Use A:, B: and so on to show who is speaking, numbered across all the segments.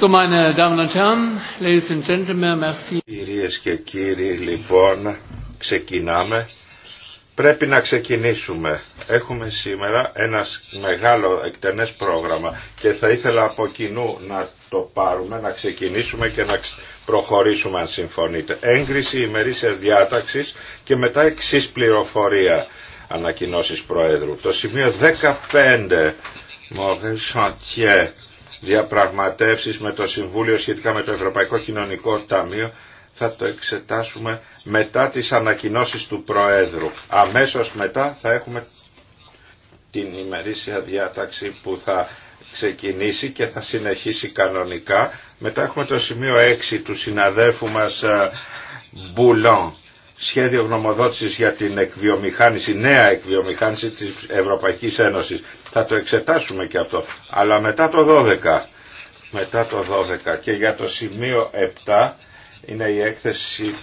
A: So, Κυρίες και κύριοι, λοιπόν, ξεκινάμε. Πρέπει να ξεκινήσουμε. Έχουμε σήμερα ένα μεγάλο εκτενές πρόγραμμα και θα ήθελα από κοινού να το πάρουμε, να ξεκινήσουμε και να προχωρήσουμε αν συμφωνείτε. Έγκριση ημερήσιας διάταξης και μετά εξή πληροφορία ανακοινώσεις Προέδρου. Το σημείο 15, Μωρέ Σαντιέ, διαπραγματεύσεις με το Συμβούλιο σχετικά με το Ευρωπαϊκό Κοινωνικό Ταμείο θα το εξετάσουμε μετά τις ανακοινώσεις του Προέδρου. Αμέσως μετά θα έχουμε την ημερήσια διάταξη που θα ξεκινήσει και θα συνεχίσει κανονικά. Μετά έχουμε το σημείο 6 του συναδέφου μας Μπουλόν ε, σχέδιο γνωμοδότησης για την εκβιομηχάνηση, νέα εκβιομηχάνηση της Ευρωπαϊκής Ένωσης. Θα το εξετάσουμε και αυτό. Αλλά μετά το 12, μετά το 12 και για το σημείο 7 είναι η έκθεση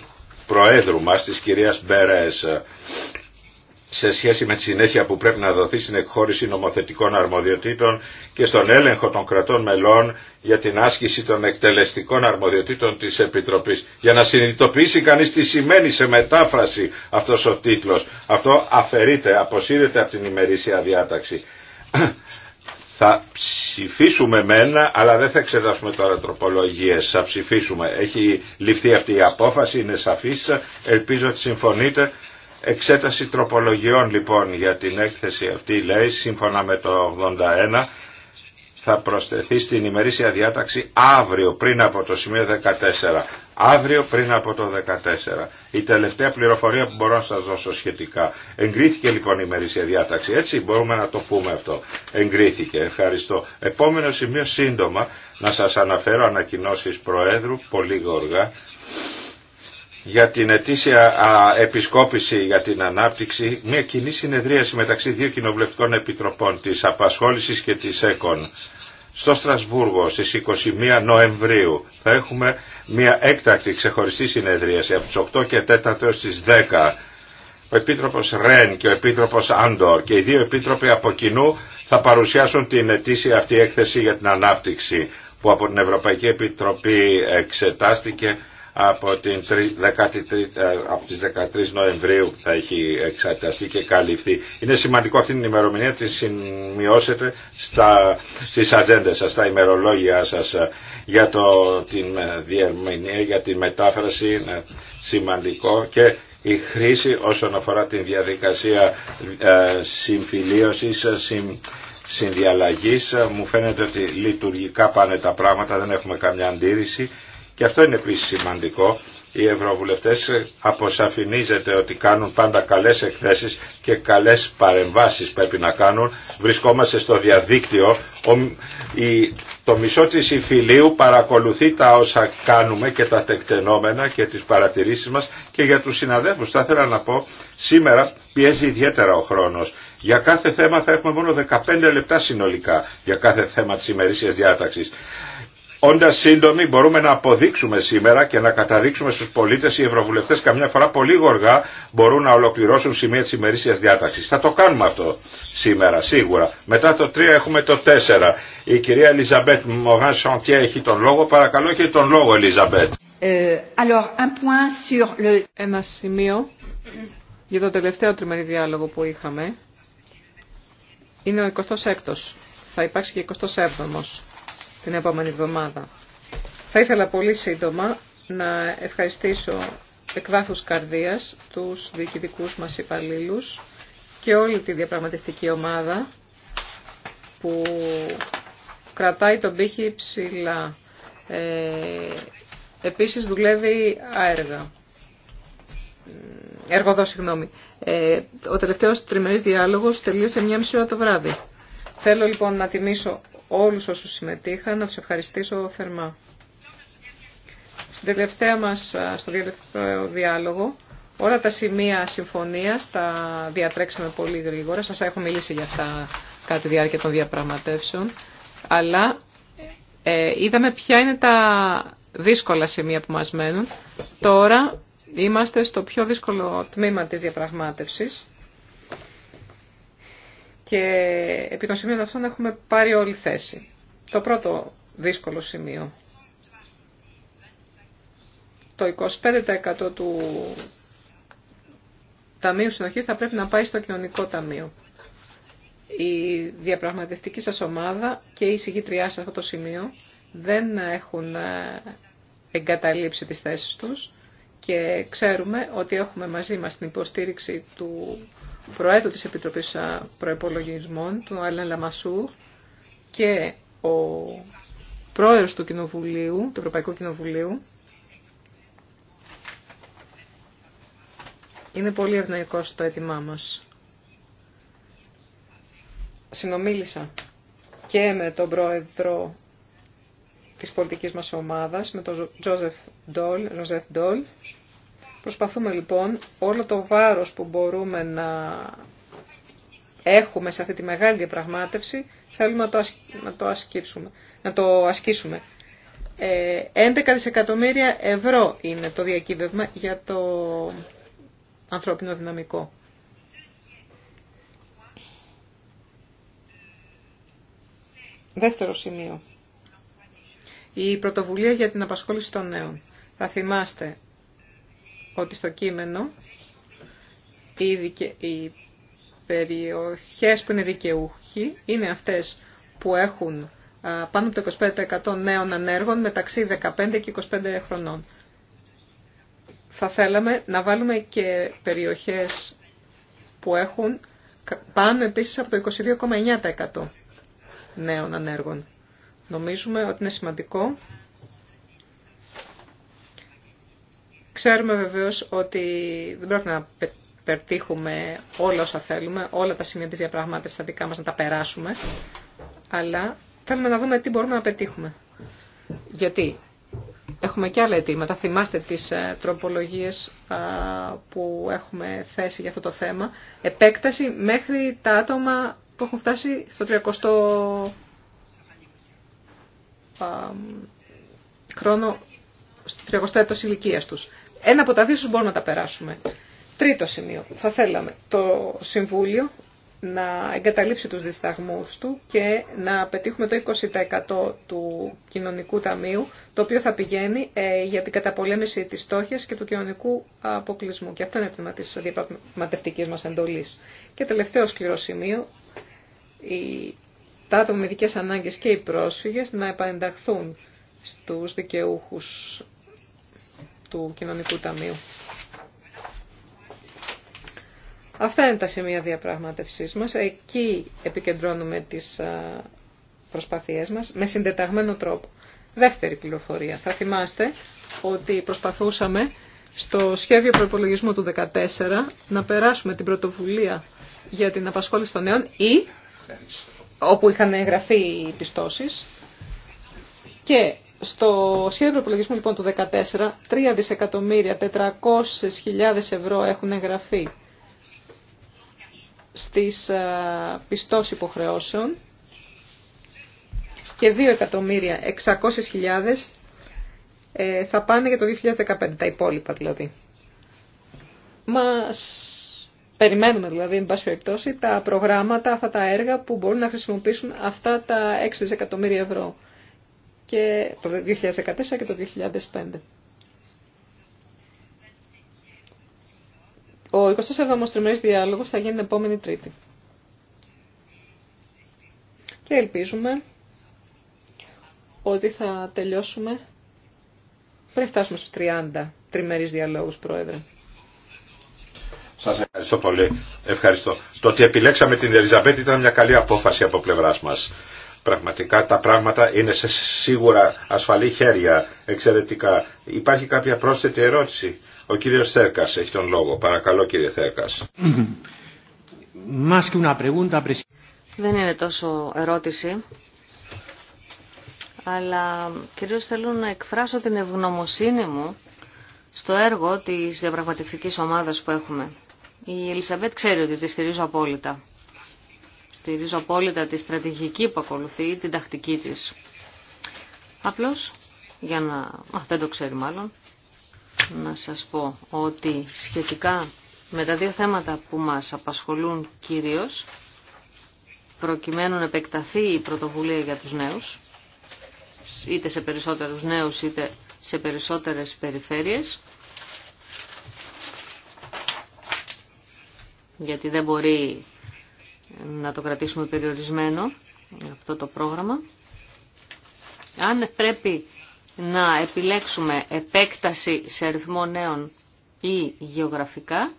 A: Προέδρου μας της κυρίας Μπερές σε σχέση με τη συνέχεια που πρέπει να δοθεί στην εκχώρηση νομοθετικών αρμοδιοτήτων και στον έλεγχο των κρατών μελών για την άσκηση των εκτελεστικών αρμοδιοτήτων της Επιτροπής. Για να συνειδητοποιήσει κανείς τι σημαίνει σε μετάφραση αυτός ο τίτλος. Αυτό αφαιρείται, αποσύρεται από την ημερήσια διάταξη. Θα ψηφίσουμε μένα, αλλά δεν θα εξετάσουμε τώρα τροπολογίες. Θα ψηφίσουμε. Έχει ληφθεί αυτή η απόφαση, είναι σαφής. Ελπίζω ότι συμφωνείτε. Εξέταση τροπολογιών λοιπόν για την έκθεση αυτή λέει σύμφωνα με το 81 θα προσθεθεί στην ημερήσια διάταξη αύριο πριν από το σημείο 14. Αύριο πριν από το 14. Η τελευταία πληροφορία που μπορώ να σας δώσω σχετικά. Εγκρίθηκε λοιπόν η ημερήσια διάταξη. Έτσι μπορούμε να το πούμε αυτό. Εγκρίθηκε. Ευχαριστώ. Επόμενο σημείο σύντομα να σας αναφέρω ανακοινώσεις Προέδρου πολύ γοργά για την ετήσια επισκόπηση για την ανάπτυξη μια κοινή συνεδρίαση μεταξύ δύο κοινοβουλευτικών επιτροπών της Απασχόλησης και της ΕΚΟΝ. Στο Στρασβούργο στις 21 Νοεμβρίου θα έχουμε μια έκτακτη ξεχωριστή συνεδρίαση από τις 8 και 4 έως τις 10 ο Επίτροπος Ρεν και ο Επίτροπος Άντορ και οι δύο Επίτροποι από κοινού θα παρουσιάσουν την ετήσια αυτή έκθεση για την ανάπτυξη που από την Ευρωπαϊκή Επιτροπή εξετάστηκε από, την 13, ε, τις 13 Νοεμβρίου θα έχει εξαρταστεί και καλυφθεί. Είναι σημαντικό αυτή την ημερομηνία τη σημειώσετε στα, στις ατζέντες σας, στα ημερολόγια σας ε, για το, την ε, διερμηνία, για τη μετάφραση. Είναι σημαντικό και η χρήση όσον αφορά τη διαδικασία ε, συμφιλίωσης, συμ, συνδιαλλαγής. Μου φαίνεται ότι λειτουργικά πάνε τα πράγματα, δεν έχουμε καμιά αντίρρηση και αυτό είναι επίση σημαντικό. Οι ευρωβουλευτέ αποσαφηνίζεται ότι κάνουν πάντα καλές εκθέσεις και καλές παρεμβάσεις πρέπει να κάνουν. Βρισκόμαστε στο διαδίκτυο. Το μισό τη υφηλίου παρακολουθεί τα όσα κάνουμε και τα τεκτενόμενα και τις παρατηρήσεις μας και για τους συναδέλφους θα ήθελα να πω σήμερα πιέζει ιδιαίτερα ο χρόνο. Για κάθε θέμα θα έχουμε μόνο 15 λεπτά συνολικά για κάθε θέμα τη ημερήσια διάταξη. Όντα σύντομοι μπορούμε να αποδείξουμε σήμερα και να καταδείξουμε στου πολίτε οι ευρωβουλευτές καμιά φορά πολύ γοργά μπορούν να ολοκληρώσουν σημεία τη ημερήσια διάταξη. Θα το κάνουμε αυτό σήμερα σίγουρα. Μετά το 3 έχουμε το 4. Η κυρία Ελιζαμπέτ Μογάν Σαντιέ έχει τον λόγο. Παρακαλώ έχει τον λόγο Ελιζαμπέτ.
B: Ε, Ένα σημείο για το τελευταίο τριμερή διάλογο που είχαμε είναι ο 26ος. Θα υπάρξει και 27ος την επόμενη εβδομάδα. Θα ήθελα πολύ σύντομα να ευχαριστήσω εκ βάθους καρδίας τους διοικητικούς μας υπαλλήλου και όλη τη διαπραγματευτική ομάδα που κρατάει τον πύχη ψηλά. Ε, επίσης δουλεύει άεργα. Ε, Εργοδό, συγγνώμη. Ε, ο τελευταίος τριμερής διάλογος τελείωσε μία μισή ώρα το βράδυ. Θέλω λοιπόν να τιμήσω όλους όσους συμμετείχαν, να τους ευχαριστήσω θερμά. Στην τελευταία μας, στο τελευταίο διάλογο, όλα τα σημεία συμφωνίας τα διατρέξαμε πολύ γρήγορα. Σας έχω μιλήσει για αυτά κατά τη διάρκεια των διαπραγματεύσεων. Αλλά ε, είδαμε ποια είναι τα δύσκολα σημεία που μας μένουν. Τώρα είμαστε στο πιο δύσκολο τμήμα της διαπραγμάτευσης και επί των σημείων αυτών έχουμε πάρει όλη θέση. Το πρώτο δύσκολο σημείο. Το 25% του Ταμείου Συνοχής θα πρέπει να πάει στο Κοινωνικό Ταμείο. Η διαπραγματευτική σας ομάδα και η συγκήτριά σε αυτό το σημείο δεν έχουν ε, εγκαταλείψει τις θέσεις τους και ξέρουμε ότι έχουμε μαζί μας την υποστήριξη του Προέδρου της Επιτροπής Προϋπολογισμών, του Αλέν Λαμασούρ, και ο πρόεδρος του Κοινοβουλίου, του Ευρωπαϊκού Κοινοβουλίου, είναι πολύ ευνοϊκό στο αίτημά μας. Συνομίλησα και με τον πρόεδρο της πολιτικής μας ομάδας, με τον Τζόζεφ Ντόλ, Προσπαθούμε λοιπόν όλο το βάρος που μπορούμε να έχουμε σε αυτή τη μεγάλη διαπραγμάτευση, θέλουμε να το, να το, ασκήσουμε. Να το ασκήσουμε. 11 ε, δισεκατομμύρια ευρώ είναι το διακύβευμα για το ανθρώπινο δυναμικό. Δεύτερο σημείο. Η πρωτοβουλία για την απασχόληση των νέων. Θα θυμάστε ότι στο κείμενο οι, δικαι... περιοχές που είναι δικαιούχοι είναι αυτές που έχουν πάνω από το 25% νέων ανέργων μεταξύ 15 και 25 χρονών. Θα θέλαμε να βάλουμε και περιοχές που έχουν πάνω επίσης από το 22,9% νέων ανέργων. Νομίζουμε ότι είναι σημαντικό Ξέρουμε βεβαίω ότι δεν πρέπει να πετύχουμε όλα όσα θέλουμε, όλα τα σημεία τη διαπραγμάτευση τα δικά μας να τα περάσουμε, αλλά θέλουμε να δούμε τι μπορούμε να πετύχουμε. Γιατί έχουμε και άλλα αιτήματα. Θυμάστε τις ε, τροπολογίες που έχουμε θέσει για αυτό το θέμα. Επέκταση μέχρι τα άτομα που έχουν φτάσει στο 30 χρόνο, στο 30 έτος ηλικίας τους. Ένα από τα δύο μπορούμε να τα περάσουμε. Τρίτο σημείο. Θα θέλαμε το Συμβούλιο να εγκαταλείψει τους δισταγμούς του και να πετύχουμε το 20% του κοινωνικού ταμείου, το οποίο θα πηγαίνει ε, για την καταπολέμηση της φτώχειας και του κοινωνικού αποκλεισμού. Και αυτό είναι πνεύμα της διαπραγματευτικής μας εντολής. Και τελευταίο σκληρό σημείο, τα άτομα με ειδικές ανάγκες και οι πρόσφυγες να επανενταχθούν στους δικαιούχους του Κοινωνικού Ταμείου. Αυτά είναι τα σημεία διαπραγματευσής μας. Εκεί επικεντρώνουμε τις προσπαθίες μας με συντεταγμένο τρόπο. Δεύτερη πληροφορία. Θα θυμάστε ότι προσπαθούσαμε στο σχέδιο προπολογισμού του 2014 να περάσουμε την πρωτοβουλία για την απασχόληση των νέων ή όπου είχαν εγγραφεί οι πιστώσεις και στο σχέδιο προπολογισμού λοιπόν του 2014, 3 δισεκατομμύρια 400.000 ευρώ έχουν εγγραφεί στις ε, πιστώσεις υποχρεώσεων και 2 εκατομμύρια 600.000 ε, θα πάνε για το 2015, τα υπόλοιπα δηλαδή. Μας περιμένουμε δηλαδή, εν πάση περιπτώσει, τα προγράμματα, αυτά τα έργα που μπορούν να χρησιμοποιήσουν αυτά τα 6 δισεκατομμύρια ευρώ και το 2014 και το 2005. Ο 27 ο τριμερής διάλογος θα γίνει την επόμενη Τρίτη. Και ελπίζουμε ότι θα τελειώσουμε πριν φτάσουμε στους 30 τριμερείς διαλόγους, Πρόεδρε.
A: Σας ευχαριστώ πολύ. Ευχαριστώ. Το ότι επιλέξαμε την Ελιζαμπέτη ήταν μια καλή απόφαση από πλευράς μας. Πραγματικά τα πράγματα είναι σε σίγουρα ασφαλή χέρια, εξαιρετικά. Υπάρχει κάποια πρόσθετη ερώτηση. Ο κύριος Θέρκας έχει τον λόγο. Παρακαλώ κύριε Θέρκας.
C: Δεν είναι τόσο ερώτηση, αλλά κυρίως θέλω να εκφράσω την ευγνωμοσύνη μου στο έργο της διαπραγματευτικής ομάδας που έχουμε. Η Ελισαβέτ ξέρει ότι τη στηρίζω απόλυτα στηρίζω απόλυτα τη στρατηγική που ακολουθεί, την τακτική της. Απλώς, για να... Α, δεν το ξέρει μάλλον, να σας πω ότι σχετικά με τα δύο θέματα που μας απασχολούν κυρίως, προκειμένου να επεκταθεί η πρωτοβουλία για τους νέους, είτε σε περισσότερους νέους είτε σε περισσότερες περιφέρειες, γιατί δεν μπορεί να το κρατήσουμε περιορισμένο αυτό το πρόγραμμα. Αν πρέπει να επιλέξουμε επέκταση σε αριθμό νέων ή γεωγραφικά,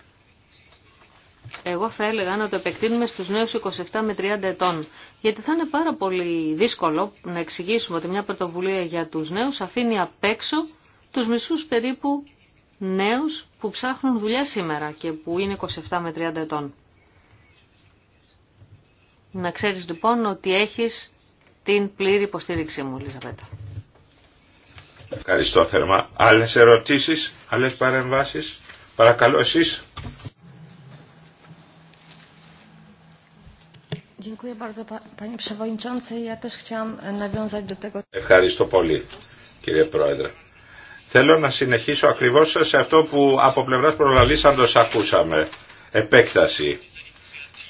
C: εγώ θα έλεγα να το επεκτείνουμε στους νέους 27 με 30 ετών, γιατί θα είναι πάρα πολύ δύσκολο να εξηγήσουμε ότι μια πρωτοβουλία για τους νέους αφήνει απ' έξω τους μισούς περίπου νέους που ψάχνουν δουλειά σήμερα και που είναι 27 με 30 ετών. Να ξέρεις λοιπόν ότι έχεις την πλήρη υποστήριξή μου, Λιζαβέτα.
A: Ευχαριστώ θερμά. Άλλες ερωτήσεις, άλλες παρεμβάσεις. Παρακαλώ εσείς. E, Ευχαριστώ πολύ κύριε Πρόεδρε. Θέλω να συνεχίσω ακριβώς σε αυτό που από πλευράς προλαλήσαντος ακούσαμε. Επέκταση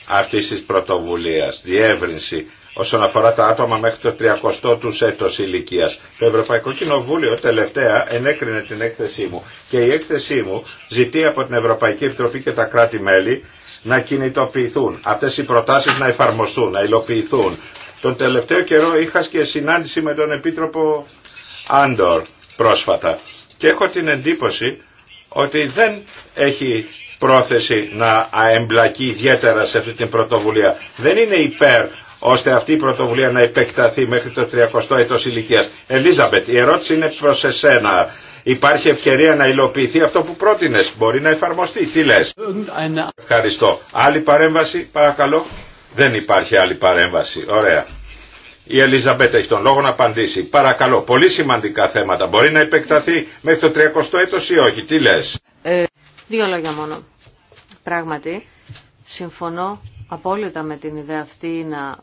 A: αυτής της πρωτοβουλίας, διεύρυνση όσον αφορά τα άτομα μέχρι το 30ο του έτος ηλικίας. Το Ευρωπαϊκό Κοινοβούλιο τελευταία ενέκρινε την έκθεσή μου και η έκθεσή μου ζητεί από την Ευρωπαϊκή Επιτροπή και τα κράτη-μέλη να κινητοποιηθούν, αυτές οι προτάσεις να εφαρμοστούν, να υλοποιηθούν. Τον τελευταίο καιρό είχα και συνάντηση με τον Επίτροπο Άντορ πρόσφατα και έχω την εντύπωση ότι δεν έχει πρόθεση να εμπλακεί ιδιαίτερα σε αυτή την πρωτοβουλία. Δεν είναι υπέρ ώστε αυτή η πρωτοβουλία να επεκταθεί μέχρι το 30ο έτος ηλικίας. Ελίζαμπετ, η ερώτηση είναι προς εσένα. Υπάρχει ευκαιρία να υλοποιηθεί αυτό που πρότεινες. Μπορεί να εφαρμοστεί. Τι λες. Ευχαριστώ. Άλλη παρέμβαση, παρακαλώ. Δεν υπάρχει άλλη παρέμβαση. Ωραία. Η Ελιζαμπέτ έχει τον λόγο να απαντήσει. Παρακαλώ, πολύ σημαντικά θέματα. Μπορεί να επεκταθεί μέχρι το 30ο έτος ή όχι. Τι λες.
B: Ε,
C: δύο λόγια μόνο. Πράγματι, συμφωνώ απόλυτα με την ιδέα αυτή να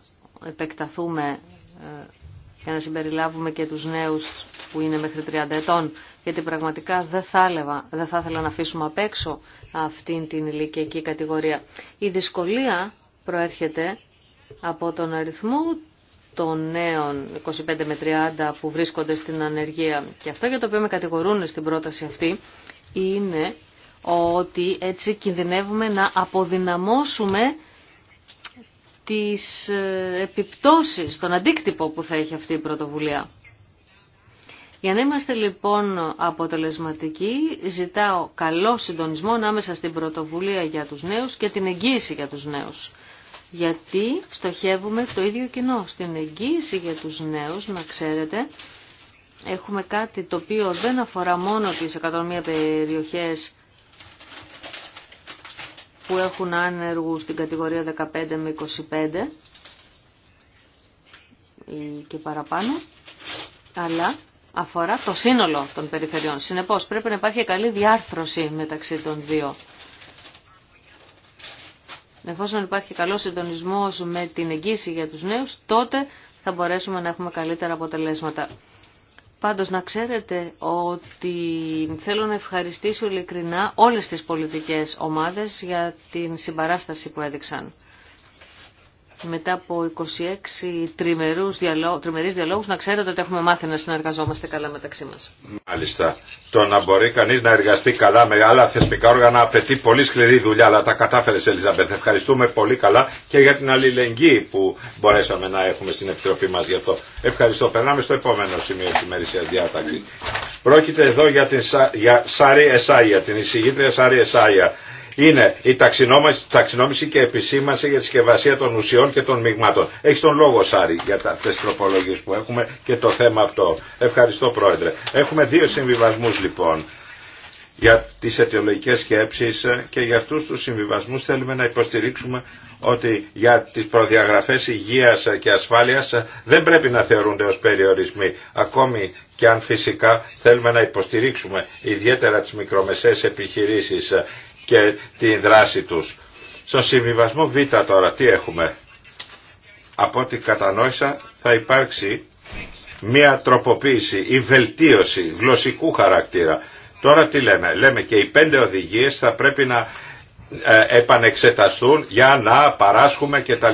C: επεκταθούμε ε, και να συμπεριλάβουμε και τους νέους που είναι μέχρι 30 ετών, γιατί πραγματικά δεν θα, θα ήθελα να αφήσουμε απ' έξω αυτήν την ηλικιακή κατηγορία. Η δυσκολία προέρχεται από τον αριθμό των νέων 25 με 30 που βρίσκονται στην ανεργία. Και αυτό για το οποίο με κατηγορούν στην πρόταση αυτή είναι ότι έτσι κινδυνεύουμε να αποδυναμώσουμε τις ε, επιπτώσεις, τον αντίκτυπο που θα έχει αυτή η πρωτοβουλία. Για να είμαστε λοιπόν αποτελεσματικοί, ζητάω καλό συντονισμό ανάμεσα στην πρωτοβουλία για τους νέους και την εγγύηση για τους νέους γιατί στοχεύουμε το ίδιο κοινό. Στην εγγύηση για τους νέους, να ξέρετε, έχουμε κάτι το οποίο δεν αφορά μόνο τις 101 περιοχές που έχουν άνεργους στην κατηγορία 15 με 25 και παραπάνω, αλλά αφορά το σύνολο των περιφερειών. Συνεπώς πρέπει να υπάρχει καλή διάρθρωση μεταξύ των δύο. Εφόσον υπάρχει καλός συντονισμό με την εγγύηση για τους νέους, τότε θα μπορέσουμε να έχουμε καλύτερα αποτελέσματα. Πάντως να ξέρετε ότι θέλω να ευχαριστήσω ειλικρινά όλες τις πολιτικές ομάδες για την συμπαράσταση που έδειξαν μετά από 26 τριμερούς διαλόγους, τριμερείς διαλόγους να ξέρετε ότι έχουμε μάθει να συνεργαζόμαστε καλά μεταξύ μας.
A: Μάλιστα. Το να μπορεί κανείς να εργαστεί καλά με άλλα θεσμικά όργανα απαιτεί πολύ σκληρή δουλειά, αλλά τα κατάφερες Ελίζαμπεθ. Ευχαριστούμε πολύ καλά και για την αλληλεγγύη που μπορέσαμε να έχουμε στην Επιτροπή μας γι' αυτό. Ευχαριστώ. Περνάμε στο επόμενο σημείο της ημερησίας διάταξη. Πρόκειται εδώ για την Σάρι Εσάγια, την εισηγήτρια Σάρι Εσάγια είναι η ταξινόμηση και επισήμανση για τη συσκευασία των ουσιών και των μειγμάτων. Έχει τον λόγο, Σάρη, για αυτέ τι τροπολογίε που έχουμε και το θέμα αυτό. Ευχαριστώ, Πρόεδρε. Έχουμε δύο συμβιβασμού, λοιπόν για τι αιτιολογικές σκέψει και για αυτού του συμβιβασμού θέλουμε να υποστηρίξουμε ότι για τις προδιαγραφές υγείας και ασφάλειας δεν πρέπει να θεωρούνται ως περιορισμοί. Ακόμη και αν φυσικά θέλουμε να υποστηρίξουμε ιδιαίτερα τις μικρομεσαίες επιχειρήσεις και την δράση τους. Στο συμβιβασμό Β τώρα τι έχουμε. Από ό,τι κατανόησα θα υπάρξει μία τροποποίηση ή βελτίωση γλωσσικού χαρακτήρα. Τώρα τι λέμε. Λέμε και οι πέντε οδηγίες θα πρέπει να ε, επανεξεταστούν για να παράσχουμε κτλ.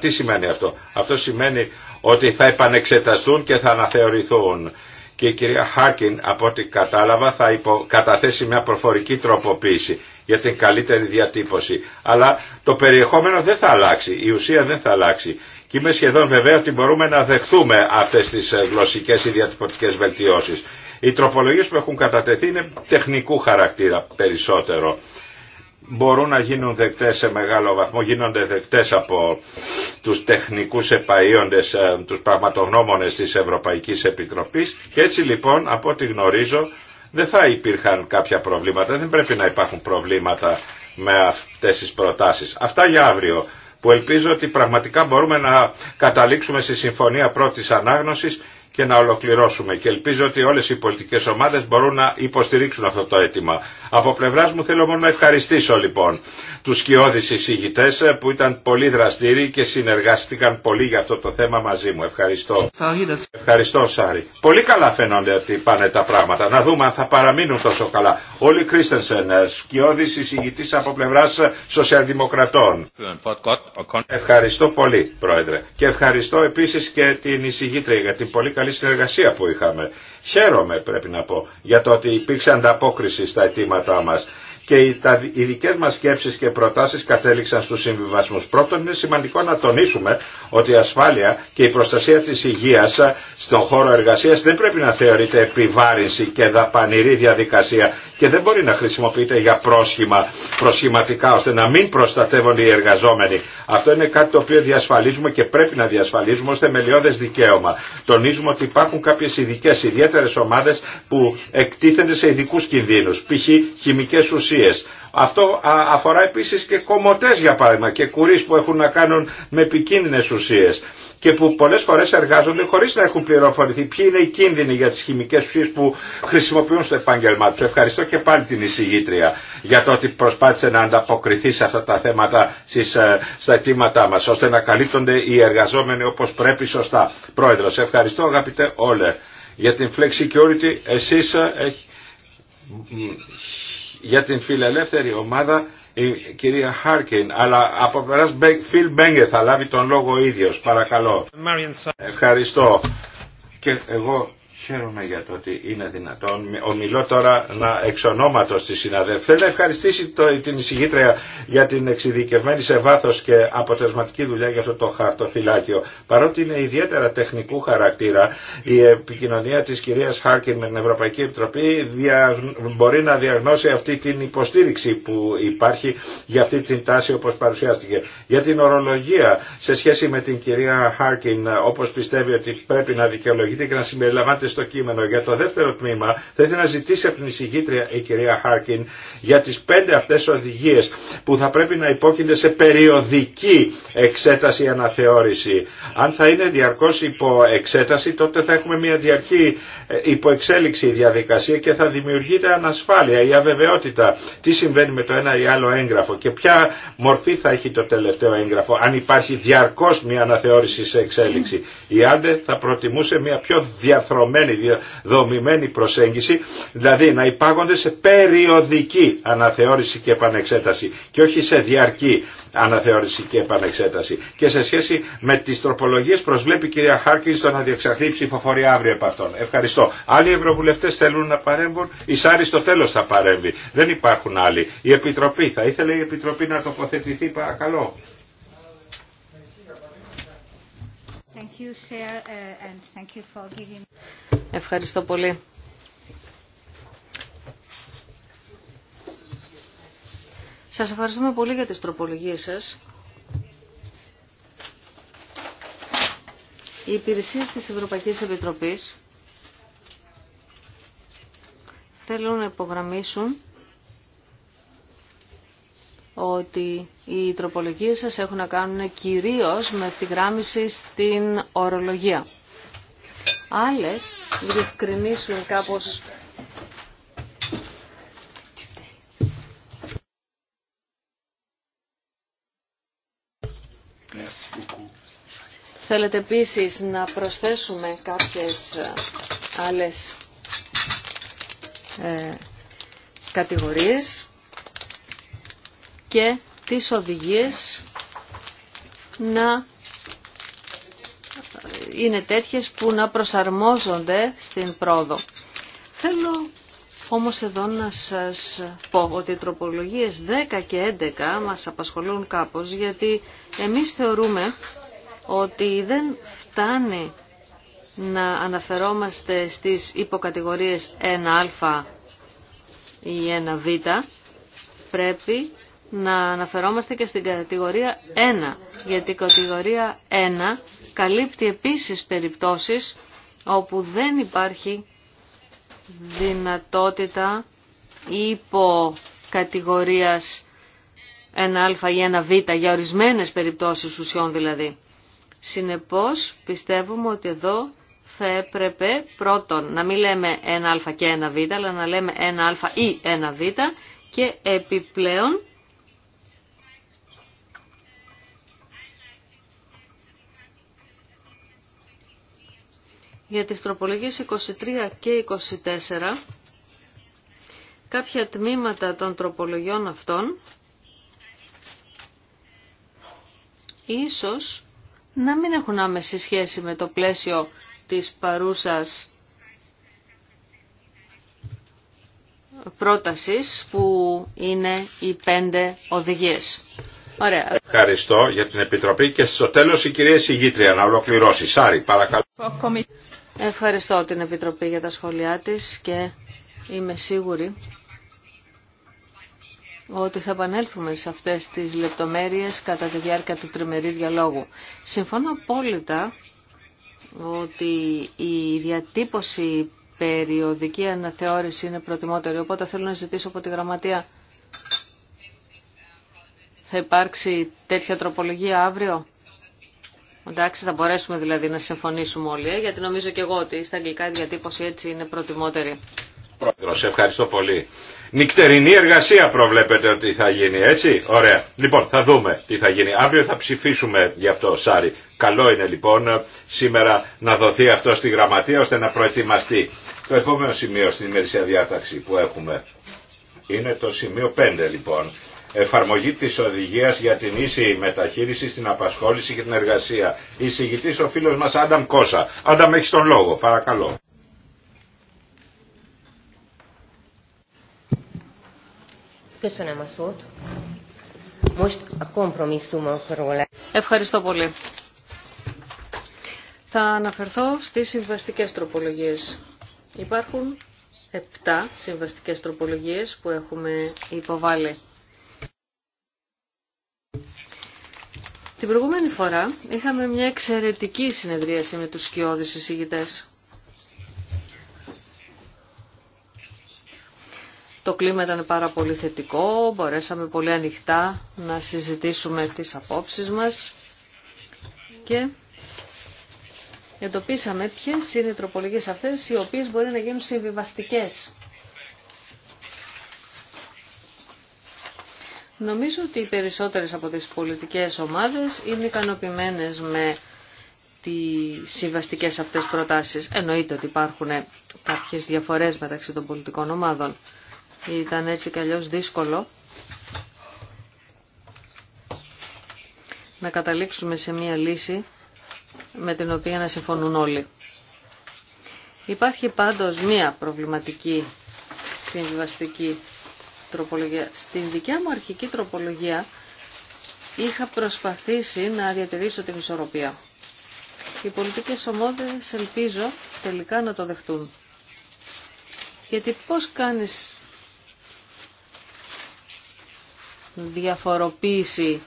A: Τι σημαίνει αυτό. Αυτό σημαίνει ότι θα επανεξεταστούν και θα αναθεωρηθούν. Και η κυρία Χάκιν από ό,τι κατάλαβα θα υπο... καταθέσει μια προφορική τροποποίηση για την καλύτερη διατύπωση. Αλλά το περιεχόμενο δεν θα αλλάξει, η ουσία δεν θα αλλάξει. Και είμαι σχεδόν βέβαια ότι μπορούμε να δεχθούμε αυτές τις ε, γλωσσικές ή διατυπωτικές βελτιώσεις. Οι τροπολογίες που έχουν κατατεθεί είναι τεχνικού χαρακτήρα περισσότερο. Μπορούν να γίνουν δεκτές σε μεγάλο βαθμό, γίνονται δεκτές από τους τεχνικούς επαΐοντες, ε, τους πραγματογνώμονες της Ευρωπαϊκής Επιτροπής και έτσι λοιπόν από ό,τι γνωρίζω δεν θα υπήρχαν κάποια προβλήματα, δεν πρέπει να υπάρχουν προβλήματα με αυτές τις προτάσεις. Αυτά για αύριο που ελπίζω ότι πραγματικά μπορούμε να καταλήξουμε στη συμφωνία πρώτης ανάγνωσης και να ολοκληρώσουμε. Και ελπίζω ότι όλες οι πολιτικές ομάδες μπορούν να υποστηρίξουν αυτό το αίτημα. Από πλευράς μου θέλω μόνο να ευχαριστήσω λοιπόν τους σκιώδεις εισηγητές ε, που ήταν πολύ δραστήριοι και συνεργάστηκαν πολύ για αυτό το θέμα μαζί μου. Ευχαριστώ. Ευχαριστώ Σάρι. Πολύ καλά φαίνονται ότι πάνε τα πράγματα. Να δούμε αν θα παραμείνουν τόσο καλά. Όλοι οι Κρίστενσεν, ε, σκιώδης εισηγητής από πλευράς ε, σοσιαλδημοκρατών. Ευχαριστώ πολύ Πρόεδρε. Και ευχαριστώ επίσης και την εισηγήτρια για την πολύ καλή καλή συνεργασία που είχαμε. Χαίρομαι πρέπει να πω για το ότι υπήρξε ανταπόκριση στα αιτήματά μας και οι δικές μας σκέψεις και προτάσεις κατέληξαν στους συμβιβασμούς. Πρώτον, είναι σημαντικό να τονίσουμε ότι η ασφάλεια και η προστασία της υγείας ε, στον χώρο εργασίας δεν πρέπει να θεωρείται επιβάρυνση και δαπανηρή διαδικασία και δεν μπορεί να χρησιμοποιείται για πρόσχημα, προσχηματικά ώστε να μην προστατεύονται οι εργαζόμενοι. Αυτό είναι κάτι το οποίο διασφαλίζουμε και πρέπει να διασφαλίζουμε ώστε θεμελιώδε δικαίωμα. Τονίζουμε ότι υπάρχουν κάποιες ειδικέ, ιδιαίτερε ομάδε που εκτίθενται σε ειδικού κινδύνους. π.χ. χημικέ ουσίε. Αυτό αφορά επίσης και κομμωτές για παράδειγμα και κουρίς που έχουν να κάνουν με επικίνδυνες ουσίες και που πολλές φορές εργάζονται χωρίς να έχουν πληροφορηθεί ποιοι είναι οι κίνδυνοι για τις χημικές ουσίες που χρησιμοποιούν στο επάγγελμά τους. Ευχαριστώ και πάλι την εισηγήτρια για το ότι προσπάθησε να ανταποκριθεί σε αυτά τα θέματα στις, ε, στα αιτήματά μας ώστε να καλύπτονται οι εργαζόμενοι όπως πρέπει σωστά. Πρόεδρος, ευχαριστώ αγαπητέ Όλε για την flexicurity εσείς ε, για την φιλελεύθερη ομάδα η κυρία Χάρκιν, αλλά από πλευράς Φιλ Μπέγκε θα λάβει τον λόγο ο ίδιος, παρακαλώ. Ευχαριστώ. Και εγώ Χαίρομαι για το ότι είναι δυνατόν. Ομιλώ τώρα να εξ ονόματος της συναδέλφου. Θέλω να ευχαριστήσει το, την εισηγήτρια για την εξειδικευμένη σε βάθο και αποτελεσματική δουλειά για αυτό το χαρτοφυλάκιο. Παρότι είναι ιδιαίτερα τεχνικού χαρακτήρα, η επικοινωνία τη κυρία Χάρκιν με την Ευρωπαϊκή Επιτροπή μπορεί να διαγνώσει αυτή την υποστήριξη που υπάρχει για αυτή την τάση όπω παρουσιάστηκε. Για την ορολογία σε σχέση με την κυρία Χάρκιν όπω πιστεύει ότι πρέπει να δικαιολογείται και να συμπεριλαμβάνεται στο κείμενο για το δεύτερο τμήμα θα ήθελα να ζητήσει από την εισηγήτρια η κυρία Χάρκιν για τις πέντε αυτές οδηγίες που θα πρέπει να υπόκεινται σε περιοδική εξέταση αναθεώρηση. Αν θα είναι διαρκώς υπό εξέταση τότε θα έχουμε μια διαρκή ε, υποεξέλιξη διαδικασία και θα δημιουργείται ανασφάλεια ή αβεβαιότητα. Τι συμβαίνει με το ένα ή άλλο έγγραφο και ποια μορφή θα έχει το τελευταίο έγγραφο αν υπάρχει διαρκώς μια αναθεώρηση σε εξέλιξη. Η Άντε θα προτιμούσε μια πιο διαθρωμένη η δομημένη προσέγγιση, δηλαδή να υπάγονται σε περιοδική αναθεώρηση και επανεξέταση και όχι σε διαρκή αναθεώρηση και επανεξέταση. Και σε σχέση με τις τροπολογίες προσβλέπει η κυρία Χάρκιν στο να διεξαχθεί η ψηφοφορία αύριο επ' αυτών. Ευχαριστώ. Άλλοι ευρωβουλευτέ θέλουν να παρέμβουν. Η Σάρη στο τέλος θα παρέμβει. Δεν υπάρχουν άλλοι. Η Επιτροπή. Θα ήθελε η Επιτροπή να τοποθετηθεί παρακαλώ.
C: Uh, Ευχαριστώ πολύ. Σας ευχαριστούμε πολύ για τις τροπολογίες σας. Οι υπηρεσίες της Ευρωπαϊκής Επιτροπής θέλουν να υπογραμμίσουν ότι οι τροπολογίες σας έχουν να κάνουν κυρίως με τη γράμμιση στην ορολογία άλλες διευκρινίσουν κάπως Θέλετε επίσης να προσθέσουμε κάποιες ε, άλλες ε, κατηγορίες και τις οδηγίες να είναι τέτοιες που να προσαρμόζονται στην πρόοδο. Θέλω όμως εδώ να σας πω ότι οι τροπολογίες 10 και 11 μας απασχολούν κάπως γιατί εμείς θεωρούμε ότι δεν φτάνει να αναφερόμαστε στις υποκατηγορίες 1α ή 1β πρέπει να αναφερόμαστε και στην κατηγορία 1, γιατί η κατηγορία 1 καλύπτει επίσης περιπτώσεις όπου δεν υπάρχει δυνατότητα υπό κατηγορίας 1α ή 1β, για ορισμένες περιπτώσεις ουσιών δηλαδή. Συνεπώς πιστεύουμε ότι εδώ θα έπρεπε πρώτον να μην λέμε 1α και 1β, αλλά να λέμε 1α ή 1β και επιπλέον για τις τροπολογίες 23 και 24 κάποια τμήματα των τροπολογιών αυτών ίσως να μην έχουν άμεση σχέση με το πλαίσιο της παρούσας πρότασης που είναι οι πέντε οδηγίες. Ωραία.
A: Ευχαριστώ για την Επιτροπή και στο τέλος η κυρία Συγήτρια να ολοκληρώσει. παρακαλώ.
C: Ευχαριστώ την Επιτροπή για τα σχόλιά της και είμαι σίγουρη ότι θα επανέλθουμε σε αυτές τις λεπτομέρειες κατά τη διάρκεια του τριμερή διαλόγου. Συμφωνώ απόλυτα ότι η διατύπωση περιοδική αναθεώρηση είναι προτιμότερη, οπότε θέλω να ζητήσω από τη Γραμματεία θα υπάρξει τέτοια τροπολογία αύριο Εντάξει, θα μπορέσουμε δηλαδή να συμφωνήσουμε όλοι, ε, γιατί νομίζω και εγώ ότι στα αγγλικά η διατύπωση έτσι είναι προτιμότερη.
A: Πρόεδρος, ευχαριστώ πολύ. Νικτερινή εργασία προβλέπετε ότι θα γίνει, έτσι. Ωραία. Λοιπόν, θα δούμε τι θα γίνει. Αύριο θα ψηφίσουμε γι' αυτό, Σάρι. Καλό είναι λοιπόν σήμερα να δοθεί αυτό στη γραμματεία ώστε να προετοιμαστεί. Το επόμενο σημείο στην ημερησία διάταξη που έχουμε είναι το σημείο 5 λοιπόν εφαρμογή της οδηγίας για την ίση μεταχείριση στην απασχόληση και την εργασία. Εισηγητής ο φίλος μας Άνταμ Κώσα. Άνταμ έχει τον λόγο, παρακαλώ.
C: Ευχαριστώ πολύ. Θα αναφερθώ στις συμβαστικές τροπολογίες. Υπάρχουν επτά συμβαστικές τροπολογίες που έχουμε υποβάλει. Την προηγούμενη φορά είχαμε μια εξαιρετική συνεδρίαση με τους σκιώδεις εισηγητές. Το κλίμα ήταν πάρα πολύ θετικό, μπορέσαμε πολύ ανοιχτά να συζητήσουμε τις απόψεις μας και εντοπίσαμε ποιες είναι οι τροπολογίες αυτές οι οποίες μπορεί να γίνουν συμβιβαστικές. Νομίζω ότι οι περισσότερες από τις πολιτικές ομάδες είναι ικανοποιημένε με τις συμβαστικές αυτές προτάσεις. Εννοείται ότι υπάρχουν κάποιες διαφορές μεταξύ των πολιτικών ομάδων. Ήταν έτσι κι αλλιώς δύσκολο να καταλήξουμε σε μία λύση με την οποία να συμφωνούν όλοι. Υπάρχει πάντως μία προβληματική συμβαστική τροπολογία. Στην δικιά μου αρχική τροπολογία είχα προσπαθήσει να διατηρήσω την ισορροπία. Οι πολιτικές ομόδες ελπίζω τελικά να το δεχτούν. Γιατί πώς κάνεις διαφοροποίηση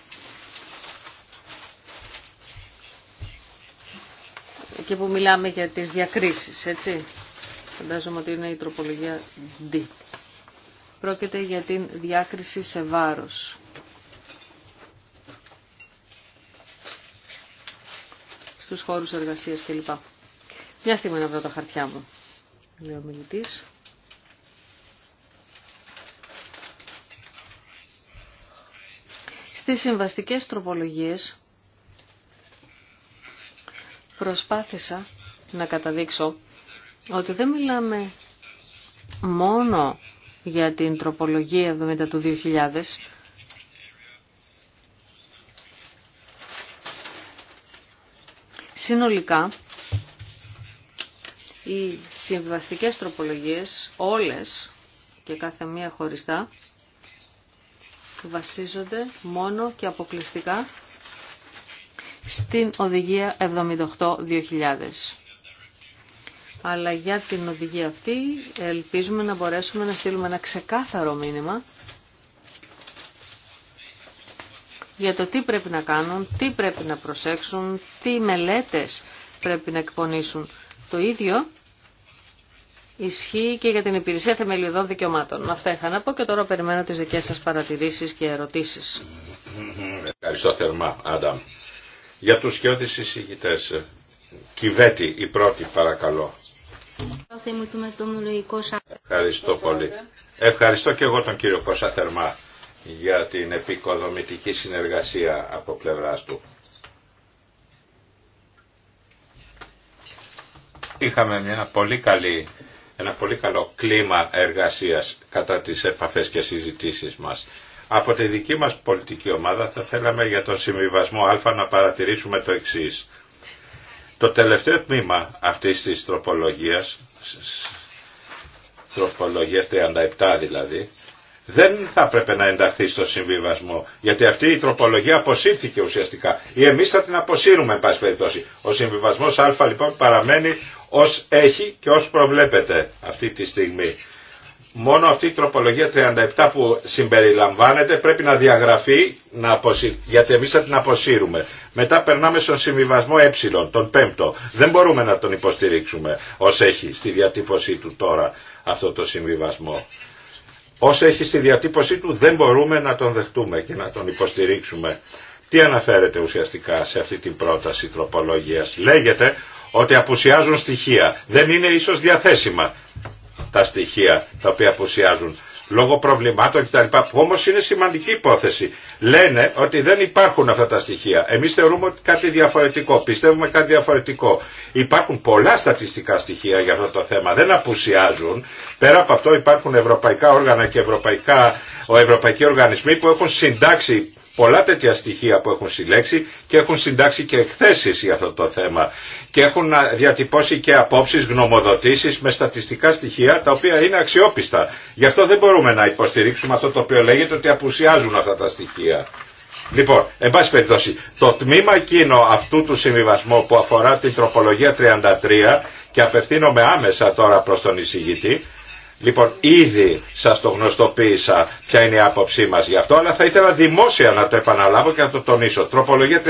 C: και που μιλάμε για τις διακρίσεις, έτσι. Φαντάζομαι ότι είναι η τροπολογία D. Πρόκειται για την διάκριση σε βάρος. Στους χώρους εργασίας κλπ. Μια στιγμή να βρω τα χαρτιά μου, Λέω μιλητής. Στις συμβαστικές τροπολογίες προσπάθησα να καταδείξω ότι δεν μιλάμε μόνο για την τροπολογία 70 του 2000 συνολικά οι συμβαστικές τροπολογίες όλες και κάθε μία χωριστά βασίζονται μόνο και αποκλειστικά στην οδηγία 78-2000 αλλά για την οδηγία αυτή ελπίζουμε να μπορέσουμε να στείλουμε ένα ξεκάθαρο μήνυμα για το τι πρέπει να κάνουν, τι πρέπει να προσέξουν, τι μελέτες πρέπει να εκπονήσουν. Το ίδιο ισχύει και για την υπηρεσία θεμελιωδών δικαιωμάτων. Αυτά είχα να πω και τώρα περιμένω τις δικές σας παρατηρήσεις και ερωτήσεις.
A: Ευχαριστώ θερμά, Άντα. Για τους σκιώτες συζητητές, Κυβέτη η πρώτη παρακαλώ. Ευχαριστώ πολύ. Ευχαριστώ και εγώ τον κύριο Κώσα θερμά για την επικοδομητική συνεργασία από πλευράς του. Είχαμε μια πολύ καλή, ένα πολύ καλό κλίμα εργασίας κατά τις επαφές και συζητήσεις μας. Από τη δική μας πολιτική ομάδα θα θέλαμε για τον συμβιβασμό Α να παρατηρήσουμε το εξής. Το τελευταίο τμήμα αυτής της τροπολογίας, τροπολογίας 37 δηλαδή, δεν θα έπρεπε να ενταχθεί στο συμβιβασμό. Γιατί αυτή η τροπολογία αποσύρθηκε ουσιαστικά. Ή εμεί θα την αποσύρουμε, εν πάση περιπτώσει. Ο συμβιβασμός Α λοιπόν παραμένει ως έχει και ως προβλέπεται αυτή τη στιγμή μόνο αυτή η τροπολογία 37 που συμπεριλαμβάνεται πρέπει να διαγραφεί να αποσύ... γιατί εμείς θα την αποσύρουμε. Μετά περνάμε στον συμβιβασμό ε, τον πέμπτο. Δεν μπορούμε να τον υποστηρίξουμε ως έχει στη διατύπωσή του τώρα αυτό το συμβιβασμό. Ως έχει στη διατύπωσή του δεν μπορούμε να τον δεχτούμε και να τον υποστηρίξουμε. Τι αναφέρεται ουσιαστικά σε αυτή την πρόταση τροπολογίας. Λέγεται ότι απουσιάζουν στοιχεία. Δεν είναι ίσως διαθέσιμα τα στοιχεία τα οποία απουσιάζουν λόγω προβλημάτων κτλ. Που όμως είναι σημαντική υπόθεση. Λένε ότι δεν υπάρχουν αυτά τα στοιχεία. Εμείς θεωρούμε κάτι διαφορετικό, πιστεύουμε κάτι διαφορετικό. Υπάρχουν πολλά στατιστικά στοιχεία για αυτό το θέμα, δεν απουσιάζουν. Πέρα από αυτό υπάρχουν ευρωπαϊκά όργανα και ευρωπαϊκά, ο ευρωπαϊκοί οργανισμοί που έχουν συντάξει πολλά τέτοια στοιχεία που έχουν συλλέξει και έχουν συντάξει και εκθέσεις για αυτό το θέμα και έχουν διατυπώσει και απόψεις, γνωμοδοτήσεις με στατιστικά στοιχεία τα οποία είναι αξιόπιστα. Γι' αυτό δεν μπορούμε να υποστηρίξουμε αυτό το οποίο λέγεται ότι απουσιάζουν αυτά τα στοιχεία. Λοιπόν, εν πάση περιπτώσει, το τμήμα εκείνο αυτού του συμβιβασμού που αφορά την τροπολογία 33 και απευθύνομαι άμεσα τώρα προς τον εισηγητή, Λοιπόν, ήδη σας το γνωστοποίησα ποια είναι η άποψή μας γι' αυτό, αλλά θα ήθελα δημόσια να το επαναλάβω και να το τονίσω. Τροπολογία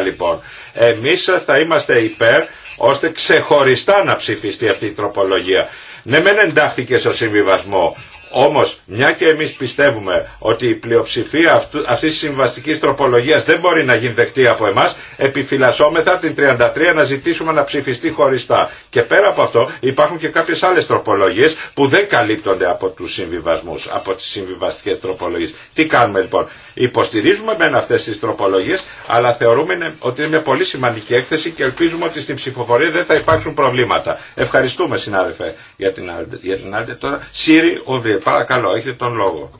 A: 33 λοιπόν. Εμείς θα είμαστε υπέρ ώστε ξεχωριστά να ψηφιστεί αυτή η τροπολογία. Ναι, μεν εντάχθηκε στο συμβιβασμό όμως, μια και εμείς πιστεύουμε ότι η πλειοψηφία αυτή αυτής της συμβαστικής τροπολογίας δεν μπορεί να γίνει δεκτή από εμάς, επιφυλασσόμεθα την 33 να ζητήσουμε να ψηφιστεί χωριστά. Και πέρα από αυτό υπάρχουν και κάποιες άλλες τροπολογίες που δεν καλύπτονται από τους συμβιβασμούς, από τις συμβιβαστικές τροπολογίες. Τι κάνουμε λοιπόν. Υποστηρίζουμε μεν αυτές τις τροπολογίες, αλλά θεωρούμε ότι είναι μια πολύ σημαντική έκθεση και ελπίζουμε ότι στην ψηφοφορία δεν θα υπάρξουν προβλήματα. Ευχαριστούμε συνάδελφε για την άλλη τώρα. Σύρι παρακαλώ, έχετε τον λόγο.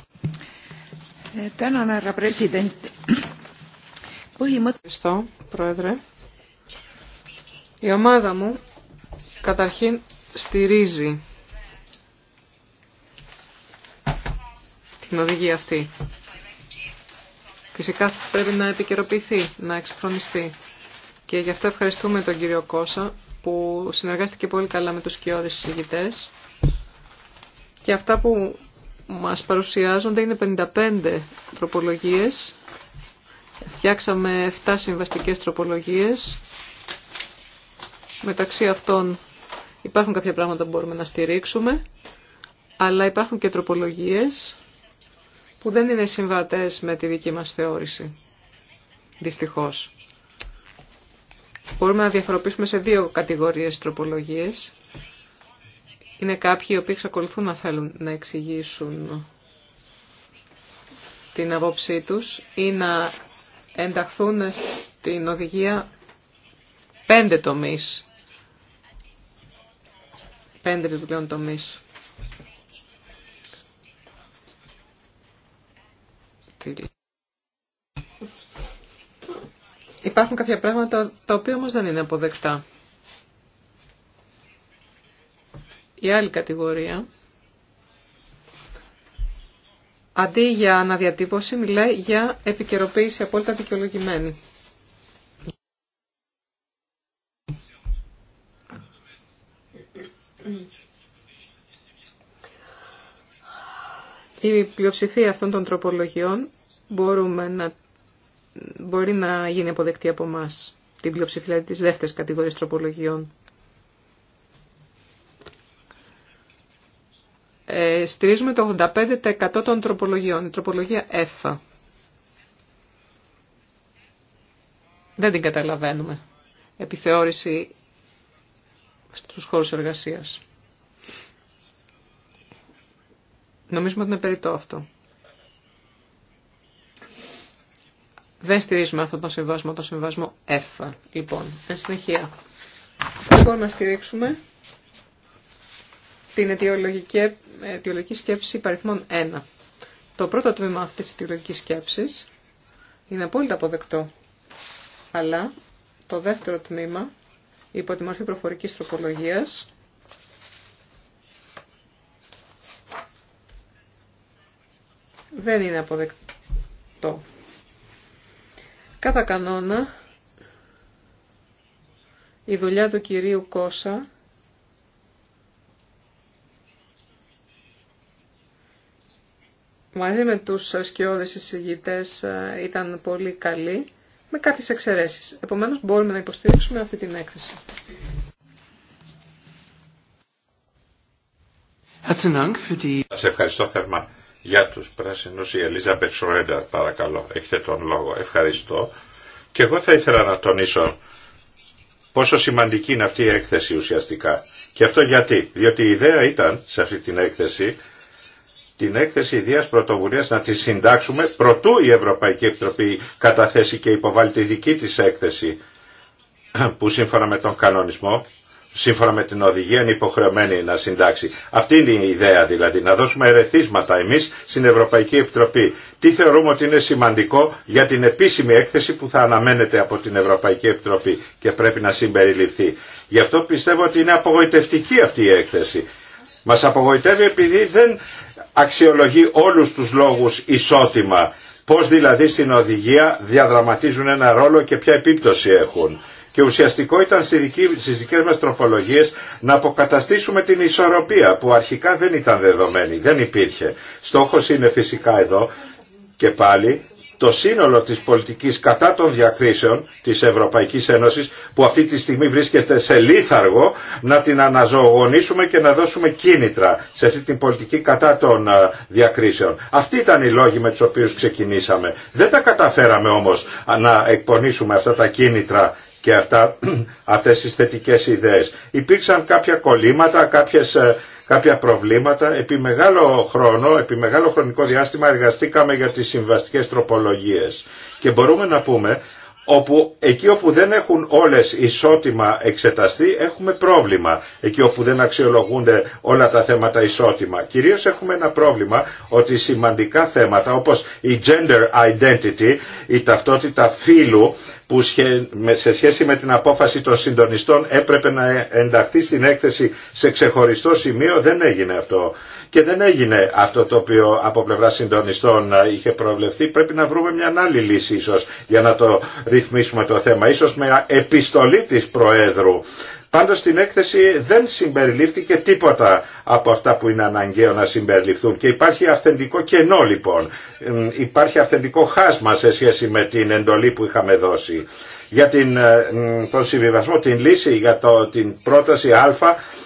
B: Ευχαριστώ, Πρόεδρε. Η ομάδα μου καταρχήν στηρίζει την οδηγία αυτή. Φυσικά πρέπει να επικαιροποιηθεί, να εξυγχρονιστεί. Και γι' αυτό ευχαριστούμε τον κύριο Κώσα που συνεργάστηκε πολύ καλά με τους κοιόδες συζητητές και αυτά που μας παρουσιάζονται είναι 55 τροπολογίες. Φτιάξαμε 7 συμβαστικές τροπολογίες. Μεταξύ αυτών υπάρχουν κάποια πράγματα που μπορούμε να στηρίξουμε, αλλά υπάρχουν και τροπολογίες που δεν είναι συμβατές με τη δική μας θεώρηση. Δυστυχώς. Μπορούμε να διαφοροποιήσουμε σε δύο κατηγορίες τροπολογίες είναι κάποιοι οι οποίοι εξακολουθούν να θέλουν να εξηγήσουν την απόψή τους ή να ενταχθούν στην οδηγία πέντε τομείς. Πέντε βιβλίων τομείς. Υπάρχουν κάποια πράγματα τα οποία όμως δεν είναι αποδεκτά. η άλλη κατηγορία, αντί για αναδιατύπωση, μιλάει για επικαιροποίηση απόλυτα δικαιολογημένη. Η πλειοψηφία αυτών των τροπολογιών μπορούμε να, μπορεί να γίνει αποδεκτή από εμά την πλειοψηφία της δεύτερης κατηγορίας τροπολογιών. Ε, στηρίζουμε το 85% των τροπολογιών. Η τροπολογία F. Δεν την καταλαβαίνουμε. Επιθεώρηση στους χώρους εργασίας. Νομίζουμε ότι είναι περιττό αυτό. Δεν στηρίζουμε αυτόν τον συμβάσμα, τον συμβάσμο F. Λοιπόν, εν συνεχεία. Μπορούμε να στηρίξουμε την αιτιολογική, αιτιολογική σκέψη παριθμών 1. Το πρώτο τμήμα αυτή της αιτιολογική σκέψης είναι απόλυτα αποδεκτό. Αλλά το δεύτερο τμήμα, υπό τη μορφή προφορική τροπολογία. δεν είναι αποδεκτό. Κατά κανόνα, η δουλειά του κυρίου Κώσα μαζί με τους σκιώδες εισηγητές ε, ήταν πολύ καλή, με κάποιες εξαιρέσεις. Επομένως μπορούμε να υποστηρίξουμε αυτή την έκθεση.
A: Σα ευχαριστώ θερμά. Για τους πράσινους η Ελίζα Μπεξουρέντα παρακαλώ. Έχετε τον λόγο. Ευχαριστώ. Και εγώ θα ήθελα να τονίσω πόσο σημαντική είναι αυτή η έκθεση ουσιαστικά. Και αυτό γιατί. Διότι η ιδέα ήταν σε αυτή την έκθεση την έκθεση ιδέα πρωτοβουλία να τη συντάξουμε προτού η Ευρωπαϊκή Επιτροπή καταθέσει και υποβάλει τη δική τη έκθεση που σύμφωνα με τον κανονισμό σύμφωνα με την οδηγία είναι υποχρεωμένη να συντάξει. Αυτή είναι η ιδέα δηλαδή, να δώσουμε ερεθίσματα εμείς στην Ευρωπαϊκή Επιτροπή. Τι θεωρούμε ότι είναι σημαντικό για την επίσημη έκθεση που θα αναμένεται από την Ευρωπαϊκή Επιτροπή και πρέπει να συμπεριληφθεί. Γι' αυτό πιστεύω ότι είναι απογοητευτική αυτή η έκθεση. Μας απογοητεύει επειδή δεν αξιολογεί όλους τους λόγους ισότιμα. Πώς δηλαδή στην οδηγία διαδραματίζουν ένα ρόλο και ποια επίπτωση έχουν. Και ουσιαστικό ήταν στις δικές μας τροπολογίες να αποκαταστήσουμε την ισορροπία που αρχικά δεν ήταν δεδομένη, δεν υπήρχε. Στόχος είναι φυσικά εδώ και πάλι το σύνολο της πολιτικής κατά των διακρίσεων της Ευρωπαϊκής Ένωσης που αυτή τη στιγμή βρίσκεται σε λίθαργο να την αναζωογονήσουμε και να δώσουμε κίνητρα σε αυτή την πολιτική κατά των διακρίσεων. Αυτοί ήταν οι λόγοι με τους οποίους ξεκινήσαμε. Δεν τα καταφέραμε όμως να εκπονήσουμε αυτά τα κίνητρα και αυτά, αυτές τις θετικές ιδέες. Υπήρξαν κάποια κολλήματα, κάποιες ε, κάποια προβλήματα. Επί μεγάλο χρόνο, επί μεγάλο χρονικό διάστημα εργαστήκαμε για τις συμβαστικές τροπολογίες και μπορούμε να πούμε όπου εκεί όπου δεν έχουν όλες ισότιμα εξεταστεί έχουμε πρόβλημα εκεί όπου δεν αξιολογούνται όλα τα θέματα ισότιμα κυρίως έχουμε ένα πρόβλημα ότι σημαντικά θέματα όπως η gender identity η ταυτότητα φύλου που σε σχέση με την απόφαση των συντονιστών έπρεπε να ενταχθεί στην έκθεση σε ξεχωριστό σημείο δεν έγινε αυτό. Και δεν έγινε αυτό το οποίο από πλευρά συντονιστών είχε προβλεφθεί. Πρέπει να βρούμε μια άλλη λύση ίσως για να το ρυθμίσουμε το θέμα. Ίσως με επιστολή της Προέδρου Πάντως στην έκθεση δεν συμπεριλήφθηκε τίποτα από αυτά που είναι αναγκαίο να συμπεριληφθούν και υπάρχει αυθεντικό κενό λοιπόν, υπάρχει αυθεντικό χάσμα σε σχέση με την εντολή που είχαμε δώσει. Για την, ε, τον συμβιβασμό, την λύση για το, την πρόταση α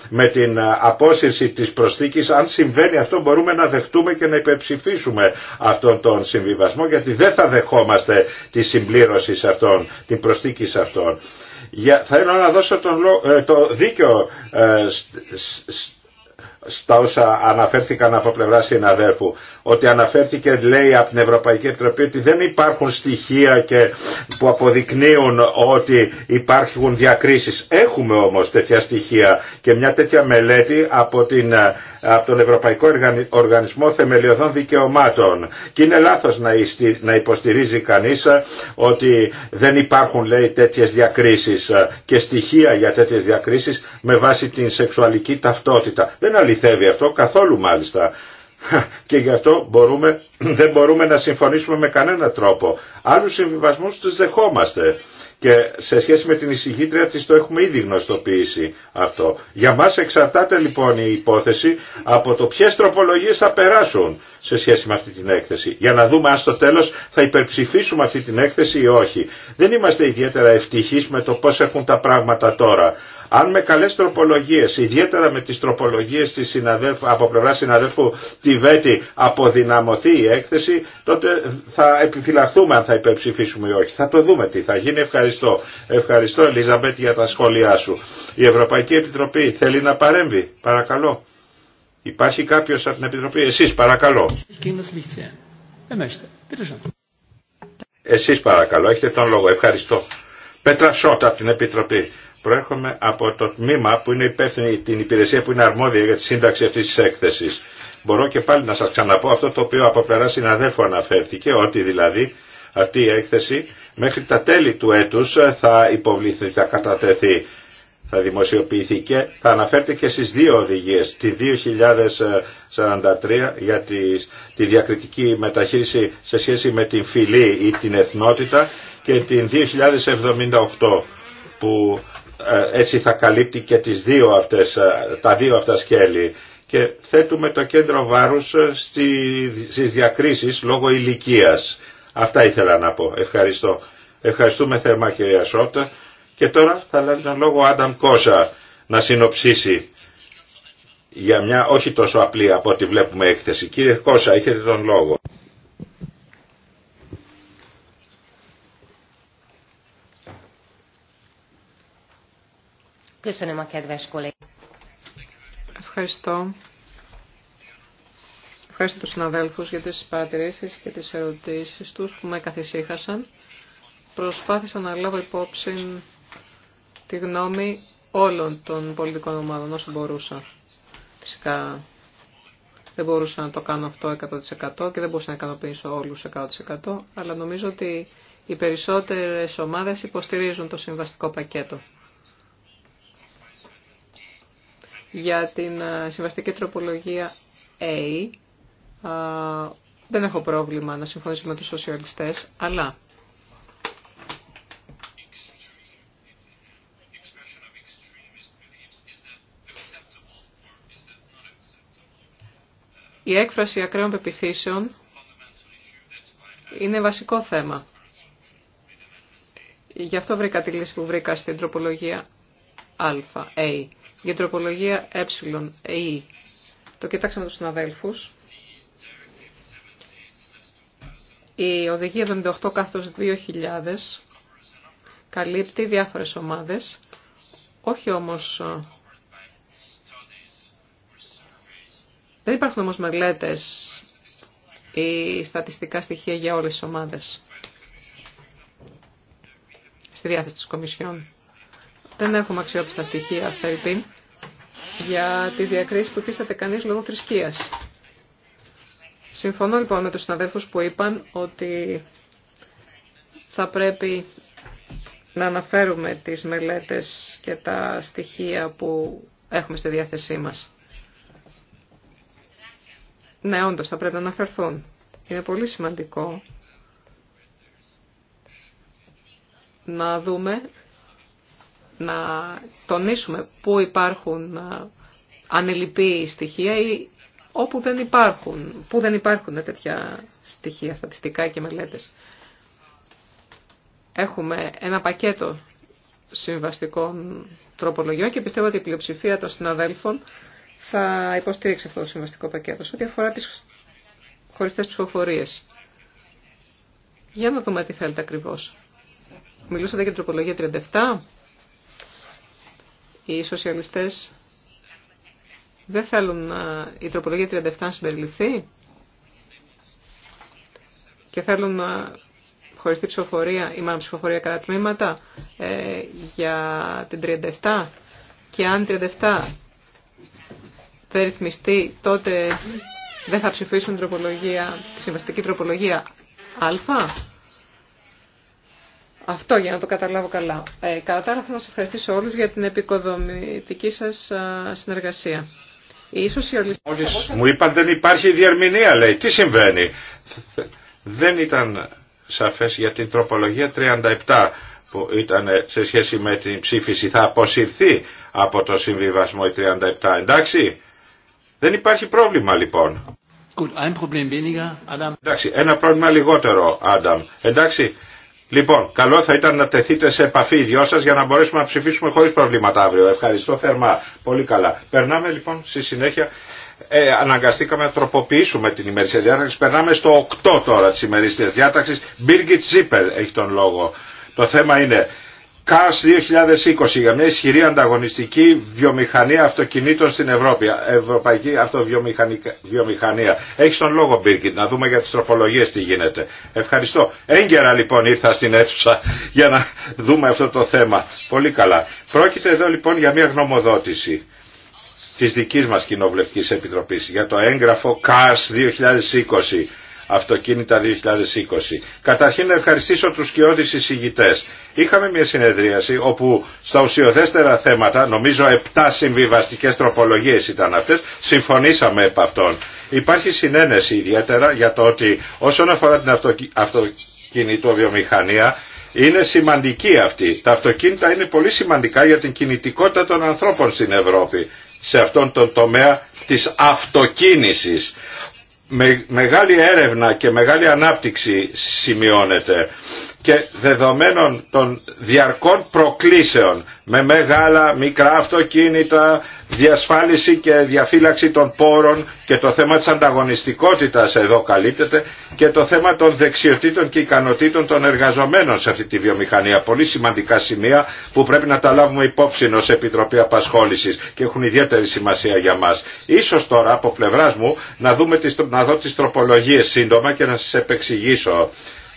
A: με την ε, απόσυρση της προσθήκης, αν συμβαίνει αυτό μπορούμε να δεχτούμε και να υπεψηφίσουμε αυτόν τον συμβιβασμό γιατί δεν θα δεχόμαστε τη συμπλήρωση αυτών, την προσθήκη αυτών. Για, ήθελα να δώσω το, ε, το δίκιο ε, στα όσα αναφέρθηκαν από πλευρά συναδέλφου ότι αναφέρθηκε λέει από την Ευρωπαϊκή Επιτροπή ότι δεν υπάρχουν στοιχεία και που αποδεικνύουν ότι υπάρχουν διακρίσεις. Έχουμε όμως τέτοια στοιχεία και μια τέτοια μελέτη από, την, από τον Ευρωπαϊκό Οργανισμό Θεμελιωδών Δικαιωμάτων. Και είναι λάθος να υποστηρίζει κανείς ότι δεν υπάρχουν λέει τέτοιες διακρίσεις και στοιχεία για τέτοιες διακρίσεις με βάση την σεξουαλική ταυτότητα. Δεν αληθεύει αυτό καθόλου μάλιστα. Και γι' αυτό μπορούμε, δεν μπορούμε να συμφωνήσουμε με κανένα τρόπο. Άλλους συμβιβασμούς τους δεχόμαστε. Και σε σχέση με την εισηγήτρια της το έχουμε ήδη γνωστοποιήσει αυτό. Για μας εξαρτάται λοιπόν η υπόθεση από το ποιες τροπολογίες θα περάσουν σε σχέση με αυτή την έκθεση. Για να δούμε αν στο τέλος θα υπερψηφίσουμε αυτή την έκθεση ή όχι. Δεν είμαστε ιδιαίτερα ευτυχείς με το πώς έχουν τα πράγματα τώρα. Αν με καλές τροπολογίες, ιδιαίτερα με τις τροπολογίες από πλευρά συναδέλφου Τιβέτη αποδυναμωθεί η έκθεση, τότε θα επιφυλαχθούμε αν θα υπερψηφίσουμε ή όχι. Θα το δούμε τι θα γίνει. Ευχαριστώ. Ευχαριστώ Ελίζαμπετ για τα σχόλιά σου. Η Ευρωπαϊκή Επιτροπή θέλει να παρέμβει. Παρακαλώ. Υπάρχει κάποιο από την Επιτροπή. εσεί παρακαλώ. Εσείς παρακαλώ. Έχετε τον λόγο. Ευχαριστώ. Πέτρα Σότα από την Επιτροπή. Προέρχομαι από το τμήμα που είναι υπεύθυνη, την υπηρεσία που είναι αρμόδια για τη σύνταξη αυτής της έκθεσης. Μπορώ και πάλι να σας ξαναπώ αυτό το οποίο από πλευρά συναδέλφου αναφέρθηκε, ότι δηλαδή αυτή η έκθεση μέχρι τα τέλη του έτου θα υποβληθεί, θα κατατεθεί θα δημοσιοποιηθεί και θα αναφέρεται και στις δύο οδηγίες, τη 2043 για τη, τη διακριτική μεταχείριση σε σχέση με την φυλή ή την εθνότητα και την 2078 που ε, έτσι θα καλύπτει και τις δύο αυτές, ε, τα δύο αυτά σκέλη και θέτουμε το κέντρο βάρους ε, στις διακρίσεις λόγω ηλικίας. Αυτά ήθελα να πω. Ευχαριστώ. Ευχαριστούμε θερμά κυρία Σότα. Και τώρα θα λάβει τον λόγο Άνταμ κόσα να συνοψίσει για μια όχι τόσο απλή από ό,τι βλέπουμε έκθεση. Κύριε Κόσα, έχετε τον λόγο.
B: Ευχαριστώ. Ευχαριστώ τους συναδέλφους για τις παρατηρήσεις και τις ερωτήσεις τους που με καθησύχασαν. Προσπάθησα να λάβω υπόψη τη γνώμη όλων των πολιτικών ομάδων όσο μπορούσα. Φυσικά δεν μπορούσα να το κάνω αυτό 100% και δεν μπορούσα να ικανοποιήσω όλους 100% αλλά νομίζω ότι οι περισσότερες ομάδες υποστηρίζουν το συμβαστικό πακέτο. Για την ε, συμβαστική τροπολογία A ε, δεν έχω πρόβλημα να συμφωνήσω με τους σοσιαλιστές αλλά Η έκφραση ακραίων πεπιθήσεων είναι βασικό θέμα. Γι' αυτό βρήκα τη λύση που βρήκα στην τροπολογία α, α, ε. Για τροπολογία ε, ε. Το κοίταξα με τους συναδέλφους. Η οδηγία 78 καθώς 2000 καλύπτει διάφορες ομάδες, όχι όμως Δεν υπάρχουν όμως μελέτες ή στατιστικά στοιχεία για όλες τις ομάδες στη διάθεση της Κομισιόν. Δεν έχουμε αξιόπιστα στοιχεία, Φερρυπίν, για τις διακρίσεις που υφίσταται κανείς λόγω θρησκείας. Συμφωνώ λοιπόν με τους συναδέλφους που είπαν ότι θα πρέπει να αναφέρουμε τις μελέτες και τα στοιχεία που έχουμε στη διάθεσή μας. Ναι, όντως θα πρέπει να αναφερθούν. Είναι πολύ σημαντικό να δούμε, να τονίσουμε πού υπάρχουν ανελειπή στοιχεία ή όπου δεν υπάρχουν, που δεν υπάρχουν τέτοια στοιχεία, στατιστικά και μελέτες. Έχουμε ένα πακέτο συμβαστικών τροπολογιών και πιστεύω ότι η πλειοψηφία των συναδέλφων θα υποστήριξε αυτό το συμβαστικό πακέτο. Σε ό,τι αφορά τις χωριστές ψηφοφορίες. Για να δούμε τι θέλετε ακριβώς. Μιλούσατε για την τροπολογία 37. Οι σοσιαλιστές δεν θέλουν να... Ε, η τροπολογία 37 να συμπεριληφθεί και θέλουν να ε, χωριστή ψηφοφορία ή μάλλον ψηφοφορία κατά τμήματα ε, για την 37 και αν 37 δεν ρυθμιστεί, τότε δεν θα ψηφίσουν τροπολογία, τη συμβαστική τροπολογία Α. Αυτό για να το καταλάβω καλά. Ε, κατά τα άλλα σας ευχαριστήσω όλους για την επικοδομητική σας συνεργασία. Ίσως Μου είπαν
A: δεν υπάρχει διερμηνία λέει. Τι συμβαίνει. Δεν ήταν σαφές για την τροπολογία 37 που ήταν ε, σε σχέση με την ψήφιση θα αποσυρθεί από το συμβιβασμό η 37. Εντάξει. Δεν υπάρχει πρόβλημα λοιπόν. Εντάξει, ένα πρόβλημα λιγότερο, Άνταμ. Εντάξει, λοιπόν, καλό θα ήταν να τεθείτε σε επαφή οι δυο σας για να μπορέσουμε να ψηφίσουμε χωρίς προβλήματα αύριο. Ευχαριστώ θερμά. Πολύ καλά. Περνάμε λοιπόν στη συνέχεια. Ε, αναγκαστήκαμε να τροποποιήσουμε την ημερήσια διάταξη. Περνάμε στο 8 τώρα της ημερήσιας διάταξης. Birgit Zippel έχει τον λόγο. Το θέμα είναι ΚΑΣ 2020 για μια ισχυρή ανταγωνιστική βιομηχανία αυτοκινήτων στην Ευρώπη. Ευρωπαϊκή αυτοβιομηχανία. Έχει τον λόγο, Μπίρκιν, να δούμε για τι τροπολογίε τι γίνεται. Ευχαριστώ. Έγκαιρα λοιπόν ήρθα στην αίθουσα για να δούμε αυτό το θέμα. Πολύ καλά. Πρόκειται εδώ λοιπόν για μια γνωμοδότηση τη δική μα κοινοβουλευτική επιτροπή για το έγγραφο ΚΑΣ 2020 αυτοκίνητα 2020. Καταρχήν να ευχαριστήσω τους κοιόδης εισηγητές Είχαμε μια συνεδρίαση όπου στα ουσιοθέστερα θέματα, νομίζω 7 συμβιβαστικές τροπολογίες ήταν αυτές, συμφωνήσαμε επ' αυτών. Υπάρχει συνένεση ιδιαίτερα για το ότι όσον αφορά την αυτοκινητοβιομηχανία, είναι σημαντική αυτή. Τα αυτοκίνητα είναι πολύ σημαντικά για την κινητικότητα των ανθρώπων στην Ευρώπη σε αυτόν τον τομέα της αυτοκίνησης με, μεγάλη έρευνα και μεγάλη ανάπτυξη σημειώνεται και δεδομένων των διαρκών προκλήσεων με μεγάλα, μικρά αυτοκίνητα, διασφάλιση και διαφύλαξη των πόρων και το θέμα της ανταγωνιστικότητας εδώ καλύπτεται και το θέμα των δεξιοτήτων και ικανοτήτων των εργαζομένων σε αυτή τη βιομηχανία. Πολύ σημαντικά σημεία που πρέπει να τα λάβουμε υπόψη ως Επιτροπή Απασχόλησης και έχουν ιδιαίτερη σημασία για μας. Ίσως τώρα από πλευρά μου να, δούμε τις, να δω τις τροπολογίες σύντομα και να σας επεξηγήσω.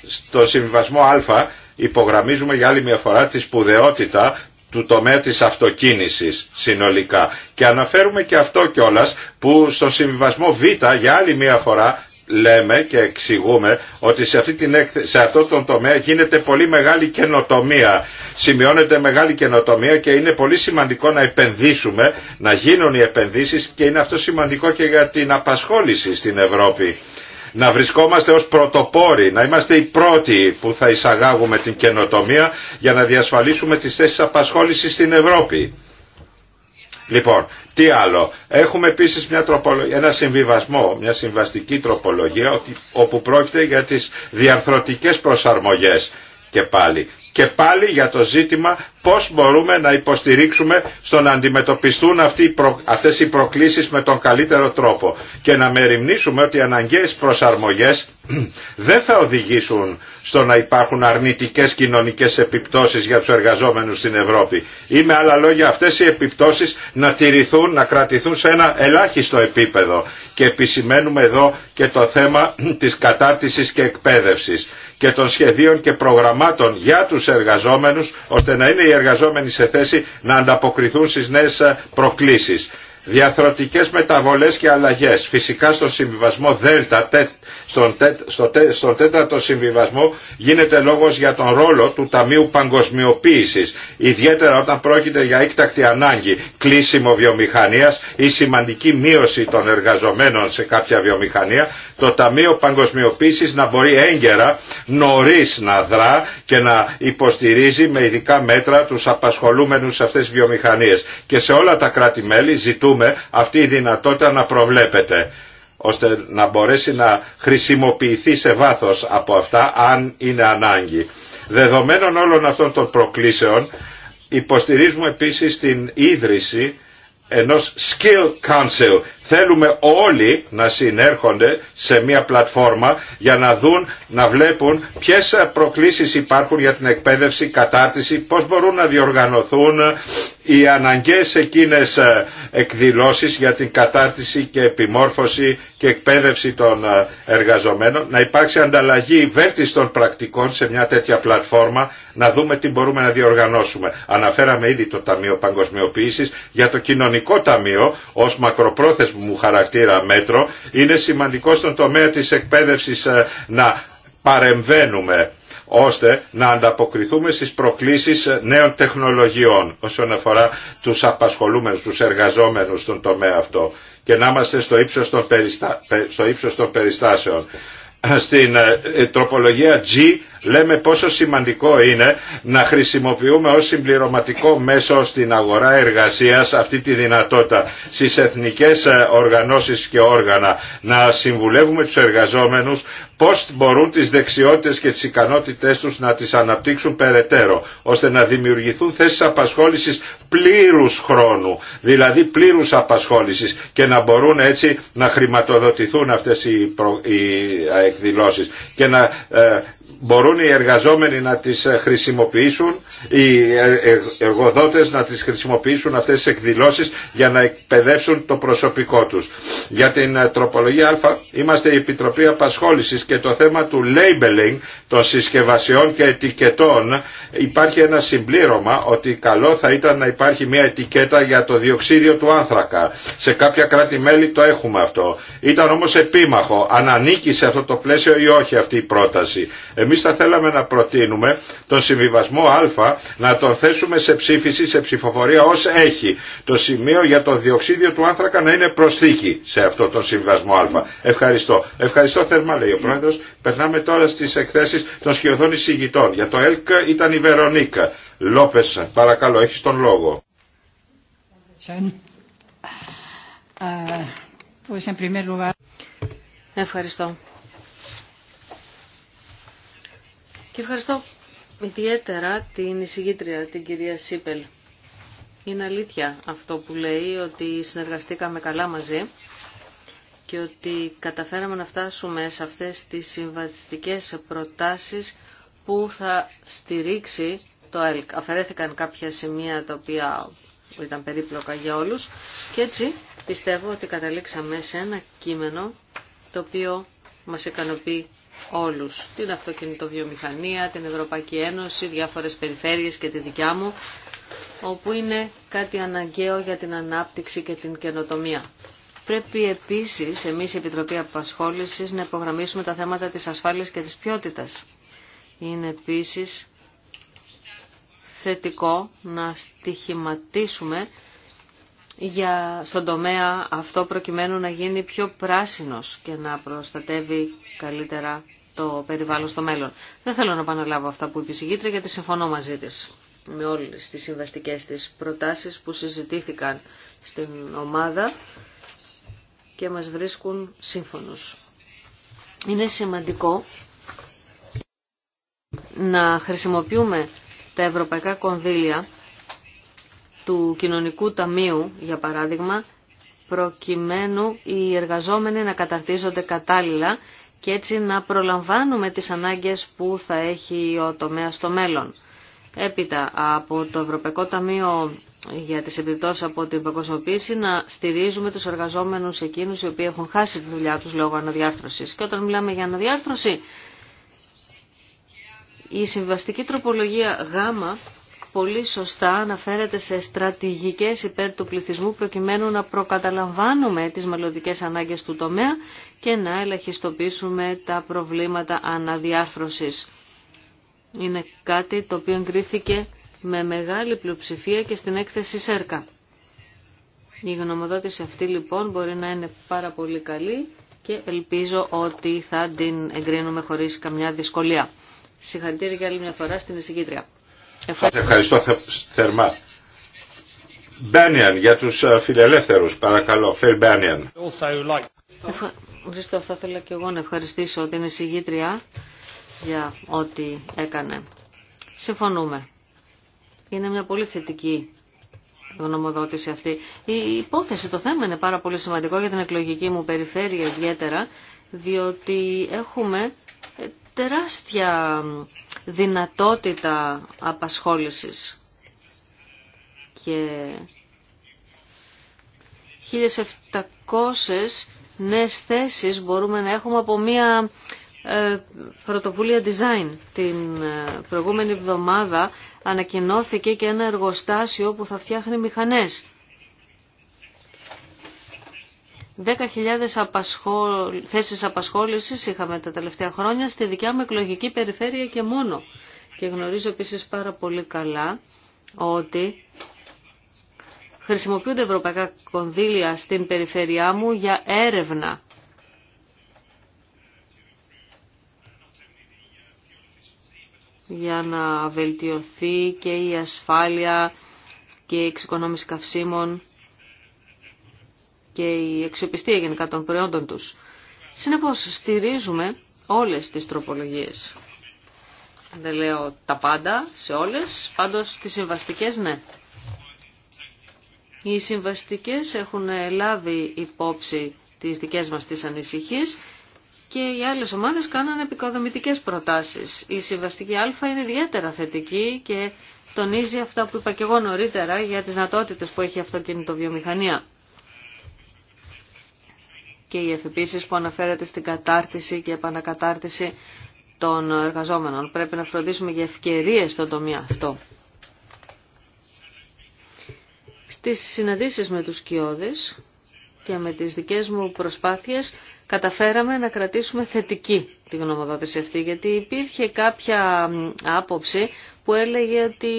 A: Στο συμβιβασμό Α υπογραμμίζουμε για άλλη μια φορά τη σπουδαιότητα του τομέα της αυτοκίνησης συνολικά. Και αναφέρουμε και αυτό κιόλας που στο συμβιβασμό Β για άλλη μία φορά λέμε και εξηγούμε ότι σε, αυτή την, σε αυτό τον τομέα γίνεται πολύ μεγάλη καινοτομία. Σημειώνεται μεγάλη καινοτομία και είναι πολύ σημαντικό να επενδύσουμε, να γίνουν οι επενδύσεις και είναι αυτό σημαντικό και για την απασχόληση στην Ευρώπη να βρισκόμαστε ως πρωτοπόροι, να είμαστε οι πρώτοι που θα εισαγάγουμε την καινοτομία για να διασφαλίσουμε τις θέσεις απασχόλησης στην Ευρώπη. Λοιπόν, τι άλλο. Έχουμε επίση ένα συμβιβασμό, μια συμβαστική τροπολογία όπου πρόκειται για τις διαρθρωτικές προσαρμογές Και πάλι και πάλι για το ζήτημα πώς μπορούμε να υποστηρίξουμε στο να αντιμετωπιστούν αυτές οι προκλήσεις με τον καλύτερο τρόπο και να μεριμνήσουμε ότι οι αναγκαίες προσαρμογές δεν θα οδηγήσουν στο να υπάρχουν αρνητικές κοινωνικές επιπτώσεις για τους εργαζόμενους στην Ευρώπη ή με άλλα λόγια αυτές οι επιπτώσεις να τηρηθούν, να κρατηθούν σε ένα ελάχιστο επίπεδο και επισημαίνουμε εδώ και το θέμα της κατάρτισης και εκπαίδευσης και των σχεδίων και προγραμμάτων για τους εργαζόμενους ώστε να είναι οι εργαζόμενοι σε θέση να ανταποκριθούν στις νέες ε, προκλήσεις. Διαθροτικές μεταβολές και αλλαγές. Φυσικά στο συμβιβασμό Δέλτα, στον, στο στον τέταρτο συμβιβασμό γίνεται λόγος για τον ρόλο του Ταμείου Παγκοσμιοποίησης. Ιδιαίτερα όταν πρόκειται για έκτακτη ανάγκη, κλείσιμο βιομηχανίας ή σημαντική μείωση των εργαζομένων σε κάποια βιομηχανία, το Ταμείο Παγκοσμιοποίησης να μπορεί έγκαιρα νωρίς να δρά και να υποστηρίζει με ειδικά μέτρα τους απασχολούμενους σε αυτές τις βιομηχανίες. Και σε όλα τα κράτη-μέλη αυτή η δυνατότητα να προβλέπεται ώστε να μπορέσει να χρησιμοποιηθεί σε βάθος από αυτά αν είναι ανάγκη. Δεδομένων όλων αυτών των προκλήσεων υποστηρίζουμε επίσης την ίδρυση ενός Skill Council θέλουμε όλοι να συνέρχονται σε μια πλατφόρμα για να δουν, να βλέπουν ποιες προκλήσεις υπάρχουν για την εκπαίδευση, κατάρτιση, πώς μπορούν να διοργανωθούν οι αναγκαίες εκείνες ε, εκδηλώσεις για την κατάρτιση και επιμόρφωση και εκπαίδευση των ε, εργαζομένων, να υπάρξει ανταλλαγή βέλτιστων πρακτικών σε μια τέτοια πλατφόρμα, να δούμε τι μπορούμε να διοργανώσουμε. Αναφέραμε ήδη το Ταμείο παγκοσμιοποίηση, για το Κοινωνικό Ταμείο ως μακροπρόθεσμο μου χαρακτήρα μέτρο, είναι σημαντικό στον τομέα της εκπαίδευσης ε, να παρεμβαίνουμε ώστε να ανταποκριθούμε στις προκλήσεις ε, νέων τεχνολογιών όσον αφορά τους απασχολούμενους, τους εργαζόμενους στον τομέα αυτό και να είμαστε στο ύψος των, περιστάσεων στην ε, ε, τροπολογία G λέμε πόσο σημαντικό είναι να χρησιμοποιούμε ως συμπληρωματικό μέσο στην αγορά εργασίας αυτή τη δυνατότητα στις εθνικές ε, οργανώσεις και όργανα να συμβουλεύουμε τους εργαζόμενους πώς μπορούν τις δεξιότητες και τις ικανότητές τους να τις αναπτύξουν περαιτέρω, ώστε να δημιουργηθούν θέσεις απασχόλησης πλήρους χρόνου, δηλαδή πλήρους απασχόλησης και να μπορούν έτσι να χρηματοδοτηθούν αυτές οι, προ... οι εκδηλώσεις και να ε, μπορούν οι εργαζόμενοι να τις ε, χρησιμοποιήσουν, οι ε, ε, εργοδότες να τις χρησιμοποιήσουν αυτές τις εκδηλώσεις για να εκπαιδεύσουν το προσωπικό τους. Για την τροπολογία Α είμαστε η Επιτροπή Απασχόλησης και το θέμα του labeling των συσκευασιών και ετικετών υπάρχει ένα συμπλήρωμα ότι καλό θα ήταν να υπάρχει μια ετικέτα για το διοξίδιο του άνθρακα. Σε κάποια κράτη-μέλη το έχουμε αυτό. Ήταν όμως επίμαχο αν ανήκει σε αυτό το πλαίσιο ή όχι αυτή η πρόταση. προταση εμείς θα θέλαμε να προτείνουμε τον συμβιβασμό Α να τον θέσουμε σε ψήφιση, σε ψηφοφορία ως έχει. Το σημείο για το διοξίδιο του άνθρακα να είναι προσθήκη σε αυτό τον συμβιβασμό Α. Ευχαριστώ. Ευχαριστώ θερμά λέει ο Πρόεδρος. Περνάμε τώρα στις εκθέσεις των σχεδόν εισηγητών. Για το ΕΛΚ ήταν η Βερονίκα. Λόπες, παρακαλώ, έχει τον λόγο.
B: Ε, ε,
C: Ευχαριστώ. Και ευχαριστώ ιδιαίτερα την εισηγήτρια, την κυρία Σίπελ. Είναι αλήθεια αυτό που λέει ότι συνεργαστήκαμε καλά μαζί και ότι καταφέραμε να φτάσουμε σε αυτές τις συμβατιστικές προτάσεις που θα στηρίξει το ΕΛΚ. Αφαιρέθηκαν κάποια σημεία τα οποία ήταν περίπλοκα για όλους και έτσι πιστεύω ότι καταλήξαμε σε ένα κείμενο το οποίο μας ικανοποιεί όλους. Την αυτοκινητοβιομηχανία, την Ευρωπαϊκή Ένωση, διάφορες περιφέρειες και τη δικιά μου, όπου είναι κάτι αναγκαίο για την ανάπτυξη και την καινοτομία. Πρέπει επίσης εμείς η Επιτροπή Απασχόλησης να υπογραμμίσουμε τα θέματα της ασφάλειας και της ποιότητας. Είναι επίσης θετικό να στοιχηματίσουμε για, στον τομέα αυτό προκειμένου να γίνει πιο πράσινος και να προστατεύει καλύτερα το περιβάλλον στο μέλλον. Δεν θέλω να επαναλάβω αυτά που είπε η γιατί συμφωνώ μαζί της με όλες τις συμβαστικές της προτάσεις που συζητήθηκαν στην ομάδα και μας βρίσκουν σύμφωνους. Είναι σημαντικό να χρησιμοποιούμε τα ευρωπαϊκά κονδύλια του Κοινωνικού Ταμείου, για παράδειγμα, προκειμένου οι εργαζόμενοι να καταρτίζονται κατάλληλα και έτσι να προλαμβάνουμε τις ανάγκες που θα έχει ο τομέας στο μέλλον. Έπειτα από το Ευρωπαϊκό Ταμείο για τις επιπτώσεις από την παγκοσμιοποίηση να στηρίζουμε τους εργαζόμενους εκείνους οι οποίοι έχουν χάσει τη δουλειά τους λόγω αναδιάρθρωσης. Και όταν μιλάμε για αναδιάρθρωση, η συμβαστική τροπολογία ΓΑΜΑ πολύ σωστά αναφέρεται σε στρατηγικές υπέρ του πληθυσμού προκειμένου να προκαταλαμβάνουμε τις μελλοντικές ανάγκες του τομέα και να ελαχιστοποιήσουμε τα προβλήματα αναδιάρθρωσης. Είναι κάτι το οποίο εγκρίθηκε με μεγάλη πλειοψηφία και στην έκθεση ΣΕΡΚΑ. Η γνωμοδότηση αυτή λοιπόν μπορεί να είναι πάρα πολύ καλή και ελπίζω ότι θα την εγκρίνουμε χωρίς καμιά δυσκολία. Συγχαρητήρια για άλλη μια φορά στην εισηγήτρια.
A: Ευχαριστώ, θερμά. Μπάνιαν για τους ε, φιλελεύθερους, παρακαλώ. Φιλ Μπάνιαν.
C: Ευχαριστώ, θα ήθελα και εγώ να ευχαριστήσω την εισηγήτρια για ό,τι έκανε. Συμφωνούμε. Είναι μια πολύ θετική γνωμοδότηση αυτή. Η υπόθεση, το θέμα είναι πάρα πολύ σημαντικό για την εκλογική μου περιφέρεια ιδιαίτερα, διότι έχουμε τεράστια δυνατότητα απασχόλησης και 1.700 νέες θέσεις μπορούμε να έχουμε από μια ε, πρωτοβουλία design. Την ε, προηγούμενη εβδομάδα ανακοινώθηκε και ένα εργοστάσιο που θα φτιάχνει μηχανές 10.000 θέσεις απασχόλησης είχαμε τα τελευταία χρόνια στη δικιά μου εκλογική περιφέρεια και μόνο. Και γνωρίζω επίσης πάρα πολύ καλά ότι χρησιμοποιούνται ευρωπαϊκά κονδύλια στην περιφέρειά μου για έρευνα. για να βελτιωθεί και η ασφάλεια και η εξοικονόμηση καυσίμων και η εξοπιστία γενικά των προϊόντων τους. Συνεπώς στηρίζουμε όλες τις τροπολογίες. Δεν λέω τα πάντα σε όλες, πάντως τις συμβαστικές ναι. Οι συμβαστικές έχουν λάβει υπόψη τις δικές μας τις ανησυχίες και οι άλλες ομάδες κάνανε επικοδομητικές προτάσεις. Η συμβαστική Α είναι ιδιαίτερα θετική και τονίζει αυτά που είπα και εγώ νωρίτερα για τις δυνατότητες που έχει η αυτοκινητοβιομηχανία και η εφηπίσεις που αναφέρεται στην κατάρτιση και επανακατάρτιση των εργαζόμενων. Πρέπει να φροντίσουμε για ευκαιρίες στον τομέα αυτό. Στις συναντήσεις με τους κοιόδες και με τις δικές μου προσπάθειες καταφέραμε να κρατήσουμε θετική τη γνωμοδότηση αυτή, γιατί υπήρχε κάποια άποψη που έλεγε ότι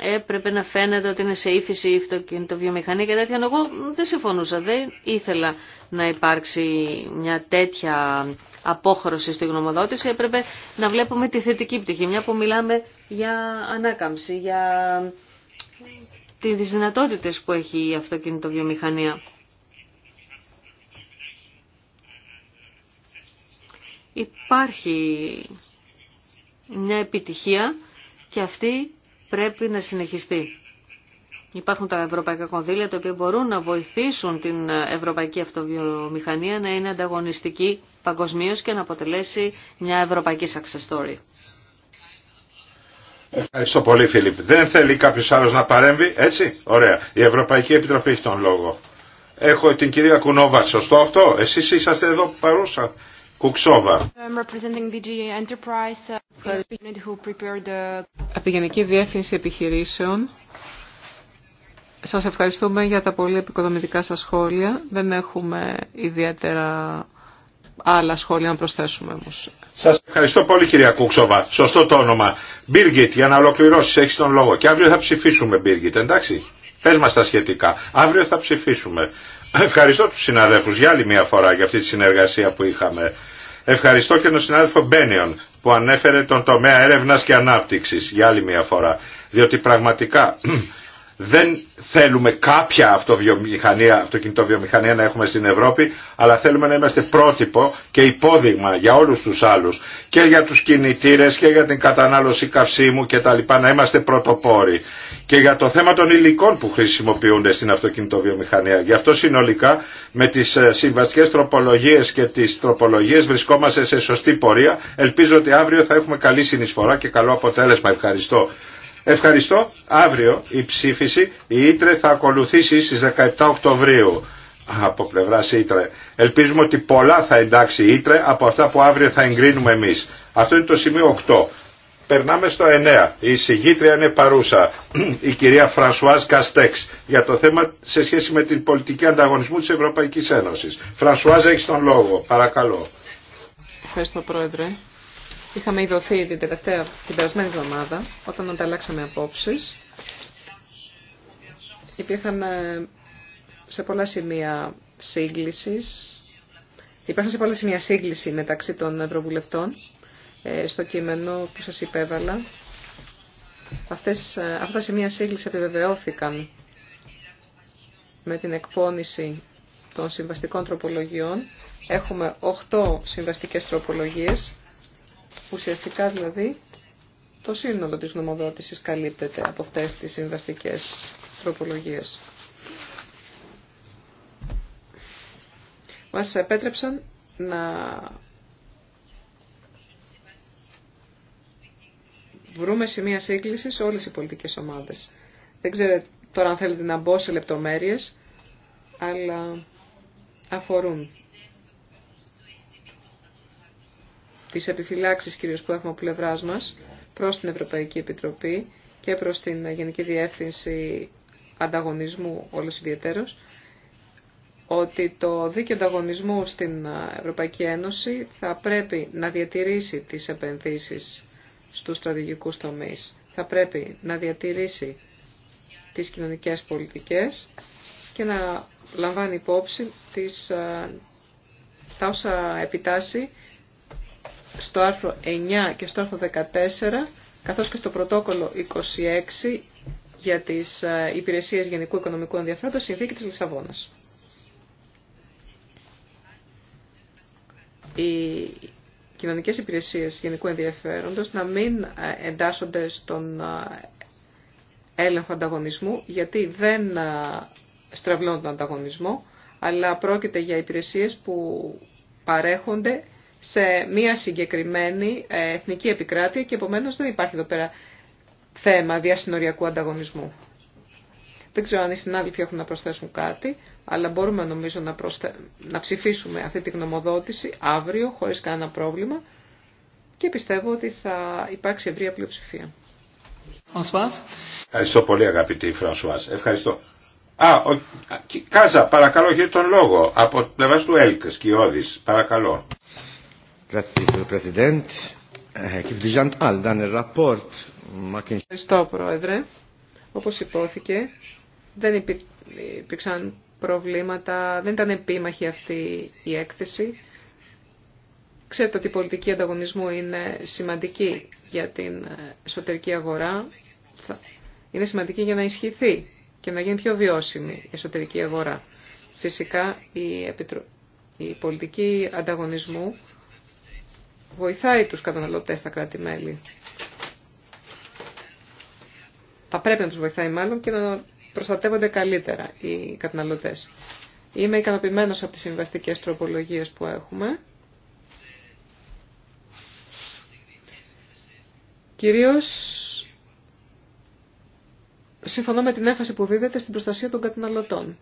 C: έπρεπε να φαίνεται ότι είναι σε ύφεση η βιομηχανία και τέτοια. Εγώ δεν συμφωνούσα, δεν ήθελα να υπάρξει μια τέτοια απόχρωση στη γνωμοδότηση, έπρεπε να βλέπουμε τη θετική πτυχή, μια που μιλάμε για ανάκαμψη, για τις δυνατότητες που έχει η αυτοκινητοβιομηχανία. Υπάρχει μια επιτυχία και αυτή πρέπει να συνεχιστεί. Υπάρχουν τα ευρωπαϊκά κονδύλια τα οποία μπορούν να βοηθήσουν την ευρωπαϊκή αυτοβιομηχανία να είναι ανταγωνιστική παγκοσμίω και να αποτελέσει μια ευρωπαϊκή success story.
A: Ευχαριστώ πολύ Φίλιπ. Δεν θέλει κάποιο άλλο να παρέμβει, έτσι. Ωραία. Η Ευρωπαϊκή Επιτροπή έχει τον λόγο. Έχω την κυρία Κουνόβα, σωστό αυτό. Εσεί είσαστε εδώ παρούσα. Κουξόβα.
B: Uh, Από τη Γενική Διεύθυνση Επιχειρήσεων σας ευχαριστούμε για τα πολύ επικοδομητικά σας σχόλια. Δεν έχουμε ιδιαίτερα άλλα σχόλια να προσθέσουμε όμω.
A: Σας ευχαριστώ πολύ κυρία Κούξοβα. Σωστό το όνομα. Μπίργκιτ, για να ολοκληρώσει έχεις τον λόγο. Και αύριο θα ψηφίσουμε Μπίργκιτ, εντάξει. Πες μας τα σχετικά. Αύριο θα ψηφίσουμε. Ευχαριστώ τους συναδέλφους για άλλη μια φορά για αυτή τη συνεργασία που είχαμε. Ευχαριστώ και τον συνάδελφο Μπένιον που ανέφερε τον τομέα έρευνας και ανάπτυξης για άλλη μια φορά. Διότι πραγματικά δεν θέλουμε κάποια αυτοβιομηχανία, αυτοκινητοβιομηχανία να έχουμε στην Ευρώπη, αλλά θέλουμε να είμαστε πρότυπο και υπόδειγμα για όλους τους άλλους και για τους κινητήρες και για την κατανάλωση καυσίμου και τα λοιπά, να είμαστε πρωτοπόροι και για το θέμα των υλικών που χρησιμοποιούνται στην αυτοκινητοβιομηχανία. Γι' αυτό συνολικά με τις ε, συμβαστικές τροπολογίες και τις τροπολογίες βρισκόμαστε σε σωστή πορεία. Ελπίζω ότι αύριο θα έχουμε καλή συνεισφορά και καλό αποτέλεσμα. Ευχαριστώ. Ευχαριστώ. Αύριο η ψήφιση, η Ήτρε θα ακολουθήσει στις 17 Οκτωβρίου από πλευρά Ήτρε. Ελπίζουμε ότι πολλά θα εντάξει η Ήτρε από αυτά που αύριο θα εγκρίνουμε εμείς. Αυτό είναι το σημείο 8. Περνάμε στο 9. Η συγγήτρια είναι παρούσα, η κυρία Φρανσουάζ Καστέξ, για το θέμα σε σχέση με την πολιτική ανταγωνισμού της Ευρωπαϊκής Ένωσης. Φρανσουάζ, έχει τον λόγο. Παρακαλώ.
B: Ευχαριστώ, Πρόεδρε είχαμε ειδωθεί την τελευταία, την περασμένη εβδομάδα, όταν ανταλλάξαμε απόψεις. Υπήρχαν ε, σε πολλά σημεία σύγκλησης, Υπήρχαν σε πολλά σημεία σύγκληση μεταξύ των Ευρωβουλευτών ε, στο κείμενο που σας υπέβαλα. Αυτές, ε, αυτά τα σημεία σύγκληση επιβεβαιώθηκαν με την εκπόνηση των συμβαστικών τροπολογιών. Έχουμε 8 συμβαστικές τροπολογίες Ουσιαστικά δηλαδή το σύνολο της νομοδότησης καλύπτεται από αυτές τις συμβαστικές τροπολογίες. Μας επέτρεψαν να βρούμε σημεία σύγκληση σε όλες οι πολιτικές ομάδες. Δεν ξέρω τώρα αν θέλετε να μπω σε λεπτομέρειες, αλλά αφορούν Τι επιφυλάξει κυρίως που έχουμε από πλευρά μας προς την Ευρωπαϊκή Επιτροπή και προς την Γενική Διεύθυνση Ανταγωνισμού όλος ιδιαίτερος, ότι το δίκαιο ανταγωνισμού στην Ευρωπαϊκή Ένωση θα πρέπει να διατηρήσει τις επενδύσεις στους στρατηγικούς τομείς. Θα πρέπει να διατηρήσει τις κοινωνικές πολιτικές και να λαμβάνει υπόψη τις, ε, τα όσα επιτάσσει στο άρθρο 9 και στο άρθρο 14, καθώς και στο πρωτόκολλο 26 για τις ε, υπηρεσίες γενικού οικονομικού ενδιαφέροντος, συνθήκη της Λισαβόνας. Οι κοινωνικές υπηρεσίες γενικού ενδιαφέροντος να μην ε, εντάσσονται στον ε, έλεγχο ανταγωνισμού, γιατί δεν στραβλώνουν τον ανταγωνισμό, αλλά πρόκειται για υπηρεσίες που παρέχονται σε μία συγκεκριμένη ε, εθνική επικράτεια και επομένως δεν υπάρχει εδώ πέρα θέμα διασυνοριακού ανταγωνισμού. Δεν ξέρω αν οι συνάδελφοι έχουν να προσθέσουν κάτι, αλλά μπορούμε νομίζω να, να ψηφίσουμε αυτή τη γνωμοδότηση αύριο χωρίς κανένα πρόβλημα και πιστεύω ότι θα υπάρξει
A: ευρία πλειοψηφία. Ευχαριστώ πολύ αγαπητή Φρανσουάς. Ευχαριστώ. Α, Κάζα, παρακαλώ για τον λόγο. Από πλευρά του Έλκ, Σκιώδη. παρακαλώ. Ε,
B: Ευχαριστώ, Πρόεδρε. Όπω υπόθηκε, δεν υπήρξαν προβλήματα, δεν ήταν επίμαχη αυτή η έκθεση. Ξέρετε ότι η πολιτική ανταγωνισμού είναι σημαντική για την ε, εσωτερική αγορά. Είναι σημαντική για να ισχυθεί και να γίνει πιο βιώσιμη η εσωτερική αγορά. Φυσικά η, πολιτική ανταγωνισμού βοηθάει τους καταναλωτές στα κράτη-μέλη. Θα πρέπει να τους βοηθάει μάλλον και να προστατεύονται καλύτερα οι καταναλωτές. Είμαι ικανοποιημένος από τις συμβαστικές τροπολογίες που έχουμε. Κυρίως συμφωνώ με την έμφαση που δίδεται στην προστασία των καταναλωτών.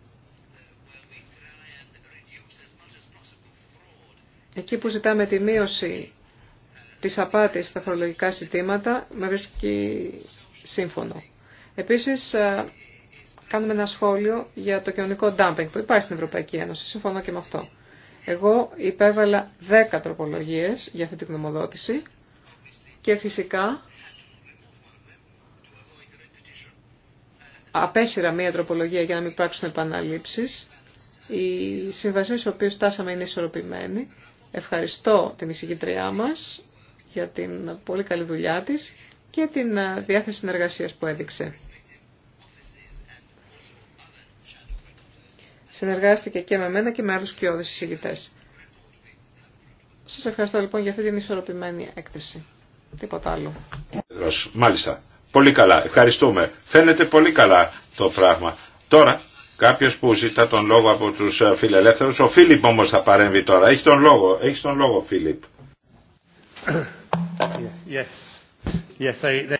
B: Εκεί που ζητάμε τη μείωση της απάτης στα φορολογικά ζητήματα, με βρίσκει σύμφωνο. Επίσης, ε, κάνουμε ένα σχόλιο για το κοινωνικό ντάμπινγκ που υπάρχει στην Ευρωπαϊκή Ένωση. Συμφωνώ και με αυτό. Εγώ υπέβαλα 10 τροπολογίες για αυτή την γνωμοδότηση και φυσικά απέσυρα μία τροπολογία για να μην υπάρξουν επαναλήψει. Οι συμβασίε στι οποίες φτάσαμε είναι ισορροπημένοι. Ευχαριστώ την εισηγητριά μας για την πολύ καλή δουλειά της και την ε, διάθεση συνεργασία που έδειξε. Συνεργάστηκε και με μένα και με άλλους κοιόδε εισηγητέ. Σας ευχαριστώ λοιπόν για αυτή την ισορροπημένη έκθεση. Τίποτα άλλο.
A: Πολύ καλά, ευχαριστούμε. Φαίνεται πολύ καλά το πράγμα. Τώρα Κάποιο που ζητά τον λόγο από του ε, φιλελεύθερου. Ο Φίλιπ όμω θα παρέμβει τώρα. Έχει τον λόγο. Έχει τον λόγο, Φίλιπ. Yes. Yes,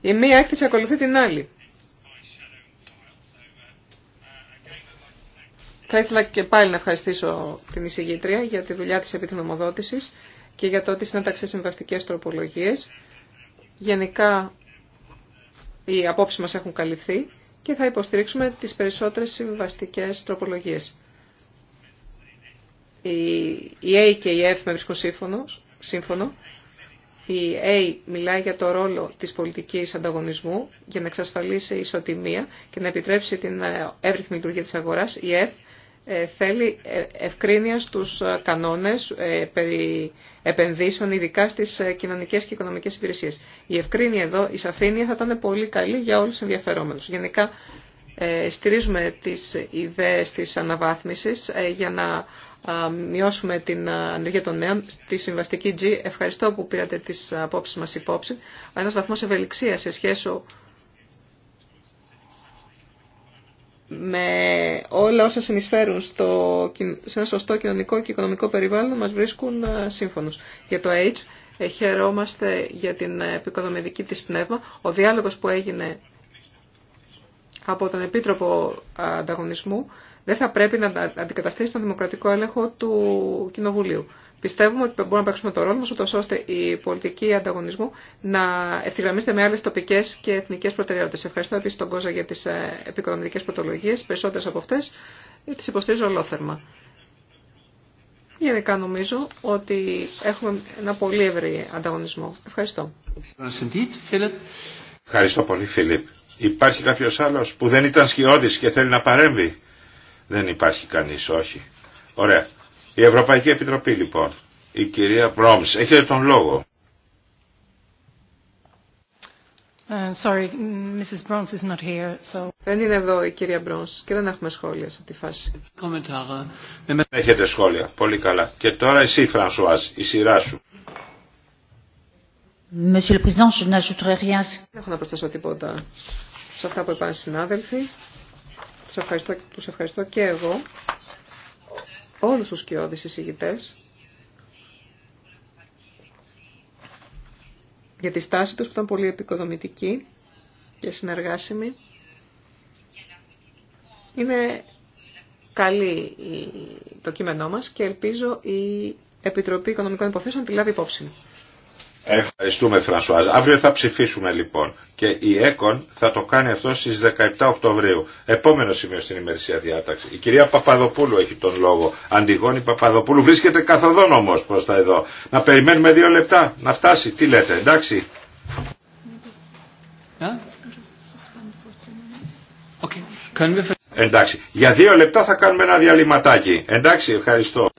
B: Η μία έκθεση ακολουθεί την άλλη. Θα ήθελα και πάλι να ευχαριστήσω την εισηγήτρια για τη δουλειά της επί και για το ότι συνέταξε συμβαστικές τροπολογίες Γενικά οι απόψεις μας έχουν καλυφθεί και θα υποστηρίξουμε τις περισσότερες συμβαστικές τροπολογίες. Η A και η F με βρίσκουν σύμφωνο. Η A μιλάει για το ρόλο της πολιτικής ανταγωνισμού για να εξασφαλίσει ισοτιμία και να επιτρέψει την ε, εύρυθμη λειτουργία της αγοράς. Η F ε, θέλει ε, ευκρίνεια στους ε, κανόνες περί επενδύσεων, ειδικά στις κοινωνικές και οικονομικές υπηρεσίες. Η ευκρίνεια εδώ, η σαφήνεια θα ήταν πολύ καλή για όλους τους ενδιαφερόμενους. Γενικά στηρίζουμε τις ιδέες της αναβάθμισης για να μειώσουμε την ανεργία των νέων στη συμβαστική G. Ευχαριστώ που πήρατε τις απόψεις μας υπόψη. Ένας βαθμός ευελιξίας σε σχέση με όλα όσα συνεισφέρουν στο, σε ένα σωστό κοινωνικό και οικονομικό περιβάλλον μας βρίσκουν ε, σύμφωνους. Για το AIDS ε, χαιρόμαστε για την ε, επικοδομητική της πνεύμα. Ο διάλογος που έγινε από τον Επίτροπο Ανταγωνισμού δεν θα πρέπει να αντικαταστήσει τον δημοκρατικό έλεγχο του Κοινοβουλίου. Πιστεύουμε ότι μπορούμε να παίξουμε το ρόλο μας, ούτως ώστε η πολιτική ανταγωνισμού να ευθυγραμμίζεται με άλλες τοπικές και εθνικές προτεραιότητες. Ευχαριστώ επίσης τον Κόζα για τις ε, επικοδομητικές πρωτολογίες, περισσότερες από αυτές, ε, τις υποστηρίζω ολόθερμα. Γενικά νομίζω ότι έχουμε ένα πολύ ευρύ ανταγωνισμό. Ευχαριστώ.
A: Ευχαριστώ πολύ Φίλιπ. Υπάρχει κάποιο άλλος που δεν ήταν σκιώδης και θέλει να παρέμβει. Δεν υπάρχει κανείς, όχι. Ωραία. Η Ευρωπαϊκή Επιτροπή λοιπόν. Η κυρία Μπρόμς. Έχετε τον λόγο.
B: Ε, δεν είναι εδώ η κυρία Μπρόνς και δεν έχουμε σχόλια σε αυτή τη φάση.
A: Έχετε σχόλια. Πολύ καλά. Και τώρα εσύ, Φρανσουάς. η σειρά σου.
B: Δεν έχω να προσθέσω τίποτα σε αυτά που είπαν οι συνάδελφοι. Τους τους ευχαριστώ και εγώ όλους τους σκιώδεις εισηγητές για τη στάση τους που ήταν πολύ επικοδομητική και συνεργάσιμη. Είναι καλή το κείμενό μας και ελπίζω η Επιτροπή Οικονομικών Υποθέσεων τη λάβει υπόψη.
A: Ευχαριστούμε Φρανσουάζ. Αύριο θα ψηφίσουμε λοιπόν και η ΕΚΟΝ θα το κάνει αυτό στις 17 Οκτωβρίου. Επόμενο σημείο στην ημερησία διάταξη. Η κυρία Παπαδοπούλου έχει τον λόγο. Αντιγόνη Παπαδοπούλου βρίσκεται καθοδόν όμως προς τα εδώ. Να περιμένουμε δύο λεπτά να φτάσει. Τι λέτε εντάξει. Okay. Ε? Εντάξει. Για δύο λεπτά θα κάνουμε ένα διαλυματάκι. Εντάξει ευχαριστώ.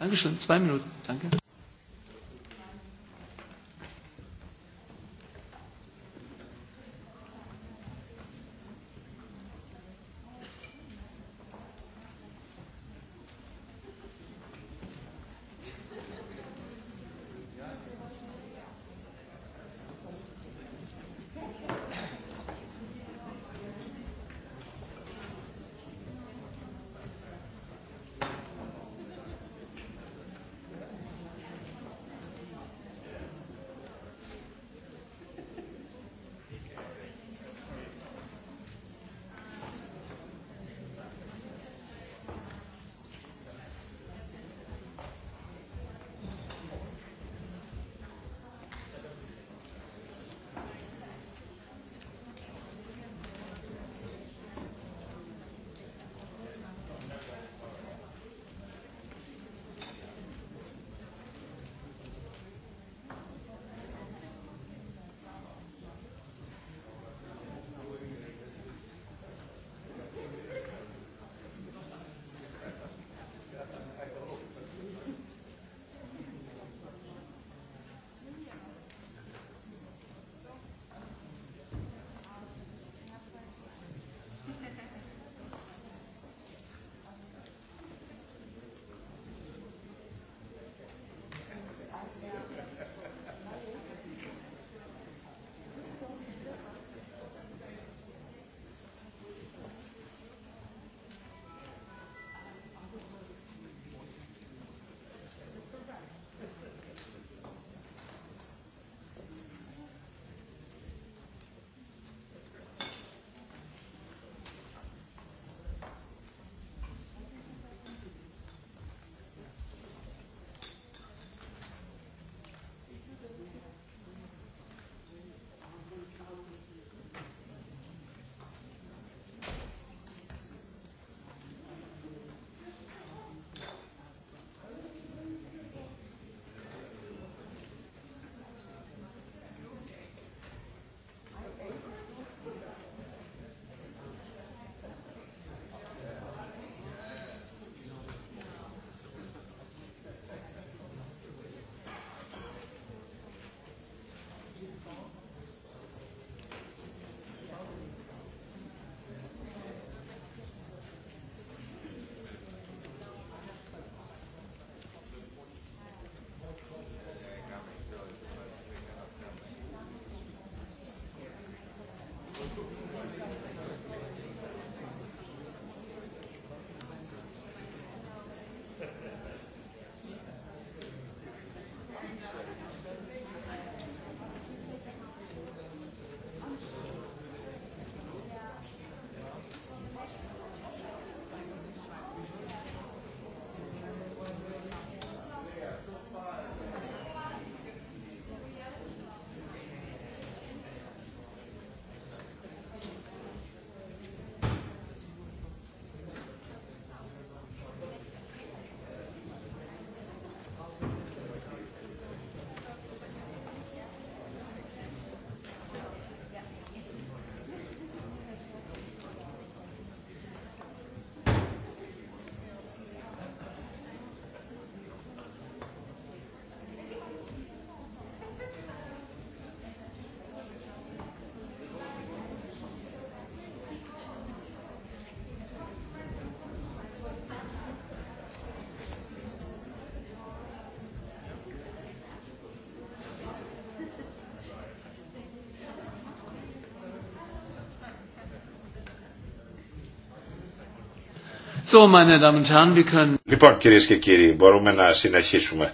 A: Λοιπόν κυρίε και κύριοι μπορούμε να συνεχίσουμε.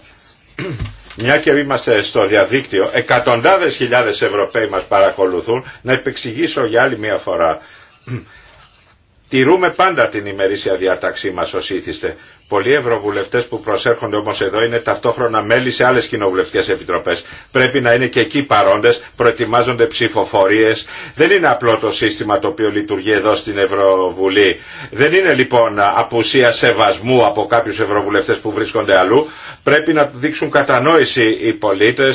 A: Μια και είμαστε στο διαδίκτυο, εκατοντάδε χιλιάδε Ευρωπαίοι μας παρακολουθούν, να επεξηγήσω για άλλη μια φορά. Τηρούμε πάντα την ημερήσια διαταξή μα ω ήθιστε. Πολλοί ευρωβουλευτέ που προσέρχονται όμω εδώ είναι ταυτόχρονα μέλη σε άλλε κοινοβουλευτικέ επιτροπέ. Πρέπει να είναι και εκεί παρόντε, προετοιμάζονται ψηφοφορίε. Δεν είναι απλό το σύστημα το οποίο λειτουργεί εδώ στην Ευρωβουλή. Δεν είναι λοιπόν απουσία σεβασμού από κάποιου ευρωβουλευτέ που βρίσκονται αλλού. Πρέπει να δείξουν κατανόηση οι πολίτε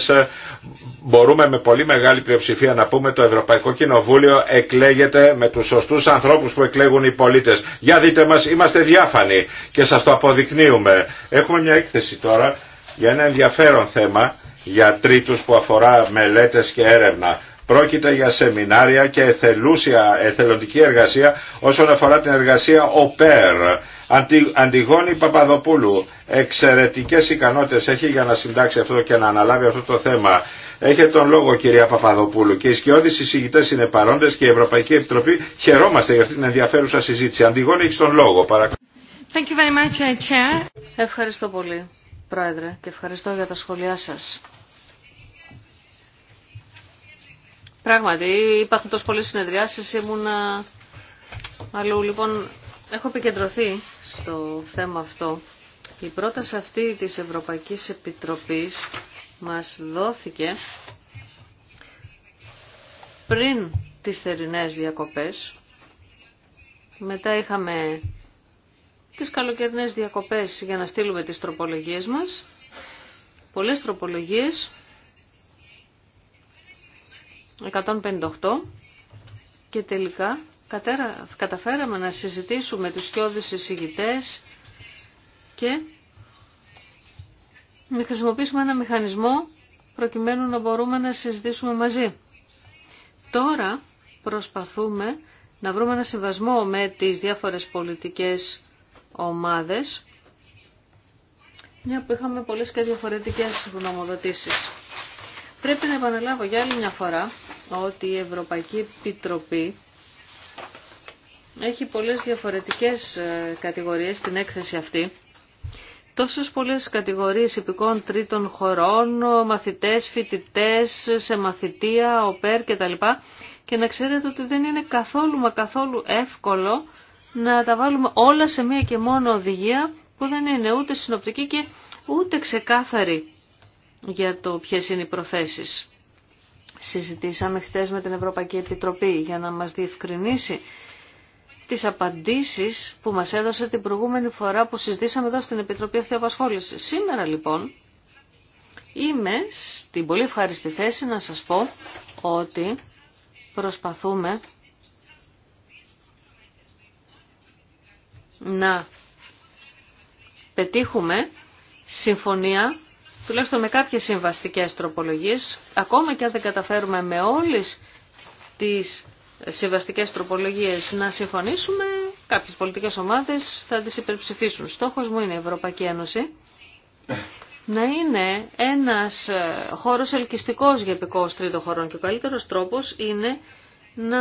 A: μπορούμε με πολύ μεγάλη πλειοψηφία να πούμε το Ευρωπαϊκό Κοινοβούλιο εκλέγεται με τους σωστούς ανθρώπους που εκλέγουν οι πολίτες. Για δείτε μας, είμαστε διάφανοι και σας το αποδεικνύουμε. Έχουμε μια έκθεση τώρα για ένα ενδιαφέρον θέμα για τρίτους που αφορά μελέτες και έρευνα. Πρόκειται για σεμινάρια και εθελούσια, εθελοντική εργασία όσον αφορά την εργασία ΟΠΕΡ. Αντι, Αντιγόνη Παπαδοπούλου, εξαιρετικές ικανότητες έχει για να συντάξει αυτό και να αναλάβει αυτό το θέμα Έχετε τον λόγο κυρία Παπαδοπούλου και οι σκιώδεις εισηγητές είναι παρόντες και η Ευρωπαϊκή Επιτροπή χαιρόμαστε για αυτή την ενδιαφέρουσα συζήτηση. Αντιγόνη έχεις τον λόγο παρακαλώ.
C: Thank you very much, uh, Chair. Ευχαριστώ πολύ Πρόεδρε και ευχαριστώ για τα σχόλιά σας. Πράγματι, υπάρχουν τόσο πολλές συνεδριάσεις, ήμουνα αλλού. Λοιπόν, έχω επικεντρωθεί στο θέμα αυτό. Η πρόταση αυτή της Ευρωπαϊκής Επιτροπής μας δόθηκε πριν τις θερινές διακοπές. Μετά είχαμε τις καλοκαιρινές διακοπές για να στείλουμε τις τροπολογίες μας. Πολλές τροπολογίες. 158 και τελικά καταφέραμε να συζητήσουμε τους σκιώδεις εισηγητές και να χρησιμοποιήσουμε ένα μηχανισμό προκειμένου να μπορούμε να συζητήσουμε μαζί. Τώρα προσπαθούμε να βρούμε ένα συμβασμό με τις διάφορες πολιτικές ομάδες, μια που είχαμε πολλές και διαφορετικές γνωμοδοτήσεις. Πρέπει να επαναλάβω για άλλη μια φορά ότι η Ευρωπαϊκή Επιτροπή έχει πολλές διαφορετικές ε, κατηγορίες στην έκθεση αυτή τόσες πολλές κατηγορίες υπηκών τρίτων χωρών, μαθητές, φοιτητέ, σε μαθητεία, οπέρ κτλ. Και να ξέρετε ότι δεν είναι καθόλου μα καθόλου εύκολο να τα βάλουμε όλα σε μία και μόνο οδηγία που δεν είναι ούτε συνοπτική και ούτε ξεκάθαρη για το ποιε είναι οι προθέσεις. Συζητήσαμε χθε με την Ευρωπαϊκή Επιτροπή για να μας διευκρινίσει τις απαντήσεις που μας έδωσε την προηγούμενη φορά που συζητήσαμε εδώ στην Επιτροπή Αυτοαπασχόληση. Σήμερα λοιπόν είμαι στην πολύ ευχάριστη θέση να σας πω ότι προσπαθούμε να πετύχουμε συμφωνία τουλάχιστον με κάποιες συμβαστικές τροπολογίες, ακόμα και αν δεν καταφέρουμε με όλες τις συμβαστικές τροπολογίες να συμφωνήσουμε, κάποιες πολιτικές ομάδες θα τις υπερψηφίσουν. Στόχος μου είναι η Ευρωπαϊκή Ένωση να είναι ένας χώρος ελκυστικός για επικός τρίτο χωρών και ο καλύτερος τρόπος είναι να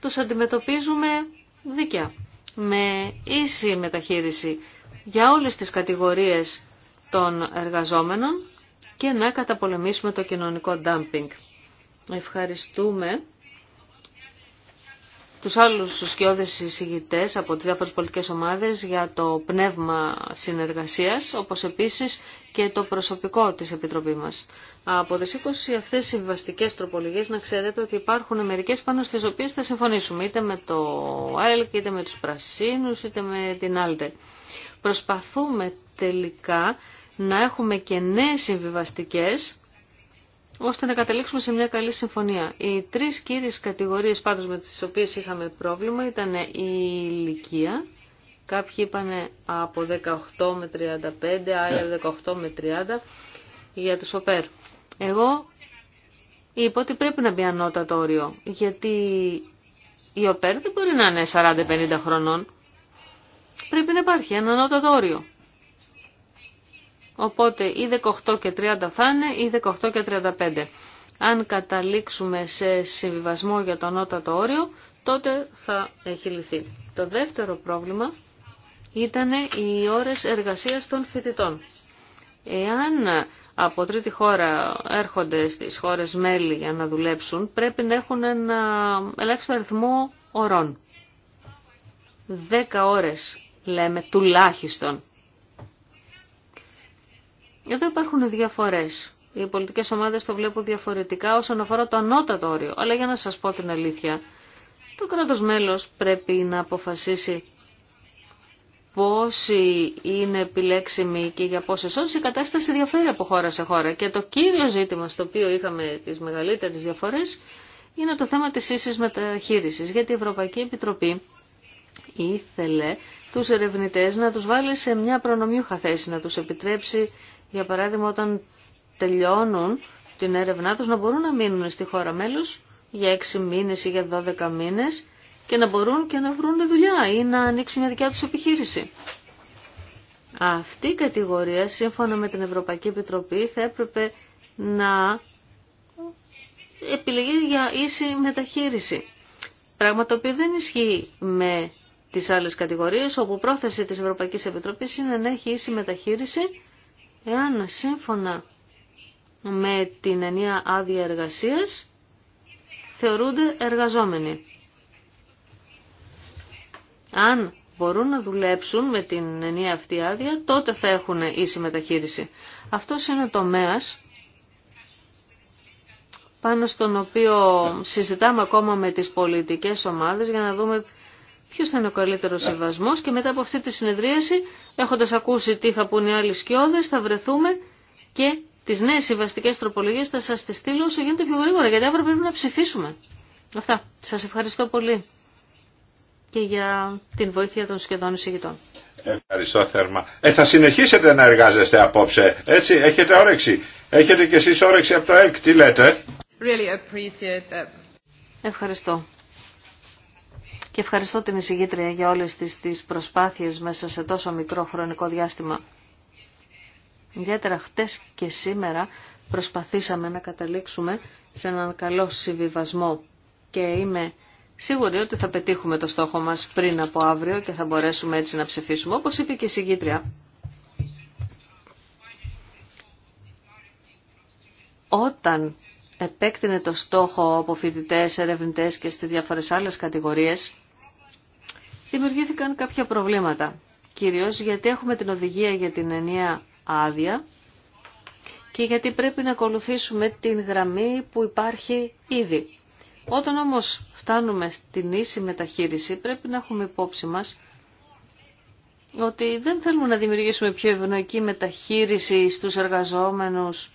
C: τους αντιμετωπίζουμε δίκαια, με ίση μεταχείριση για όλες τις κατηγορίες των εργαζόμενων και να καταπολεμήσουμε το κοινωνικό ντάμπινγκ. Ευχαριστούμε τους άλλους σκιώδες συζητητέ από τις διάφορες πολιτικές ομάδες για το πνεύμα συνεργασίας, όπως επίσης και το προσωπικό της Επιτροπή μας. Από τις 20 αυτές συμβαστικέ τροπολογίες να ξέρετε ότι υπάρχουν μερικές πάνω στις οποίες θα συμφωνήσουμε, είτε με το ΑΕΛΚ, είτε με τους Πρασίνους, είτε με την ΑΛΤΕ. Προσπαθούμε τελικά να έχουμε και νέες συμβιβαστικές ώστε να καταλήξουμε σε μια καλή συμφωνία. Οι τρεις κύριες κατηγορίες πάντως με τις οποίες είχαμε πρόβλημα ήταν η ηλικία. Κάποιοι είπαν από 18 με 35, ναι. άλλοι 18 με 30 για τους ΟΠΕΡ. Εγώ είπα ότι πρέπει να μπει ανώτατο όριο, γιατί η ΟΠΕΡ δεν μπορεί να είναι 40-50 χρονών. Πρέπει να υπάρχει ένα ανώτατο όριο. Οπότε ή 18 και 30 θα είναι ή 18 και 35. Αν καταλήξουμε σε συμβιβασμό για το ανώτατο όριο, τότε θα έχει λυθεί. Το δεύτερο πρόβλημα ήταν οι ώρες εργασίας των φοιτητών. Εάν από τρίτη χώρα έρχονται στις χώρες μέλη για να δουλέψουν, πρέπει να έχουν ένα ελάχιστο αριθμό ωρών. 10 ώρες λέμε τουλάχιστον εδώ υπάρχουν διαφορέ. Οι πολιτικέ ομάδε το βλέπουν διαφορετικά όσον αφορά το ανώτατο όριο. Αλλά για να σα πω την αλήθεια, το κράτος μέλος πρέπει να αποφασίσει πόσοι είναι επιλέξιμοι και για πόσε ώρε η κατάσταση διαφέρει από χώρα σε χώρα. Και το κύριο ζήτημα στο οποίο είχαμε τι μεγαλύτερε διαφορέ είναι το θέμα τη ίση μεταχείριση. Γιατί η Ευρωπαϊκή Επιτροπή ήθελε του ερευνητέ να του βάλει σε μια προνομιούχα θέση, να του επιτρέψει για παράδειγμα όταν τελειώνουν την έρευνά τους να μπορούν να μείνουν στη χώρα μέλους για 6 μήνες ή για 12 μήνες και να μπορούν και να βρουν δουλειά ή να ανοίξουν μια δικιά τους επιχείρηση. Αυτή η κατηγορία, σύμφωνα με την Ευρωπαϊκή Επιτροπή, θα έπρεπε να επιλεγεί για ίση μεταχείριση. Πράγμα το οποίο δεν ισχύει με τις άλλες κατηγορίες, όπου πρόθεση της Ευρωπαϊκής Επιτροπής είναι να έχει ίση μεταχείριση εάν σύμφωνα με την ενία άδεια εργασίας θεωρούνται εργαζόμενοι. Αν μπορούν να δουλέψουν με την ενία αυτή άδεια, τότε θα έχουν ίση μεταχείριση. Αυτό είναι το τομέας πάνω στον οποίο συζητάμε ακόμα με τις πολιτικές ομάδες για να δούμε ποιος θα είναι ο καλύτερος συμβασμός και μετά από αυτή τη συνεδρίαση έχοντας ακούσει τι θα πούν οι άλλοι σκιώδες, θα βρεθούμε και τις νέες συμβαστικές τροπολογίες θα σας τις στείλω όσο γίνεται πιο γρήγορα, γιατί αύριο πρέπει να ψηφίσουμε. Αυτά. Σας ευχαριστώ πολύ και για την βοήθεια των σχεδόν εισηγητών.
A: Ευχαριστώ θέρμα. Ε, θα συνεχίσετε να εργάζεστε απόψε, έτσι, έχετε όρεξη. Έχετε κι εσείς όρεξη από το ΕΚ. τι λέτε.
C: Ευχαριστώ και ευχαριστώ την εισηγήτρια για όλες τις, τις προσπάθειες μέσα σε τόσο μικρό χρονικό διάστημα. Ιδιαίτερα χτες και σήμερα προσπαθήσαμε να καταλήξουμε σε έναν καλό συμβιβασμό και είμαι σίγουρη ότι θα πετύχουμε το στόχο μας πριν από αύριο και θα μπορέσουμε έτσι να ψηφίσουμε. Όπως είπε και η συγκήτρια, όταν επέκτηνε το στόχο από φοιτητέ, ερευνητέ και στις διάφορες άλλες κατηγορίες, δημιουργήθηκαν κάποια προβλήματα. Κυρίως γιατί έχουμε την οδηγία για την ενιαία άδεια και γιατί πρέπει να ακολουθήσουμε την γραμμή που υπάρχει ήδη. Όταν όμως φτάνουμε στην ίση μεταχείριση πρέπει να έχουμε υπόψη μας ότι δεν θέλουμε να δημιουργήσουμε πιο ευνοϊκή μεταχείριση στους εργαζόμενους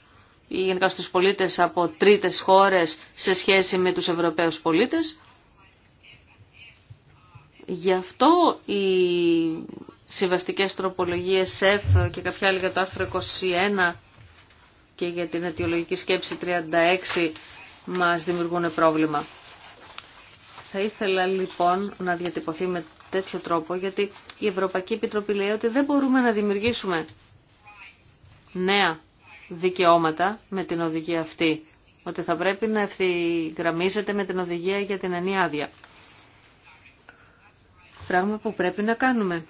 C: ή γενικά στους πολίτες από τρίτες χώρες σε σχέση με τους Ευρωπαίους πολίτες. Γι' αυτό οι συμβαστικές τροπολογίες F και κάποια άλλη για το άρθρο 21 και για την αιτιολογική σκέψη 36 μας δημιουργούν πρόβλημα. Θα ήθελα λοιπόν να διατυπωθεί με τέτοιο τρόπο γιατί η Ευρωπαϊκή Επιτροπή λέει ότι δεν μπορούμε να δημιουργήσουμε νέα δικαιώματα με την οδηγία αυτή. Ότι θα πρέπει να ευθυγραμμίζεται με την οδηγία για την άδεια πράγμα που πρέπει να κάνουμε.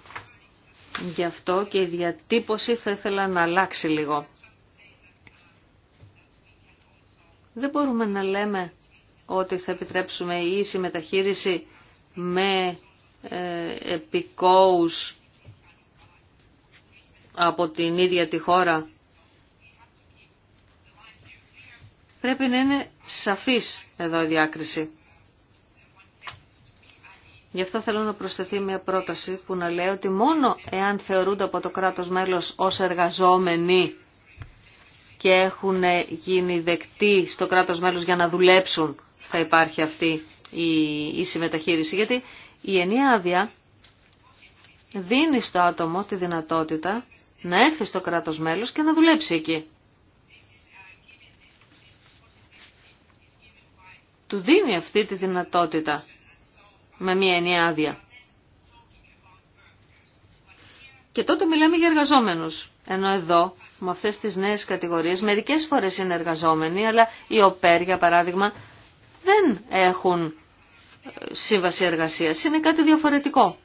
C: Γι' αυτό και η διατύπωση θα ήθελα να αλλάξει λίγο. Δεν μπορούμε να λέμε ότι θα επιτρέψουμε η ίση μεταχείριση με ε, επικόους από την ίδια τη χώρα. Πρέπει να είναι σαφής εδώ η διάκριση. Γι' αυτό θέλω να προσθεθεί μια πρόταση που να λέει ότι μόνο εάν θεωρούνται από το κράτος μέλος ως εργαζόμενοι και έχουν γίνει δεκτοί στο κράτος μέλος για να δουλέψουν θα υπάρχει αυτή η, η συμμεταχείριση. Γιατί η ενία άδεια δίνει στο άτομο τη δυνατότητα να έρθει στο κράτος μέλος και να δουλέψει εκεί. Του δίνει αυτή τη δυνατότητα με μία ενιαία άδεια. Και τότε μιλάμε για εργαζόμενους. Ενώ εδώ, με αυτές τις νέες κατηγορίες, μερικές φορές είναι εργαζόμενοι, αλλά οι ΟΠΕΡ, για παράδειγμα, δεν έχουν ε, σύμβαση εργασίας. Είναι κάτι διαφορετικό.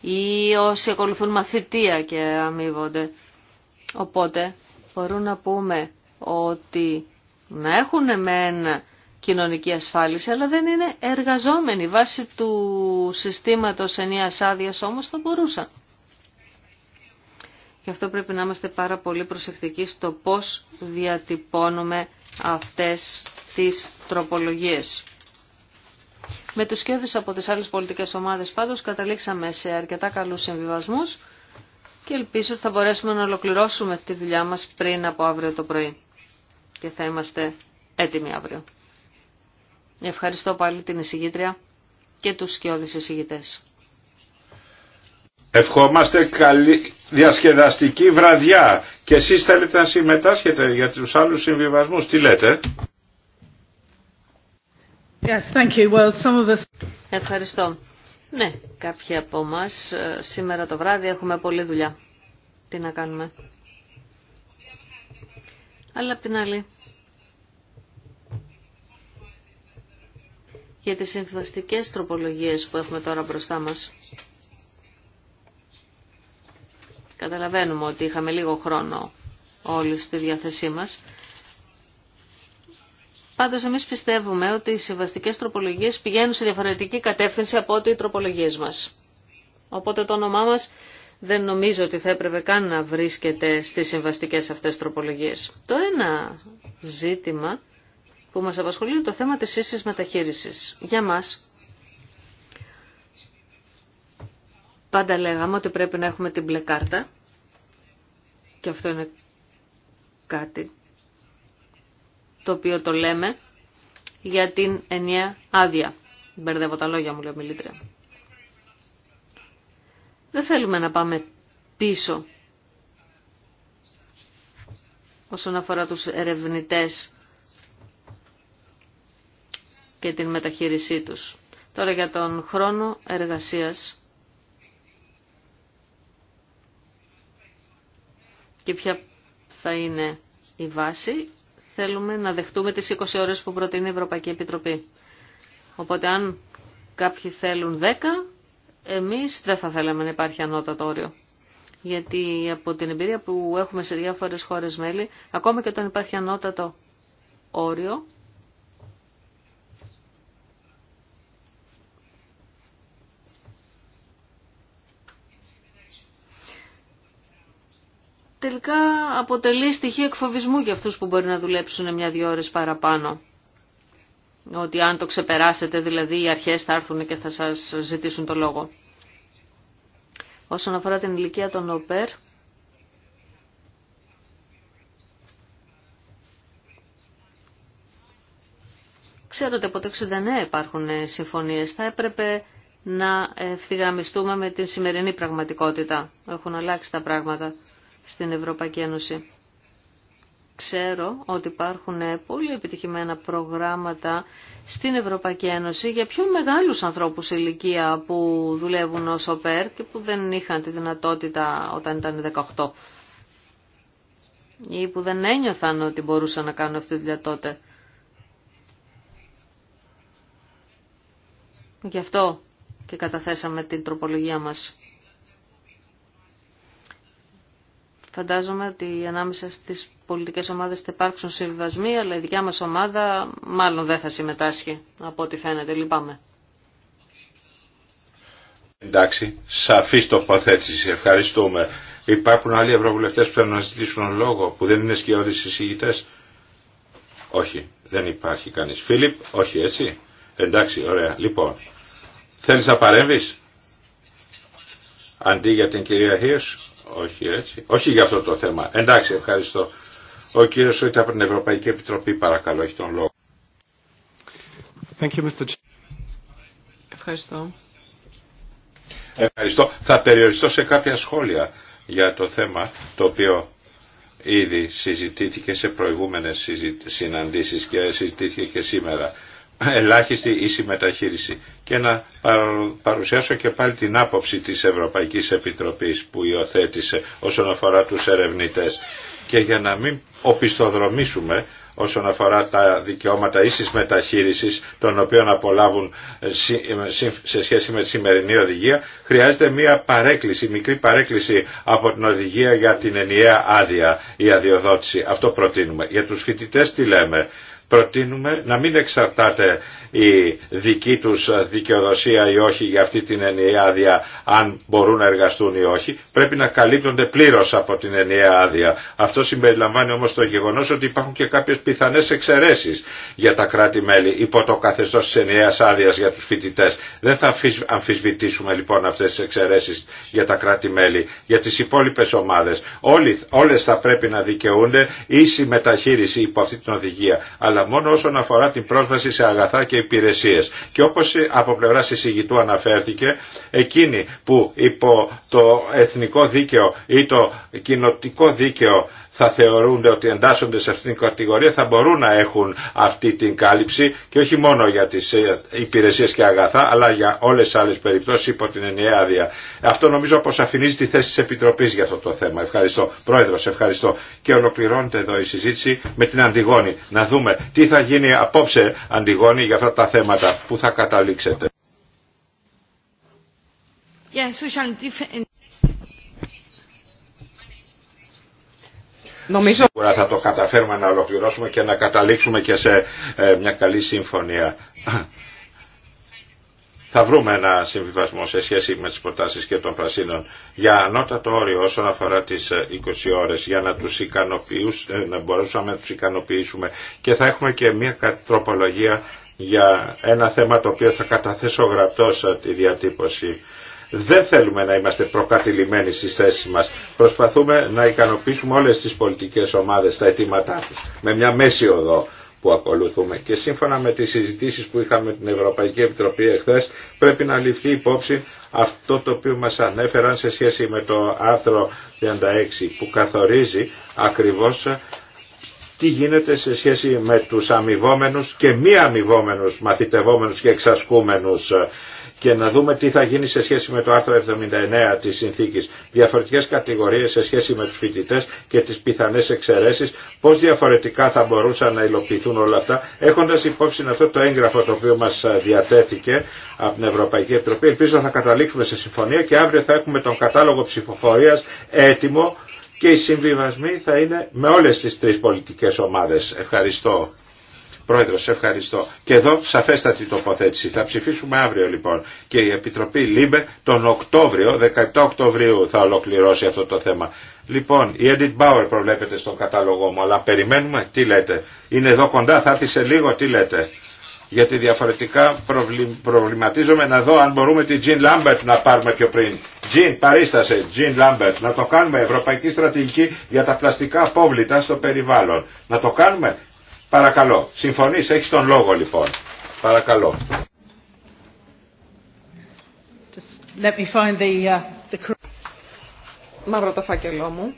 C: Ή όσοι ακολουθούν μαθητεία και αμείβονται. Οπότε, μπορούμε να πούμε ότι να έχουν μεν κοινωνική ασφάλιση, αλλά δεν είναι εργαζόμενοι. Βάσει του συστήματος ενίας άδεια όμως θα μπορούσαν. Γι' αυτό πρέπει να είμαστε πάρα πολύ προσεκτικοί στο πώς διατυπώνουμε αυτές τις τροπολογίες. Με τους σκέφτες από τις άλλες πολιτικές ομάδες πάντως καταλήξαμε σε αρκετά καλούς συμβιβασμούς και ελπίζω ότι θα μπορέσουμε να ολοκληρώσουμε τη δουλειά μας πριν από αύριο το πρωί και θα είμαστε έτοιμοι αύριο. Ευχαριστώ πάλι την εισηγήτρια και τους σκιώδεις εισηγητές.
A: Ευχόμαστε καλή διασκεδαστική βραδιά και εσείς θέλετε να συμμετάσχετε για τους άλλους συμβιβασμούς. Τι λέτε?
C: Yes, thank you. Well, some of us... Ευχαριστώ. Ναι, κάποιοι από εμά σήμερα το βράδυ έχουμε πολλή δουλειά. Τι να κάνουμε. Αλλά απ' την άλλη για τις συμβαστικές τροπολογίες που έχουμε τώρα μπροστά μας. Καταλαβαίνουμε ότι είχαμε λίγο χρόνο όλοι στη διάθεσή μας. Πάντως εμείς πιστεύουμε ότι οι συμβαστικές τροπολογίες πηγαίνουν σε διαφορετική κατεύθυνση από ό,τι οι τροπολογίες μας. Οπότε το όνομά μας δεν νομίζω ότι θα έπρεπε καν να βρίσκεται στις συμβαστικές αυτές τροπολογίες. Το ένα ζήτημα που μας απασχολεί είναι το θέμα της ίσης μεταχείρισης. Για μας, πάντα λέγαμε ότι πρέπει να έχουμε την μπλε κάρτα και αυτό είναι κάτι το οποίο το λέμε για την ενιαία άδεια. Μπερδεύω τα λόγια μου, λέω μιλήτρια. Δεν θέλουμε να πάμε πίσω όσον αφορά τους ερευνητές και την μεταχείρισή τους. Τώρα για τον χρόνο εργασίας και ποια θα είναι η βάση, θέλουμε να δεχτούμε τις 20 ώρες που προτείνει η Ευρωπαϊκή Επιτροπή. Οπότε αν κάποιοι θέλουν 10, εμείς δεν θα θέλαμε να υπάρχει ανώτατο όριο. Γιατί από την εμπειρία που έχουμε σε διάφορες χώρες μέλη, ακόμα και όταν υπάρχει ανώτατο όριο, τελικά αποτελεί στοιχείο εκφοβισμού για αυτούς που μπορεί να δουλέψουν μια-δυο ώρες παραπάνω. Ότι αν το ξεπεράσετε δηλαδή οι αρχές θα έρθουν και θα σας ζητήσουν το λόγο. Όσον αφορά την ηλικία των ΟΠΕΡ, ξέρω ότι από το 69 υπάρχουν ε, συμφωνίες. Θα έπρεπε να ευθυγραμμιστούμε με την σημερινή πραγματικότητα. Έχουν αλλάξει τα πράγματα στην Ευρωπαϊκή Ένωση. Ξέρω ότι υπάρχουν πολύ επιτυχημένα προγράμματα στην Ευρωπαϊκή Ένωση για πιο μεγάλους ανθρώπους ηλικία που δουλεύουν ως ΟΠΕΡ και που δεν είχαν τη δυνατότητα όταν ήταν 18 ή που δεν ένιωθαν ότι μπορούσαν να κάνουν αυτή τη δουλειά τότε. Γι' αυτό και καταθέσαμε την τροπολογία μας. Φαντάζομαι ότι ανάμεσα στις πολιτικές ομάδες θα υπάρξουν συμβιβασμοί, αλλά η δικιά μας ομάδα μάλλον δεν θα συμμετάσχει, από ό,τι φαίνεται. Λυπάμαι.
A: Εντάξει, σαφή τοποθέτηση. Ευχαριστούμε. Υπάρχουν άλλοι ευρωβουλευτέ που θέλουν να ζητήσουν λόγο, που δεν είναι σκιώδει συζητητέ. Όχι, δεν υπάρχει κανεί. Φίλιπ, όχι έτσι. Εντάξει, ωραία. Λοιπόν, θέλει να παρέμβει, αντί για την κυρία Χίος. Όχι έτσι. Όχι για αυτό το θέμα. Εντάξει, ευχαριστώ. Ο κύριος Σούιτα από την Ευρωπαϊκή Επιτροπή, παρακαλώ, έχει τον λόγο.
C: Thank you, Mr.
B: Ευχαριστώ.
A: Ευχαριστώ. Θα περιοριστώ σε κάποια σχόλια για το θέμα το οποίο ήδη συζητήθηκε σε προηγούμενες συναντήσεις και συζητήθηκε και σήμερα ελάχιστη ίση μεταχείριση. Και να παρουσιάσω και πάλι την άποψη της Ευρωπαϊκής Επιτροπής που υιοθέτησε όσον αφορά τους ερευνητές. Και για να μην οπισθοδρομήσουμε όσον αφορά τα δικαιώματα ίσης μεταχείρισης των οποίων απολάβουν ε, ε, σε σχέση με τη σημερινή οδηγία χρειάζεται μια παρέκκληση, μικρή παρέκκληση από την οδηγία για την ενιαία άδεια ή αδειοδότηση. Αυτό προτείνουμε. Για τους φοιτητές τι λέμε προτείνουμε να μην εξαρτάται η δική τους δικαιοδοσία ή όχι για αυτή την ενιαία άδεια αν μπορούν να εργαστούν ή όχι πρέπει να καλύπτονται πλήρως από την ενιαία άδεια. Αυτό συμπεριλαμβάνει όμως το γεγονός ότι υπάρχουν και κάποιες πιθανές εξαιρέσεις για τα κράτη-μέλη υπό το καθεστώς της ενιαίας άδειας για τους φοιτητές. Δεν θα αμφισβητήσουμε λοιπόν αυτές τις εξαιρέσεις για τα κράτη-μέλη, για τις υπόλοιπες ομάδες. Όλοι, όλες θα πρέπει να δικαιούνται ίση μεταχείριση υπό αυτή την οδηγία, αλλά μόνο όσον αφορά την πρόσβαση σε αγαθά και και Και όπως από πλευρά εισηγητού αναφέρθηκε, εκείνοι που υπό το εθνικό δίκαιο ή το κοινοτικό δίκαιο θα θεωρούνται ότι εντάσσονται σε αυτήν την κατηγορία θα μπορούν να έχουν αυτή την κάλυψη και όχι μόνο για τις ε, υπηρεσίες και αγαθά αλλά για όλες τις άλλες περιπτώσεις υπό την ενιαία άδεια. Αυτό νομίζω αποσαφηνίζει τη θέση της Επιτροπής για αυτό το θέμα. Ευχαριστώ. Πρόεδρος, ευχαριστώ. Και ολοκληρώνεται εδώ η συζήτηση με την Αντιγόνη. Να δούμε τι θα γίνει απόψε Αντιγόνη για αυτά τα θέματα που θα καταλήξετε.
C: Yes,
A: Νομίζω... Σίγουρα θα το καταφέρουμε να ολοκληρώσουμε και να καταλήξουμε και σε ε, μια καλή συμφωνία. Θα βρούμε ένα συμβιβασμό σε σχέση με τις προτάσεις και των πρασίνων για ανώτατο όριο όσον αφορά τις 20 ε, ώρες για να, τους ε, να μπορούσαμε να τους ικανοποιήσουμε και θα έχουμε και μια τροπολογία για ένα θέμα το οποίο θα καταθέσω γραπτός τη διατύπωση δεν θέλουμε να είμαστε προκατηλημένοι στις θέσεις μας. Προσπαθούμε να ικανοποιήσουμε όλες τις πολιτικές ομάδες στα αιτήματά τους με μια μέση οδό που ακολουθούμε. Και σύμφωνα με τις συζητήσεις που είχαμε με την Ευρωπαϊκή Επιτροπή εχθές, πρέπει να ληφθεί υπόψη αυτό το οποίο μας ανέφεραν σε σχέση με το άρθρο 36 που καθορίζει ακριβώς ε, τι γίνεται σε σχέση με τους αμοιβόμενους και μη αμοιβόμενους μαθητευόμενους και εξασκούμενους ε, και να δούμε τι θα γίνει σε σχέση με το άρθρο 79 της συνθήκης. Διαφορετικές κατηγορίες σε σχέση με τους φοιτητές και τις πιθανές εξαιρέσεις, πώς διαφορετικά θα μπορούσαν να υλοποιηθούν όλα αυτά, έχοντας υπόψη αυτό το έγγραφο το οποίο μας διατέθηκε από την Ευρωπαϊκή Επιτροπή. Ελπίζω θα καταλήξουμε σε συμφωνία και αύριο θα έχουμε τον κατάλογο ψηφοφορίας έτοιμο και οι συμβιβασμοί θα είναι με όλες τις τρεις πολιτικές ομάδες. Ευχαριστώ. Πρόεδρο, σε ευχαριστώ. Και εδώ σαφέστατη τοποθέτηση. Θα ψηφίσουμε αύριο λοιπόν και η Επιτροπή ΛΥΜΠΕ τον Οκτώβριο, 17 Οκτωβρίου θα ολοκληρώσει αυτό το θέμα. Λοιπόν, η Edit Bauer προβλέπεται στον κατάλογο μου, αλλά περιμένουμε, τι λέτε. Είναι εδώ κοντά, θα έρθει σε λίγο, τι λέτε. Γιατί διαφορετικά προβληματίζομαι να δω αν μπορούμε την Jean Lambert να πάρουμε πιο πριν. Jean, παρίστασε, Jean Lambert, να το κάνουμε Ευρωπαϊκή Στρατηγική για τα πλαστικά απόβλητα στο περιβάλλον. Να το κάνουμε Παρακαλώ. Συμφωνείς, έχεις τον λόγο λοιπόν. Παρακαλώ.
B: Uh, Μαύρο το φάκελό μου.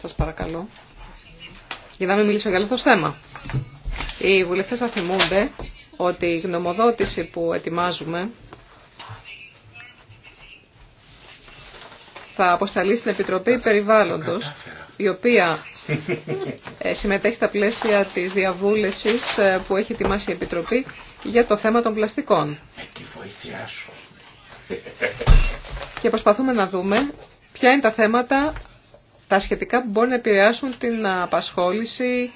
B: Σας παρακαλώ. Για να μην μιλήσω για λάθος θέμα. Οι βουλευτές θα θυμούνται ότι η γνωμοδότηση που ετοιμάζουμε θα αποσταλεί στην Επιτροπή Περιβάλλοντος, η οποία ε, συμμετέχει στα πλαίσια της διαβούλευσης ε, που έχει ετοιμάσει η Επιτροπή για το θέμα των πλαστικών. Με βοήθειά Και προσπαθούμε να δούμε ποια είναι τα θέματα, τα σχετικά που μπορεί να επηρεάσουν την απασχόληση.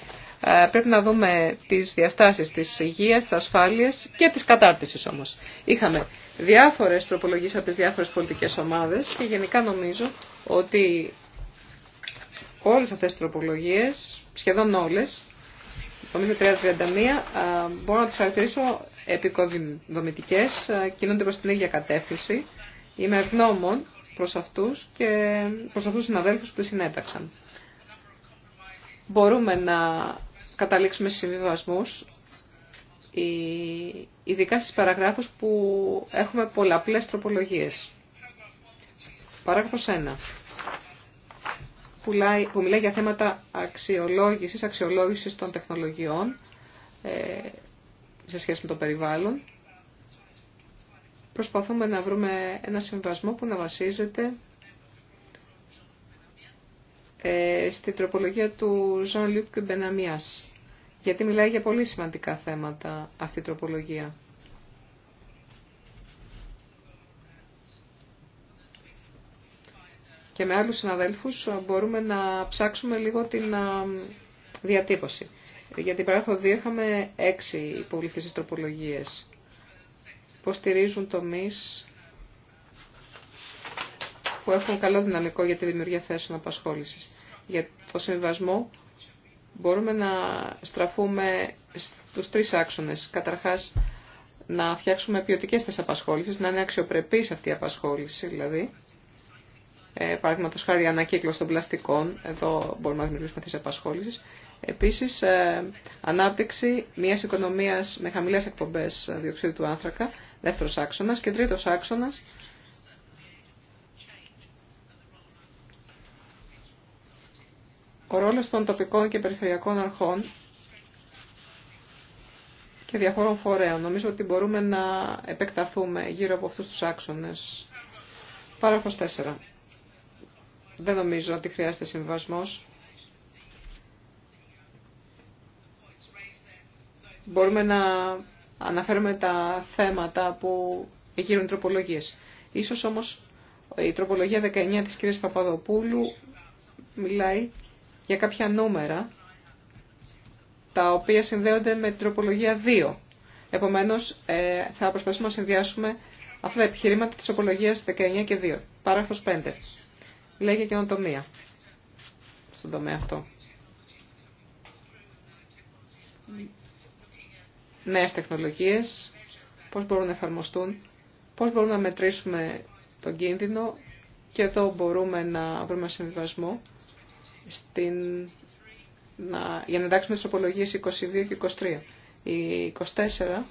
B: Ε, πρέπει να δούμε τις διαστάσεις της υγείας, της ασφάλειας και της κατάρτισης όμως. Είχαμε διάφορες τροπολογίες από τις διάφορες πολιτικές ομάδες και γενικά νομίζω ότι όλες αυτές τις τροπολογίες, σχεδόν το μήνυμα 331, μπορώ να τις χαρακτηρίσω επικοδομητικές, κινούνται προς την ίδια κατεύθυνση. Είμαι ευγνώμων προς αυτούς και προς αυτούς τους συναδέλφους που τη συνέταξαν. Μπορούμε να καταλήξουμε σε συμβιβασμούς, ειδικά στις παραγράφους που έχουμε πολλαπλές τροπολογίες. Παράγραφος 1 που μιλάει για θέματα αξιολόγησης, αξιολόγησης των τεχνολογιών ε, σε σχέση με το περιβάλλον. Προσπαθούμε να βρούμε ένα συμβασμό που να βασίζεται ε, στη τροπολογία του Jean-Luc Μπενάμιας, γιατί μιλάει για πολύ σημαντικά θέματα αυτή η τροπολογία. και με άλλους συναδέλφους ε, μπορούμε να ψάξουμε λίγο την ε, διατύπωση. Για την παράγραφο 2 είχαμε έξι υποβληθήσεις τροπολογίες που στηρίζουν τομείς που έχουν καλό δυναμικό για τη δημιουργία θέσεων απασχόλησης. Για το συμβασμό μπορούμε να στραφούμε στους τρεις άξονες. Καταρχάς, να φτιάξουμε ποιοτικέ θέσει απασχόληση, να είναι αξιοπρεπή αυτή η απασχόληση δηλαδή, ε, Παραδείγματο χάρη ανακύκλωση των πλαστικών, εδώ μπορούμε να δημιουργήσουμε θέσει απασχόληση. Επίση, ε, ανάπτυξη μια οικονομία με χαμηλέ εκπομπέ διοξείδιου του άνθρακα, δεύτερο άξονα. Και τρίτο άξονα, ο ρόλος των τοπικών και περιφερειακών αρχών και διαφόρων φορέων. Νομίζω ότι μπορούμε να επεκταθούμε γύρω από αυτούς τους άξονες. Παράγραφος 4. Δεν νομίζω ότι χρειάζεται συμβασμός. Μπορούμε να αναφέρουμε τα θέματα που γίνουν τροπολογίες. Ίσως όμως η τροπολογία 19 της κυρίας Παπαδοπούλου μιλάει για κάποια νούμερα τα οποία συνδέονται με την τροπολογία 2. Επομένως, ε, θα προσπαθήσουμε να συνδυάσουμε αυτά τα επιχειρήματα της τροπολογίας 19 και 2. Παράγραφος 5 λέει και καινοτομία στον τομέα αυτό. Νέε τεχνολογίε, πώ μπορούν να εφαρμοστούν, πώ μπορούμε να μετρήσουμε τον κίνδυνο και εδώ μπορούμε να βρούμε συμβιβασμό στην, να, για να εντάξουμε τις απολογίες 22 και 23. Οι 24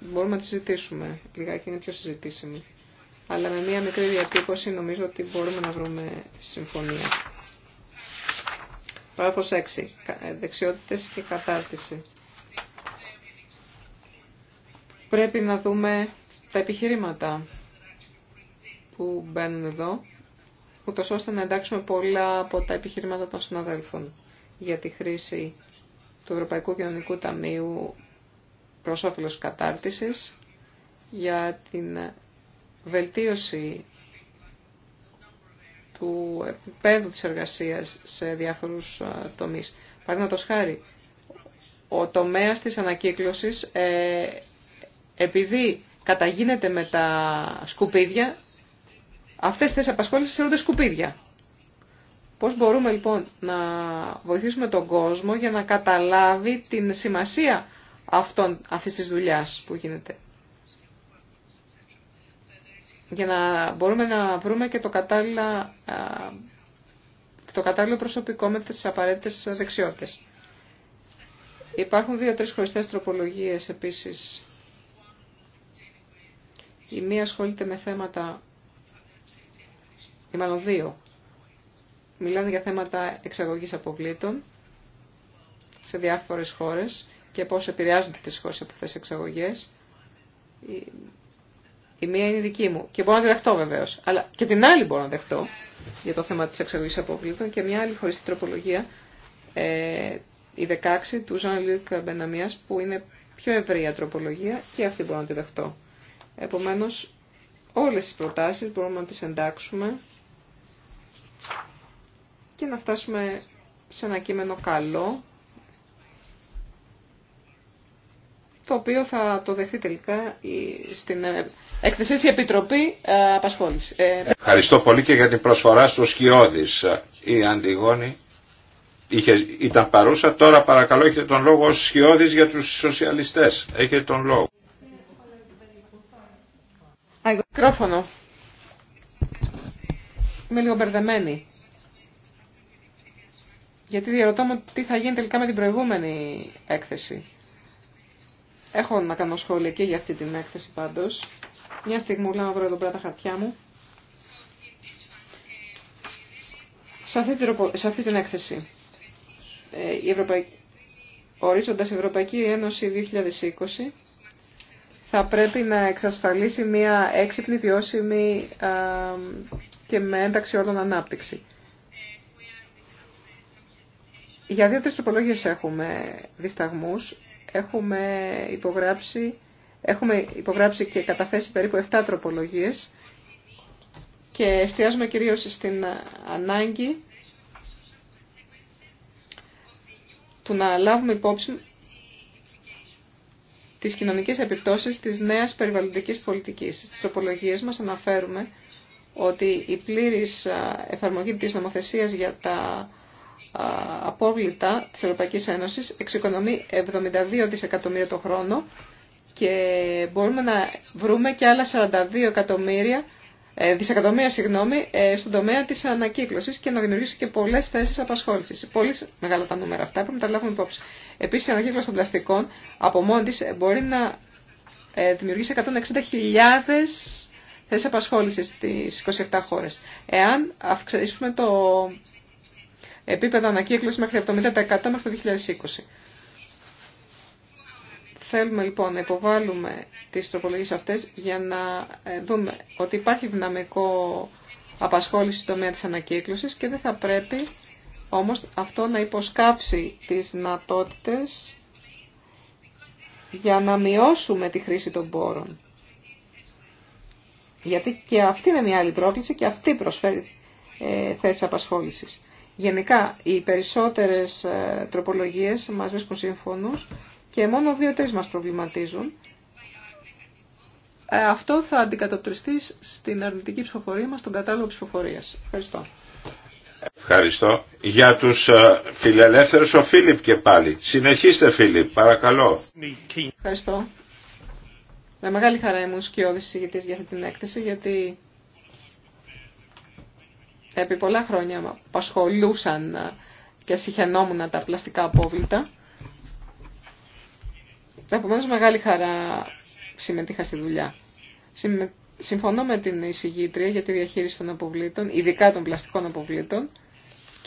B: μπορούμε να τις συζητήσουμε λιγάκι, είναι πιο συζητήσιμη αλλά με μία μικρή διατύπωση νομίζω ότι μπορούμε να βρούμε συμφωνία. Παράγραφος 6. Ε, δεξιότητες και κατάρτιση. Πρέπει να δούμε τα επιχειρήματα που μπαίνουν εδώ, ούτω ώστε να εντάξουμε πολλά από τα επιχειρήματα των συναδέλφων για τη χρήση του Ευρωπαϊκού Κοινωνικού Ταμείου προς όφελος κατάρτισης, για την βελτίωση του επίπεδου της εργασίας σε διάφορους τομείς. Παραδείγματο χάρη, ο τομέας της ανακύκλωσης, ε, επειδή καταγίνεται με τα σκουπίδια, αυτές τις απασχόλησεις θεωρούνται σκουπίδια. Πώς μπορούμε λοιπόν να βοηθήσουμε τον κόσμο για να καταλάβει την σημασία αυτών, αυτής της δουλειάς που γίνεται για να μπορούμε να βρούμε και το, κατάλληλα, το κατάλληλο προσωπικό με τις απαραίτητες δεξιότητες. Υπάρχουν δύο-τρεις χωριστές τροπολογίες επίσης. Η μία ασχολείται με θέματα, ή μάλλον δύο, μιλάνε για θέματα εξαγωγής αποβλήτων σε διάφορες χώρες και πώς επηρεάζονται τις χώρες από αυτές τις εξαγωγές. Η μία είναι δική μου και μπορώ να τη δεχτώ βεβαίω. Αλλά και την άλλη μπορώ να δεχτώ για το θέμα τη εξαγωγή αποβλήτων και μια άλλη χωριστή τροπολογία, ε, η 16 του Ζαν Λίουκ Μπεναμία, που είναι πιο ευρεία τροπολογία και αυτή μπορώ να τη δεχτώ. Επομένω, όλε τι προτάσει μπορούμε να τι εντάξουμε και να φτάσουμε σε ένα κείμενο καλό, το οποίο θα το δεχτεί τελικά στην ε, Εκθεσής η Επιτροπή ε, Απασχόληση. Ε,
A: Ευχαριστώ πολύ και για την προσφορά στο Σκιώδης. Η Αντιγόνη είχε, ήταν παρούσα. Τώρα παρακαλώ έχετε τον λόγο ως Σκιώδης για τους σοσιαλιστές. Έχετε τον λόγο.
B: Μικρόφωνο. Είμαι λίγο μπερδεμένη. Γιατί διαρωτώ μου τι θα γίνει τελικά με την προηγούμενη έκθεση. Έχω να κάνω σχόλια και για αυτή την έκθεση πάντως. Μια στιγμή, να βρω εδώ πέρα τα χαρτιά μου. Σε αυτή την, σε αυτή έκθεση, ε, η Ευρωπαϊκή, ορίζοντας Ευρωπαϊκή Ένωση 2020, θα πρέπει να εξασφαλίσει μια έξυπνη, βιώσιμη και με ένταξη όλων ανάπτυξη. Για δύο-τρεις τροπολόγιες έχουμε δισταγμούς. Έχουμε υπογράψει Έχουμε υπογράψει και καταθέσει περίπου 7 τροπολογίες και εστιάζουμε κυρίως στην ανάγκη του να λάβουμε υπόψη τις κοινωνικές επιπτώσεις της νέας περιβαλλοντικής πολιτικής. Στις τροπολογίες μας αναφέρουμε ότι η πλήρης εφαρμογή της νομοθεσίας για τα απόβλητα της Ευρωπαϊκής Ένωσης εξοικονομεί 72 δισεκατομμύρια το χρόνο και μπορούμε να βρούμε και άλλα 42 εκατομμύρια, ε, δισεκατομμύρια συγγνώμη, ε, στον τομέα της ανακύκλωσης και να δημιουργήσει και πολλές θέσεις απασχόλησης. Πολύ μεγάλα τα νούμερα αυτά, πρέπει να τα λάβουμε υπόψη. Επίσης η ανακύκλωση των πλαστικών από μόνη της ε, μπορεί να δημιουργήσει 160.000 θέσεις απασχόλησης στις 27 χώρες. Εάν αυξήσουμε το επίπεδο ανακύκλωσης μέχρι 70% μέχρι το 2020. Θέλουμε λοιπόν να υποβάλουμε τις τροπολογίες αυτές για να ε, δούμε ότι υπάρχει δυναμικό απασχόληση στο τομέα της ανακύκλωσης και δεν θα πρέπει όμως αυτό να υποσκάψει τις δυνατότητε για να μειώσουμε τη χρήση των πόρων. Γιατί και αυτή είναι μια άλλη πρόκληση και αυτή προσφέρει ε, θέσεις απασχόλησης. Γενικά, οι περισσότερες ε, τροπολογίες μας βρίσκουν σύμφωνους και μόνο δύο-τρεις μας προβληματίζουν. Ε, αυτό θα αντικατοπτριστεί στην αρνητική ψηφοφορία μας, στον κατάλογο ψηφοφορίας. Ευχαριστώ.
A: Ευχαριστώ. Για τους ε, φιλελεύθερους ο Φίλιπ και πάλι. Συνεχίστε Φίλιπ, παρακαλώ.
B: Ευχαριστώ. Με μεγάλη χαρά ήμουν σκιώδης συζητητής για αυτή την έκθεση, γιατί επί πολλά χρόνια απασχολούσαν ε, και συχαινόμουν τα πλαστικά απόβλητα. Επομένω, μεγάλη χαρά συμμετείχα στη δουλειά. Συμφωνώ με την εισηγήτρια για τη διαχείριση των αποβλήτων, ειδικά των πλαστικών αποβλήτων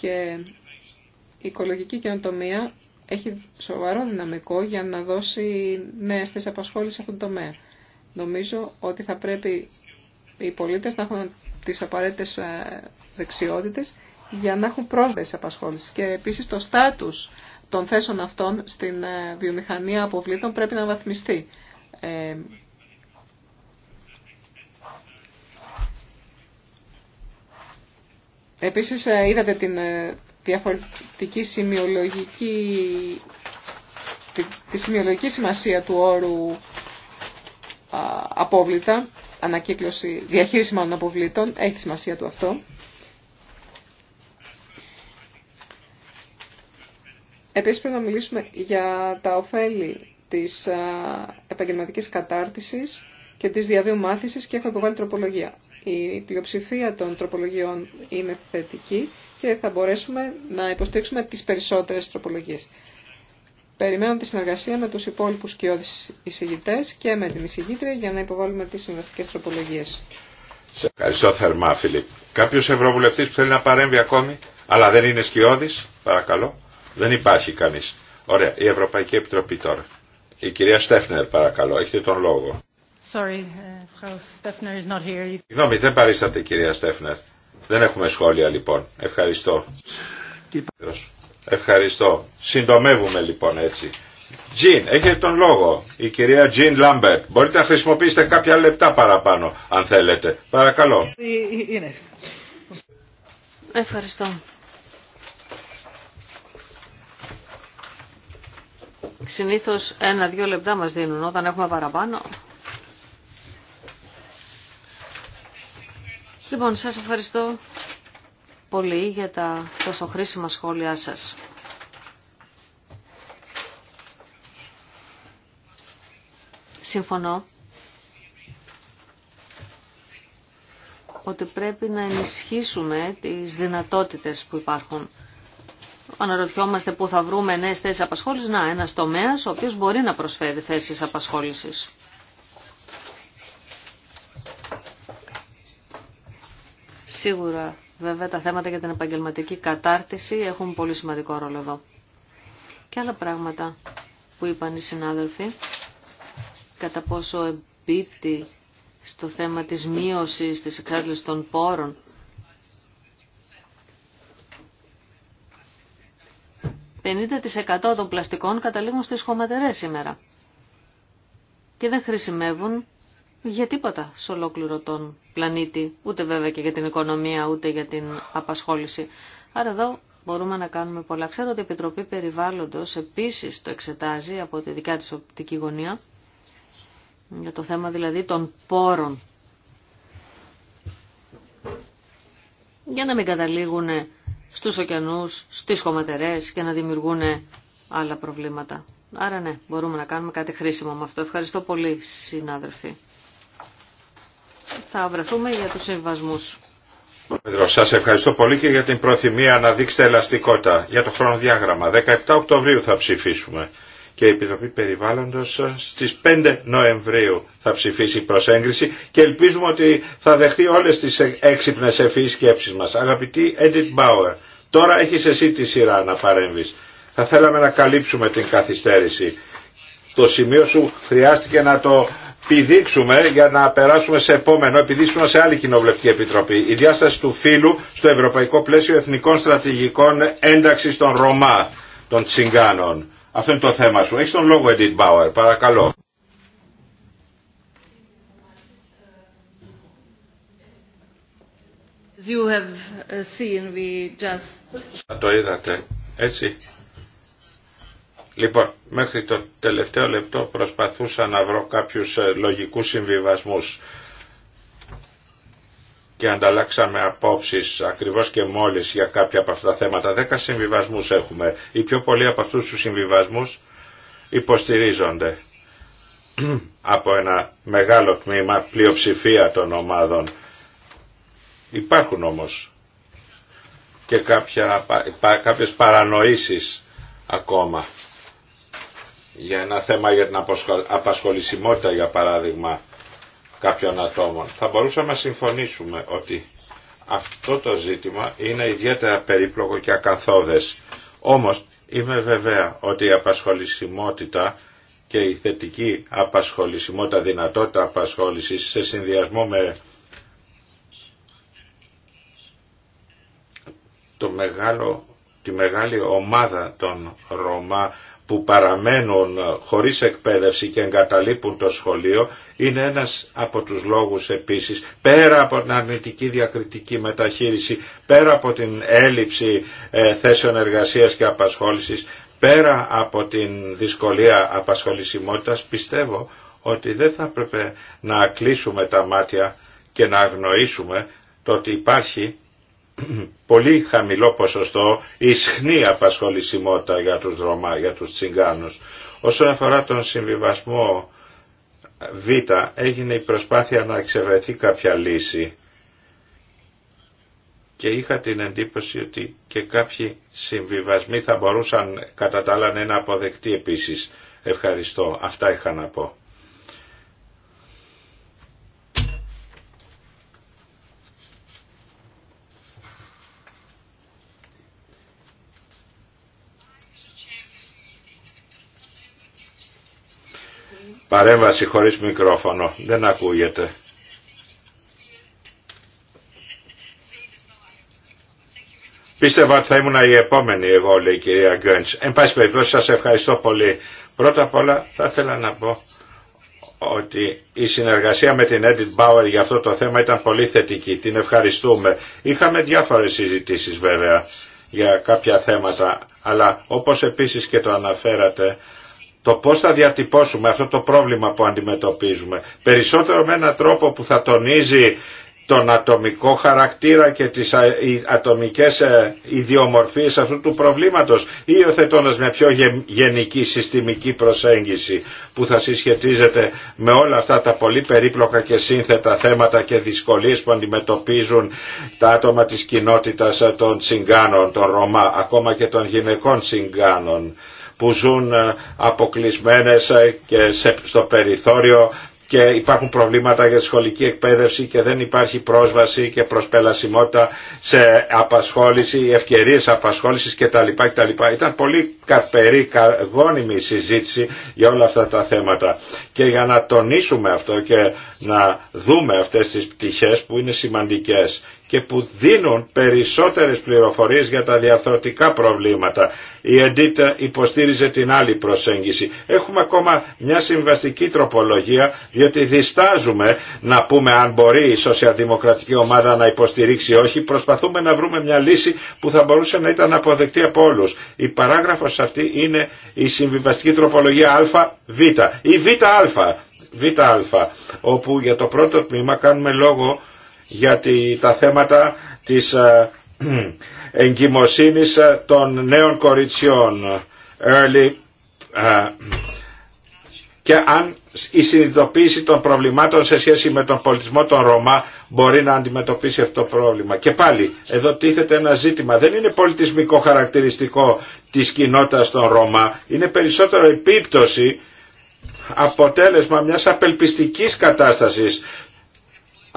B: και η οικολογική καινοτομία έχει σοβαρό δυναμικό για να δώσει νέες θέσεις απασχόληση σε αυτόν τον τομέα. Νομίζω ότι θα πρέπει οι πολίτες να έχουν τι απαραίτητε ε, δεξιότητες για να έχουν πρόσβαση απασχόληση. Και επίση το στάτου των θέσεων αυτών στην ε, βιομηχανία αποβλήτων πρέπει να βαθμιστεί. Ε, επίσης ε, είδατε την διαφορετική σημειολογική, τη, σημειολογική σημασία του όρου απόβλητα, ανακύκλωση, διαχείριση μάλλον αποβλήτων, έχει σημασία του αυτό. Επίσης πρέπει να μιλήσουμε για τα ωφέλη της επαγγελματικής κατάρτισης και της διαβίου μάθησης και έχω υποβάλει τροπολογία. Η πλειοψηφία των τροπολογιών είναι θετική και θα μπορέσουμε να υποστήριξουμε τις περισσότερες τροπολογίες. Περιμένω τη συνεργασία με τους υπόλοιπους κοιόδης εισηγητές και με την εισηγήτρια για να υποβάλουμε τις συμβαστικές τροπολογίες.
A: Σε ευχαριστώ θερμά, Φίλιπ. Κάποιος ευρωβουλευτής που θέλει να παρέμβει ακόμη, αλλά δεν είναι σκιώδης, παρακαλώ. Δεν υπάρχει κανεί. Ωραία, η Ευρωπαϊκή Επιτροπή τώρα. Η κυρία Στέφνερ παρακαλώ, έχετε τον λόγο. Συγγνώμη, Frau δεν παρίσταται κυρία Στέφνερ. Δεν έχουμε σχόλια λοιπόν. Ευχαριστώ. Ευχαριστώ. Συντομεύουμε λοιπόν έτσι. Τζιν, έχετε τον λόγο. Η κυρία Τζιν Λάμπερτ. Μπορείτε να χρησιμοποιήσετε κάποια λεπτά παραπάνω, αν θέλετε. Παρακαλώ.
C: Ευχαριστώ. Συνήθως ένα-δύο λεπτά μας δίνουν όταν έχουμε παραπάνω. Λοιπόν, σας ευχαριστώ πολύ για τα τόσο χρήσιμα σχόλιά σας. Συμφωνώ ότι πρέπει να ενισχύσουμε τις δυνατότητες που υπάρχουν αναρωτιόμαστε πού θα βρούμε νέες θέσεις απασχόλησης. Να, ένα τομέα ο οποίος μπορεί να προσφέρει θέσεις απασχόλησης. Σίγουρα βέβαια τα θέματα για την επαγγελματική κατάρτιση έχουν πολύ σημαντικό ρόλο εδώ. Και άλλα πράγματα που είπαν οι συνάδελφοι, κατά πόσο εμπίπτει στο θέμα της μείωσης της εξάρτησης των πόρων 50% των πλαστικών καταλήγουν στις χωματερές σήμερα και δεν χρησιμεύουν για τίποτα σε ολόκληρο τον πλανήτη, ούτε βέβαια και για την οικονομία, ούτε για την απασχόληση. Άρα εδώ μπορούμε να κάνουμε πολλά. Ξέρω ότι η Επιτροπή Περιβάλλοντος επίσης το εξετάζει από τη δικιά της οπτική γωνία, για το θέμα δηλαδή των πόρων. Για να μην καταλήγουν στους ωκεανούς, στις χωματερές και να δημιουργούν άλλα προβλήματα. Άρα ναι, μπορούμε να κάνουμε κάτι χρήσιμο με αυτό. Ευχαριστώ πολύ συνάδελφοι. Θα βρεθούμε για τους συμβασμούς.
A: Πρόεδρο, σας ευχαριστώ πολύ και για την προθυμία να δείξετε ελαστικότητα για το χρονοδιάγραμμα. 17 Οκτωβρίου θα ψηφίσουμε και η Επιτροπή Περιβάλλοντος στις 5 Νοεμβρίου θα ψηφίσει προς έγκριση και ελπίζουμε ότι θα δεχτεί όλες τις έξυπνε ευφυείς σκέψεις μας. Αγαπητή Edith Bauer, Τώρα έχεις εσύ τη σειρά να παρέμβεις. Θα θέλαμε να καλύψουμε την καθυστέρηση. Το σημείο σου χρειάστηκε να το πηδήξουμε για να περάσουμε σε επόμενο, επειδή ήσουν σε άλλη κοινοβουλευτική επιτροπή. Η διάσταση του φίλου στο ευρωπαϊκό πλαίσιο εθνικών στρατηγικών ένταξης των Ρωμά, των Τσιγκάνων. Αυτό είναι το θέμα σου. Έχεις τον λόγο, Edith Bauer. Παρακαλώ.
C: you uh,
A: το είδατε. Έτσι. Λοιπόν, μέχρι το τελευταίο λεπτό προσπαθούσα να βρω κάποιους ε, λογικούς συμβιβασμούς και ανταλλάξαμε απόψεις ακριβώς και μόλις για κάποια από αυτά τα θέματα. Δέκα συμβιβασμούς έχουμε. Οι πιο πολλοί από αυτούς τους συμβιβασμούς υποστηρίζονται από ένα μεγάλο τμήμα πλειοψηφία των ομάδων Υπάρχουν όμως και κάποια, κάποιες παρανοήσεις ακόμα για ένα θέμα για την απασχολησιμότητα για παράδειγμα κάποιων ατόμων. Θα μπορούσαμε να συμφωνήσουμε ότι αυτό το ζήτημα είναι ιδιαίτερα περίπλοκο και ακαθόδες. Όμως είμαι βεβαία ότι η απασχολησιμότητα και η θετική απασχολησιμότητα, δυνατότητα απασχόλησης σε συνδυασμό με το μεγάλο, τη μεγάλη ομάδα των Ρωμά που παραμένουν χωρίς εκπαίδευση και εγκαταλείπουν το σχολείο είναι ένας από τους λόγους επίσης πέρα από την αρνητική διακριτική μεταχείριση, πέρα από την έλλειψη ε, θέσεων εργασίας και απασχόλησης, πέρα από την δυσκολία απασχολησιμότητας πιστεύω ότι δεν θα έπρεπε να κλείσουμε τα μάτια και να αγνοήσουμε το ότι υπάρχει πολύ χαμηλό ποσοστό ισχνή απασχολησιμότητα για τους Ρωμά, για τους Τσιγκάνους. Όσον αφορά τον συμβιβασμό Β, έγινε η προσπάθεια να εξευρεθεί κάποια λύση και είχα την εντύπωση ότι και κάποιοι συμβιβασμοί θα μπορούσαν κατά τα άλλα να είναι αποδεκτοί επίσης. Ευχαριστώ. Αυτά είχα να πω. Παρέμβαση χωρίς μικρόφωνο. Δεν ακούγεται. Πίστευα ότι θα ήμουν η επόμενη εγώ, λέει η κυρία Γκέντς. Εν πάση περιπτώσει σας ευχαριστώ πολύ. Πρώτα απ' όλα θα ήθελα να πω ότι η συνεργασία με την Edith Μπάουερ για αυτό το θέμα ήταν πολύ θετική. Την ευχαριστούμε. Είχαμε διάφορες συζητήσεις βέβαια για κάποια θέματα, αλλά όπως επίσης και το αναφέρατε, το πώς θα διατυπώσουμε αυτό το πρόβλημα που αντιμετωπίζουμε. Περισσότερο με έναν τρόπο που θα τονίζει τον ατομικό χαρακτήρα και τις ατομικές ε, ιδιομορφίες αυτού του προβλήματος ή οθετώντα μια πιο γενική συστημική προσέγγιση που θα συσχετίζεται με όλα αυτά τα πολύ περίπλοκα και σύνθετα θέματα και δυσκολίες που αντιμετωπίζουν τα άτομα της κοινότητας ε, των τσιγκάνων, των Ρωμά, ακόμα και των γυναικών τσιγκάνων που ζουν ε, αποκλεισμένες ε, και στο περιθώριο και υπάρχουν προβλήματα για τη σχολική εκπαίδευση και δεν υπάρχει πρόσβαση και προσπελασιμότητα σε απασχόληση, ευκαιρίες απασχόλησης κτλ. Ήταν πολύ καρπερή, η συζήτηση για όλα αυτά τα θέματα. Και για να τονίσουμε αυτό και να δούμε αυτές τις πτυχές που είναι σημαντικές και που δίνουν περισσότερες πληροφορίες για τα διαρθρωτικά προβλήματα. Η Εντίτα υποστήριζε την άλλη προσέγγιση. Έχουμε ακόμα μια συμβαστική τροπολογία διότι διστάζουμε να πούμε αν μπορεί η σοσιαλδημοκρατική ομάδα να υποστηρίξει όχι. Προσπαθούμε να βρούμε μια λύση που θα μπορούσε να ήταν αποδεκτή από όλους. Η παράγραφος αυτή είναι η συμβιβαστική τροπολογία ΑΒ ή ΒΑ, ΒΑ όπου για το πρώτο τμήμα κάνουμε λόγο για τα θέματα της ε, εγκυμοσύνης ε, των νέων κοριτσιών. Early, ε, και αν η συνειδητοποίηση των προβλημάτων σε σχέση με τον πολιτισμό των Ρωμά μπορεί να αντιμετωπίσει αυτό το πρόβλημα. Και πάλι, εδώ τίθεται ένα ζήτημα. Δεν είναι πολιτισμικό χαρακτηριστικό της κοινότητας των Ρωμά. Είναι περισσότερο επίπτωση αποτέλεσμα μιας απελπιστικής κατάστασης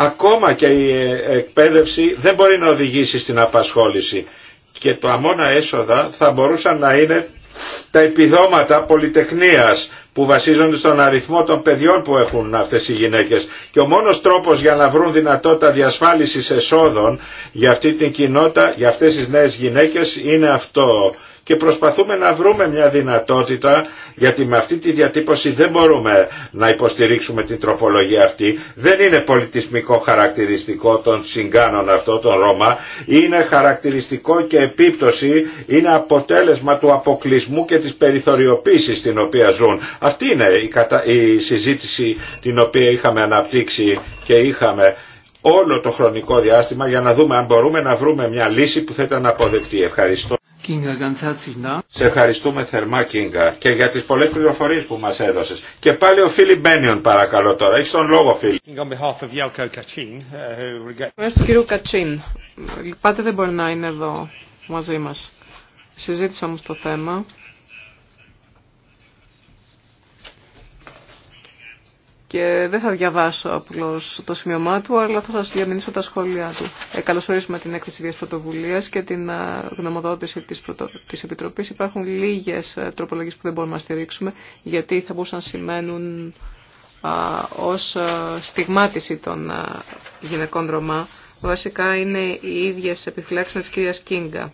A: ακόμα και η ε, εκπαίδευση δεν μπορεί να οδηγήσει στην απασχόληση. Και το αμόνα έσοδα θα μπορούσαν να είναι τα επιδόματα πολυτεχνίας που βασίζονται στον αριθμό των παιδιών που έχουν αυτές οι γυναίκες. Και ο μόνος τρόπος για να βρουν δυνατότητα διασφάλισης εσόδων για αυτή την κοινότητα, για αυτές τις νέες γυναίκες είναι αυτό και προσπαθούμε να βρούμε μια δυνατότητα γιατί με αυτή τη διατύπωση δεν μπορούμε να υποστηρίξουμε την τροφολογία αυτή. Δεν είναι πολιτισμικό χαρακτηριστικό των συγκάνων αυτό, των Ρώμα. Είναι χαρακτηριστικό και επίπτωση, είναι αποτέλεσμα του αποκλεισμού και της περιθωριοποίησης στην οποία ζουν. Αυτή είναι η συζήτηση την οποία είχαμε αναπτύξει και είχαμε όλο το χρονικό διάστημα για να δούμε αν μπορούμε να βρούμε μια λύση που θα ήταν αποδεκτή. Ευχαριστώ. Σε ευχαριστούμε θερμά Κίνγκα και για τις πολλές πληροφορίες που μας έδωσες. Και πάλι ο Φίλι Μπένιον παρακαλώ τώρα. Έχεις τον λόγο Φίλι. Μέρος uh, του κύριου
B: Κατσίν. Λυπάται δεν μπορεί να είναι εδώ μαζί μας. Συζήτησα όμως το θέμα και δεν θα διαβάσω απλώ το σημειωμά του, αλλά θα σα διαμηνήσω τα σχόλιά του. Ε, καλωσορίζουμε την έκθεση τη πρωτοβουλία και την ε, γνωμοδότηση τη πρωτο... Επιτροπής. Υπάρχουν λίγες ε, τροπολογίε που δεν μπορούμε να στηρίξουμε, γιατί θα μπορούσαν να σημαίνουν ω ως ε, στιγμάτιση των α, γυναικών Ρωμά. Βασικά είναι οι ίδιε επιφυλάξει με της κυρίας Κίνγκα.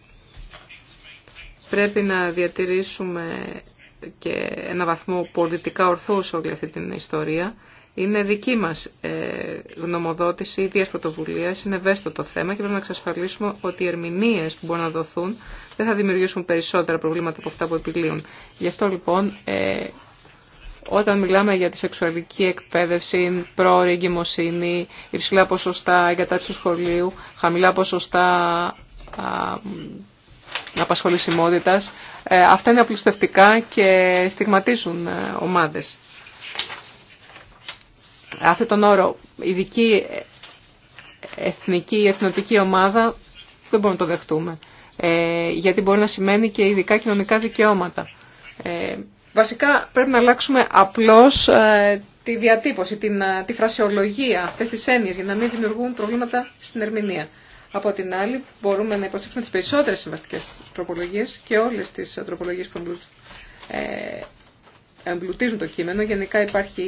B: Πρέπει να διατηρήσουμε και ένα βαθμό πολιτικά ορθούς όλη αυτή την ιστορία. Είναι δική μας ε, γνωμοδότηση, ίδιας πρωτοβουλία, είναι ευαίσθητο το θέμα και πρέπει να εξασφαλίσουμε ότι οι ερμηνείες που μπορούν να δοθούν δεν θα δημιουργήσουν περισσότερα προβλήματα από αυτά που επιλύουν. Γι' αυτό λοιπόν ε, όταν μιλάμε για τη σεξουαλική εκπαίδευση, πρόορη εγκυμοσύνη, υψηλά ποσοστά εγκατάσταση του σχολείου, χαμηλά ποσοστά απασχολησιμότητας. Ε, αυτά είναι απλουστευτικά και στιγματίζουν ε, ομάδες. Αυτό τον όρο, ειδική ε, εθνική ή εθνοτική ομάδα, δεν μπορούμε να το δεχτούμε. γιατί μπορεί να σημαίνει και ειδικά κοινωνικά δικαιώματα. βασικά πρέπει να αλλάξουμε απλώς τη διατύπωση, την, τη φρασιολογία αυτές τις έννοιες για να μην δημιουργούν προβλήματα στην ερμηνεία. Από την άλλη, μπορούμε να υποστηρίξουμε τις περισσότερες συμβαστικέ τροπολογίε και όλες τις τροπολογίε που ε, εμπλουτίζουν το κείμενο. Γενικά υπάρχει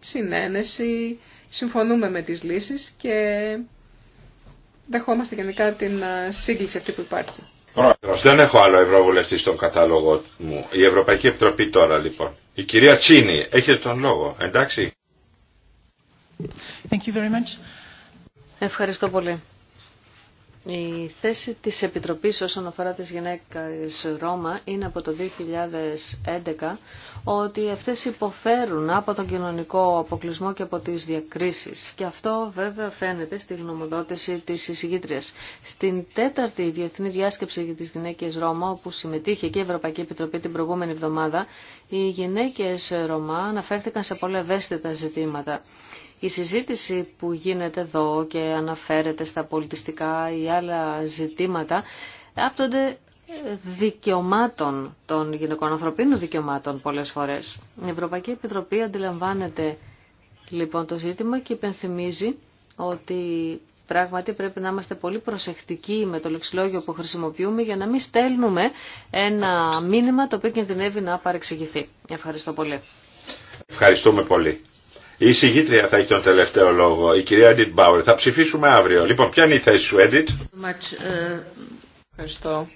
B: συνένεση, συμφωνούμε με τις λύσεις και δεχόμαστε γενικά την ε, σύγκληση αυτή που υπάρχει.
A: Πρόεδρος, δεν έχω άλλο ευρωβουλευτή στον κατάλογο μου. Η Ευρωπαϊκή Επιτροπή τώρα λοιπόν. Η κυρία Τσίνη, έχετε τον λόγο, εντάξει.
B: Thank you very much.
C: Ευχαριστώ πολύ. Η θέση της Επιτροπής όσον αφορά τις γυναίκες Ρώμα είναι από το 2011 ότι αυτές υποφέρουν από τον κοινωνικό αποκλεισμό και από τις διακρίσεις. Και αυτό βέβαια φαίνεται στη γνωμοδότηση της εισηγήτριας. Στην τέταρτη διεθνή διάσκεψη για τις γυναίκες Ρώμα, όπου συμμετείχε και η Ευρωπαϊκή Επιτροπή την προηγούμενη εβδομάδα, οι γυναίκες Ρωμά αναφέρθηκαν σε πολλά ευαίσθητα ζητήματα. Η συζήτηση που γίνεται εδώ και αναφέρεται στα πολιτιστικά ή άλλα ζητήματα άπτονται δικαιωμάτων των γυναικών, ανθρωπίνων δικαιωμάτων πολλές φορές. Η Ευρωπαϊκή Επιτροπή αντιλαμβάνεται λοιπόν το ζήτημα και υπενθυμίζει ότι πράγματι πρέπει να είμαστε πολύ προσεκτικοί με το λεξιλόγιο που χρησιμοποιούμε για να μην στέλνουμε ένα μήνυμα το οποίο κινδυνεύει να παρεξηγηθεί. Ευχαριστώ πολύ.
A: Ευχαριστούμε πολύ. Η συγγήτρια θα έχει τον τελευταίο λόγο, η κυρία Έντιτ Μπάουερ. Θα ψηφίσουμε αύριο. Λοιπόν, ποια είναι η θέση σου, Έντιτ.
B: Ευχαριστώ.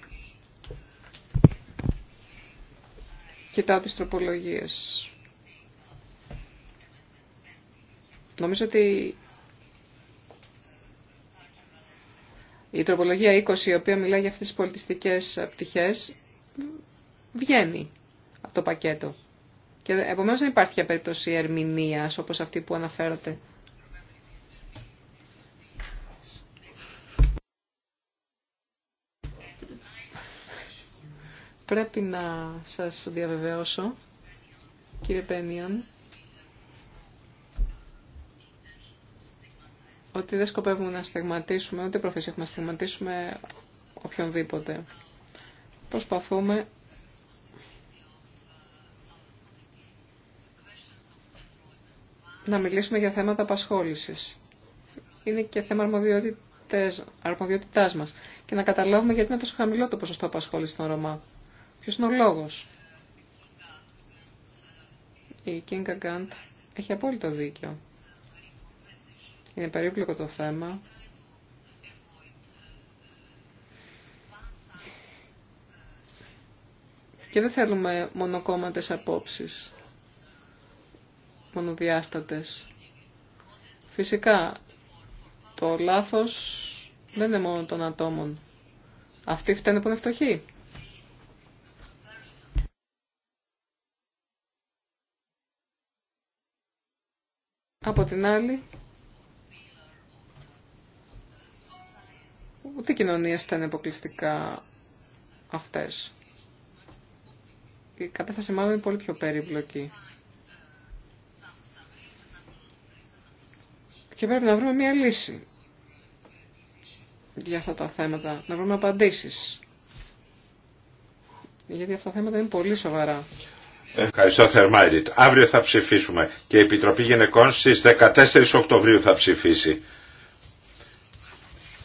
B: Κοιτάω τις τροπολογίες. Νομίζω ότι η τροπολογία 20, η οποία μιλάει για αυτές τις πολιτιστικές πτυχές, βγαίνει από το πακέτο. Και επομένως δεν υπάρχει περίπτωση ερμηνείας όπως αυτή που αναφέρατε. Πρέπει να σας διαβεβαιώσω, κύριε Πένιον, ότι δεν σκοπεύουμε να στεγματίσουμε ούτε προθέσει έχουμε να στιγματίσουμε οποιονδήποτε. Προσπαθούμε να μιλήσουμε για θέματα απασχόληση. Είναι και θέμα αρμοδιότητάς μας. Και να καταλάβουμε γιατί είναι τόσο χαμηλό το ποσοστό απασχόληση των Ρωμά. Ποιο είναι ο λόγος. Η Κίνκα Γκάντ έχει απόλυτο δίκιο. Είναι περίπλοκο το θέμα. Και δεν θέλουμε μονοκόμματες απόψεις μονοδιάστατες. Φυσικά, το λάθος δεν είναι μόνο των ατόμων. Αυτοί φταίνε που είναι φτωχοί. Από την άλλη, ούτε οι κοινωνίες ήταν αποκλειστικά αυτές. Η κατάσταση μάλλον είναι πολύ πιο περίπλοκη. Και πρέπει να βρούμε μια λύση για αυτά τα θέματα, να βρούμε απαντήσεις. Γιατί αυτά τα θέματα είναι πολύ σοβαρά.
A: Ευχαριστώ θερμά, Αύριο θα ψηφίσουμε και η Επιτροπή Γυναικών στις 14 Οκτωβρίου θα ψηφίσει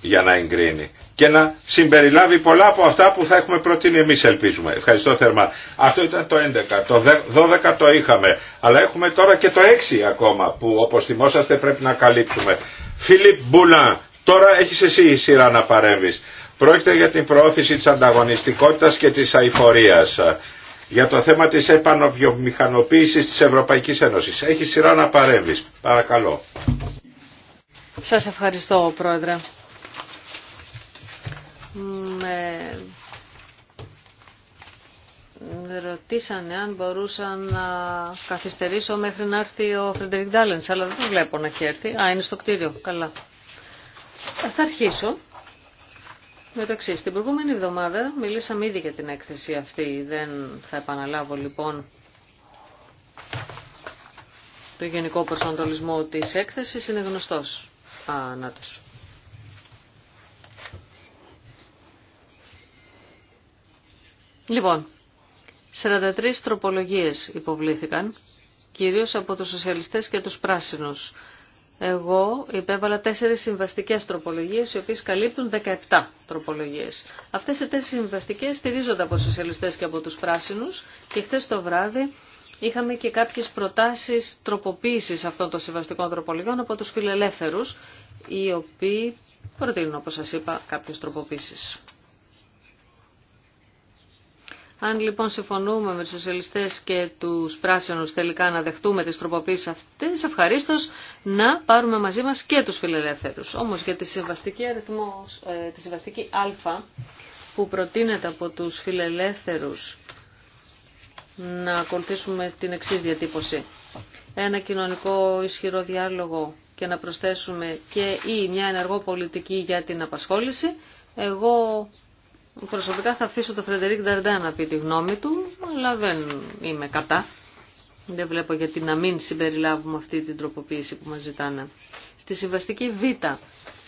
A: για να εγκρίνει και να συμπεριλάβει πολλά από αυτά που θα έχουμε προτείνει εμείς ελπίζουμε. Ευχαριστώ θερμά. Αυτό ήταν το 11, το 12 το είχαμε, αλλά έχουμε τώρα και το 6 ακόμα που όπως θυμόσαστε πρέπει να καλύψουμε. Φίλιπ Μπουλάν, τώρα έχεις εσύ η σειρά να παρέμβεις. Πρόκειται για την προώθηση της ανταγωνιστικότητας και της αηφορίας ε, για το θέμα της επανοβιομηχανοποίησης της Ευρωπαϊκής Ένωσης. Έχει σειρά να παρέμβεις. Παρακαλώ.
C: Σας ευχαριστώ, Πρόεδρε με ρωτήσανε αν μπορούσα να καθυστερήσω μέχρι να έρθει ο Φρεντερικ Ντάλενς, αλλά δεν το βλέπω να έχει έρθει. Α, είναι στο κτίριο. Καλά. Ε, θα αρχίσω με το εξής. Την προηγούμενη εβδομάδα μιλήσαμε ήδη για την έκθεση αυτή. Δεν θα επαναλάβω λοιπόν το γενικό προσανατολισμό της έκθεσης. Είναι γνωστός. Α, να Λοιπόν, 43 τροπολογίες υποβλήθηκαν, κυρίως από τους σοσιαλιστές και τους πράσινους. Εγώ υπέβαλα τέσσερις συμβαστικές τροπολογίες, οι οποίες καλύπτουν 17 τροπολογίες. Αυτές οι τέσσερις συμβαστικές στηρίζονται από τους σοσιαλιστές και από τους πράσινους και χθε το βράδυ είχαμε και κάποιες προτάσεις τροποποίησης αυτών των συμβαστικών τροπολογιών από τους φιλελεύθερους, οι οποίοι προτείνουν, όπως σας είπα, κάποιες τροποποίησεις. Αν λοιπόν συμφωνούμε με τους σοσιαλιστές και τους πράσινους τελικά να δεχτούμε τις τροποποίησεις αυτές, ευχαρίστως να πάρουμε μαζί μας και τους φιλελεύθερους. Όμως για τη συμβαστική, αριθμός, ε, τη α που προτείνεται από τους φιλελεύθερους να ακολουθήσουμε την εξής διατύπωση. Ένα κοινωνικό ισχυρό διάλογο και να προσθέσουμε και ή μια ενεργό πολιτική για την απασχόληση. Εγώ Προσωπικά θα αφήσω τον Φρεντερίκ Νταρντά να πει τη γνώμη του, αλλά δεν είμαι κατά. Δεν βλέπω γιατί να μην συμπεριλάβουμε αυτή την τροποποίηση που μας ζητάνε. Στη συμβαστική Β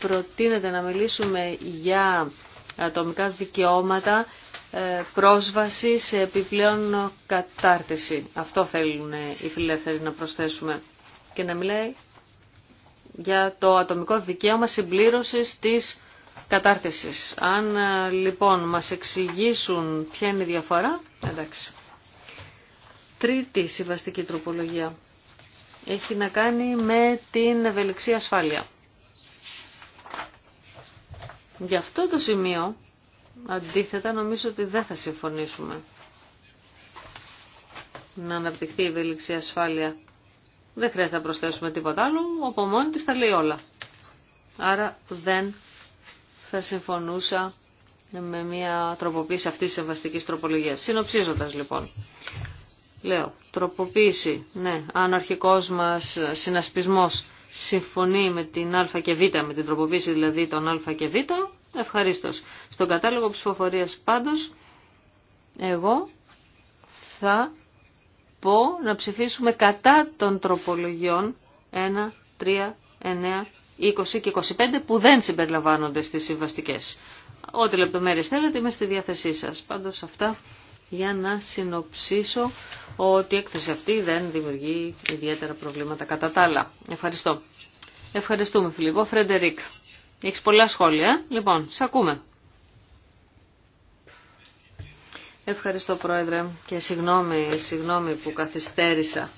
C: προτείνεται να μιλήσουμε για ατομικά δικαιώματα ε, πρόσβαση σε επιπλέον κατάρτιση. Αυτό θέλουν οι φιλελεύθεροι να προσθέσουμε και να μιλάει για το ατομικό δικαίωμα συμπλήρωσης της κατάρτισης. Αν ε, λοιπόν μας εξηγήσουν ποια είναι η διαφορά, εντάξει. Τρίτη συμβαστική τροπολογία έχει να κάνει με την ευελιξία ασφάλεια. Γι' αυτό το σημείο, αντίθετα, νομίζω ότι δεν θα συμφωνήσουμε να αναπτυχθεί η ευελιξία ασφάλεια. Δεν χρειάζεται να προσθέσουμε τίποτα άλλο, από μόνη της τα λέει όλα. Άρα δεν θα συμφωνούσα με μια τροποποίηση αυτής της εμβαστικής τροπολογίας. Συνοψίζοντας λοιπόν, λέω, τροποποίηση, ναι, αν ο αρχικός μας συνασπισμός συμφωνεί με την Α και Β, με την τροποποίηση δηλαδή των Α και Β, ευχαρίστω. Στον κατάλογο ψηφοφορίας πάντως, εγώ θα πω να ψηφίσουμε κατά των τροπολογιών 1, 3, 9 20 και 25 που δεν συμπεριλαμβάνονται στις συμβαστικές. Ό,τι λεπτομέρειες θέλετε είμαι στη διάθεσή σας. Πάντως αυτά για να συνοψίσω ότι η έκθεση αυτή δεν δημιουργεί ιδιαίτερα προβλήματα κατά τα άλλα. Ευχαριστώ. Ευχαριστούμε Φιλιππό. Φρεντερίκ, έχεις πολλά σχόλια. Ε? Λοιπόν, σε ακούμε. Ευχαριστώ Πρόεδρε και συγγνώμη, συγγνώμη που καθυστέρησα,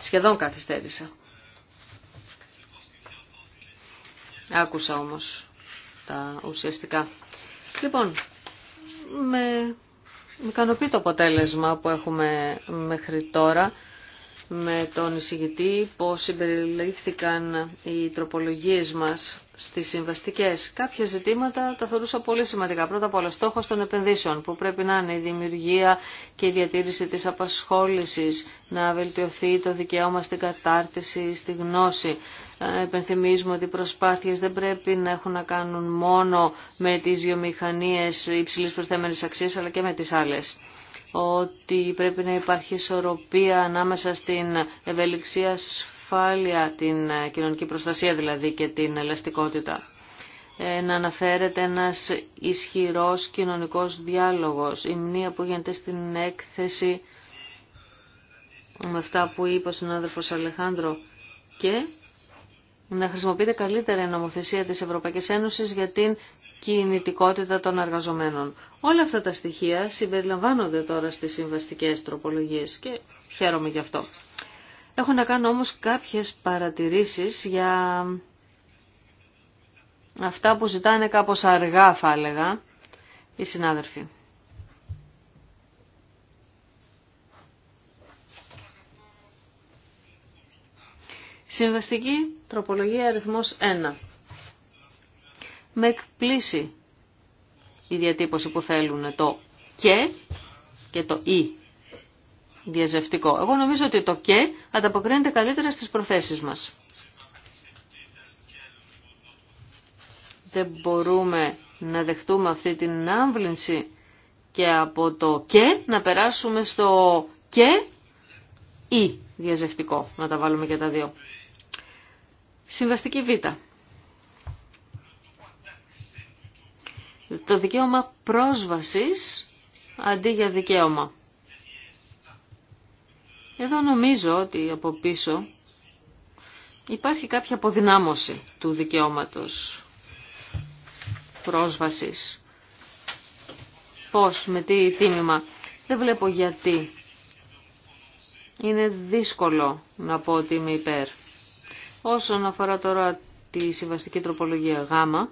C: σχεδόν καθυστέρησα. Άκουσα όμως τα ουσιαστικά. Λοιπόν, με, με ικανοποιεί το αποτέλεσμα που έχουμε μέχρι τώρα με τον εισηγητή πώς συμπεριλήφθηκαν οι τροπολογίες μας στις συμβαστικές. Κάποια ζητήματα τα θεωρούσα πολύ σημαντικά. Πρώτα απ' όλα στόχος των επενδύσεων που πρέπει να είναι η δημιουργία και η διατήρηση της απασχόλησης, να βελτιωθεί το δικαίωμα στην κατάρτιση, στη γνώση. Ε, επενθυμίζουμε ότι οι προσπάθειες δεν πρέπει να έχουν να κάνουν μόνο με τις βιομηχανίες υψηλής προσθέμενης αξίας αλλά και με τις άλλες ότι πρέπει να υπάρχει ισορροπία ανάμεσα στην ευελιξία ασφάλεια, την κοινωνική προστασία δηλαδή και την ελαστικότητα. Ε, να αναφέρεται ένας ισχυρός κοινωνικός διάλογος, η μνήμα που γίνεται στην έκθεση με αυτά που είπε ο συνάδελφος Αλεχάνδρο και να χρησιμοποιείται καλύτερα η νομοθεσία της Ευρωπαϊκής Ένωσης για την κινητικότητα των εργαζομένων. Όλα αυτά τα στοιχεία συμπεριλαμβάνονται τώρα στις συμβαστικές τροπολογίες και χαίρομαι γι' αυτό. Έχω να κάνω όμως κάποιες παρατηρήσεις για αυτά που ζητάνε κάπως αργά θα έλεγα οι συνάδελφοι. Συμβαστική τροπολογία αριθμός 1 με εκπλήσει η διατύπωση που θέλουν το και και το ή διαζευτικό. Εγώ νομίζω ότι το και ανταποκρίνεται καλύτερα στις προθέσεις μας. Δεν μπορούμε να δεχτούμε αυτή την άμβλυνση και από το και να περάσουμε στο και ή διαζευτικό. Να τα βάλουμε και τα δύο. Συμβαστική β. το δικαίωμα πρόσβασης αντί για δικαίωμα. Εδώ νομίζω ότι από πίσω υπάρχει κάποια αποδυνάμωση του δικαιώματος πρόσβασης. Πώς, με τι τίμημα. Δεν βλέπω γιατί. Είναι δύσκολο να πω ότι είμαι υπέρ. Όσον αφορά τώρα τη συμβαστική τροπολογία γάμα,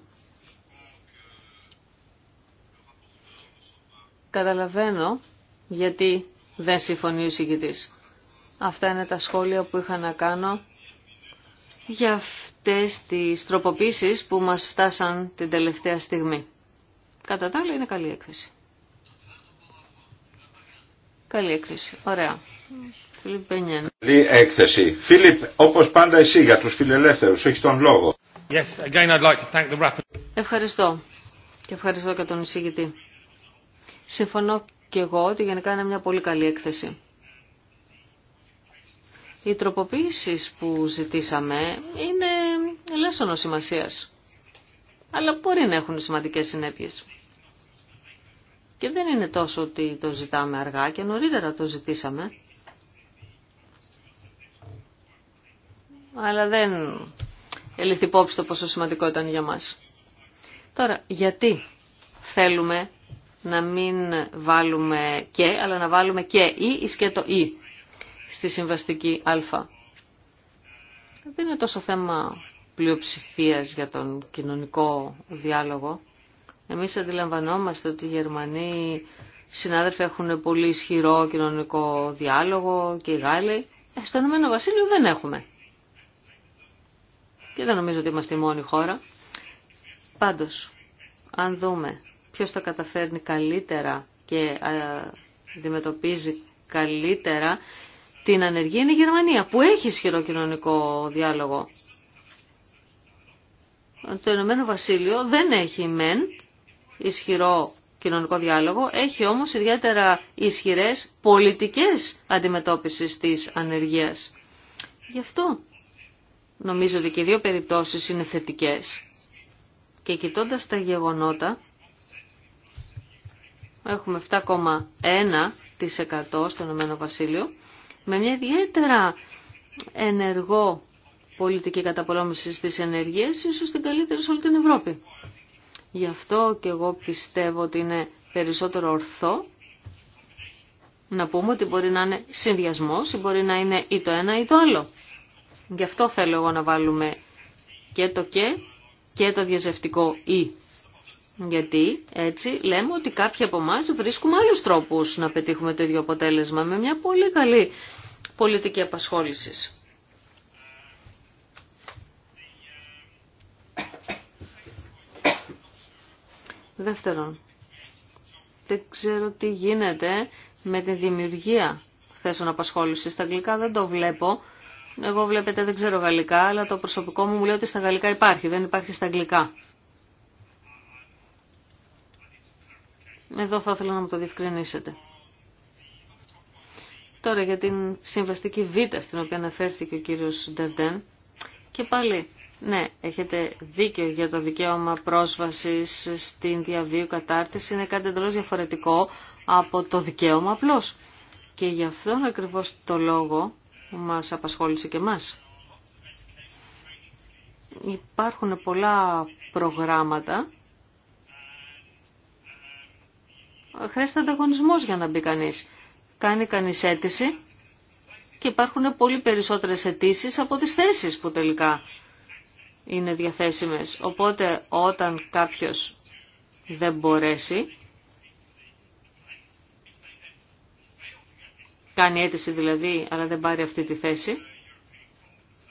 C: Καταλαβαίνω γιατί δεν συμφωνεί ο εισηγητής. Αυτά είναι τα σχόλια που είχα να κάνω για αυτές τις τροποποίησεις που μας φτάσαν την τελευταία στιγμή. Κατά τα άλλα είναι καλή έκθεση. Καλή έκθεση. Ωραία. Φιλίπ Καλή
A: έκθεση. Φίλιπ, όπως πάντα εσύ για τους φιλελεύθερους, έχεις τον λόγο.
C: Ευχαριστώ. Και ευχαριστώ και τον εισηγητή. Συμφωνώ και εγώ ότι γενικά είναι μια πολύ καλή έκθεση. Οι τροποποίησει που ζητήσαμε είναι ελέσσονο σημασίας, αλλά μπορεί να έχουν σημαντικέ συνέπειε. Και δεν είναι τόσο ότι το ζητάμε αργά και νωρίτερα το ζητήσαμε. Αλλά δεν ελήφθη υπόψη το πόσο σημαντικό ήταν για μας. Τώρα, γιατί θέλουμε να μην βάλουμε και, αλλά να βάλουμε και ή ή σκέτο ή στη συμβαστική α. Δεν είναι τόσο θέμα πλειοψηφίας για τον κοινωνικό διάλογο. Εμείς αντιλαμβανόμαστε ότι οι Γερμανοί συνάδελφοι έχουν πολύ ισχυρό κοινωνικό διάλογο και οι Γάλλοι. Ε, στο Βασίλειο δεν έχουμε. Και δεν νομίζω ότι είμαστε η μόνη χώρα. Πάντως, αν δούμε ποιος τα καταφέρνει καλύτερα και ε, αντιμετωπίζει καλύτερα την ανεργία είναι η Γερμανία που έχει ισχυρό κοινωνικό διάλογο. Το Ηνωμένο Βασίλειο δεν έχει μεν ισχυρό κοινωνικό διάλογο, έχει όμως ιδιαίτερα ισχυρές πολιτικές αντιμετώπισης της ανεργίας. Γι' αυτό νομίζω ότι και οι δύο περιπτώσεις είναι θετικές. Και κοιτώντας τα γεγονότα, έχουμε 7,1% στον Ηνωμένο Βασίλειο, με μια ιδιαίτερα ενεργό πολιτική καταπολόμηση της ενεργείας, ίσως την καλύτερη σε όλη την Ευρώπη. Γι' αυτό και εγώ πιστεύω ότι είναι περισσότερο ορθό να πούμε ότι μπορεί να είναι συνδυασμός ή μπορεί να είναι ή το ένα ή το άλλο. Γι' αυτό θέλω εγώ να βάλουμε και το και και το διαζευτικό ή γιατί έτσι λέμε ότι κάποιοι από εμά βρίσκουμε άλλους τρόπους να πετύχουμε το ίδιο αποτέλεσμα με μια πολύ καλή πολιτική απασχόλησης. Δεύτερον, δεν ξέρω τι γίνεται με τη δημιουργία θέσεων απασχόλησης. Στα αγγλικά δεν το βλέπω. Εγώ βλέπετε δεν ξέρω γαλλικά, αλλά το προσωπικό μου μου λέει ότι στα γαλλικά υπάρχει, δεν υπάρχει στα αγγλικά. Εδώ θα ήθελα να μου το διευκρινίσετε. Τώρα για την συμβαστική βήτα στην οποία αναφέρθηκε ο κύριος Ντερντέν. Και πάλι, ναι, έχετε δίκιο για το δικαίωμα πρόσβασης στην διαβίου κατάρτιση. Είναι κάτι εντελώς διαφορετικό από το δικαίωμα απλώ. Και γι' αυτόν ακριβώς το λόγο μας απασχόλησε και μας. Υπάρχουν πολλά προγράμματα χρειάζεται ανταγωνισμό για να μπει κανεί. Κάνει κανεί αίτηση και υπάρχουν πολύ περισσότερες αιτήσει από τις θέσεις που τελικά είναι διαθέσιμες. Οπότε όταν κάποιος δεν μπορέσει, κάνει αίτηση δηλαδή, αλλά δεν πάρει αυτή τη θέση,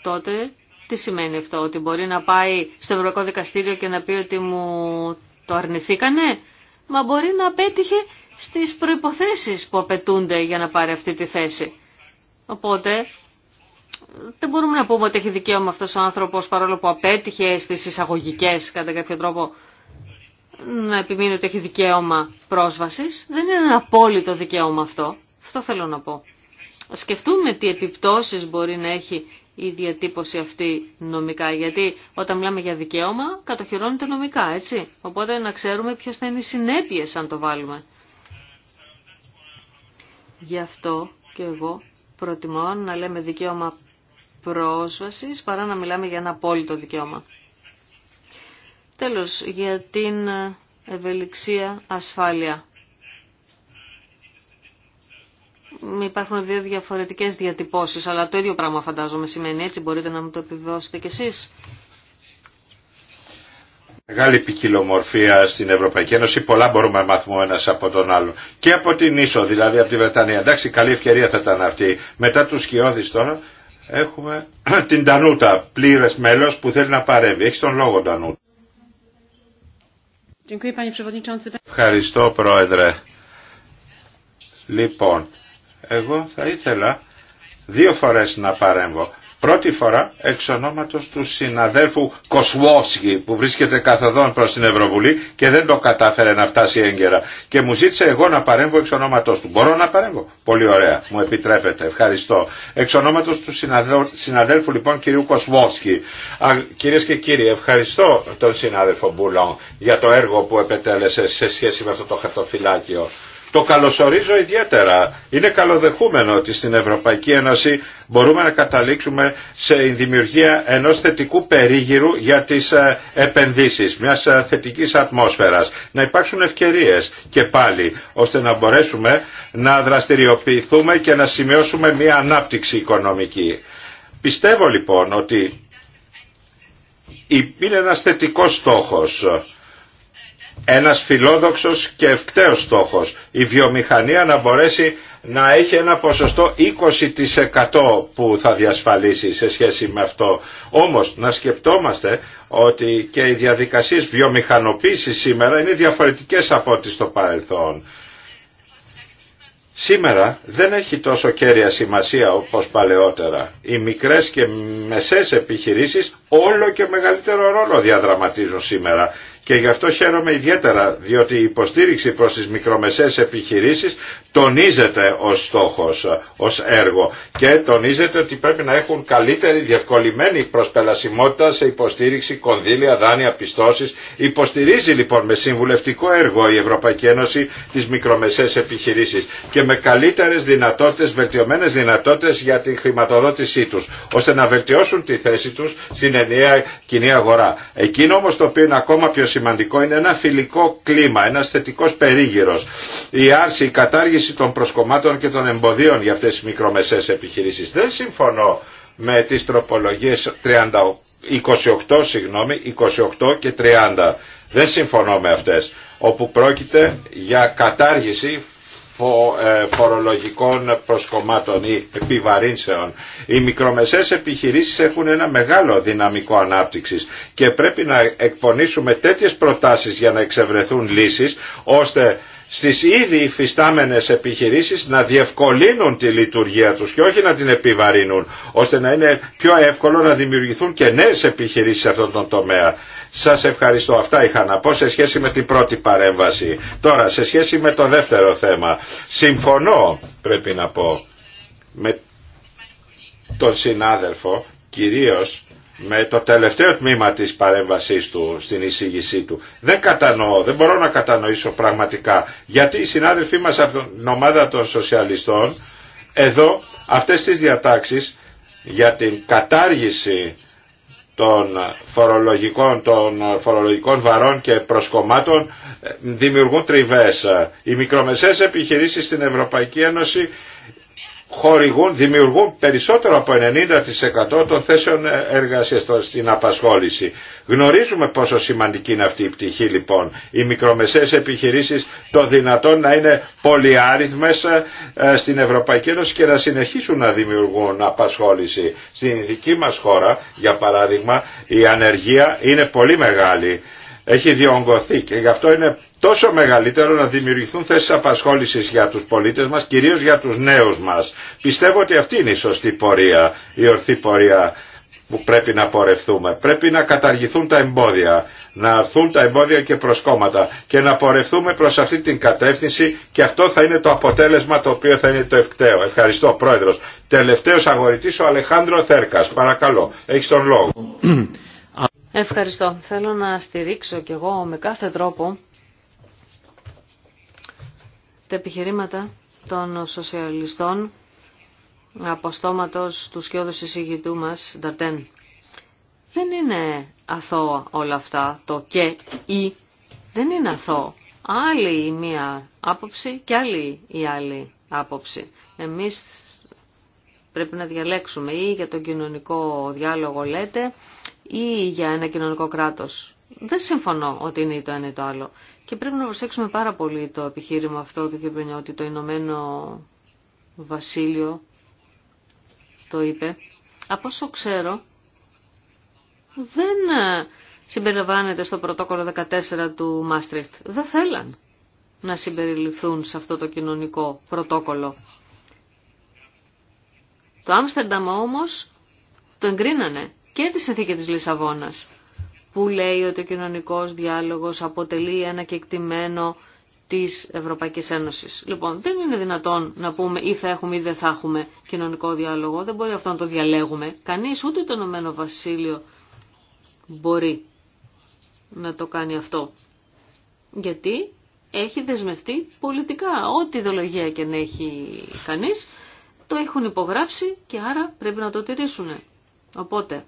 C: τότε τι σημαίνει αυτό, ότι μπορεί να πάει στο Ευρωπαϊκό Δικαστήριο και να πει ότι μου το αρνηθήκανε, μα μπορεί να απέτυχε στις προϋποθέσεις που απαιτούνται για να πάρει αυτή τη θέση. Οπότε δεν μπορούμε να πούμε ότι έχει δικαίωμα αυτός ο άνθρωπος παρόλο που απέτυχε στις εισαγωγικές κατά κάποιο τρόπο να επιμείνει ότι έχει δικαίωμα πρόσβασης. Δεν είναι ένα απόλυτο δικαίωμα αυτό. Αυτό θέλω να πω. Σκεφτούμε τι επιπτώσεις μπορεί να έχει η διατύπωση αυτή νομικά, γιατί όταν μιλάμε για δικαίωμα κατοχυρώνεται νομικά, έτσι. Οπότε να ξέρουμε ποιε θα είναι οι συνέπειες αν το βάλουμε. Γι' αυτό και εγώ προτιμώ να λέμε δικαίωμα πρόσβασης παρά να μιλάμε για ένα απόλυτο δικαίωμα. Τέλος, για την ευελιξία ασφάλεια. υπάρχουν δύο διαφορετικές διατυπώσεις, αλλά το ίδιο πράγμα φαντάζομαι σημαίνει έτσι, μπορείτε να μου το επιβεβαιώσετε κι εσείς.
A: Μεγάλη ποικιλομορφία στην Ευρωπαϊκή Ένωση, πολλά μπορούμε να μάθουμε ένα από τον άλλον. Και από την ίσο, δηλαδή από τη Βρετανία. Εντάξει, καλή ευκαιρία θα ήταν αυτή. Μετά του Σκιώδη τώρα έχουμε την Τανούτα, πλήρες μέλος που θέλει να παρέμβει. Έχει τον λόγο, Τανούτα. Ευχαριστώ, Πρόεδρε. Λοιπόν, εγώ θα ήθελα δύο φορές να παρέμβω. Πρώτη φορά εξ ονόματος του συναδέλφου Κοσουόφσκι που βρίσκεται καθοδόν προς την Ευρωβουλή και δεν το κατάφερε να φτάσει έγκαιρα. Και μου ζήτησε εγώ να παρέμβω εξ ονόματος του. Μπορώ να παρέμβω. Πολύ ωραία. Μου επιτρέπετε. Ευχαριστώ. Εξ ονόματος του συναδέλφου λοιπόν κυρίου Κοσουόφσκι. Κυρίες και κύριοι, ευχαριστώ τον συνάδελφο Μπουλόν για το έργο που επετέλεσε σε σχέση με αυτό το χαρτοφυλάκιο. Το καλωσορίζω ιδιαίτερα. Είναι καλοδεχούμενο ότι στην Ευρωπαϊκή Ένωση μπορούμε να καταλήξουμε σε δημιουργία ενός θετικού περίγυρου για τις ε, επενδύσεις, μιας ε, θετικής ατμόσφαιρας. Να υπάρξουν ευκαιρίες και πάλι, ώστε να μπορέσουμε να δραστηριοποιηθούμε και να σημειώσουμε μια ανάπτυξη οικονομική. Πιστεύω λοιπόν ότι είναι ένας θετικός στόχος ένας φιλόδοξος και ευκταίος στόχος. Η βιομηχανία να μπορέσει να έχει ένα ποσοστό 20% που θα διασφαλίσει σε σχέση με αυτό. Όμως να σκεπτόμαστε ότι και οι διαδικασίες βιομηχανοποίησης σήμερα είναι διαφορετικές από ό,τι στο παρελθόν σήμερα δεν έχει τόσο κέρια σημασία όπως παλαιότερα. Οι μικρές και μεσές επιχειρήσεις όλο και μεγαλύτερο ρόλο διαδραματίζουν σήμερα και γι' αυτό χαίρομαι ιδιαίτερα διότι η υποστήριξη προς τις μικρομεσαίες επιχειρήσεις τονίζεται ως στόχος, ως έργο και τονίζεται ότι πρέπει να έχουν καλύτερη διευκολυμένη προσπελασιμότητα σε υποστήριξη, κονδύλια, δάνεια, πιστώσεις. Υποστηρίζει λοιπόν με συμβουλευτικό έργο η Ευρωπαϊκή Ένωση τις μικρομεσαίες επιχειρήσεις με καλύτερες δυνατότητες, βελτιωμένες δυνατότητες για τη χρηματοδότησή τους, ώστε να βελτιώσουν τη θέση τους στην ενιαία κοινή αγορά. Εκείνο όμως το οποίο είναι ακόμα πιο σημαντικό είναι ένα φιλικό κλίμα, ένα θετικό περίγυρος. Η άρση, η κατάργηση των προσκομμάτων και των εμποδίων για αυτές τις μικρομεσαίες επιχειρήσεις. Δεν συμφωνώ με τις τροπολογίες 30, 28, συγγνώμη, 28 και 30. Δεν συμφωνώ με αυτές όπου πρόκειται για κατάργηση ε, φορολογικών προσκομμάτων ή επιβαρύνσεων. Οι μικρομεσαίες επιχειρήσεις έχουν ένα μεγάλο δυναμικό ανάπτυξης και πρέπει να εκπονήσουμε τέτοιες προτάσεις για να εξευρεθούν λύσεις ώστε στις ήδη υφιστάμενες επιχειρήσεις να διευκολύνουν τη λειτουργία τους και όχι να την επιβαρύνουν, ώστε να είναι πιο εύκολο να δημιουργηθούν και νέες επιχειρήσεις σε αυτόν τον τομέα. Σας ευχαριστώ. Αυτά είχα να πω σε σχέση με την πρώτη παρέμβαση. Τώρα, σε σχέση με το δεύτερο θέμα. Συμφωνώ, πρέπει να πω, με τον συνάδελφο, κυρίως με το τελευταίο τμήμα της παρέμβασής του στην εισήγησή του. Δεν κατανοώ, δεν μπορώ να κατανοήσω πραγματικά γιατί οι συνάδελφοί μας από την ομάδα των σοσιαλιστών εδώ αυτές τις διατάξεις για την κατάργηση των φορολογικών, των φορολογικών βαρών και προσκομμάτων ε, δημιουργούν τριβές. Οι μικρομεσαίες επιχειρήσεις στην Ευρωπαϊκή Ένωση χορηγούν, δημιουργούν περισσότερο από 90% των θέσεων ε, εργασίας στην απασχόληση. Γνωρίζουμε πόσο σημαντική είναι αυτή η πτυχή λοιπόν. Οι μικρομεσαίες επιχειρήσεις το δυνατόν να είναι πολυάριθμες ε, ε, στην Ευρωπαϊκή Ένωση και να συνεχίσουν να δημιουργούν απασχόληση. Στην δική μας χώρα, για παράδειγμα, η ανεργία είναι πολύ μεγάλη έχει διονγκωθεί και γι' αυτό είναι τόσο μεγαλύτερο να δημιουργηθούν θέσεις απασχόλησης για τους πολίτες μας, κυρίως για τους νέους μας. Πιστεύω ότι αυτή είναι η σωστή πορεία, η ορθή πορεία που πρέπει να πορευτούμε. Πρέπει να καταργηθούν τα εμπόδια, να αρθούν τα εμπόδια και προσκόμματα και να πορευτούμε προς αυτή την κατεύθυνση και αυτό θα είναι το αποτέλεσμα το οποίο θα είναι το ευκταίο. Ευχαριστώ Πρόεδρος. Τελευταίος αγορητής ο Αλεχάνδρο Θέρκας. Παρακαλώ, Έχει τον λόγο.
C: Ευχαριστώ. Θέλω να στηρίξω κι εγώ με κάθε τρόπο τα επιχειρήματα των σοσιαλιστών από στόματος του σκιώδους εισηγητού μας, Νταρτέν. Δεν είναι αθώα όλα αυτά, το και ή δεν είναι αθώο. Άλλη η μία άποψη και άλλη η άλλη άποψη. Εμείς πρέπει να διαλέξουμε ή για τον κοινωνικό διάλογο λέτε ή για ένα κοινωνικό κράτος. Δεν συμφωνώ ότι είναι ή το ένα ή το άλλο. Και πρέπει να προσέξουμε πάρα πολύ το επιχείρημα αυτό του κ. ότι το Ηνωμένο Βασίλειο το είπε. Από όσο ξέρω, δεν ε, συμπεριλαμβάνεται στο πρωτόκολλο 14 του Μάστριχτ. Δεν θέλαν να συμπεριληφθούν σε αυτό το κοινωνικό πρωτόκολλο. Το Άμστερνταμ όμως το εγκρίνανε και τη συνθήκη της Λισαβόνας που λέει ότι ο κοινωνικός διάλογος αποτελεί ένα κεκτημένο της Ευρωπαϊκής Ένωσης. Λοιπόν, δεν είναι δυνατόν να πούμε ή θα έχουμε ή δεν θα έχουμε κοινωνικό διάλογο. Δεν μπορεί αυτό να το διαλέγουμε. Κανείς ούτε το Ηνωμένο Βασίλειο μπορεί να το κάνει αυτό. Γιατί έχει δεσμευτεί πολιτικά. Ό,τι ιδεολογία και να έχει κανείς, το έχουν υπογράψει και άρα πρέπει να το τηρήσουν. Οπότε,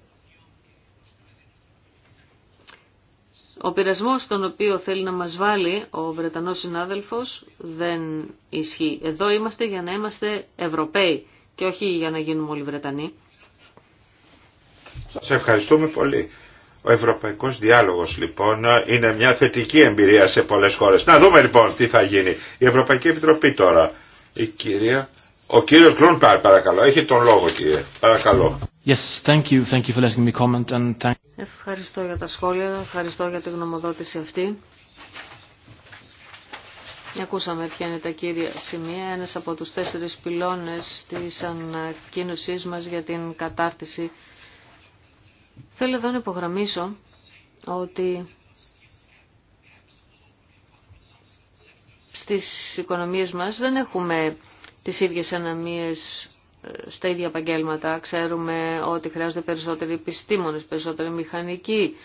C: Ο πειρασμό στον οποίο θέλει να μας βάλει ο Βρετανός συνάδελφος δεν ισχύει. Εδώ είμαστε για να είμαστε Ευρωπαίοι και όχι για να γίνουμε όλοι Βρετανοί.
A: Σας ευχαριστούμε πολύ. Ο ευρωπαϊκός διάλογος λοιπόν είναι μια θετική εμπειρία σε πολλές χώρες. Να δούμε λοιπόν τι θα γίνει. Η Ευρωπαϊκή Επιτροπή τώρα. Η κυρία... Ο κύριος Γκρούνπαρ παρακαλώ. Έχει τον λόγο κύριε. Παρακαλώ.
C: Yes, thank you. Thank you for letting me comment and thank... Ευχαριστώ για τα σχόλια, ευχαριστώ για την γνωμοδότηση αυτή. Ακούσαμε ποια είναι τα κύρια σημεία, ένας από τους τέσσερις πυλώνες της ανακοίνωσής μας για την κατάρτιση. Θέλω εδώ να υπογραμμίσω ότι στις οικονομίες μας δεν έχουμε τις ίδιες αναμίες στα ίδια επαγγέλματα. Ξέρουμε ότι χρειάζονται περισσότεροι επιστήμονες, περισσότεροι μηχανικοί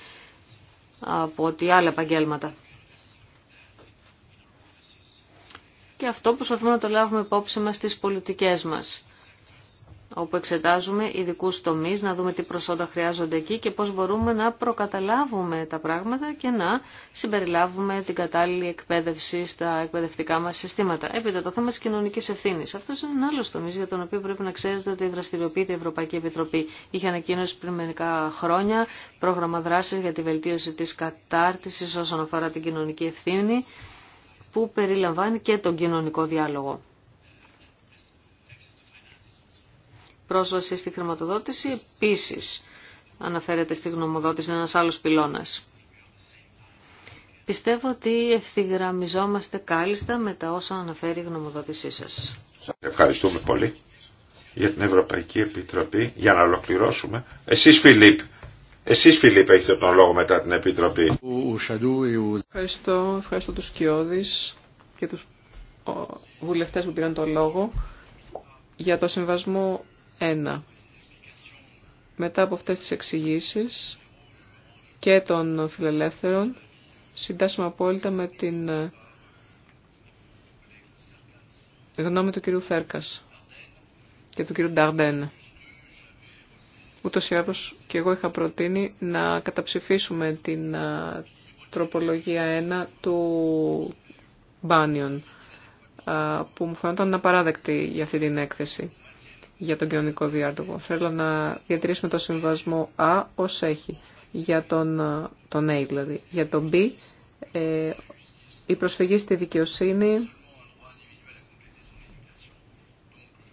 C: από ότι άλλα επαγγέλματα. Και αυτό προσπαθούμε να το λάβουμε υπόψη μας στις πολιτικές μας όπου εξετάζουμε ειδικού τομεί να δούμε τι προσόντα χρειάζονται εκεί και πώς μπορούμε να προκαταλάβουμε τα πράγματα και να συμπεριλάβουμε την κατάλληλη εκπαίδευση στα εκπαιδευτικά μας συστήματα. Έπειτα το θέμα της κοινωνικής ευθύνης. Αυτό είναι ένα άλλος τομής για τον οποίο πρέπει να ξέρετε ότι δραστηριοποιείται η Ευρωπαϊκή Επιτροπή. Είχε ανακοίνωση πριν μερικά χρόνια, πρόγραμμα δράσης για τη βελτίωση της κατάρτισης όσον αφορά την κοινωνική ευθύνη που περιλαμβάνει και τον κοινωνικό διάλογο. πρόσβαση στη χρηματοδότηση επίση αναφέρεται στη γνωμοδότηση ένας άλλος πυλώνας. Πιστεύω ότι ευθυγραμμιζόμαστε κάλλιστα με τα όσα αναφέρει η γνωμοδότησή σας.
A: ευχαριστούμε πολύ για την Ευρωπαϊκή Επιτροπή. Για να ολοκληρώσουμε, εσείς Φιλίπ, εσείς Φιλίπ έχετε τον λόγο μετά την Επιτροπή.
B: Ευχαριστώ, ευχαριστώ τους Κιώδης και τους βουλευτές που πήραν τον λόγο για το συμβασμό 1. Μετά από αυτές τις εξηγήσει και των φιλελεύθερων, συντάσσουμε απόλυτα με την ε, γνώμη του κυρίου Θέρκας και του κυρίου Νταρντέν. Ούτως ή άλλως και εγώ είχα προτείνει να καταψηφίσουμε την ε, τροπολογία 1 του Μπάνιον, ε, που μου φαίνονταν απαράδεκτη για αυτή την έκθεση για τον κοινωνικό διάλογο. Θέλω να διατηρήσουμε το συμβασμό Α ως έχει, για τον, τον A δηλαδή. Για τον B, ε, η προσφυγή στη δικαιοσύνη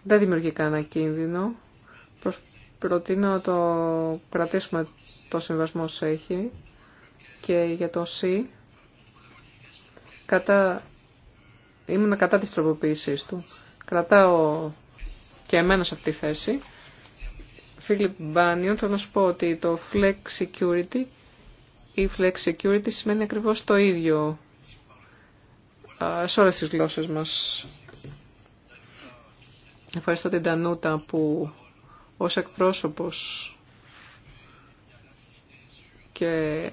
B: δεν δημιουργεί κανένα κίνδυνο. Προτείνω να το κρατήσουμε το συμβασμό ως έχει. Και για το C, κατά, ήμουν κατά της τροποποίησής του. Κρατάω και εμένα σε αυτή τη θέση. Φίλιπ Μπάνιον, θα να πω ότι το Flex Security ή Flex Security σημαίνει ακριβώς το ίδιο σε όλες τις γλώσσες μας. Ευχαριστώ την Τανούτα που ως εκπρόσωπος και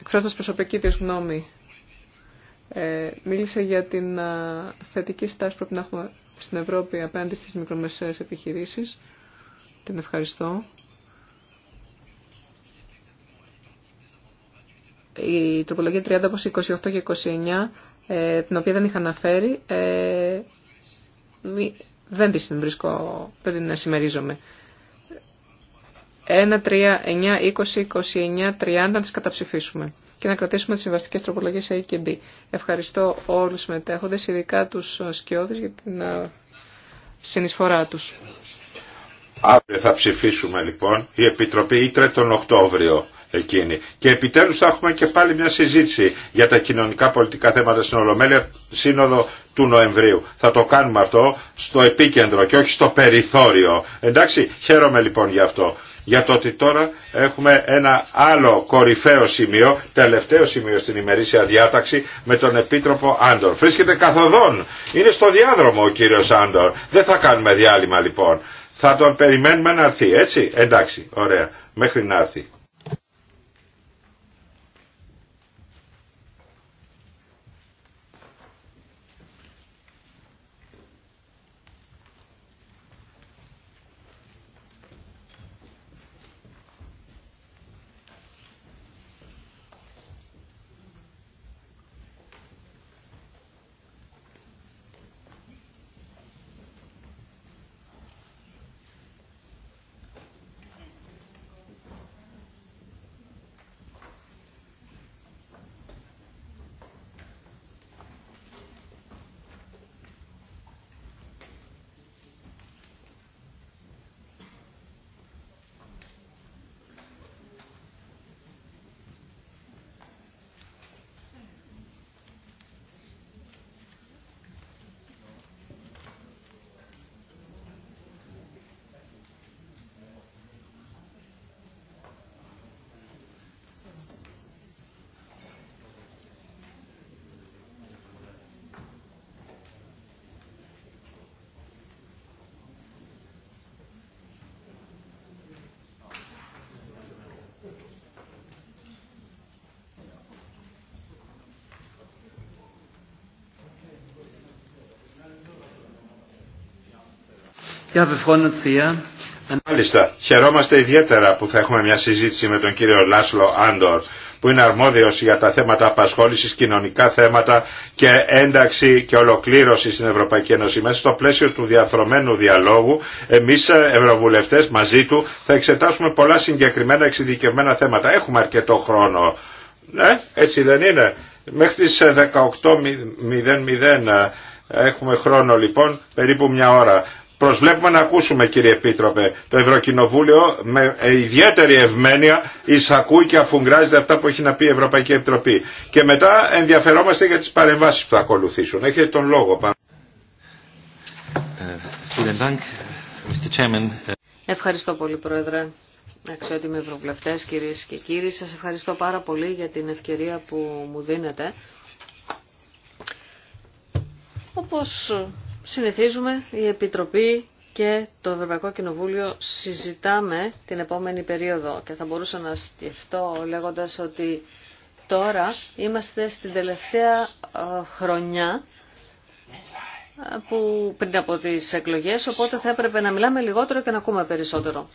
B: εκφράζοντας προσωπική της γνώμη ε, μίλησε για την θετική στάση που πρέπει να έχουμε στην Ευρώπη απέναντι στις μικρομεσαίες επιχειρήσεις. Την ευχαριστώ. Η τροπολογία 30 όπως 28 και 29, ε, την οποία δεν είχα αναφέρει, ε, δεν τη συμβρίσκω, δεν την συμμερίζομαι. 1, 3, 9, 20, 29, 30 να τις καταψηφίσουμε και να κρατήσουμε τις συμβαστικές τροπολογίες A και B. Ευχαριστώ όλους τους μετέχοντες, ειδικά τους ε, σκιώδες για την ε, συνεισφορά τους.
A: Αύριο θα ψηφίσουμε λοιπόν η Επιτροπή Ήτρε τον Οκτώβριο εκείνη. Και επιτέλους θα έχουμε και πάλι μια συζήτηση για τα κοινωνικά πολιτικά θέματα στην Ολομέλεια Σύνοδο του Νοεμβρίου. Θα το κάνουμε αυτό στο επίκεντρο και όχι στο περιθώριο. Εντάξει, χαίρομαι λοιπόν γι' αυτό για το ότι τώρα έχουμε ένα άλλο κορυφαίο σημείο, τελευταίο σημείο στην ημερήσια διάταξη με τον Επίτροπο Άντορ. Βρίσκεται καθοδόν. Είναι στο διάδρομο ο κύριος Άντορ. Δεν θα κάνουμε διάλειμμα λοιπόν. Θα τον περιμένουμε να έρθει, έτσι. Εντάξει, ωραία. Μέχρι να έρθει. Μάλιστα, χαιρόμαστε ιδιαίτερα που θα έχουμε μια συζήτηση με τον κύριο Λάσλο Άντορ που είναι αρμόδιος για τα θέματα απασχόλησης, κοινωνικά θέματα και ένταξη και ολοκλήρωση στην Ευρωπαϊκή Ένωση. Μέσα στο πλαίσιο του διαφρομένου διαλόγου, εμείς ε, ευρωβουλευτές μαζί του θα εξετάσουμε πολλά συγκεκριμένα εξειδικευμένα θέματα. Έχουμε αρκετό χρόνο. Ναι, έτσι δεν είναι. Μέχρι τις 18.00 ε, ε, έχουμε χρόνο λοιπόν, περίπου μια ώρα. Προσβλέπουμε να ακούσουμε κύριε Επίτροπε. Το Ευρωκοινοβούλιο με ιδιαίτερη ευμένεια εισακούει και αφουγκράζεται αυτά που έχει να πει η Ευρωπαϊκή Επιτροπή. Και μετά ενδιαφερόμαστε για τις παρεμβάσεις που θα ακολουθήσουν. Έχετε τον λόγο.
C: Ευχαριστώ πολύ Πρόεδρε. Αξιότιμοι Ευρωβουλευτές, κυρίες και κύριοι, σας ευχαριστώ πάρα πολύ για την ευκαιρία που μου δίνετε. Όπως συνηθίζουμε η Επιτροπή και το Ευρωπαϊκό Κοινοβούλιο συζητάμε την επόμενη περίοδο και θα μπορούσα να σκεφτώ λέγοντας ότι τώρα είμαστε στην τελευταία ε, χρονιά ε, που πριν από τις εκλογές, οπότε θα έπρεπε να μιλάμε λιγότερο και να ακούμε περισσότερο.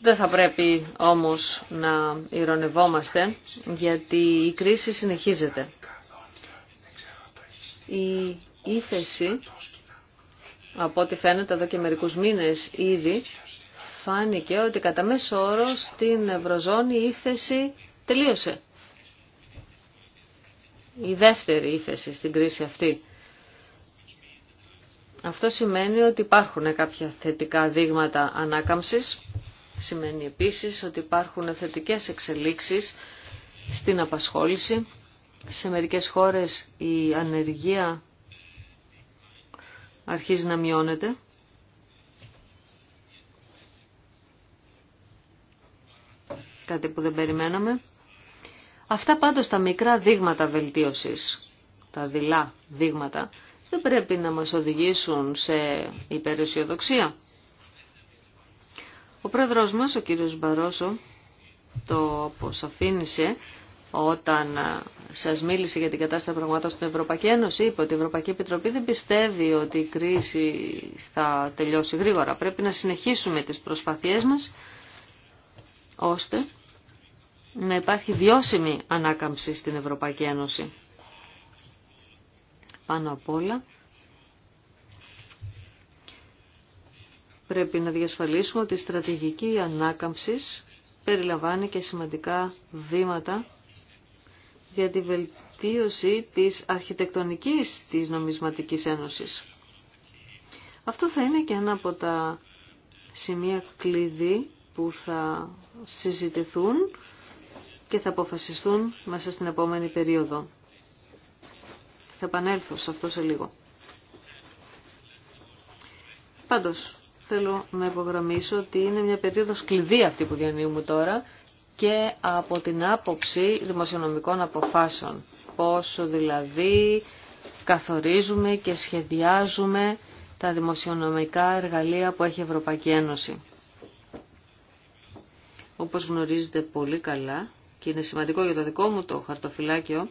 C: Δεν θα πρέπει όμως να ηρωνευόμαστε γιατί η κρίση συνεχίζεται. Η ύφεση από ό,τι φαίνεται εδώ και μερικούς μήνες ήδη φάνηκε ότι κατά μέσο όρο στην Ευρωζώνη η ύφεση τελείωσε. Η δεύτερη ύφεση στην κρίση αυτή. Αυτό σημαίνει ότι υπάρχουν κάποια θετικά δείγματα ανάκαμψης Σημαίνει επίσης ότι υπάρχουν θετικές εξελίξεις στην απασχόληση. Σε μερικές χώρες η ανεργία αρχίζει να μειώνεται. Κάτι που δεν περιμέναμε. Αυτά πάντως τα μικρά δείγματα βελτίωσης, τα δειλά δείγματα, δεν πρέπει να μας οδηγήσουν σε υπεραισιοδοξία. Ο πρόεδρος μας, ο κύριος Μπαρόσο, το αποσαφήνισε όταν ε, σας μίλησε για την κατάσταση πραγμάτων στην Ευρωπαϊκή Ένωση, είπε ότι η Ευρωπαϊκή Επιτροπή δεν πιστεύει ότι η κρίση θα τελειώσει γρήγορα. Πρέπει να συνεχίσουμε τις προσπαθίες μας, ώστε να υπάρχει διώσιμη ανάκαμψη στην Ευρωπαϊκή Ένωση. Πάνω απ' όλα, Πρέπει να διασφαλίσουμε ότι η στρατηγική ανάκαμψης περιλαμβάνει και σημαντικά βήματα για τη βελτίωση της αρχιτεκτονικής της νομισματικής ένωσης. Αυτό θα είναι και ένα από τα σημεία κλειδί που θα συζητηθούν και θα αποφασιστούν μέσα στην επόμενη περίοδο. Θα επανέλθω σε αυτό σε λίγο. Πάντως, θέλω να υπογραμμίσω ότι είναι μια περίοδος κλειδί αυτή που διανύουμε τώρα και από την άποψη δημοσιονομικών αποφάσεων. Πόσο δηλαδή καθορίζουμε και σχεδιάζουμε τα δημοσιονομικά εργαλεία που έχει η Ευρωπαϊκή Ένωση. Όπως γνωρίζετε πολύ καλά, και είναι σημαντικό για το δικό μου το χαρτοφυλάκιο,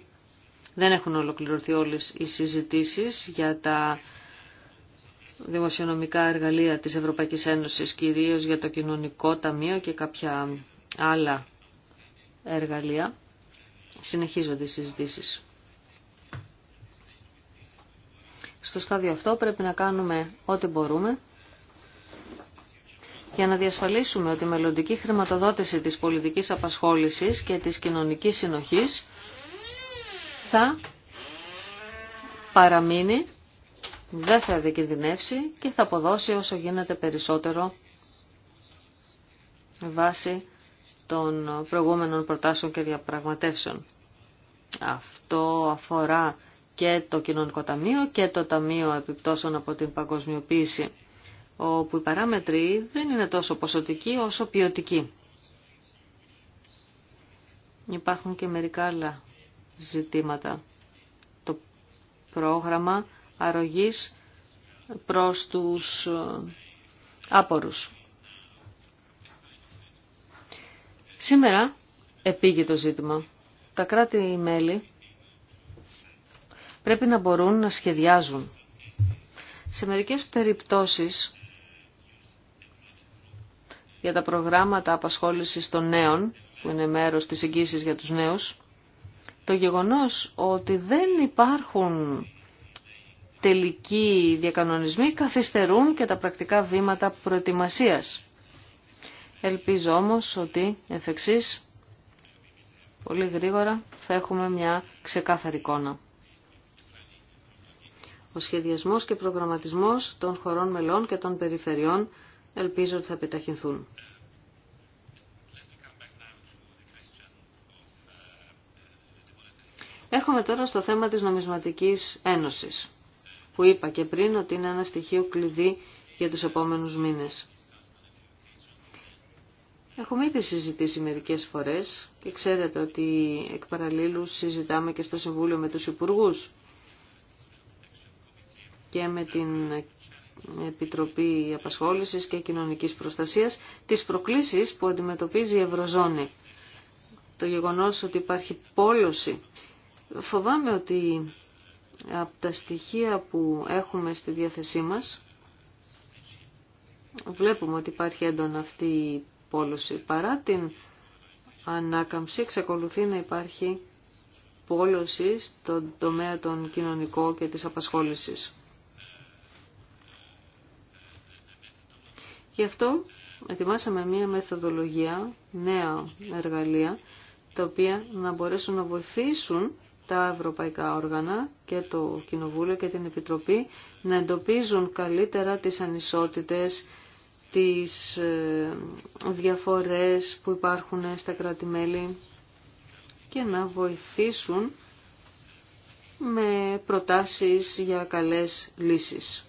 C: δεν έχουν ολοκληρωθεί όλες οι συζητήσεις για τα δημοσιονομικά εργαλεία της Ευρωπαϊκής Ένωσης, κυρίως για το Κοινωνικό Ταμείο και κάποια άλλα εργαλεία, συνεχίζονται οι συζητήσεις. Στο στάδιο αυτό πρέπει να κάνουμε ό,τι μπορούμε για να διασφαλίσουμε ότι η μελλοντική χρηματοδότηση της πολιτικής απασχόλησης και της κοινωνικής συνοχής θα παραμείνει δεν θα διακινδυνεύσει και θα αποδώσει όσο γίνεται περισσότερο βάσει των προηγούμενων προτάσεων και διαπραγματεύσεων. Αυτό αφορά και το Κοινωνικό Ταμείο και το Ταμείο Επιπτώσεων από την Παγκοσμιοποίηση, όπου οι παράμετροι δεν είναι τόσο ποσοτικοί όσο ποιοτικοί. Υπάρχουν και μερικά άλλα ζητήματα. Το πρόγραμμα αρρωγής προς τους ε, άπορους. Σήμερα επήγει το ζήτημα. Τα κράτη-μέλη πρέπει να μπορούν να σχεδιάζουν. Σε μερικές περιπτώσεις για τα προγράμματα απασχόλησης των νέων, που είναι μέρος της εγγύησης για τους νέους, το γεγονός ότι δεν υπάρχουν τελικοί διακανονισμοί καθυστερούν και τα πρακτικά βήματα προετοιμασίας. Ελπίζω όμως ότι εφ' εξής, πολύ γρήγορα θα έχουμε μια ξεκάθαρη εικόνα. Ο σχεδιασμός και προγραμματισμός των χωρών μελών και των περιφερειών ελπίζω ότι θα επιταχυνθούν. Έρχομαι τώρα στο θέμα της νομισματικής ένωσης που είπα και πριν ότι είναι ένα στοιχείο κλειδί για τους επόμενους μήνες. Έχουμε ήδη συζητήσει μερικές φορές και ξέρετε ότι εκ παραλλήλου συζητάμε και στο Συμβούλιο με τους Υπουργούς και με την Επιτροπή Απασχόλησης και Κοινωνικής Προστασίας τις προκλήσεις που αντιμετωπίζει η Ευρωζώνη. Το γεγονός ότι υπάρχει πόλωση. Φοβάμαι ότι από τα στοιχεία που έχουμε στη διάθεσή μας βλέπουμε ότι υπάρχει έντονα αυτή η πόλωση. Παρά την ανάκαμψη εξακολουθεί να υπάρχει πόλωση στον τομέα των κοινωνικών και της απασχόλησης. Γι' αυτό ετοιμάσαμε μία μεθοδολογία, νέα εργαλεία, τα οποία να μπορέσουν να βοηθήσουν τα ευρωπαϊκά όργανα και το Κοινοβούλιο και την Επιτροπή να εντοπίζουν καλύτερα τις ανισότητες, τις ε, διαφορές που υπάρχουν στα κράτη-μέλη και να βοηθήσουν με προτάσεις για καλές λύσεις.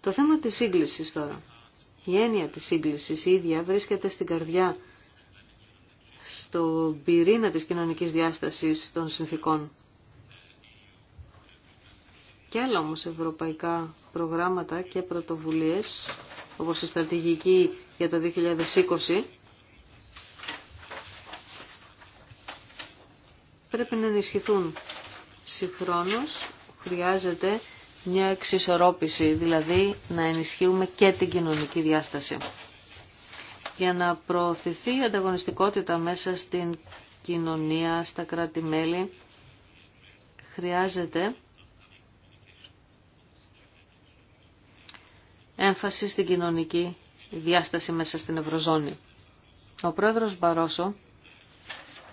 C: Το θέμα της σύγκλησης τώρα. Η έννοια της σύγκλησης ίδια βρίσκεται στην καρδιά στον πυρήνα της κοινωνικής διάστασης των συνθήκων. Και άλλα όμως ευρωπαϊκά προγράμματα και πρωτοβουλίες, όπως η στρατηγική για το 2020, πρέπει να ενισχυθούν. Συγχρόνως χρειάζεται μια εξισορρόπηση, δηλαδή να ενισχύουμε και την κοινωνική διάσταση για να προωθηθεί η ανταγωνιστικότητα μέσα στην κοινωνία, στα κράτη-μέλη. Χρειάζεται έμφαση στην κοινωνική διάσταση μέσα στην Ευρωζώνη. Ο πρόεδρος Μπαρόσο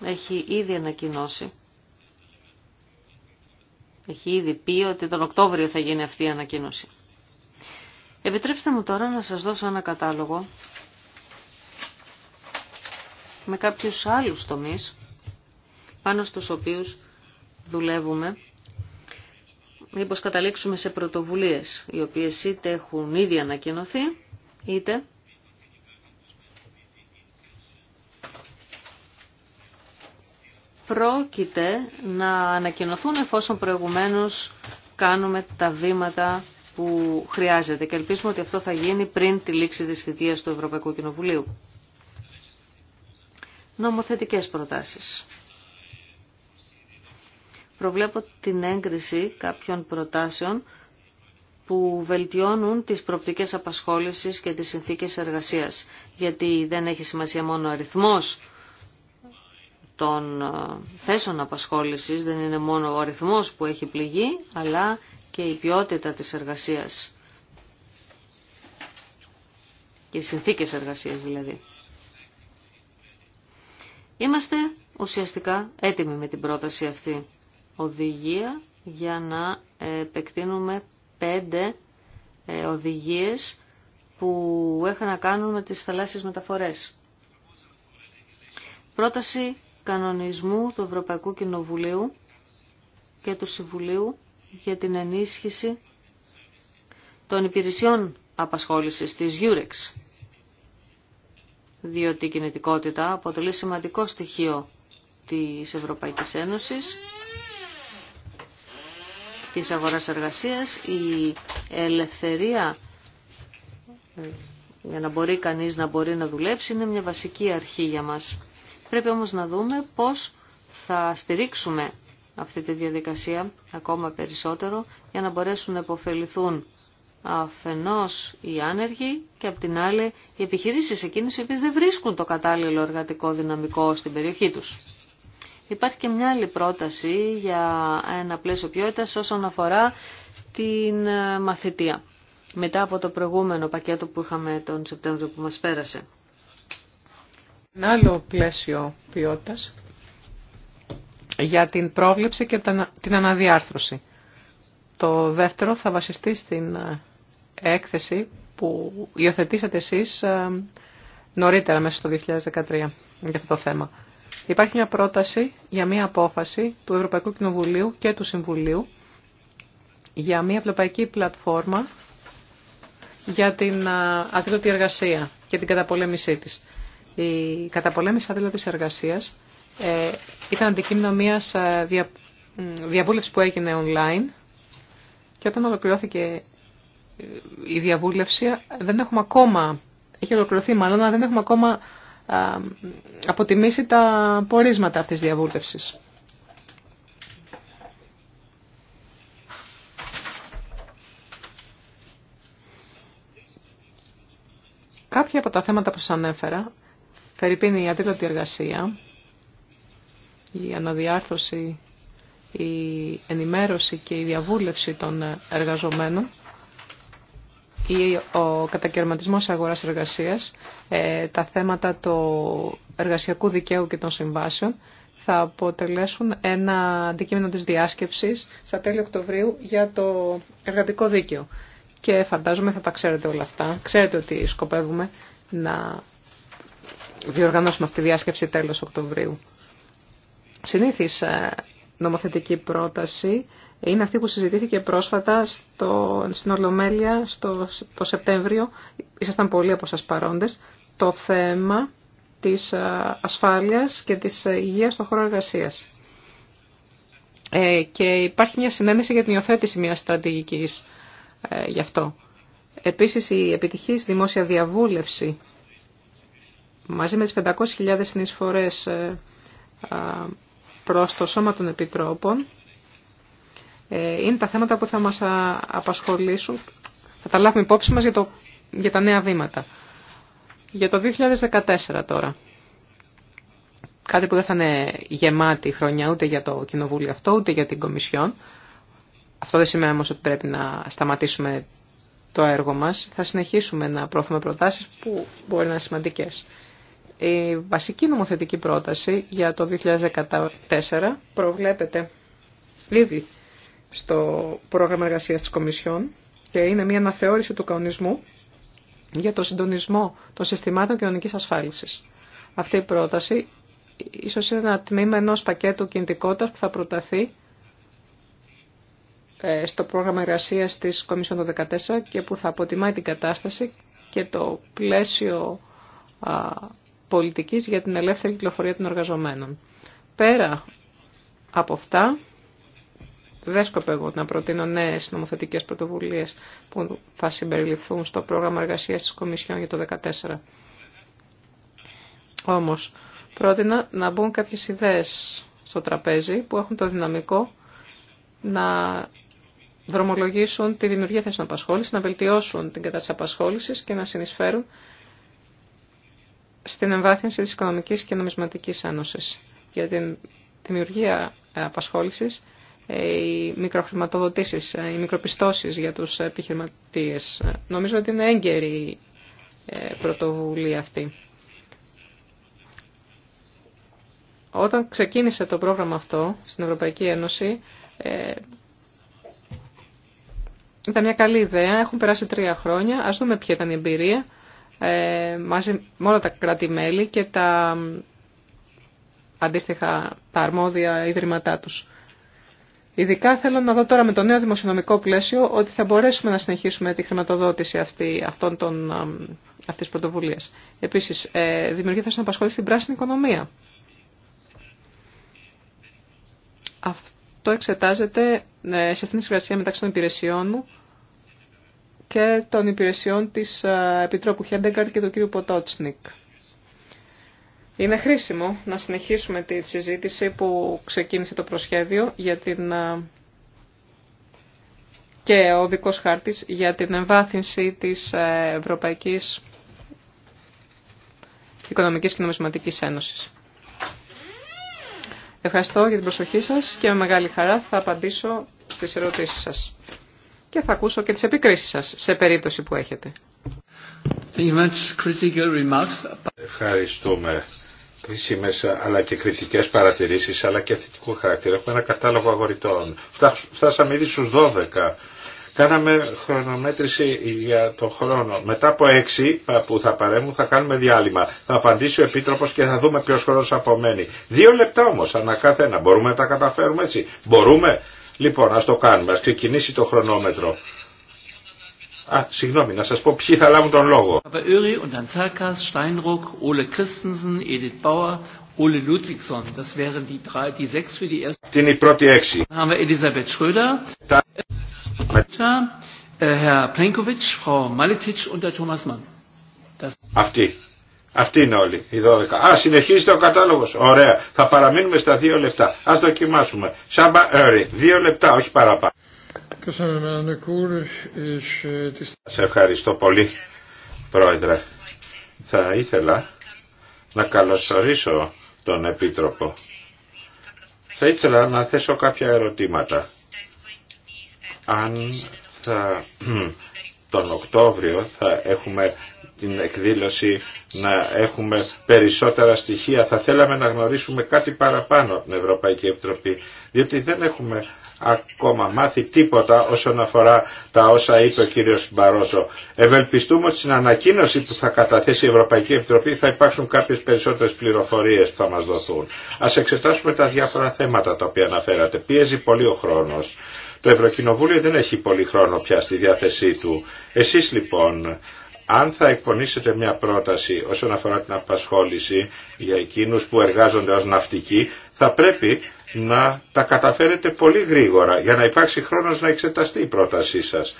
C: έχει ήδη ανακοινώσει, έχει ήδη πει ότι τον Οκτώβριο θα γίνει αυτή η ανακοίνωση. Επιτρέψτε μου τώρα να σας δώσω ένα κατάλογο με κάποιους άλλους τομείς πάνω στους οποίους δουλεύουμε. Μήπως καταλήξουμε σε πρωτοβουλίες, οι οποίες είτε έχουν ήδη ανακοινωθεί, είτε πρόκειται να ανακοινωθούν εφόσον προηγουμένως κάνουμε τα βήματα που χρειάζεται και ελπίζουμε ότι αυτό θα γίνει πριν τη λήξη της θητείας του Ευρωπαϊκού Κοινοβουλίου νομοθετικές προτάσεις. Προβλέπω την έγκριση κάποιων προτάσεων που βελτιώνουν τις προπτικές απασχόλησης και τις συνθήκες εργασίας, γιατί δεν έχει σημασία μόνο ο αριθμός των ε, θέσεων απασχόλησης, δεν είναι μόνο ο αριθμός που έχει πληγεί, αλλά και η ποιότητα της εργασίας και οι συνθήκες εργασίας δηλαδή. Είμαστε ουσιαστικά έτοιμοι με την πρόταση αυτή. Οδηγία για να επεκτείνουμε πέντε ε, οδηγίες που έχουν να κάνουν με τις θαλάσσιες μεταφορές. Πρόταση κανονισμού του Ευρωπαϊκού Κοινοβουλίου και του Συμβουλίου για την ενίσχυση των υπηρεσιών απασχόλησης της Eurex διότι η κινητικότητα αποτελεί σημαντικό στοιχείο της Ευρωπαϊκής Ένωσης, της αγοράς εργασίας, η ελευθερία ε, για να μπορεί κανείς να μπορεί να δουλέψει είναι μια βασική αρχή για μας. Πρέπει όμως να δούμε πώς θα στηρίξουμε αυτή τη διαδικασία ακόμα περισσότερο για να μπορέσουν να υποφεληθούν αφενός οι άνεργοι και απ' την άλλη οι επιχειρήσεις εκείνες οι οποίε δεν βρίσκουν το κατάλληλο εργατικό δυναμικό στην περιοχή τους. Υπάρχει και μια άλλη πρόταση για ένα πλαίσιο ποιότητα όσον αφορά την ε, μαθητεία. Μετά από το προηγούμενο πακέτο που είχαμε
B: τον Σεπτέμβριο που μας πέρασε. Ένα άλλο πλαίσιο ποιότητα για την πρόβλεψη και την αναδιάρθρωση. Το δεύτερο θα βασιστεί στην ε, έκθεση που υιοθετήσατε εσείς ε, νωρίτερα μέσα στο 2013 για αυτό το θέμα. Υπάρχει μια πρόταση για μια απόφαση του Ευρωπαϊκού Κοινοβουλίου και του Συμβουλίου για μια ευρωπαϊκή πλατφόρμα για την ε, τη εργασία και την καταπολέμησή της. Η καταπολέμηση αδίλωτης εργασίας ε, ήταν αντικείμενο μιας διαβούλευσης που έγινε online και όταν ολοκληρώθηκε η διαβούλευση δεν έχουμε ακόμα, έχει ολοκληρωθεί μάλλον, αλλά δεν έχουμε ακόμα αποτιμήσει τα πορίσματα αυτής της διαβούλευσης. Κάποια από τα θέματα που σας ανέφερα, περιπίνει η αντίδοτη εργασία, η αναδιάρθρωση, η ενημέρωση και η διαβούλευση των εργαζομένων, ή ο κατακαιρματισμός αγοράς εργασίας, ε, τα θέματα του εργασιακού δικαίου και των συμβάσεων, θα αποτελέσουν ένα αντικείμενο της διάσκεψης στα τέλη Οκτωβρίου για το εργατικό δίκαιο. Και φαντάζομαι θα τα ξέρετε όλα αυτά. Ξέρετε ότι σκοπεύουμε να διοργανώσουμε αυτή τη διάσκεψη τέλος Οκτωβρίου. Συνήθις ε, νομοθετική πρόταση είναι αυτή που συζητήθηκε πρόσφατα στο, στην Ορλομέλεια στο, το Σεπτέμβριο. Ήσασταν πολλοί από σας παρόντες. Το θέμα της ασφάλειας και της ε, υγείας στον χώρο εργασίας. Ε, και υπάρχει μια συνένεση για την υιοθέτηση μιας στρατηγικής ε, γι' αυτό. Επίσης η επιτυχής δημόσια διαβούλευση μαζί με τις 500.000 συνεισφορές ε, προς το Σώμα των Επιτρόπων ε, είναι τα θέματα που θα μας απασχολήσουν. Θα τα λάβουμε υπόψη μας για, το, για τα νέα βήματα. Για το 2014 τώρα. Κάτι που δεν θα είναι γεμάτη χρονιά ούτε για το Κοινοβούλιο αυτό, ούτε για την Κομισιόν. Αυτό δεν σημαίνει όμως ότι πρέπει να σταματήσουμε το έργο μας. Θα συνεχίσουμε να προωθούμε προτάσεις που μπορεί να είναι σημαντικές. Η βασική νομοθετική πρόταση για το 2014 προβλέπεται ήδη στο πρόγραμμα εργασίας της Κομισιόν και είναι μια αναθεώρηση του κανονισμού για το συντονισμό των συστημάτων κοινωνική ασφάλισης. Αυτή η πρόταση ίσως είναι ένα τμήμα ενό πακέτου κινητικότητας που θα προταθεί ε, στο πρόγραμμα εργασίας της Κομισιόν το 2014 και που θα αποτιμάει την κατάσταση και το πλαίσιο πολιτικής για την ελεύθερη κυκλοφορία των εργαζομένων. Πέρα από αυτά, δεν σκοπεύω να προτείνω νέε νομοθετικέ πρωτοβουλίε που θα συμπεριληφθούν στο πρόγραμμα εργασία τη Κομισιόν για το 2014. Όμω, πρότεινα να μπουν κάποιε ιδέε στο τραπέζι που έχουν το δυναμικό να δρομολογήσουν τη δημιουργία θέσεων απασχόληση, να βελτιώσουν την κατάσταση απασχόληση και να συνεισφέρουν στην εμβάθυνση τη οικονομική και νομισματική Ένωση για την δημιουργία απασχόληση. Ε, οι μικροχρηματοδοτήσεις, ε, οι μικροπιστώσεις για τους επιχειρηματίες. Νομίζω ότι είναι έγκαιρη ε, πρωτοβουλία αυτή. Όταν ξεκίνησε το πρόγραμμα αυτό στην Ευρωπαϊκή Ένωση, ήταν μια καλή ιδέα. Έχουν περάσει τρία χρόνια. Ας δούμε ποια ήταν η εμπειρία μαζί με όλα τα κράτη-μέλη και τα αντίστοιχα τα αρμόδια ιδρύματά τους. Ειδικά θέλω να δω τώρα με το νέο δημοσιονομικό πλαίσιο ότι θα μπορέσουμε να συνεχίσουμε τη χρηματοδότηση αυτή, αυτών των, αυτής της πρωτοβουλίας. Επίσης, ε, δημιουργεί θέση να απασχολεί στην πράσινη οικονομία. Αυτό εξετάζεται ε, σε την συγκρασία μεταξύ των υπηρεσιών μου και των υπηρεσιών της ε, Επιτρόπου Χέντεγκαρτ και του κ. Ποτότσνικ. Είναι χρήσιμο να συνεχίσουμε τη συζήτηση που ξεκίνησε το προσχέδιο για την... και ο δικός χάρτης για την εμβάθυνση της ε, Ευρωπαϊκής Οικονομικής και Νομισματικής Ένωσης. Ευχαριστώ για την προσοχή σας και με μεγάλη χαρά θα απαντήσω στις ερωτήσεις σας. Και θα ακούσω και τις επικρίσεις σας σε περίπτωση που έχετε.
A: Ευχαριστούμε κρίσιμες αλλά και κριτικέ παρατηρήσει, αλλά και θετικού χαρακτήρα. Έχουμε ένα κατάλογο αγοριτών. Φτάσαμε ήδη στου 12. Κάναμε χρονομέτρηση για το χρόνο. Μετά από 6 που θα παρέμουν θα κάνουμε διάλειμμα. Θα απαντήσει ο επίτροπο και θα δούμε ποιο χρόνος απομένει. Δύο λεπτά όμω ανά κάθε ένα. Μπορούμε να τα καταφέρουμε έτσι. Μπορούμε. Λοιπόν, α το κάνουμε. α ξεκινήσει το χρονόμετρο. Α, συγγνώμη, να σας πω ποιοι θα λάβουν τον λόγο. Ole Ludwigsson, das wären die drei, die sechs für die Αυτή είναι η πρώτη έξι. Haben wir Elisabeth Schröder, äh, Herr Plenkovic, Frau Maletic und der Thomas Mann. Das... είναι όλοι, οι δώδεκα. Α, συνεχίζεται ο κατάλογο. Ωραία. Θα παραμείνουμε στα δύο λεπτά. Α δοκιμάσουμε. Σάμπα Έρι, δύο λεπτά, όχι παραπάνω. Σε ευχαριστώ πολύ, Πρόεδρε. Θα ήθελα να καλωσορίσω τον Επίτροπο. Θα ήθελα να θέσω κάποια ερωτήματα. Αν θα, τον Οκτώβριο θα έχουμε την εκδήλωση να έχουμε περισσότερα στοιχεία. Θα θέλαμε να γνωρίσουμε κάτι παραπάνω από την Ευρωπαϊκή Επιτροπή, διότι δεν έχουμε ακόμα μάθει τίποτα όσον αφορά τα όσα είπε ο κύριος Μπαρόζο. Ευελπιστούμε ότι στην ανακοίνωση που θα καταθέσει η Ευρωπαϊκή Επιτροπή θα υπάρξουν κάποιες περισσότερες πληροφορίες που θα μας δοθούν. Ας εξετάσουμε τα διάφορα θέματα τα οποία αναφέρατε. Πίεζει πολύ ο χρόνος. Το Ευρωκοινοβούλιο δεν έχει πολύ χρόνο πια στη διάθεσή του. Εσείς λοιπόν αν θα εκπονήσετε μια πρόταση όσον αφορά την απασχόληση για εκείνους που εργάζονται ως ναυτικοί, θα πρέπει να τα καταφέρετε πολύ γρήγορα για να υπάρξει χρόνος να εξεταστεί η πρότασή σας.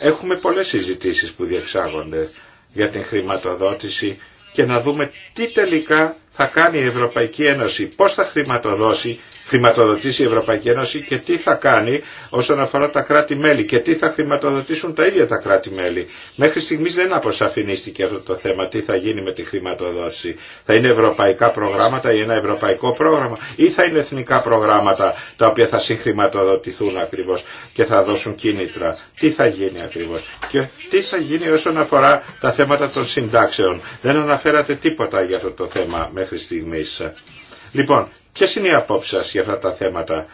A: Έχουμε πολλές συζητήσεις που διεξάγονται για την χρηματοδότηση και να δούμε τι τελικά θα κάνει η Ευρωπαϊκή Ένωση, πώς θα χρηματοδώσει χρηματοδοτήσει η Ευρωπαϊκή Ένωση και τι θα κάνει όσον αφορά τα κράτη-μέλη και τι θα χρηματοδοτήσουν τα ίδια τα κράτη-μέλη. Μέχρι στιγμή δεν αποσαφινίστηκε αυτό το θέμα, τι θα γίνει με τη χρηματοδότηση. Θα είναι ευρωπαϊκά προγράμματα ή ένα ευρωπαϊκό πρόγραμμα ή θα είναι εθνικά προγράμματα τα οποία θα συγχρηματοδοτηθούν ακριβώ και θα δώσουν κίνητρα. Τι θα γίνει ακριβώ. Και τι θα γίνει όσον αφορά τα θέματα των συντάξεων. Δεν αναφέρατε τίποτα για αυτό το θέμα μέχρι στιγμή. Λοιπόν, Ποιε είναι οι απόψει σα για αυτά τα θέματα,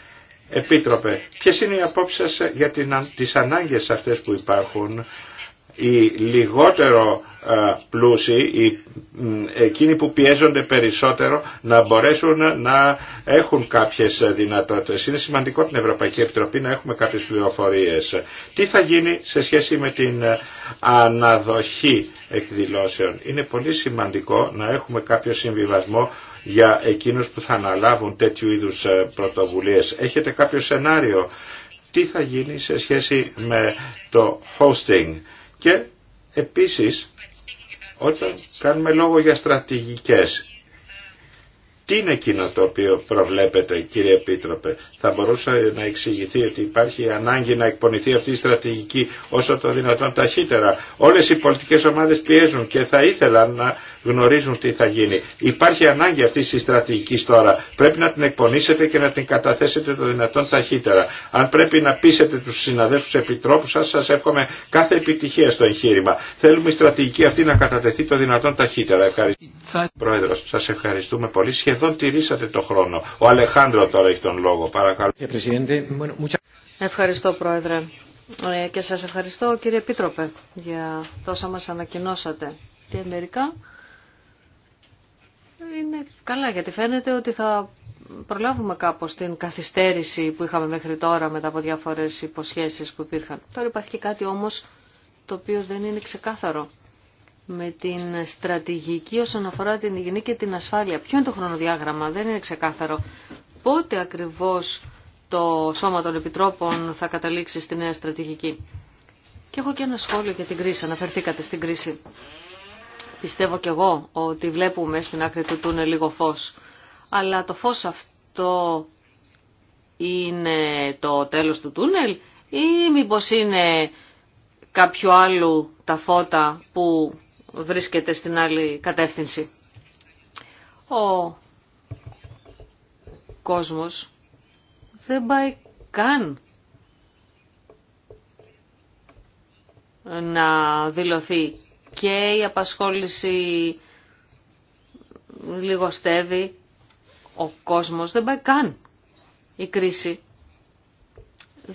A: Επίτροπε, ποιε είναι οι απόψει σα για τι ανάγκε αυτέ που υπάρχουν, οι λιγότερο ε, πλούσιοι, οι, εκείνοι που πιέζονται περισσότερο να μπορέσουν να έχουν κάποιες δυνατότητες. Είναι σημαντικό την Ευρωπαϊκή Επιτροπή να έχουμε κάποιες πληροφορίε. Τι θα γίνει σε σχέση με την ε, αναδοχή εκδηλώσεων. Είναι πολύ σημαντικό να έχουμε κάποιο συμβιβασμό για εκείνους που θα αναλάβουν τέτοιου είδους ε, πρωτοβουλίες. Έχετε κάποιο σενάριο. Τι θα γίνει σε σχέση με το hosting. Και επίσης όταν κάνουμε λόγο για στρατηγικές τι είναι εκείνο το οποίο προβλέπετε κύριε Επίτροπε. Θα μπορούσε να εξηγηθεί ότι υπάρχει ανάγκη να εκπονηθεί αυτή η στρατηγική όσο το δυνατόν ταχύτερα. Όλες οι πολιτικές ομάδες πιέζουν και θα ήθελαν να γνωρίζουν τι θα γίνει. Υπάρχει ανάγκη αυτή τη στρατηγική τώρα. Πρέπει να την εκπονήσετε και να την καταθέσετε το δυνατόν ταχύτερα. Αν πρέπει να πείσετε του συναδέλφου επιτρόπου σα, σα εύχομαι κάθε επιτυχία στο εγχείρημα. Θέλουμε η στρατηγική αυτή να κατατεθεί το δυνατόν ταχύτερα. Ευχαριστώ. Πρόεδρο, σα ευχαριστούμε πολύ. Σχεδόν τηρήσατε το χρόνο. Ο Αλεχάνδρο τώρα έχει τον λόγο. Παρακαλώ.
C: Ευχαριστώ, Πρόεδρε. Ε, και σας ευχαριστώ κύριε Επίτροπε για τόσα μας ανακοινώσατε και μερικά είναι καλά γιατί φαίνεται ότι θα προλάβουμε κάπως την καθυστέρηση που είχαμε μέχρι τώρα μετά από διάφορες υποσχέσεις που υπήρχαν. Τώρα υπάρχει και κάτι όμως το οποίο δεν είναι ξεκάθαρο με την στρατηγική όσον αφορά την υγιεινή και την ασφάλεια. Ποιο είναι το χρονοδιάγραμμα, δεν είναι ξεκάθαρο. Πότε ακριβώς το Σώμα των Επιτρόπων θα καταλήξει στη νέα στρατηγική. Και έχω και ένα σχόλιο για την κρίση, αναφερθήκατε στην κρίση. Πιστεύω κι εγώ ότι βλέπουμε στην άκρη του τούνελ λίγο φως. Αλλά το φως αυτό είναι το τέλος του τούνελ ή μήπως είναι κάποιο άλλο τα φώτα που βρίσκεται στην άλλη κατεύθυνση. Ο κόσμος δεν πάει καν να δηλωθεί και η απασχόληση λιγοστεύει. Ο κόσμος δεν πάει καν η κρίση.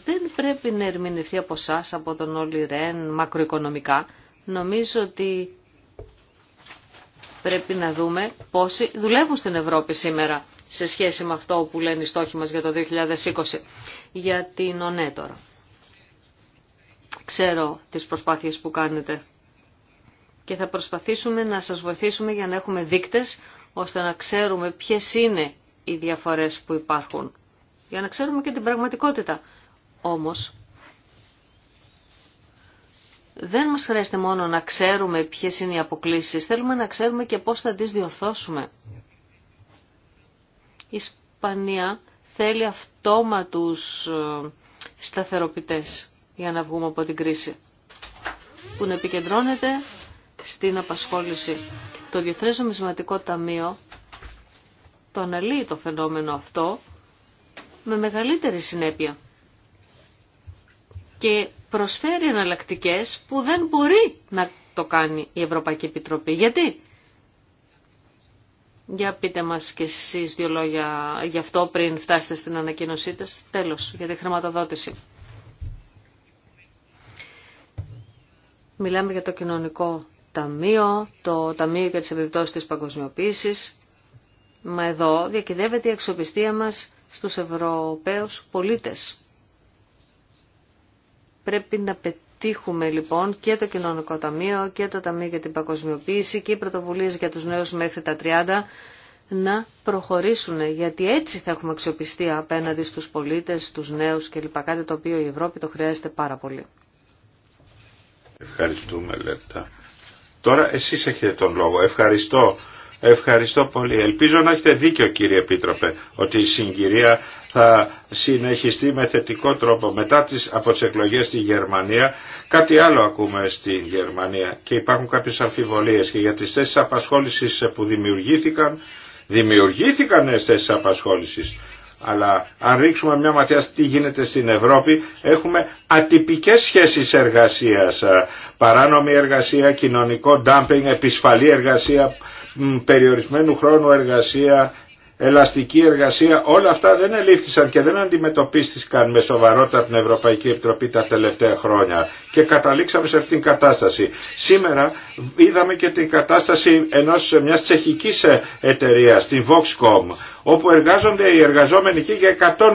C: Δεν πρέπει να ερμηνευτεί από εσά, από τον Όλυ Ρεν, μακροοικονομικά. Νομίζω ότι πρέπει να δούμε πόσοι δουλεύουν στην Ευρώπη σήμερα σε σχέση με αυτό που λένε οι στόχοι μας για το 2020. Για την ΟΝΕ τώρα. Ξέρω τις προσπάθειες που κάνετε και θα προσπαθήσουμε να σας βοηθήσουμε για να έχουμε δείκτες ώστε να ξέρουμε ποιες είναι οι διαφορές που υπάρχουν. Για να ξέρουμε και την πραγματικότητα. Όμως, δεν μας χρειάζεται μόνο να ξέρουμε ποιες είναι οι αποκλήσεις, θέλουμε να ξέρουμε και πώς θα τις διορθώσουμε. Η Ισπανία θέλει αυτόματους ε, σταθεροποιητές για να βγούμε από την κρίση, που να επικεντρώνεται στην απασχόληση. Το Διεθνές Νομισματικό Ταμείο το αναλύει το φαινόμενο αυτό με μεγαλύτερη συνέπεια και προσφέρει εναλλακτικέ που δεν μπορεί να το κάνει η Ευρωπαϊκή Επιτροπή. Γιατί? Για πείτε μας και εσείς δύο λόγια γι' αυτό πριν φτάσετε στην ανακοίνωσή της Τέλος, για τη χρηματοδότηση. Μιλάμε για το κοινωνικό ταμείο, το ταμείο για τις επιπτώσεις της παγκοσμιοποίησης. Μα εδώ διακυδεύεται η αξιοπιστία μας στους Ευρωπαίους πολίτες. Πρέπει να πετύχουμε λοιπόν και το Κοινωνικό Ταμείο και το Ταμείο για την Παγκοσμιοποίηση και οι πρωτοβουλίες για τους νέους μέχρι τα 30 να προχωρήσουν, γιατί έτσι θα έχουμε αξιοπιστία απέναντι στους πολίτες, στους νέους κλπ. Κάτι το οποίο η Ευρώπη το χρειάζεται πάρα πολύ.
A: Ευχαριστούμε λεπτά. Τώρα εσείς έχετε τον λόγο. Ευχαριστώ. Ευχαριστώ πολύ. Ελπίζω να έχετε δίκιο κύριε Επίτροπε ότι η συγκυρία θα συνεχιστεί με θετικό τρόπο μετά τις, από τις εκλογές στη Γερμανία. Κάτι άλλο ακούμε στη Γερμανία και υπάρχουν κάποιες αμφιβολίες και για τις θέσεις απασχόλησης που δημιουργήθηκαν, δημιουργήθηκαν θέσεις απασχόλησης. Αλλά αν ρίξουμε μια ματιά τι γίνεται στην Ευρώπη, έχουμε ατυπικές σχέσεις εργασίας, ε, παράνομη εργασία, κοινωνικό dumping, επισφαλή εργασία, περιορισμένου χρόνου εργασία, ελαστική εργασία, όλα αυτά δεν ελήφθησαν και δεν αντιμετωπίστηκαν με σοβαρότητα την Ευρωπαϊκή Επιτροπή τα τελευταία χρόνια και καταλήξαμε σε αυτήν την κατάσταση. Σήμερα είδαμε και την κατάσταση ενός μιας τσεχικής εταιρείας, την Voxcom, όπου εργάζονται οι εργαζόμενοι εκεί για 120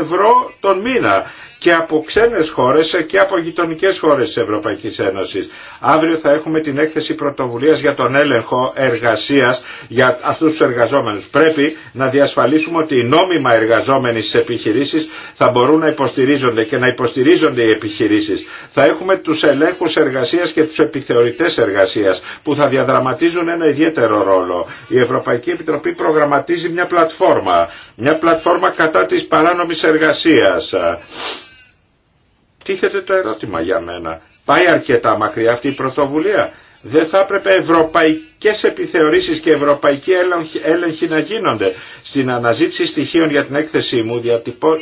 A: ευρώ τον μήνα και από ξένες χώρες και από γειτονικέ χώρες της Ευρωπαϊκής Ένωσης. Αύριο θα έχουμε την έκθεση πρωτοβουλίας για τον έλεγχο εργασίας για αυτούς τους εργαζόμενους. Πρέπει να διασφαλίσουμε ότι οι νόμιμα εργαζόμενοι στις επιχειρήσεις θα μπορούν να υποστηρίζονται και να υποστηρίζονται οι επιχειρήσεις. Θα έχουμε τους ελέγχους εργασίας και τους επιθεωρητές εργασίας που θα διαδραματίζουν ένα ιδιαίτερο ρόλο. Η Ευρωπαϊκή Επιτροπή προγραμματίζει μια πλατφόρμα, μια πλατφόρμα κατά της παράνομης εργασίας τίθεται το ερώτημα για μένα. Πάει αρκετά μακριά αυτή η πρωτοβουλία. Δεν θα έπρεπε ευρωπαϊκή σε επιθεωρήσεις και ευρωπαϊκοί έλεγχοι να γίνονται. Στην αναζήτηση στοιχείων για την έκθεσή μου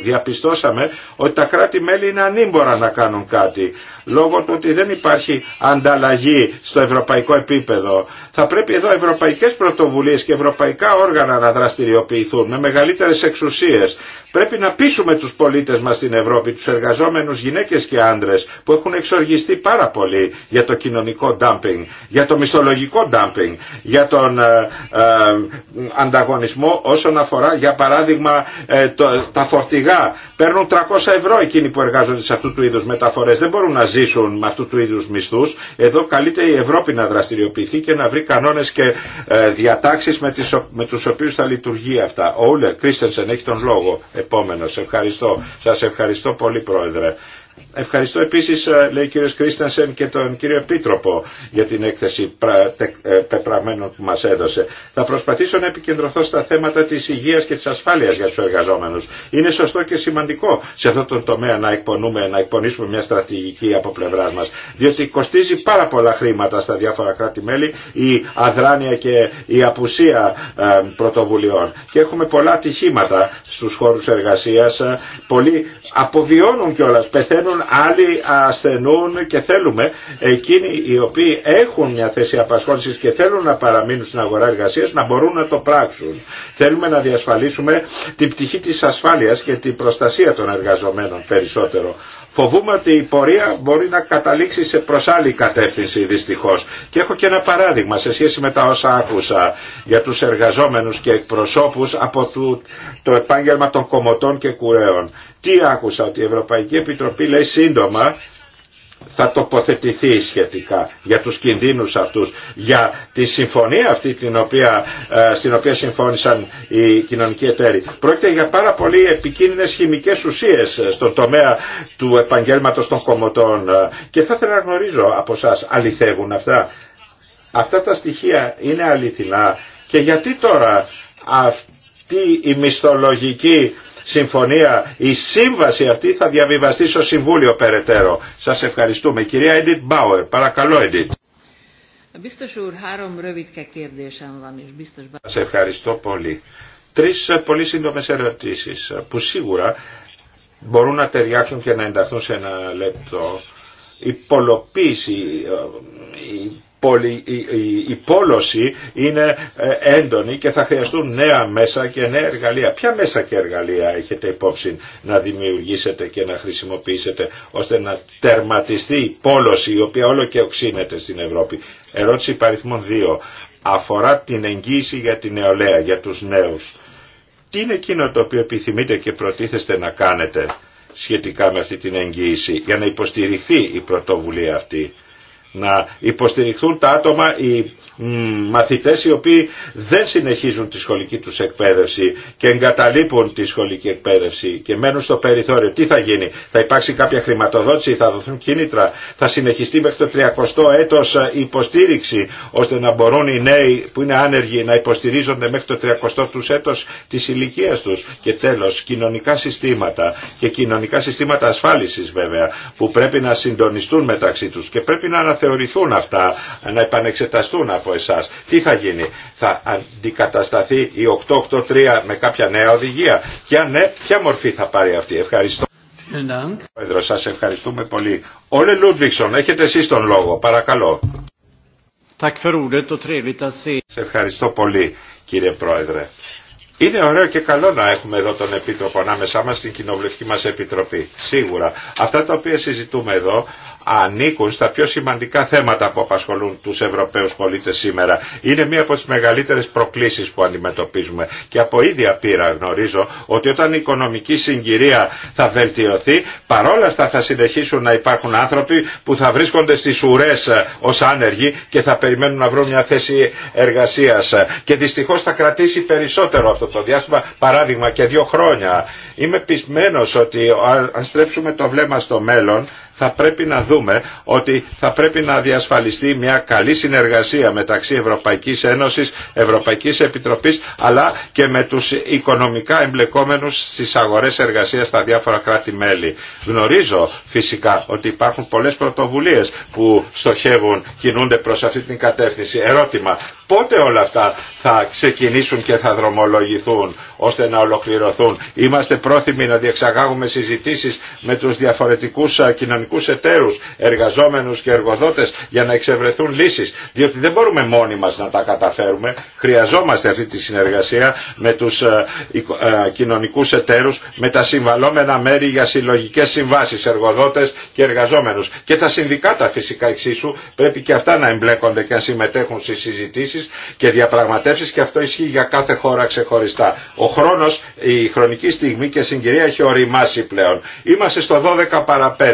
A: διαπιστώσαμε ότι τα κράτη-μέλη είναι ανήμπορα να κάνουν κάτι λόγω του ότι δεν υπάρχει ανταλλαγή στο ευρωπαϊκό επίπεδο. Θα πρέπει εδώ ευρωπαϊκές πρωτοβουλίες και ευρωπαϊκά όργανα να δραστηριοποιηθούν με μεγαλύτερες εξουσίες. Πρέπει να πείσουμε τους πολίτες μας στην Ευρώπη, τους εργαζόμενους γυναίκες και άντρε που έχουν εξοργιστεί πάρα πολύ για το κοινωνικό ντάμπινγκ, για το μισθολογικό ντάμπινγκ για τον ε, ε, ανταγωνισμό όσον αφορά για παράδειγμα ε, τα φορτηγά. Παίρνουν 300 ευρώ εκείνοι που εργάζονται σε αυτού του είδους μεταφορές. Δεν μπορούν να ζήσουν με αυτού του είδους μισθούς. Εδώ καλείται η Ευρώπη να δραστηριοποιηθεί και να βρει κανόνες και διατάξεις με, τις, με τους οποίους θα λειτουργεί αυτά. Ο Ούλε Κρίστενσεν έχει τον λόγο. Επόμενος. Ευχαριστώ. Σας ευχαριστώ πολύ Πρόεδρε. Ευχαριστώ επίσης, ε, λέει ο κύριος Κρίστανσεν και τον κύριο Επίτροπο για την έκθεση ε, πεπραμένων που μας έδωσε. Θα προσπαθήσω να επικεντρωθώ στα θέματα της υγείας και της ασφάλειας για τους εργαζόμενους. Είναι σωστό και σημαντικό σε αυτόν τον τομέα να εκπονούμε, να εκπονήσουμε μια στρατηγική από πλευράς μας. Διότι κοστίζει πάρα πολλά χρήματα στα διάφορα κράτη-μέλη η αδράνεια και η απουσία ε, πρωτοβουλειών. Και έχουμε πολλά ατυχήματα στους χώρους εργασίας. Πολλοί αποβιώνουν κιόλας, πεθαίνουν άλλοι ασθενούν και θέλουμε εκείνοι οι οποίοι έχουν μια θέση απασχόλησης και θέλουν να παραμείνουν στην αγορά εργασίας να μπορούν να το πράξουν. Θέλουμε να διασφαλίσουμε την πτυχή της ασφάλειας και την προστασία των εργαζομένων περισσότερο. Φοβούμαι ότι η πορεία μπορεί να καταλήξει σε προς άλλη κατεύθυνση δυστυχώς. Και έχω και ένα παράδειγμα σε σχέση με τα όσα άκουσα για τους εργαζόμενους και εκπροσώπους από το επάγγελμα των κομωτών και κουρέων τι άκουσα, ότι η Ευρωπαϊκή Επιτροπή λέει σύντομα θα τοποθετηθεί σχετικά για τους κινδύνους αυτούς, για τη συμφωνία αυτή την οποία, ε, στην οποία συμφώνησαν οι κοινωνικοί εταίροι. Πρόκειται για πάρα πολύ επικίνδυνες χημικές ουσίες ε, στον τομέα του επαγγέλματος των κομμωτών ε, και θα ήθελα να γνωρίζω από εσά αληθεύουν αυτά. Αυτά τα στοιχεία είναι αληθινά και γιατί τώρα αυτή η μισθολογική συμφωνία, η σύμβαση αυτή θα διαβιβαστεί στο Συμβούλιο περαιτέρω. Σας ευχαριστούμε. Κυρία Edith Μπάουερ, παρακαλώ Edith. Σας ευχαριστώ πολύ. Τρει πολύ σύντομε ερωτήσει που σίγουρα μπορούν να ταιριάξουν και να ενταχθούν σε ένα λεπτό. Ε, η πολλοποίηση, η, η πόλωση είναι ε, έντονη και θα χρειαστούν νέα μέσα και νέα εργαλεία. Ποια μέσα και εργαλεία έχετε υπόψη να δημιουργήσετε και να χρησιμοποιήσετε ώστε να τερματιστεί η πόλωση η οποία όλο και οξύνεται στην Ευρώπη. Ερώτηση παριθμών 2 αφορά την εγγύηση για την νεολαία, για τους νέους. Τι είναι εκείνο το οποίο επιθυμείτε και προτίθεστε να κάνετε σχετικά με αυτή την εγγύηση για να υποστηριχθεί η πρωτοβουλία αυτή να υποστηριχθούν τα άτομα, οι μαθητές οι οποίοι δεν συνεχίζουν τη σχολική τους εκπαίδευση και εγκαταλείπουν τη σχολική εκπαίδευση και μένουν στο περιθώριο. Τι θα γίνει, θα υπάρξει κάποια χρηματοδότηση, θα δοθούν κίνητρα, θα συνεχιστεί μέχρι το 30 έτος ε, υποστήριξη ώστε να μπορούν οι νέοι που είναι άνεργοι να υποστηρίζονται μέχρι το 30 τους έτος της ηλικία τους. Και τέλος, κοινωνικά συστήματα και κοινωνικά συστήματα ασφάλισης βέβαια που πρέπει να συντονιστούν μεταξύ τους και πρέπει να θεωρηθούν αυτά, να επανεξεταστούν από εσάς. Τι θα γίνει, θα αντικατασταθεί η 883 με κάποια νέα οδηγία και αν ναι, ποια μορφή θα πάρει αυτή. Ευχαριστώ. Πρόεδρο, σας ευχαριστούμε πολύ. Όλε Λούντβιξον, έχετε εσείς τον λόγο, παρακαλώ. Σε ευχαριστώ πολύ κύριε Πρόεδρε. Είναι ωραίο και καλό να έχουμε εδώ τον Επίτροπο ανάμεσά μας στην Κοινοβουλευτική μας Επιτροπή. Σίγουρα. Αυτά τα οποία συζητούμε εδώ ανήκουν στα πιο σημαντικά θέματα που απασχολούν τους Ευρωπαίους πολίτες σήμερα. Είναι μία από τις μεγαλύτερες προκλήσεις που αντιμετωπίζουμε και από ίδια πείρα γνωρίζω ότι όταν η οικονομική συγκυρία θα βελτιωθεί παρόλα αυτά θα συνεχίσουν να υπάρχουν άνθρωποι που θα βρίσκονται στις ουρές ε, ως άνεργοι και θα περιμένουν να βρουν μια θέση εργασίας και δυστυχώς θα κρατήσει περισσότερο αυτό το διάστημα παράδειγμα και δύο χρόνια. Είμαι πεισμένος ότι αν στρέψουμε το βλέμμα στο μέλλον θα πρέπει να δούμε ότι θα πρέπει να διασφαλιστεί μια καλή συνεργασία μεταξύ Ευρωπαϊκής Ένωσης, Ευρωπαϊκής Επιτροπής αλλά και με τους οικονομικά εμπλεκόμενους στις αγορές εργασίας στα διάφορα κράτη-μέλη. Γνωρίζω φυσικά ότι υπάρχουν πολλές πρωτοβουλίες που στοχεύουν, κινούνται προς αυτή την κατεύθυνση. Ερώτημα, πότε όλα αυτά θα ξεκινήσουν και θα δρομολογηθούν ώστε να ολοκληρωθούν. Είμαστε πρόθυμοι να διεξαγάγουμε συζητήσεις με τους διαφορετικούς ε, κοινωνικού κοινωνικούς εταίρους, εργαζόμενους και εργοδότες για να εξευρεθούν λύσεις. Διότι δεν μπορούμε μόνοι μας να τα καταφέρουμε. Χρειαζόμαστε αυτή τη συνεργασία με τους ε, ε, κοινωνικούς εταίρους, με τα συμβαλόμενα μέρη για συλλογικέ συμβάσει, εργοδότες και εργαζόμενους. Και τα συνδικάτα φυσικά εξίσου πρέπει και αυτά να εμπλέκονται και να συμμετέχουν στις συζητήσεις και διαπραγματεύσεις και αυτό ισχύει για κάθε χώρα ξεχωριστά. Ο χρόνος, η χρονική στιγμή και συγκυρία έχει οριμάσει πλέον. Είμαστε στο 12 παρα 5.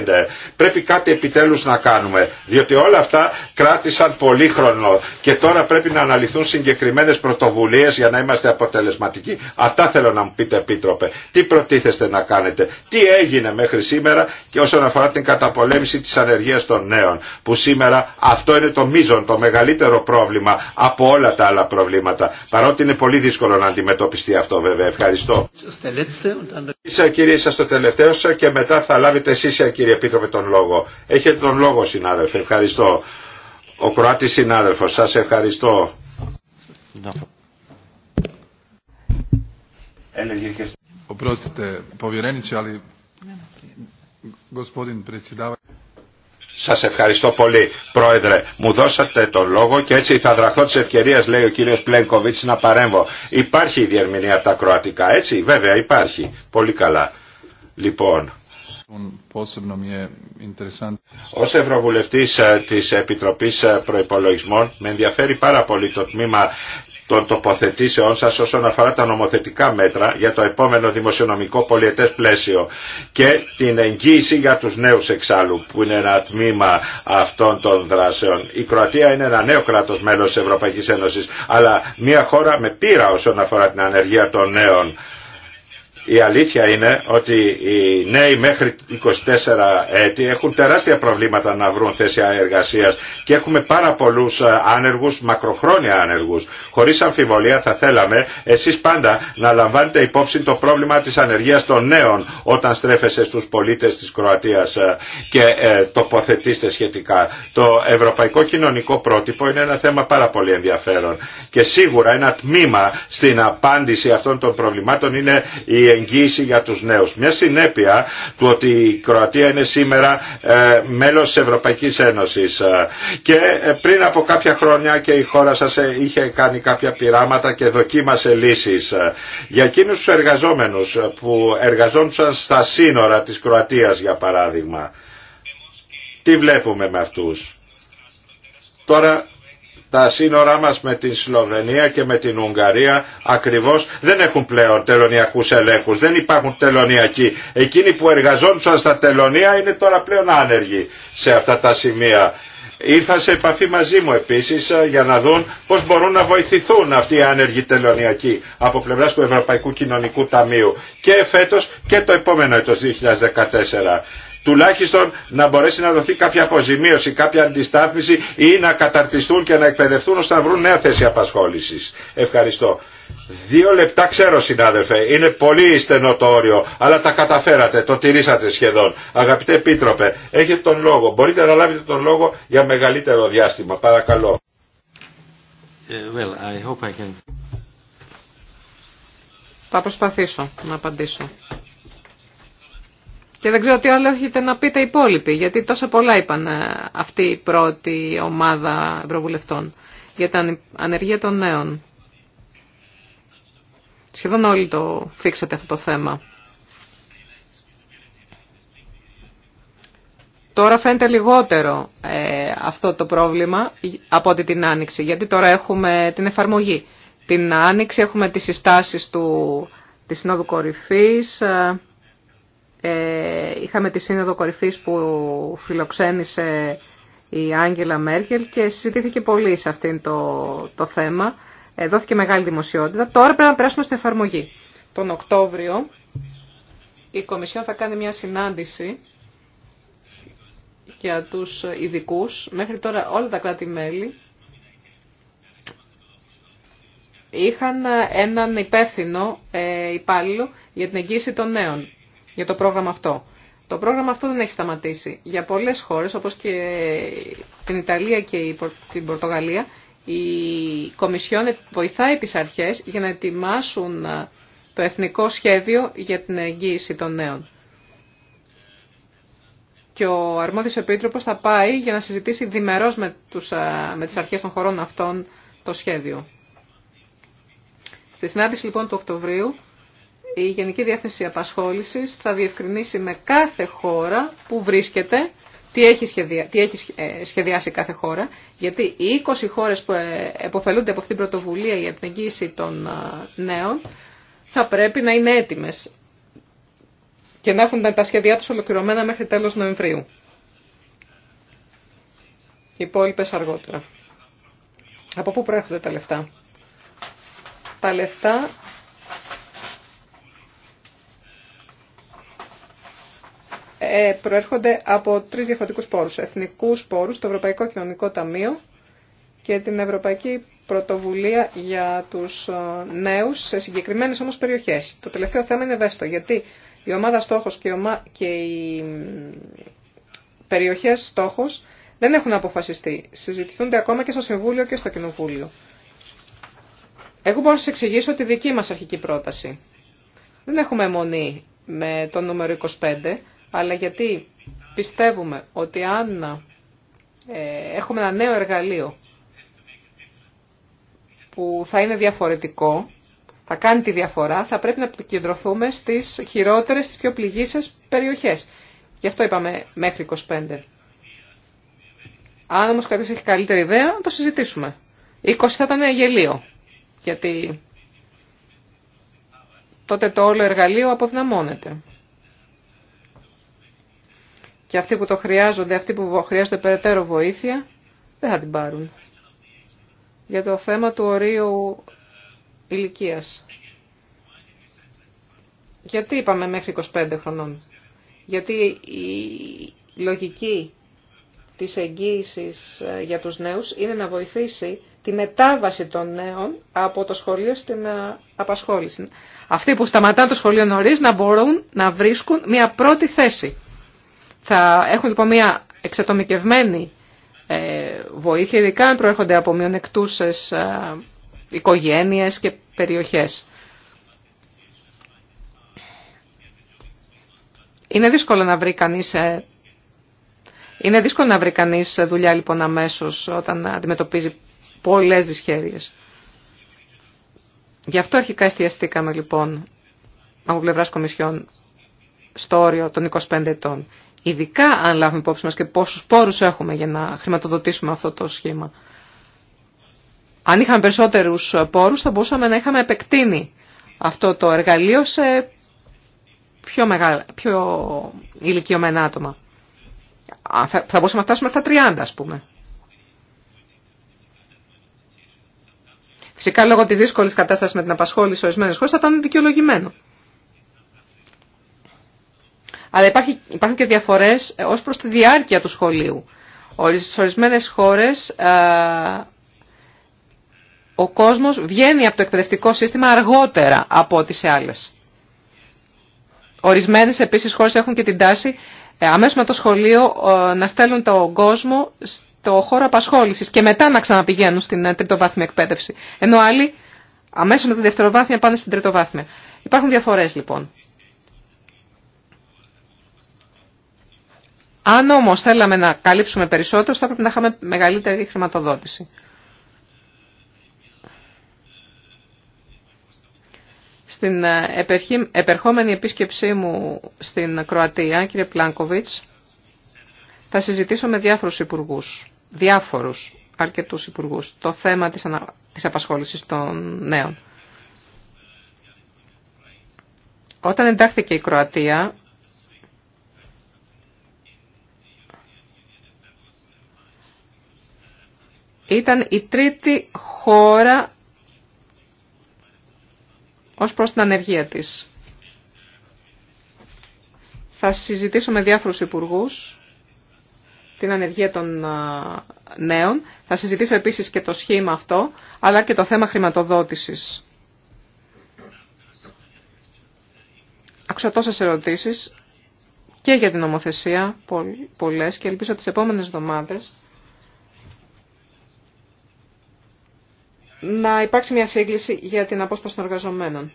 A: Πρέπει κάτι επιτέλους να κάνουμε, διότι όλα αυτά κράτησαν πολύ χρόνο και τώρα πρέπει να αναλυθούν συγκεκριμένες πρωτοβουλίες για να είμαστε αποτελεσματικοί. Αυτά θέλω να μου πείτε επίτροπε. Τι προτίθεστε να κάνετε, τι έγινε μέχρι σήμερα και όσον αφορά την καταπολέμηση της ανεργίας των νέων, που σήμερα αυτό είναι το μείζον, το μεγαλύτερο πρόβλημα από όλα τα άλλα προβλήματα. Παρότι είναι πολύ δύσκολο να αντιμετωπιστεί αυτό βέβαια. Ευχαριστώ. Είσαι κύριε, τελευταίο και μετά θα λάβετε εσείς κύριε Επίτροπε τον λόγο. Έχετε τον λόγο συνάδελφε. Ευχαριστώ. Ο Κροάτης συνάδελφος. Σας ευχαριστώ. Σα Σας ευχαριστώ πολύ, Πρόεδρε. Μου δώσατε τον λόγο και έτσι θα δραχθώ τη ευκαιρία, λέει ο κύριος Πλένκοβιτς, να παρέμβω. Υπάρχει η διερμηνία από τα κροατικά, έτσι, βέβαια υπάρχει. Πολύ καλά. Λοιπόν, Λοιπόν, Ω Ευρωβουλευτής ε, τη Επιτροπής ε, προπολογισμών με ενδιαφέρει πάρα πολύ το τμήμα των τοποθετήσεών σας όσον αφορά τα νομοθετικά μέτρα για το επόμενο δημοσιονομικό πολιετές πλαίσιο και την εγγύηση για τους νέους εξάλλου που είναι ένα τμήμα αυτών των δράσεων. Η Κροατία είναι ένα νέο κράτος μέλος της Ευρωπαϊκής Ένωσης αλλά μια χώρα με πείρα όσον αφορά την ανεργία των νέων η αλήθεια είναι ότι οι νέοι μέχρι 24 έτη έχουν τεράστια προβλήματα να βρουν θέση εργασίας και έχουμε πάρα πολλούς ε, άνεργους, μακροχρόνια άνεργους. Χωρίς αμφιβολία θα θέλαμε εσείς πάντα να λαμβάνετε υπόψη το πρόβλημα της ανεργίας των νέων όταν στρέφεσαι στους πολίτες της Κροατίας ε, και ε, τοποθετήστε σχετικά. Το ευρωπαϊκό κοινωνικό πρότυπο είναι ένα θέμα πάρα πολύ ενδιαφέρον και σίγουρα ένα τμήμα στην απάντηση αυτών των προβλημάτων είναι η εγγύηση για τους νέους. Μια συνέπεια του ότι η Κροατία είναι σήμερα ε, μέλος της Ευρωπαϊκής Ένωσης ε, και ε, πριν από κάποια χρόνια και η χώρα σας είχε κάνει κάποια πειράματα και δοκίμασε λύσεις για εκείνους τους εργαζόμενους που εργαζόντουσαν στα σύνορα της Κροατίας για παράδειγμα. Τι βλέπουμε με αυτούς. Τώρα τα σύνορά μας με την Σλοβενία και με την Ουγγαρία ακριβώς δεν έχουν πλέον τελωνιακούς ελέγχους, δεν υπάρχουν τελωνιακοί. Εκείνοι που εργαζόντουσαν στα τελωνία είναι τώρα πλέον άνεργοι σε αυτά τα σημεία. Ήρθα σε επαφή μαζί μου επίσης ε, για να δουν πώς μπορούν να βοηθηθούν αυτοί οι άνεργοι τελωνιακοί από πλευράς του Ευρωπαϊκού Κοινωνικού Ταμείου και φέτος και το επόμενο έτος 2014 τουλάχιστον να μπορέσει να δοθεί κάποια αποζημίωση, κάποια αντιστάθμιση ή να καταρτιστούν και να εκπαιδευτούν ώστε να βρουν νέα θέση απασχόλησης. Ευχαριστώ. Δύο λεπτά ξέρω συνάδελφε, είναι πολύ στενό το όριο, αλλά τα καταφέρατε, το τηρήσατε σχεδόν. Αγαπητέ Επίτροπε, έχετε τον λόγο, μπορείτε να λάβετε τον λόγο για μεγαλύτερο διάστημα, παρακαλώ. Ε, well, I hope I can...
B: Θα προσπαθήσω να απαντήσω και δεν ξέρω τι άλλο έχετε να πείτε οι υπόλοιποι, γιατί τόσα πολλά είπαν ε, αυτή η πρώτη ομάδα ευρωβουλευτών για την ανεργία των νέων. Σχεδόν όλοι το θίξατε αυτό το θέμα. Τώρα φαίνεται λιγότερο ε, αυτό το πρόβλημα από ότι την Άνοιξη, γιατί τώρα έχουμε την εφαρμογή. Την Άνοιξη έχουμε τις συστάσεις του, της Συνόδου Κορυφής, ε, ε, είχαμε τη σύνοδο κορυφής που φιλοξένησε η Άγγελα Μέρκελ και συζητήθηκε πολύ σε αυτήν το, το θέμα. Ε, δόθηκε μεγάλη δημοσιότητα. Τώρα πρέπει να περάσουμε στην εφαρμογή. Τον Οκτώβριο η Κομισιόν θα κάνει μια συνάντηση για τους ειδικού. Μέχρι τώρα όλα τα κράτη-μέλη είχαν έναν υπεύθυνο ε, υπάλληλο για την εγγύηση των νέων για το πρόγραμμα αυτό. Το πρόγραμμα αυτό δεν έχει σταματήσει. Για πολλές χώρες, όπως και την Ιταλία και την Πορτογαλία, η Κομισιόν βοηθάει τις αρχές για να ετοιμάσουν το εθνικό σχέδιο για την εγγύηση των νέων. Και ο αρμόδιος επίτροπος θα πάει για να συζητήσει διμερώς με, τους, με τις αρχές των χωρών αυτών το σχέδιο. Στη συνάντηση λοιπόν του Οκτωβρίου η Γενική Διεύθυνση Απασχόλησης θα διευκρινίσει με κάθε χώρα που βρίσκεται τι έχει, τι έχει ε, σχεδιάσει κάθε χώρα, γιατί οι 20 χώρες που ε, εποφελούνται από αυτήν την πρωτοβουλία για την εγγύηση των ε, νέων θα πρέπει να είναι έτοιμες και να έχουν τα σχέδιά τους ολοκληρωμένα μέχρι τέλος Νοεμβρίου. Οι υπόλοιπε αργότερα. Από πού προέρχονται τα λεφτά. Τα λεφτά Ε, προέρχονται από τρεις διαφορετικούς πόρους. Εθνικούς πόρους, το Ευρωπαϊκό Κοινωνικό Ταμείο και την Ευρωπαϊκή Πρωτοβουλία για τους ε, νέους σε συγκεκριμένες όμως περιοχές. Το τελευταίο θέμα είναι ευαίσθητο, γιατί η ομάδα στόχος και, ομα... και οι περιοχές στόχος δεν έχουν αποφασιστεί. Συζητηθούνται ακόμα και στο Συμβούλιο και στο Κοινοβούλιο. Εγώ μπορώ να σας εξηγήσω τη δική μας αρχική πρόταση. Δεν έχουμε αιμονή με το νούμερο 25, αλλά γιατί πιστεύουμε ότι αν ε, έχουμε ένα νέο εργαλείο που θα είναι διαφορετικό, θα κάνει τη διαφορά, θα πρέπει να επικεντρωθούμε στις χειρότερες, στις πιο πληγήσεις περιοχές. Γι' αυτό είπαμε μέχρι 25. Αν όμως κάποιος έχει καλύτερη ιδέα, το συζητήσουμε. 20 θα ήταν γελίο, γιατί τότε το όλο εργαλείο αποδυναμώνεται και αυτοί που το χρειάζονται, αυτοί που χρειάζονται περαιτέρω βοήθεια, δεν θα την πάρουν. Για το θέμα του ορίου ηλικίας. Γιατί είπαμε μέχρι 25 χρονών. Γιατί η λογική της εγγύησης ε, για τους νέους είναι να βοηθήσει τη μετάβαση των νέων από το σχολείο στην ε, απασχόληση. Αυτοί που σταματάνε το σχολείο νωρίς να μπορούν να βρίσκουν μια πρώτη θέση. Θα έχουν λοιπόν μια εξατομικευμένη ε, βοήθεια, ειδικά αν προέρχονται από μειονεκτούσες ε, οικογένειες και περιοχές. Είναι δύσκολο να βρει κανείς... Ε, είναι δύσκολο να βρει κανείς δουλειά λοιπόν αμέσως όταν αντιμετωπίζει πολλές δυσχέρειες. Γι' αυτό αρχικά εστιαστήκαμε λοιπόν από πλευράς Κομισιόν στο όριο των 25 ετών. Ειδικά αν λάβουμε υπόψη μας και πόσους πόρους έχουμε για να χρηματοδοτήσουμε αυτό το σχήμα. Αν είχαμε περισσότερους πόρους θα μπορούσαμε να είχαμε επεκτείνει αυτό το εργαλείο σε πιο, μεγάλα, πιο ηλικιωμένα άτομα. Θα μπορούσαμε να φτάσουμε στα 30 ας πούμε. Φυσικά λόγω της δύσκολης κατάστασης με την απασχόληση ορισμένες χώρες θα ήταν δικαιολογημένο αλλά υπάρχουν και διαφορές ε, ως προς τη διάρκεια του σχολείου. Σε ορισμένες χώρες ε, ο κόσμος βγαίνει από το εκπαιδευτικό σύστημα αργότερα από ό,τι σε άλλες. Ορισμένες επίσης χώρες έχουν και την τάση ε, αμέσως με το σχολείο να στέλνουν τον κόσμο στο χώρο απασχόλησης και μετά να ξαναπηγαίνουν στην τριτοβάθμια εκπαίδευση. Ενώ άλλοι αμέσως με τη δευτεροβάθμια πάνε στην τριτοβάθμια. Υπάρχουν διαφορές λοιπόν. Αν όμω θέλαμε να καλύψουμε περισσότερο, θα πρέπει να είχαμε μεγαλύτερη χρηματοδότηση. Στην ε, επερχόμενη επίσκεψή μου στην Κροατία, κύριε Πλάνκοβιτς, θα συζητήσω με διάφορους υπουργούς, διάφορους αρκετούς υπουργούς, το θέμα της, ανα... της απασχόλησης των νέων. Όταν εντάχθηκε η Κροατία, ήταν η τρίτη χώρα ως προς την ανεργία της. Θα συζητήσω με διάφορους υπουργούς την ανεργία των νέων. Θα συζητήσω επίσης και το σχήμα αυτό, αλλά και το θέμα χρηματοδότησης. Άκουσα τόσες ερωτήσεις και για την νομοθεσία πολλές και ελπίζω τις επόμενες εβδομάδες να υπάρξει μια σύγκληση για την απόσπαση των εργαζομένων.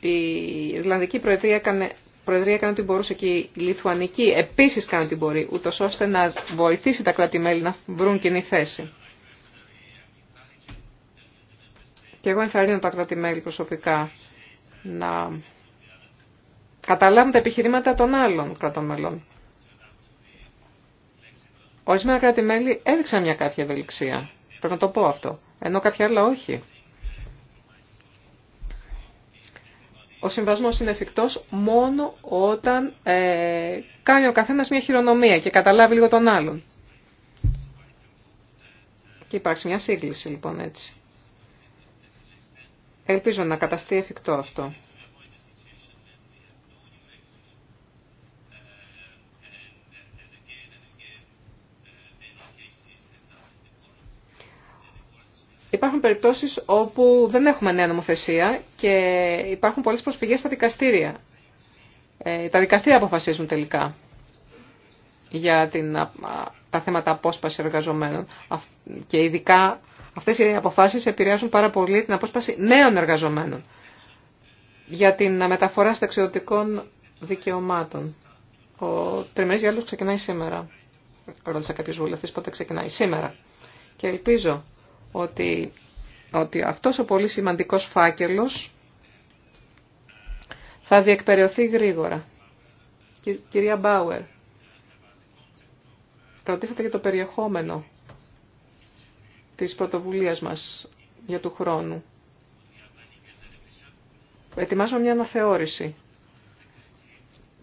B: Η Ιρλανδική Προεδρία έκανε, Προεδρία έκανε ό,τι μπορούσε και η Λιθουανική επίση κάνει ό,τι μπορεί, ούτω ώστε να βοηθήσει τα κράτη-μέλη να βρουν κοινή θέση. Και εγώ ενθαρρύνω τα κράτη-μέλη προσωπικά να καταλάβουν τα επιχειρήματα των άλλων κρατών μελών. Ορισμένα κράτη-μέλη έδειξαν μια κάποια ευελιξία. Πρέπει να το πω αυτό ενώ κάποια άλλα όχι. Ο συμβασμός είναι εφικτός μόνο όταν ε, κάνει ο καθένας μια χειρονομία και καταλάβει λίγο τον άλλον. Και υπάρχει μια σύγκληση λοιπόν έτσι. Ελπίζω να καταστεί εφικτό αυτό. υπάρχουν περιπτώσει όπου δεν έχουμε νέα νομοθεσία και υπάρχουν πολλές προσφυγέ στα δικαστήρια. Ε, τα δικαστήρια αποφασίζουν τελικά για την, τα θέματα απόσπαση εργαζομένων και ειδικά αυτές οι αποφάσεις επηρεάζουν πάρα πολύ την απόσπαση νέων εργαζομένων για την μεταφορά συνταξιδοτικών δικαιωμάτων. Ο τριμερή διάλογο ξεκινάει σήμερα. Ρώτησα κάποιο βουλευτές πότε ξεκινάει σήμερα. Και ελπίζω ότι, ότι αυτός ο πολύ σημαντικός φάκελος θα διεκπεριωθεί γρήγορα. Κυρία Μπάουερ, ρωτήσατε για το περιεχόμενο της πρωτοβουλίας μας για του χρόνου. Ετοιμάζουμε μια αναθεώρηση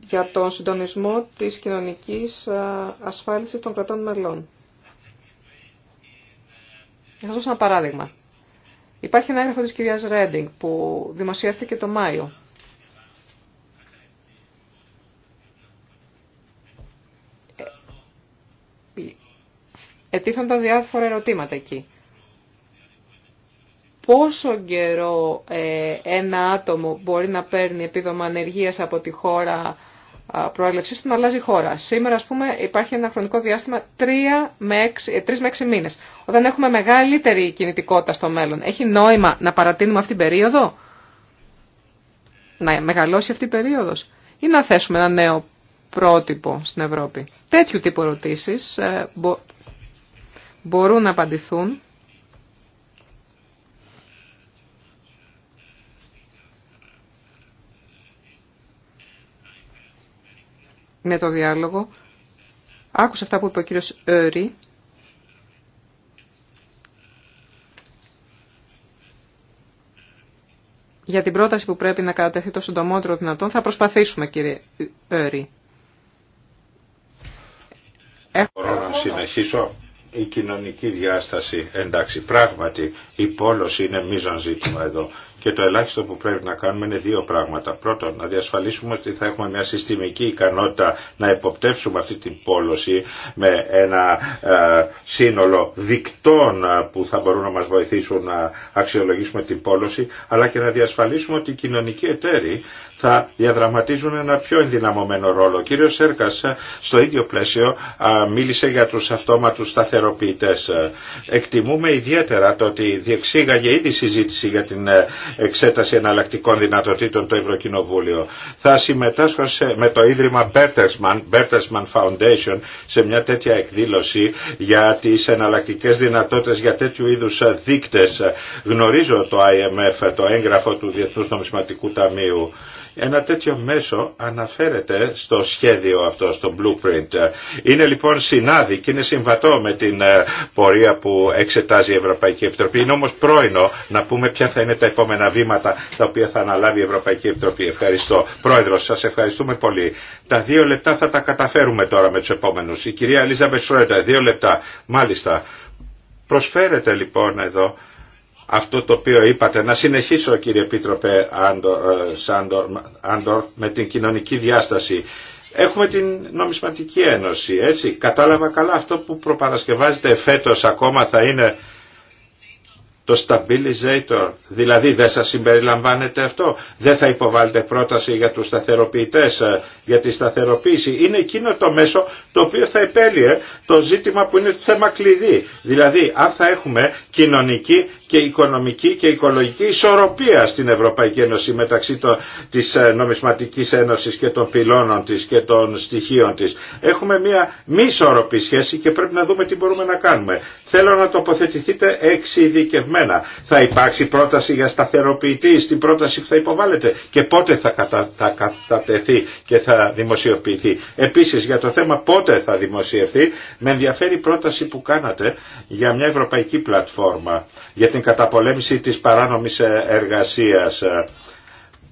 B: για τον συντονισμό της κοινωνικής ασφάλισης των κρατών μελών. Θα δώσω ένα παράδειγμα. Υπάρχει ένα έγγραφο της κυρίας Ρέντινγκ που δημοσιεύτηκε το Μάιο. Ε, Ετίθενταν διάφορα ερωτήματα εκεί. Πόσο καιρό ε, ένα άτομο μπορεί να παίρνει επίδομα ανεργίας από τη χώρα προέλευσή του να αλλάζει χώρα. Σήμερα, α πούμε, υπάρχει ένα χρονικό διάστημα 3 με 6, 3 ε, με 6 μήνε. Όταν έχουμε μεγαλύτερη κινητικότητα στο μέλλον, έχει νόημα να παρατείνουμε αυτή την περίοδο, να μεγαλώσει αυτή η περίοδο, ή να θέσουμε ένα νέο πρότυπο στην Ευρώπη. Τέτοιου τύπου ερωτήσει ε, μπορούν να απαντηθούν με το διάλογο. Άκουσε αυτά που είπε ο κύριος Ερή. Για την πρόταση που πρέπει να κατατεθεί το συντομότερο δυνατόν θα προσπαθήσουμε κύριε Ερή.
A: Μπορώ να συνεχίσω. Η κοινωνική διάσταση, εντάξει, πράγματι η πόλωση είναι μείζον ζήτημα εδώ. Και το ελάχιστο που πρέπει να κάνουμε είναι δύο πράγματα. Πρώτον, να διασφαλίσουμε ότι θα έχουμε μια συστημική ικανότητα να εποπτεύσουμε αυτή την πόλωση με ένα ε, σύνολο δικτών ε, που θα μπορούν να μας βοηθήσουν να αξιολογήσουμε την πόλωση, αλλά και να διασφαλίσουμε ότι οι κοινωνικοί εταίροι θα διαδραματίζουν ένα πιο ενδυναμωμένο ρόλο. Ο κύριος Σέρκας ε, στο ίδιο πλαίσιο μίλησε για τους αυτόματους σταθεροποιητές. Εκτιμούμε ιδιαίτερα το ότι διεξήγαγε ήδη συζήτηση για την εξέταση εναλλακτικών δυνατοτήτων το Ευρωκοινοβούλιο. Θα συμμετάσχω με το Ίδρυμα Bertelsmann, Bertelsmann Foundation σε μια τέτοια εκδήλωση για τις εναλλακτικές δυνατότητες για τέτοιου είδους δείκτες. Γνωρίζω το IMF, το έγγραφο του Διεθνούς Νομισματικού Ταμείου ένα τέτοιο μέσο αναφέρεται στο σχέδιο αυτό, στο blueprint. Είναι λοιπόν συνάδει και είναι συμβατό με την ε, πορεία που εξετάζει η Ευρωπαϊκή Επιτροπή. Είναι όμως πρόεινο να πούμε ποια θα είναι τα επόμενα βήματα τα οποία θα αναλάβει η Ευρωπαϊκή Επιτροπή. Ευχαριστώ. Πρόεδρος, σας ευχαριστούμε πολύ. Τα δύο λεπτά θα τα καταφέρουμε τώρα με τους επόμενους. Η κυρία Ελίζα Μπεσρόιντα, δύο λεπτά. Μάλιστα. Προσφέρεται λοιπόν εδώ αυτό το οποίο είπατε. Να συνεχίσω κύριε Επίτροπε ε, Άντορ με την κοινωνική διάσταση. Έχουμε την νομισματική ένωση, έτσι. Κατάλαβα καλά αυτό που προπαρασκευάζεται φέτος ακόμα θα είναι το stabilizator, δηλαδή δεν σας συμπεριλαμβάνεται αυτό, δεν θα υποβάλλετε πρόταση για τους σταθεροποιητές, ε, για τη σταθεροποίηση. Είναι εκείνο το μέσο το οποίο θα επέλυε το ζήτημα που είναι θέμα κλειδί. Δηλαδή αν θα έχουμε κοινωνική και οικονομική και οικολογική ισορροπία στην Ευρωπαϊκή Ένωση μεταξύ των, της ε, νομισματικής ένωσης και των πυλώνων της και των στοιχείων της. Έχουμε μια μη ισορροπή σχέση και πρέπει να δούμε τι μπορούμε να κάνουμε. Θέλω να τοποθετηθείτε εξειδικευμένα. Θα υπάρξει πρόταση για σταθεροποιητή στην πρόταση που θα υποβάλλετε και πότε θα, κατα, θα κατατεθεί και θα δημοσιοποιηθεί. Επίσης για το θέμα πότε θα δημοσιευθεί με ενδιαφέρει πρόταση που κάνατε για μια ευρωπαϊκή πλατφόρμα για την καταπολέμηση της παράνομης ε, εργασίας.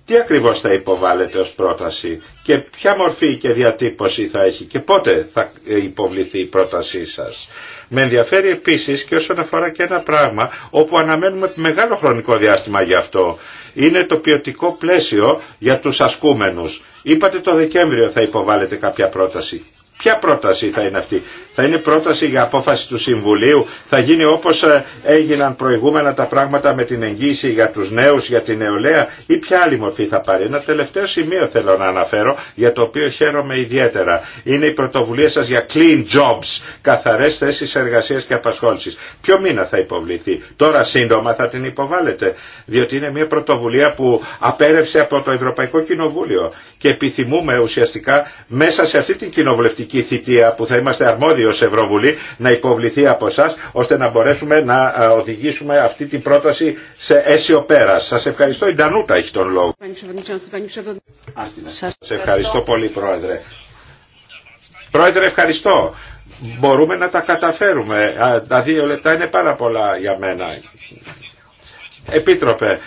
A: Τι ακριβώς θα υποβάλλεται ως πρόταση και ποια μορφή και διατύπωση θα έχει και πότε θα ε, υποβληθεί η πρότασή σας. Με ενδιαφέρει επίσης και όσον αφορά και ένα πράγμα όπου αναμένουμε μεγάλο χρονικό διάστημα γι' αυτό. Είναι το ποιοτικό πλαίσιο για τους ασκούμενους. Είπατε το Δεκέμβριο θα υποβάλλετε κάποια πρόταση. Ποια πρόταση θα είναι αυτή. Θα είναι πρόταση για απόφαση του Συμβουλίου. Θα γίνει όπως ε, έγιναν προηγούμενα τα πράγματα με την εγγύηση για τους νέους, για την νεολαία ή ποια άλλη μορφή θα πάρει. Ένα τελευταίο σημείο θέλω να αναφέρω για το οποίο χαίρομαι ιδιαίτερα. Είναι η πρωτοβουλία σας για clean jobs, καθαρές θέσεις εργασίας και απασχόλησης. Ποιο μήνα θα υποβληθεί. Τώρα σύντομα θα την υποβάλλετε. Διότι είναι μια πρωτοβουλία που απέρευσε από το Ευρωπαϊκό Κοινοβούλιο. Και επιθυμούμε ουσιαστικά μέσα σε αυτή την κοινοβουλευτική θητεία που θα είμαστε αρμόδιοι ως Ευρωβουλή να υποβληθεί από εσά ώστε να μπορέσουμε να ε, οδηγήσουμε αυτή την πρόταση σε αίσιο πέρα. Σας ευχαριστώ. Η Ντανούτα έχει τον λόγο. Σας ευχαριστώ πολύ Πρόεδρε. Πρόεδρε ευχαριστώ. Μπορούμε να τα καταφέρουμε. Τα δύο λεπτά είναι πάρα πολλά για μένα. Επίτροπε,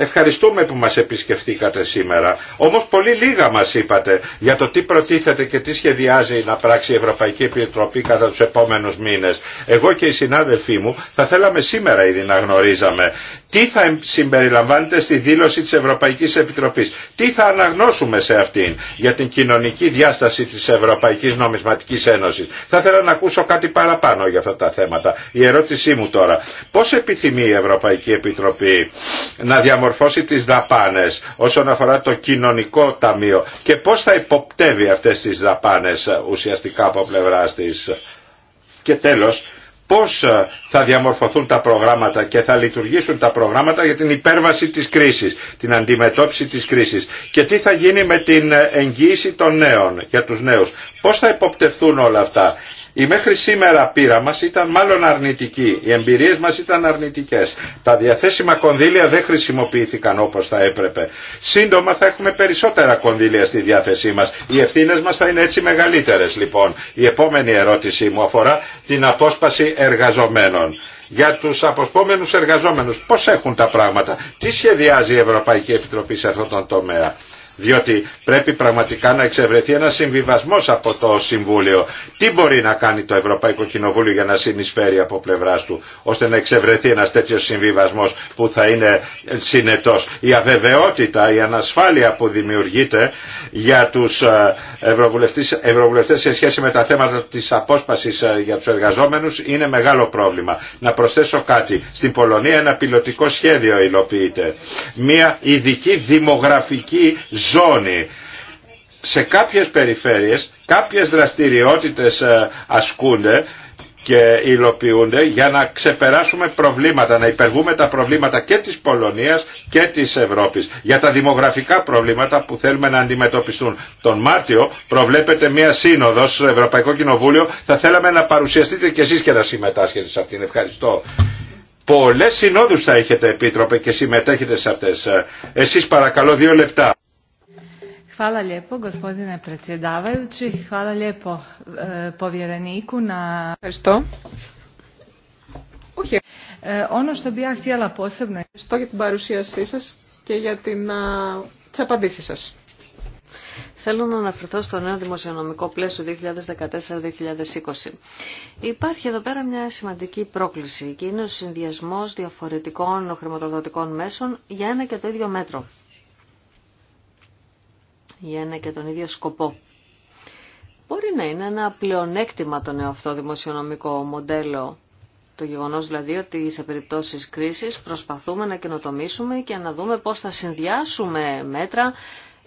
A: Ευχαριστούμε που μας επισκεφτήκατε σήμερα. Όμως πολύ λίγα μας είπατε για το τι προτίθεται και τι σχεδιάζει να πράξει η Ευρωπαϊκή Επιτροπή κατά τους επόμενους μήνες. Εγώ και οι συνάδελφοί μου θα θέλαμε σήμερα ήδη να γνωρίζαμε τι θα συμπεριλαμβάνεται στη δήλωση της Ευρωπαϊκής Επιτροπής. Τι θα αναγνώσουμε σε αυτήν για την κοινωνική διάσταση της Ευρωπαϊκής Νομισματικής Ένωσης. Θα ήθελα να ακούσω κάτι παραπάνω για αυτά τα θέματα. Η ερώτησή μου τώρα. Πώς επιθυμεί η Ευρωπαϊκή Επιτροπή να διαμορφώσει τις δαπάνες όσον αφορά το κοινωνικό ταμείο και πώς θα υποπτεύει αυτές τις δαπάνες ουσιαστικά από πλευράς της. Και τέλος, πώς ε, θα διαμορφωθούν τα προγράμματα και θα λειτουργήσουν τα προγράμματα για την υπέρβαση της κρίσης, την αντιμετώπιση της κρίσης και τι θα γίνει με την ε, εγγύηση των νέων, για τους νέους. Πώς θα υποπτευθούν όλα αυτά. Η μέχρι σήμερα πείρα μας ήταν μάλλον αρνητική. Οι εμπειρίες μας ήταν αρνητικές. Τα διαθέσιμα κονδύλια δεν χρησιμοποιήθηκαν όπως θα έπρεπε. Σύντομα θα έχουμε περισσότερα κονδύλια στη διάθεσή μας. Οι ευθύνε μας θα είναι έτσι μεγαλύτερες λοιπόν. Η επόμενη ερώτησή μου αφορά την απόσπαση εργαζομένων για τους αποσπόμενους εργαζόμενους. Πώς έχουν τα πράγματα, τι σχεδιάζει η Ευρωπαϊκή Επιτροπή σε αυτόν τον τομέα διότι πρέπει πραγματικά να εξευρεθεί ένα συμβιβασμός από το Συμβούλιο. Τι μπορεί να κάνει το Ευρωπαϊκό Κοινοβούλιο για να συνεισφέρει από πλευρά του, ώστε να εξευρεθεί ένας τέτοιος συμβιβασμός που θα είναι συνετός. Η αβεβαιότητα, η ανασφάλεια που δημιουργείται για τους ε, ευρωβουλευτέ σε σχέση με τα θέματα της απόσπασης ε, για τους εργαζόμενους είναι μεγάλο πρόβλημα. Να προσθέσω κάτι. Στην Πολωνία ένα πιλωτικό σχέδιο υλοποιείται. Μία ειδική δημογραφική ζώνη. Σε κάποιες περιφέρειες κάποιες δραστηριότητες ε, ασκούνται και υλοποιούνται για να ξεπεράσουμε προβλήματα, να υπερβούμε τα προβλήματα και της Πολωνίας και της Ευρώπης. Για τα δημογραφικά προβλήματα που θέλουμε να αντιμετωπιστούν. Τον Μάρτιο προβλέπεται μια σύνοδο στο Ευρωπαϊκό Κοινοβούλιο. Θα θέλαμε να παρουσιαστείτε και εσείς και να συμμετάσχετε σε αυτήν. Ευχαριστώ. Πολλές συνόδους θα έχετε επίτροπε και συμμετέχετε σε αυτές. Ε, εσείς παρακαλώ δύο λεπτά.
B: Hvala lijepo gospodine predsjedavajući, hvala lijepo e, povjereniku na... Što? E, ono što bi ja για την παρουσίασή σας και για την, uh, τις απαντήσεις σας.
C: Θέλω να αναφερθώ στο νέο δημοσιονομικό πλαίσιο 2014-2020. Υπάρχει εδώ πέρα μια σημαντική πρόκληση και είναι ο συνδυασμός διαφορετικών χρηματοδοτικών μέσων για ένα και το ίδιο μέτρο για ένα και τον ίδιο σκοπό. Μπορεί να είναι ένα πλεονέκτημα το νέο αυτό δημοσιονομικό μοντέλο. Το γεγονός δηλαδή ότι σε περιπτώσεις κρίσης προσπαθούμε να καινοτομήσουμε και να δούμε πώς θα συνδυάσουμε μέτρα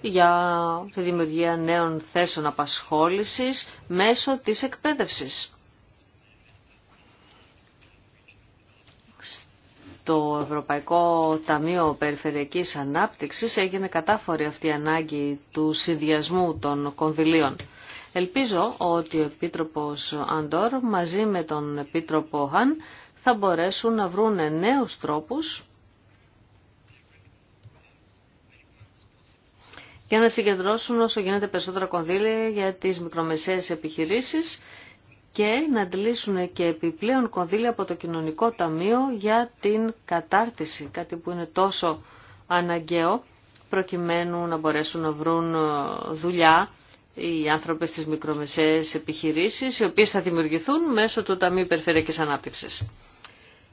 C: για τη δημιουργία νέων θέσεων απασχόλησης μέσω της εκπαίδευσης. το Ευρωπαϊκό Ταμείο Περιφερειακής Ανάπτυξης έγινε κατάφορη αυτή η ανάγκη του συνδυασμού των κονδυλίων. Ελπίζω ότι ο Επίτροπος Αντόρ μαζί με τον Επίτροπο Χαν θα μπορέσουν να βρουν νέους τρόπους για να συγκεντρώσουν όσο γίνεται περισσότερα κονδύλια για τις μικρομεσαίες επιχειρήσεις και να αντλήσουν και επιπλέον κονδύλια από το κοινωνικό ταμείο για την κατάρτιση, κάτι που είναι τόσο αναγκαίο προκειμένου να μπορέσουν να βρουν ε, δουλειά οι άνθρωποι στις μικρομεσαίες επιχειρήσεις, οι οποίες θα δημιουργηθούν μέσω του Ταμείου Περιφερειακής Ανάπτυξης.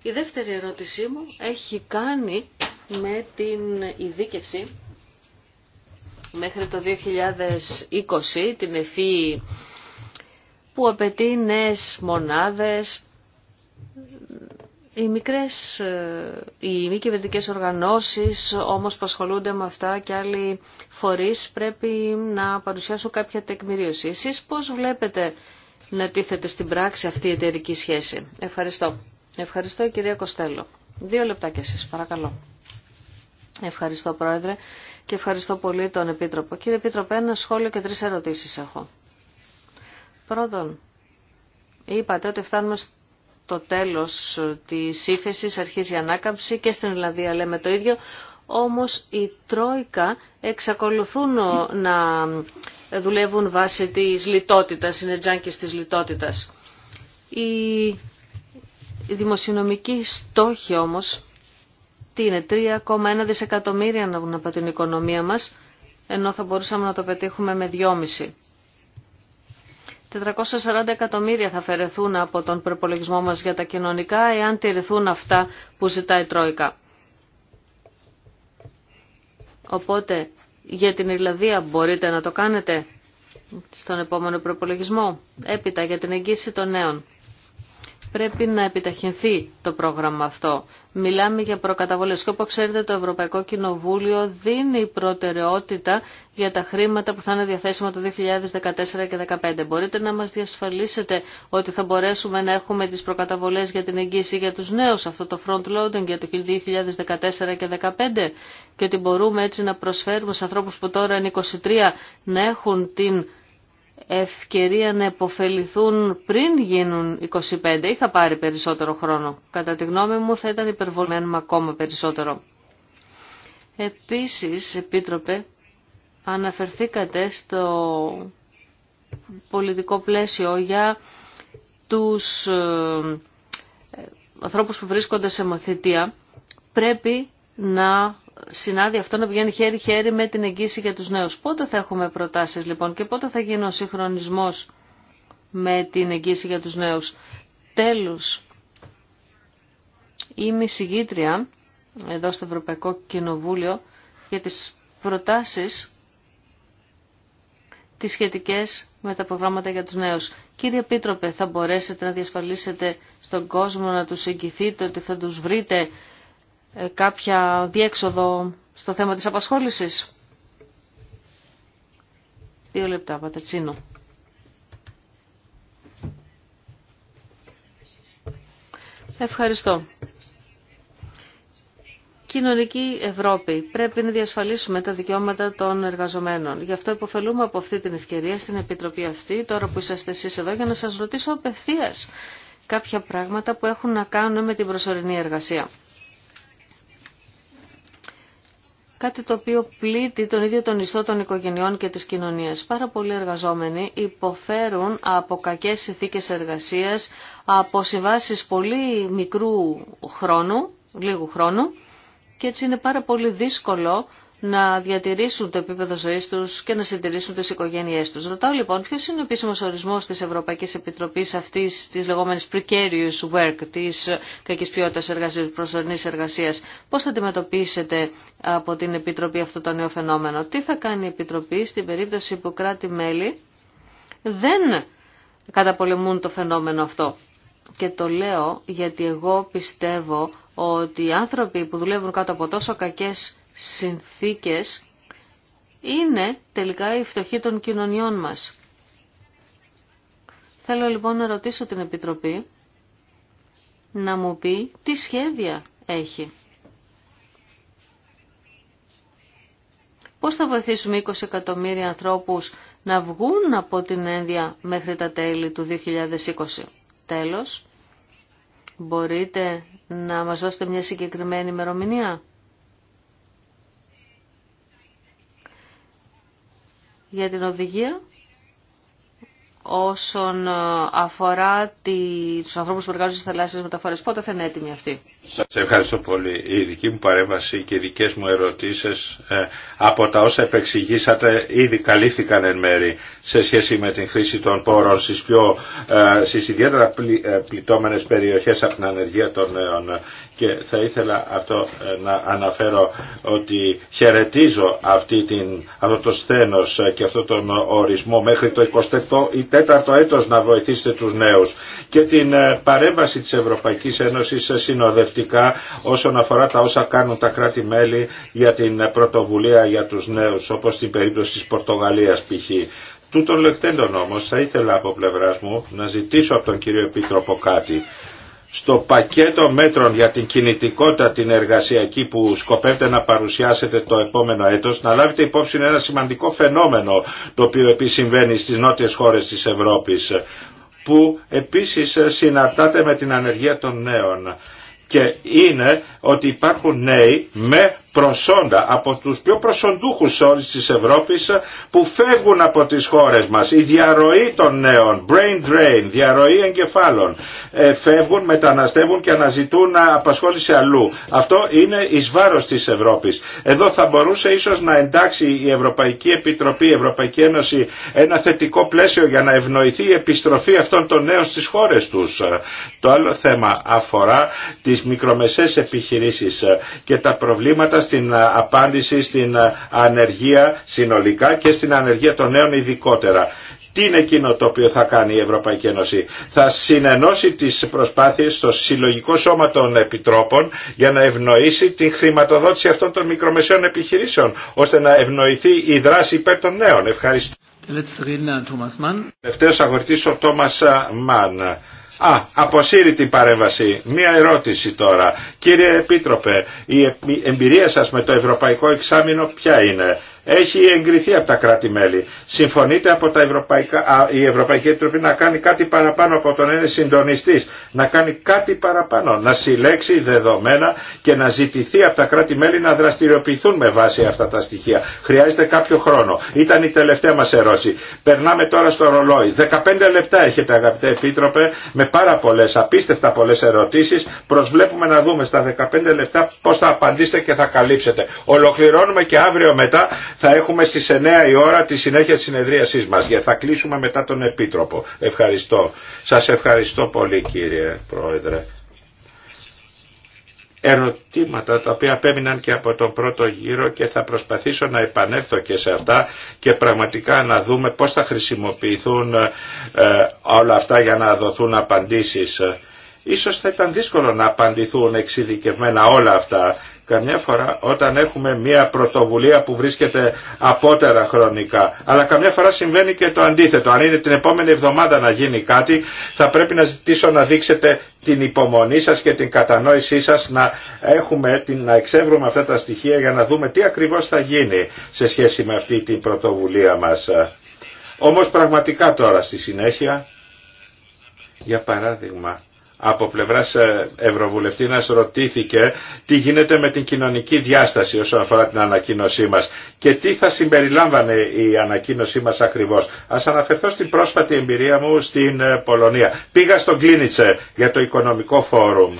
C: Η δεύτερη ερώτησή μου έχει κάνει με την ειδίκευση μέχρι το 2020, την ευφύ που απαιτεί νέες μονάδες, οι μικρές, ε, οι μη κυβερνητικές οργανώσεις όμως που ασχολούνται με αυτά και άλλοι φορείς πρέπει να παρουσιάσουν κάποια τεκμηρίωση. Εσείς πώς βλέπετε να τίθεται στην πράξη αυτή η εταιρική σχέση. Ευχαριστώ. Ευχαριστώ κυρία Κοστέλο. Δύο λεπτά κι εσείς παρακαλώ. Ευχαριστώ πρόεδρε και ευχαριστώ πολύ τον Επίτροπο. Κύριε Επίτροπε ένα σχόλιο και τρεις ερωτήσεις έχω. Πρώτον, είπατε ότι φτάνουμε στο τέλος της ύφεσης, αρχίζει η ανάκαμψη και στην Ελλάδα λέμε το ίδιο, όμως οι Τρόικα εξακολουθούν να δουλεύουν βάσει της λιτότητας, είναι τζάνκες της λιτότητας. Η δημοσιονομική στόχη όμως, τι είναι, 3,1 δισεκατομμύρια να βγουν από την οικονομία μας, ενώ θα μπορούσαμε να το πετύχουμε με 2,5. 440 εκατομμύρια θα αφαιρεθούν από τον προπολογισμό μας για τα κοινωνικά εάν τηρηθούν αυτά που ζητάει η Τρόικα. Οπότε για την Ιρλανδία μπορείτε να το κάνετε στον επόμενο προπολογισμό. Έπειτα για την εγγύηση των νέων πρέπει να επιταχυνθεί το πρόγραμμα αυτό. Μιλάμε για προκαταβολές και όπως ξέρετε το Ευρωπαϊκό Κοινοβούλιο δίνει προτεραιότητα για τα χρήματα που θα είναι διαθέσιμα το 2014 και 2015. Μπορείτε να μας διασφαλίσετε ότι θα μπορέσουμε να έχουμε τις προκαταβολές για την εγγύηση για τους νέους, αυτό το front loading για το 2014 και 2015 και ότι μπορούμε έτσι να προσφέρουμε στου ανθρώπους που τώρα είναι 23 να έχουν την ευκαιρία να υποφεληθούν πριν γίνουν 25 ή θα πάρει περισσότερο χρόνο. Κατά τη γνώμη μου θα ήταν υπερβολμένο ακόμα περισσότερο. Επίσης, Επίτροπε, αναφερθήκατε στο πολιτικό πλαίσιο για τους ε, ε, ανθρώπους που βρίσκονται σε μαθητεία. Πρέπει να συνάδει αυτό να πηγαίνει χέρι-χέρι με την εγγύηση για τους νέους. Πότε θα έχουμε προτάσεις λοιπόν και πότε θα γίνει ο συγχρονισμός με την εγγύηση για τους νέους. Τέλος, είμαι συγγήτρια εδώ στο Ευρωπαϊκό Κοινοβούλιο για τις προτάσεις τις σχετικές με τα προγράμματα για τους νέους. Κύριε Επίτροπε, θα μπορέσετε να διασφαλίσετε στον κόσμο να τους εγγυθείτε ότι θα τους βρείτε ε, κάποια διέξοδο στο θέμα της απασχόλησης. Δύο λεπτά, Πατατσίνο. Ευχαριστώ. Κοινωνική Ευρώπη. Πρέπει να διασφαλίσουμε τα δικαιώματα των εργαζομένων. Γι' αυτό υποφελούμε από αυτή την ευκαιρία στην Επιτροπή αυτή, τώρα που είσαστε εσείς εδώ, για να σας ρωτήσω απευθείας κάποια πράγματα που έχουν να κάνουν με την προσωρινή εργασία. κάτι το οποίο πλήττει τον ίδιο τον ιστό των οικογενειών και της κοινωνίας. Πάρα πολλοί εργαζόμενοι υποφέρουν από κακές συνθήκες εργασίας, από συμβάσεις πολύ μικρού χρόνου, λίγου χρόνου, και έτσι είναι πάρα πολύ δύσκολο να διατηρήσουν το επίπεδο ζωής τους και να συντηρήσουν τις οικογένειές τους. Ρωτάω λοιπόν ποιος είναι ο επίσημος ορισμός της Ευρωπαϊκής Επιτροπής αυτής της λεγόμενης precarious work, της κακής ποιότητας εργασίας, προσωρινής εργασίας. Πώς θα αντιμετωπίσετε από την Επιτροπή αυτό το νέο φαινόμενο. Τι θα κάνει η Επιτροπή στην περίπτωση που κράτη-μέλη δεν καταπολεμούν το φαινόμενο αυτό. Και το λέω γιατί εγώ πιστεύω ότι οι άνθρωποι που δουλεύουν κάτω από τόσο κακές συνθήκες είναι τελικά η φτωχή των κοινωνιών μας. Θέλω λοιπόν να ρωτήσω την Επιτροπή να μου πει τι σχέδια έχει. Πώς θα βοηθήσουμε 20 εκατομμύρια ανθρώπους να βγουν από την ένδια μέχρι τα τέλη του 2020. Τέλος, μπορείτε να μας δώσετε μια συγκεκριμένη ημερομηνία. για την οδηγία όσον ε, αφορά τους ανθρώπους που εργάζονται στις θαλάσσιες μεταφορές. Πότε θα είναι έτοιμη αυτή.
A: Σας ευχαριστώ πολύ. Η δική μου παρέμβαση και οι δικές μου ερωτήσεις ε, από τα όσα επεξηγήσατε ήδη καλύφθηκαν εν μέρη σε σχέση με την χρήση των πόρων στις, πιο, ε, στις ιδιαίτερα πλη, πληττόμενες περιοχές από την ανεργία των νέων και θα ήθελα αυτό ε, να αναφέρω ότι χαιρετίζω αυτή την, αυτό το σθένος ε, και αυτό τον ορισμό μέχρι το 24ο έτος να βοηθήσετε τους νέους και την ε, παρέμβαση της Ευρωπαϊκής Ένωσης συνοδευτικά όσον αφορά τα όσα κάνουν τα κράτη-μέλη για την πρωτοβουλία για τους νέους όπως στην περίπτωση της Πορτογαλίας π.χ. Τούτων λεκτέντων όμως θα ήθελα από πλευράς μου να ζητήσω από τον κύριο Επίτροπο κάτι στο πακέτο μέτρων για την κινητικότητα την εργασιακή που σκοπεύετε να παρουσιάσετε το επόμενο έτος να λάβετε υπόψη ένα σημαντικό φαινόμενο το οποίο επίσης συμβαίνει στις νότιες χώρες της Ευρώπης που επίσης συναρτάται με την ανεργία των νέων και είναι ότι υπάρχουν νέοι με προσόντα, από τους πιο προσοντούχους όλης της Ευρώπης που φεύγουν από τις χώρες μας. Η διαρροή των νέων, brain drain, διαρροή εγκεφάλων, ε, φεύγουν, μεταναστεύουν και αναζητούν απασχόληση αλλού. Αυτό είναι εις βάρος της Ευρώπης. Εδώ θα μπορούσε ίσως να εντάξει η Ευρωπαϊκή Επιτροπή, η Ευρωπαϊκή Ένωση ένα θετικό πλαίσιο για να ευνοηθεί η επιστροφή αυτών των νέων στις χώρες τους. Το άλλο θέμα αφορά τις μικρομεσαίες επιχειρήσεις και τα προβλήματα στην ε, απάντηση στην ε, ανεργία συνολικά και στην ανεργία των νέων ειδικότερα. Τι είναι εκείνο το οποίο θα κάνει η Ευρωπαϊκή Ένωση. Θα συνενώσει τις προσπάθειες στο συλλογικό σώμα των επιτρόπων για να ευνοήσει την χρηματοδότηση αυτών των μικρομεσαίων επιχειρήσεων, ώστε να ευνοηθεί η δράση υπέρ των νέων. Ευχαριστώ. ο Μαν. Α, αποσύρει την παρέμβαση. Μία ερώτηση τώρα. Κύριε Επίτροπε, η εμπειρία σας με το Ευρωπαϊκό Εξάμεινο ποια είναι έχει εγκριθεί από τα κράτη-μέλη. Συμφωνείται από τα Ευρωπαϊκά, η Ευρωπαϊκή Επιτροπή να κάνει κάτι παραπάνω από τον ένα συντονιστή, να κάνει κάτι παραπάνω, να συλλέξει δεδομένα και να ζητηθεί από τα κράτη-μέλη να δραστηριοποιηθούν με βάση αυτά τα στοιχεία. Χρειάζεται κάποιο χρόνο. Ήταν η τελευταία μα ερώτηση. Περνάμε τώρα στο ρολόι. 15 λεπτά έχετε αγαπητέ Επίτροπε, με πάρα πολλέ, απίστευτα πολλέ ερωτήσει. Προσβλέπουμε να δούμε στα 15 λεπτά πώ θα απαντήσετε και θα καλύψετε. Ολοκληρώνουμε και αύριο μετά θα έχουμε στις 9 η ώρα τη συνέχεια της συνεδρίασής μας γιατί θα κλείσουμε μετά τον Επίτροπο. Ευχαριστώ. Σας ευχαριστώ πολύ κύριε Πρόεδρε. Ερωτήματα τα οποία απέμειναν και από τον πρώτο γύρο και θα προσπαθήσω να επανέλθω και σε αυτά και πραγματικά να δούμε πώς θα χρησιμοποιηθούν ε, όλα αυτά για να δοθούν απαντήσεις. Ίσως θα ήταν δύσκολο να απαντηθούν εξειδικευμένα όλα αυτά Καμιά φορά όταν έχουμε μια πρωτοβουλία που βρίσκεται απότερα χρονικά, αλλά καμιά φορά συμβαίνει και το αντίθετο. Αν είναι την επόμενη εβδομάδα να γίνει κάτι, θα πρέπει να ζητήσω να δείξετε την υπομονή σας και την κατανόησή σας να έχουμε, να εξεύρουμε αυτά τα στοιχεία για να δούμε τι ακριβώς θα γίνει σε σχέση με αυτή την πρωτοβουλία μας. Όμως πραγματικά τώρα στη συνέχεια, για παράδειγμα, από πλευράς να ε, ρωτήθηκε τι γίνεται με την κοινωνική διάσταση όσον αφορά την ανακοίνωσή μας και τι θα συμπεριλάμβανε η ανακοίνωσή μας ακριβώς. Ας αναφερθώ στην πρόσφατη εμπειρία μου στην ε, Πολωνία. Πήγα στο Κλίνιτσε για το οικονομικό φόρουμ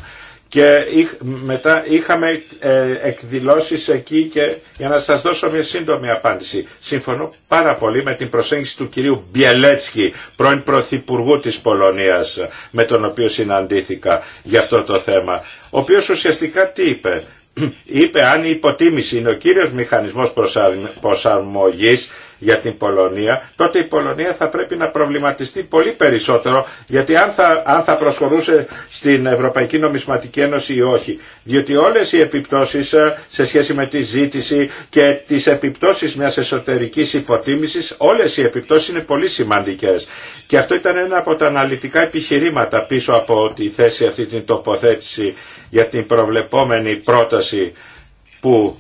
A: και μετά είχαμε ε, εκδηλώσεις εκεί και για να σας δώσω μια σύντομη απάντηση. Συμφωνώ πάρα πολύ με την προσέγγιση του κυρίου Μπιελέτσκι, πρώην Πρωθυπουργού της Πολωνίας, με τον οποίο συναντήθηκα για αυτό το θέμα, ο οποίος ουσιαστικά τι είπε. Είπε αν η υποτίμηση είναι ο κύριος μηχανισμός προσαρμογής για την Πολωνία, τότε η Πολωνία θα πρέπει να προβληματιστεί πολύ περισσότερο γιατί αν θα, αν θα προσχωρούσε στην Ευρωπαϊκή Νομισματική Ένωση ή όχι. Διότι όλες οι επιπτώσεις ε, σε σχέση με τη ζήτηση και τις επιπτώσεις μιας εσωτερικής υποτίμησης, όλες οι επιπτώσεις είναι πολύ σημαντικές. Και αυτό ήταν ένα από τα αναλυτικά επιχειρήματα πίσω από τη θέση αυτή την τοποθέτηση για την προβλεπόμενη πρόταση που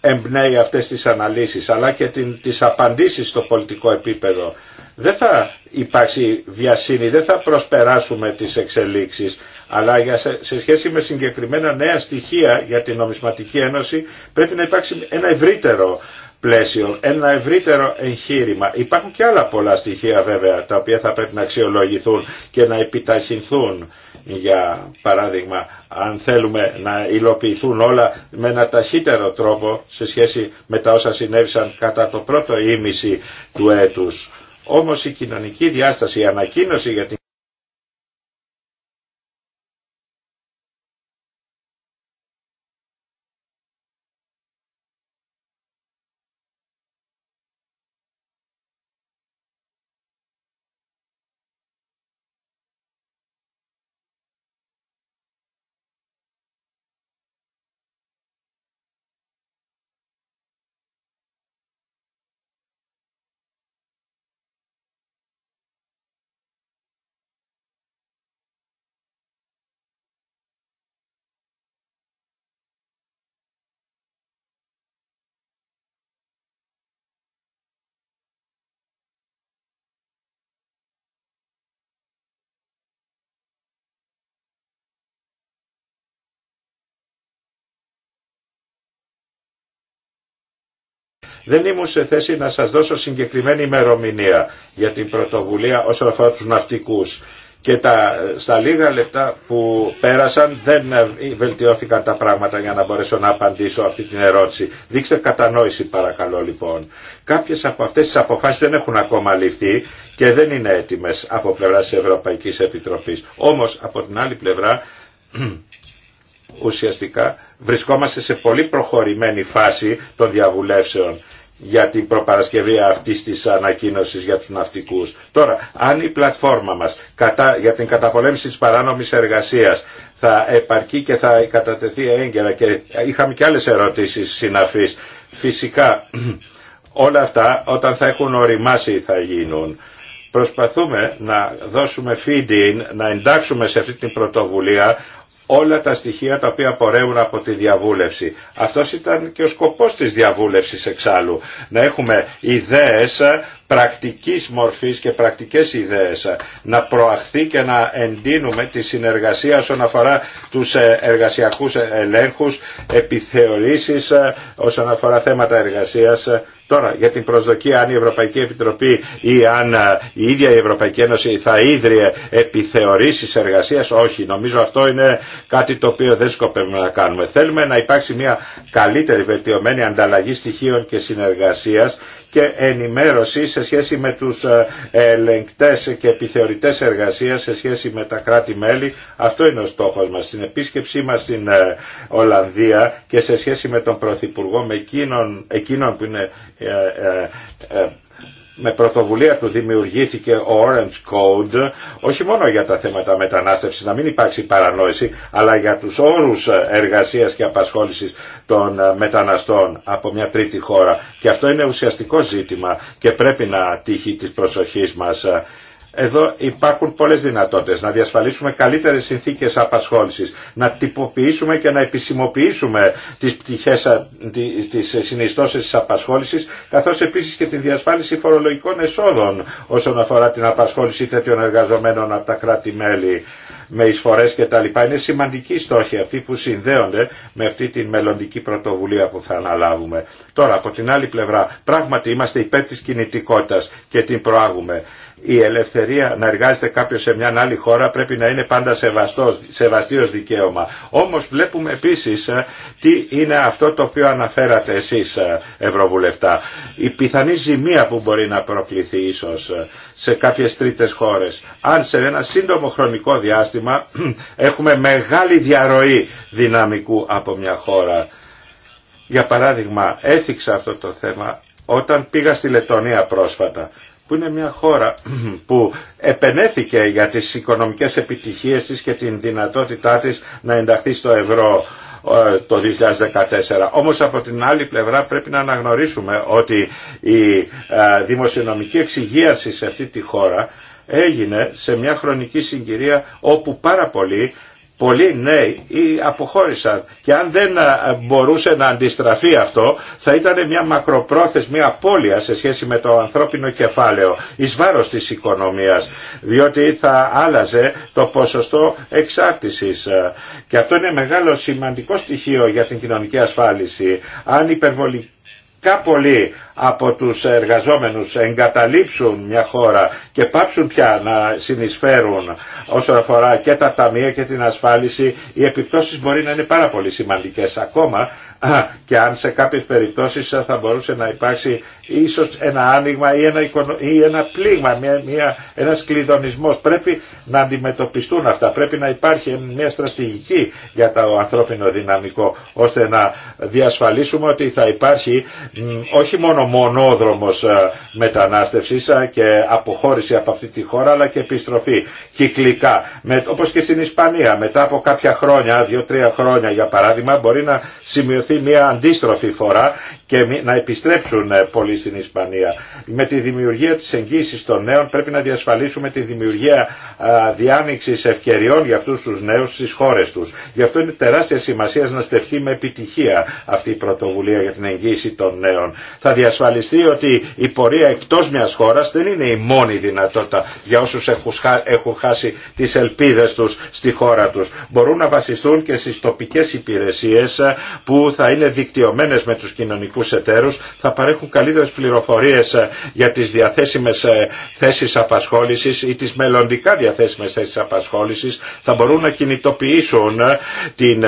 A: εμπνέει αυτές τις αναλύσεις αλλά και την, τις απαντήσεις στο πολιτικό επίπεδο. Δεν θα υπάρξει βιασύνη, δεν θα προσπεράσουμε τις εξελίξεις αλλά για, σε σχέση με συγκεκριμένα νέα στοιχεία για την νομισματική ένωση πρέπει να υπάρξει ένα ευρύτερο πλαίσιο, ένα ευρύτερο εγχείρημα. Υπάρχουν και άλλα πολλά στοιχεία βέβαια τα οποία θα πρέπει να αξιολογηθούν και να επιταχυνθούν για παράδειγμα αν θέλουμε να υλοποιηθούν όλα με ένα ταχύτερο τρόπο σε σχέση με τα όσα συνέβησαν κατά το πρώτο ήμιση του έτους. Όμως η κοινωνική διάσταση, η ανακοίνωση για την Δεν ήμουν σε θέση να σας δώσω συγκεκριμένη ημερομηνία για την πρωτοβουλία όσον αφορά τους ναυτικούς. Και τα, στα λίγα λεπτά που πέρασαν δεν ε, βελτιώθηκαν τα πράγματα για να μπορέσω να απαντήσω αυτή την ερώτηση. Δείξτε κατανόηση παρακαλώ λοιπόν. Κάποιες από αυτές τις αποφάσεις δεν έχουν ακόμα ληφθεί και δεν είναι έτοιμες από πλευρά της Ευρωπαϊκής Επιτροπής. Όμως από την άλλη πλευρά ουσιαστικά βρισκόμαστε σε πολύ προχωρημένη φάση των διαβουλεύσεων για την προπαρασκευή αυτής της ανακοίνωσης για τους ναυτικούς. Τώρα, αν η πλατφόρμα μας για την καταπολέμηση της παράνομης εργασίας θα επαρκεί και θα κατατεθεί έγκαιρα και είχαμε και άλλες ερωτήσεις συναφείς. Φυσικά όλα αυτά όταν θα έχουν οριμάσει θα γίνουν προσπαθούμε να δώσουμε feed-in, να εντάξουμε σε αυτή την πρωτοβουλία όλα τα στοιχεία τα οποία πορεύουν από τη διαβούλευση. Αυτός ήταν και ο σκοπός της διαβούλευσης εξάλλου. Να έχουμε ιδέες πρακτικής μορφής και πρακτικές ιδέες να προαχθεί και να εντείνουμε τη συνεργασία όσον αφορά τους ε, εργασιακούς ελέγχους, επιθεωρήσεις ε, όσον αφορά θέματα εργασίας ε, Τώρα για την προσδοκία αν η Ευρωπαϊκή Επιτροπή ή αν ε, η ίδια η Ευρωπαϊκή Ένωση θα ίδρυε επιθεωρήσεις εργασίας, όχι. Νομίζω αυτό είναι κάτι το οποίο δεν σκοπεύουμε να κάνουμε. Θέλουμε να υπάρξει μια καλύτερη βελτιωμένη ανταλλαγή στοιχείων και συνεργασίας και ενημέρωση σε σχέση με τους ε, ελεγκτές και επιθεωρητές εργασίας σε σχέση με τα κράτη-μέλη. Αυτό είναι ο στόχος μας. Στην επίσκεψή μας στην ε, Ολλανδία και σε σχέση με τον Πρωθυπουργό, με εκείνον, εκείνον που είναι ε, με πρωτοβουλία του δημιουργήθηκε ο Orange Code όχι μόνο για τα θέματα μετανάστευσης, να μην υπάρξει παρανόηση, αλλά για τους όρους εργασίας και απασχόλησης των μεταναστών από μια τρίτη χώρα. Και αυτό είναι ουσιαστικό ζήτημα και πρέπει να τύχει της προσοχής μας. Εδώ υπάρχουν πολλέ δυνατότητε να διασφαλίσουμε καλύτερε συνθήκε απασχόληση, να τυποποιήσουμε και να επισημοποιήσουμε τι πτυχέ, τι συνιστώσει τη απασχόληση, καθώ επίση και τη διασφάλιση φορολογικών εσόδων όσον αφορά την απασχόληση τέτοιων εργαζομένων από τα κράτη-μέλη με εισφορέ κτλ. Είναι σημαντική στόχη αυτή που συνδέονται με αυτή τη μελλοντική πρωτοβουλία που θα αναλάβουμε. Τώρα από την άλλη πλευρά πράγματι είμαστε υπέρ τη κινητικότητα και την προάγουμε η ελευθερία να εργάζεται κάποιος σε μια άλλη χώρα πρέπει να είναι πάντα σεβαστός, σεβαστή δικαίωμα. Όμως βλέπουμε επίσης ε, τι είναι αυτό το οποίο αναφέρατε εσείς ε, Ευρωβουλευτά. Η πιθανή ζημία που μπορεί να προκληθεί ίσως ε, σε κάποιες τρίτες χώρες. Αν σε ένα σύντομο χρονικό διάστημα έχουμε μεγάλη διαρροή δυναμικού από μια χώρα. Για παράδειγμα, έθιξα αυτό το θέμα όταν πήγα στη Λετωνία πρόσφατα που είναι μια χώρα που επενέθηκε για τις οικονομικές επιτυχίες της και την δυνατότητά της να ενταχθεί στο ευρώ ε, το 2014. Όμως από την άλλη πλευρά πρέπει να αναγνωρίσουμε ότι η ε, δημοσιονομική εξυγίαση σε αυτή τη χώρα έγινε σε μια χρονική συγκυρία όπου πάρα πολλοί πολλοί νέοι αποχώρησαν και αν δεν ε, μπορούσε να αντιστραφεί αυτό θα ήταν μια μακροπρόθεσμη απώλεια σε σχέση με το ανθρώπινο κεφάλαιο εις βάρος της οικονομίας διότι θα άλλαζε το ποσοστό εξάρτησης ε, και αυτό είναι μεγάλο σημαντικό στοιχείο για την κοινωνική ασφάλιση αν υπερβολική Κάπολοι από τους εργαζόμενους εγκαταλείψουν μια χώρα και πάψουν πια να συνεισφέρουν όσον αφορά και τα ταμεία και την ασφάλιση, οι επιπτώσεις μπορεί να είναι πάρα πολύ σημαντικές ακόμα και αν σε κάποιες περιπτώσεις θα μπορούσε να υπάρξει ίσως ένα άνοιγμα ή ένα, ή ένα πλήγμα, μια, ένας κλειδονισμός. Πρέπει να αντιμετωπιστούν αυτά, πρέπει να υπάρχει μια στρατηγική για το ανθρώπινο δυναμικό, ώστε να διασφαλίσουμε ότι θα υπάρχει όχι μόνο μονόδρομος μετανάστευσης και αποχώρηση από αυτή τη χώρα, αλλά και επιστροφή κυκλικά, με, όπως και στην Ισπανία. Μετά από κάποια χρόνια, δύο-τρία χρόνια για παράδειγμα, μπορεί να σημειωθεί μια αντίστροφη φορά και να επιστρέψουν ε, πολλοί στην Ισπανία. Με τη δημιουργία της εγγύησης των νέων πρέπει να διασφαλίσουμε τη δημιουργία διάνοιξης ευκαιριών για αυτούς τους νέους στις χώρες τους. Γι' αυτό είναι τεράστια σημασία να στεφθεί με επιτυχία αυτή η πρωτοβουλία για την εγγύηση των νέων. Θα διασφαλιστεί ότι η πορεία εκτός μιας χώρας δεν είναι η μόνη δυνατότητα για όσους έχουν χάσει τις ελπίδες τους στη χώρα τους. Μπορούν να βασιστούν και στις τοπικές υπηρεσίες που θα είναι δικτυωμένες με τους κοινωνικούς εταίρους θα παρέχουν καλύτερες πληροφορίες ε, για τις διαθέσιμες ε, θέσεις απασχόλησης ή τις μελλοντικά διαθέσιμες θέσεις απασχόλησης θα μπορούν να κινητοποιήσουν ε, την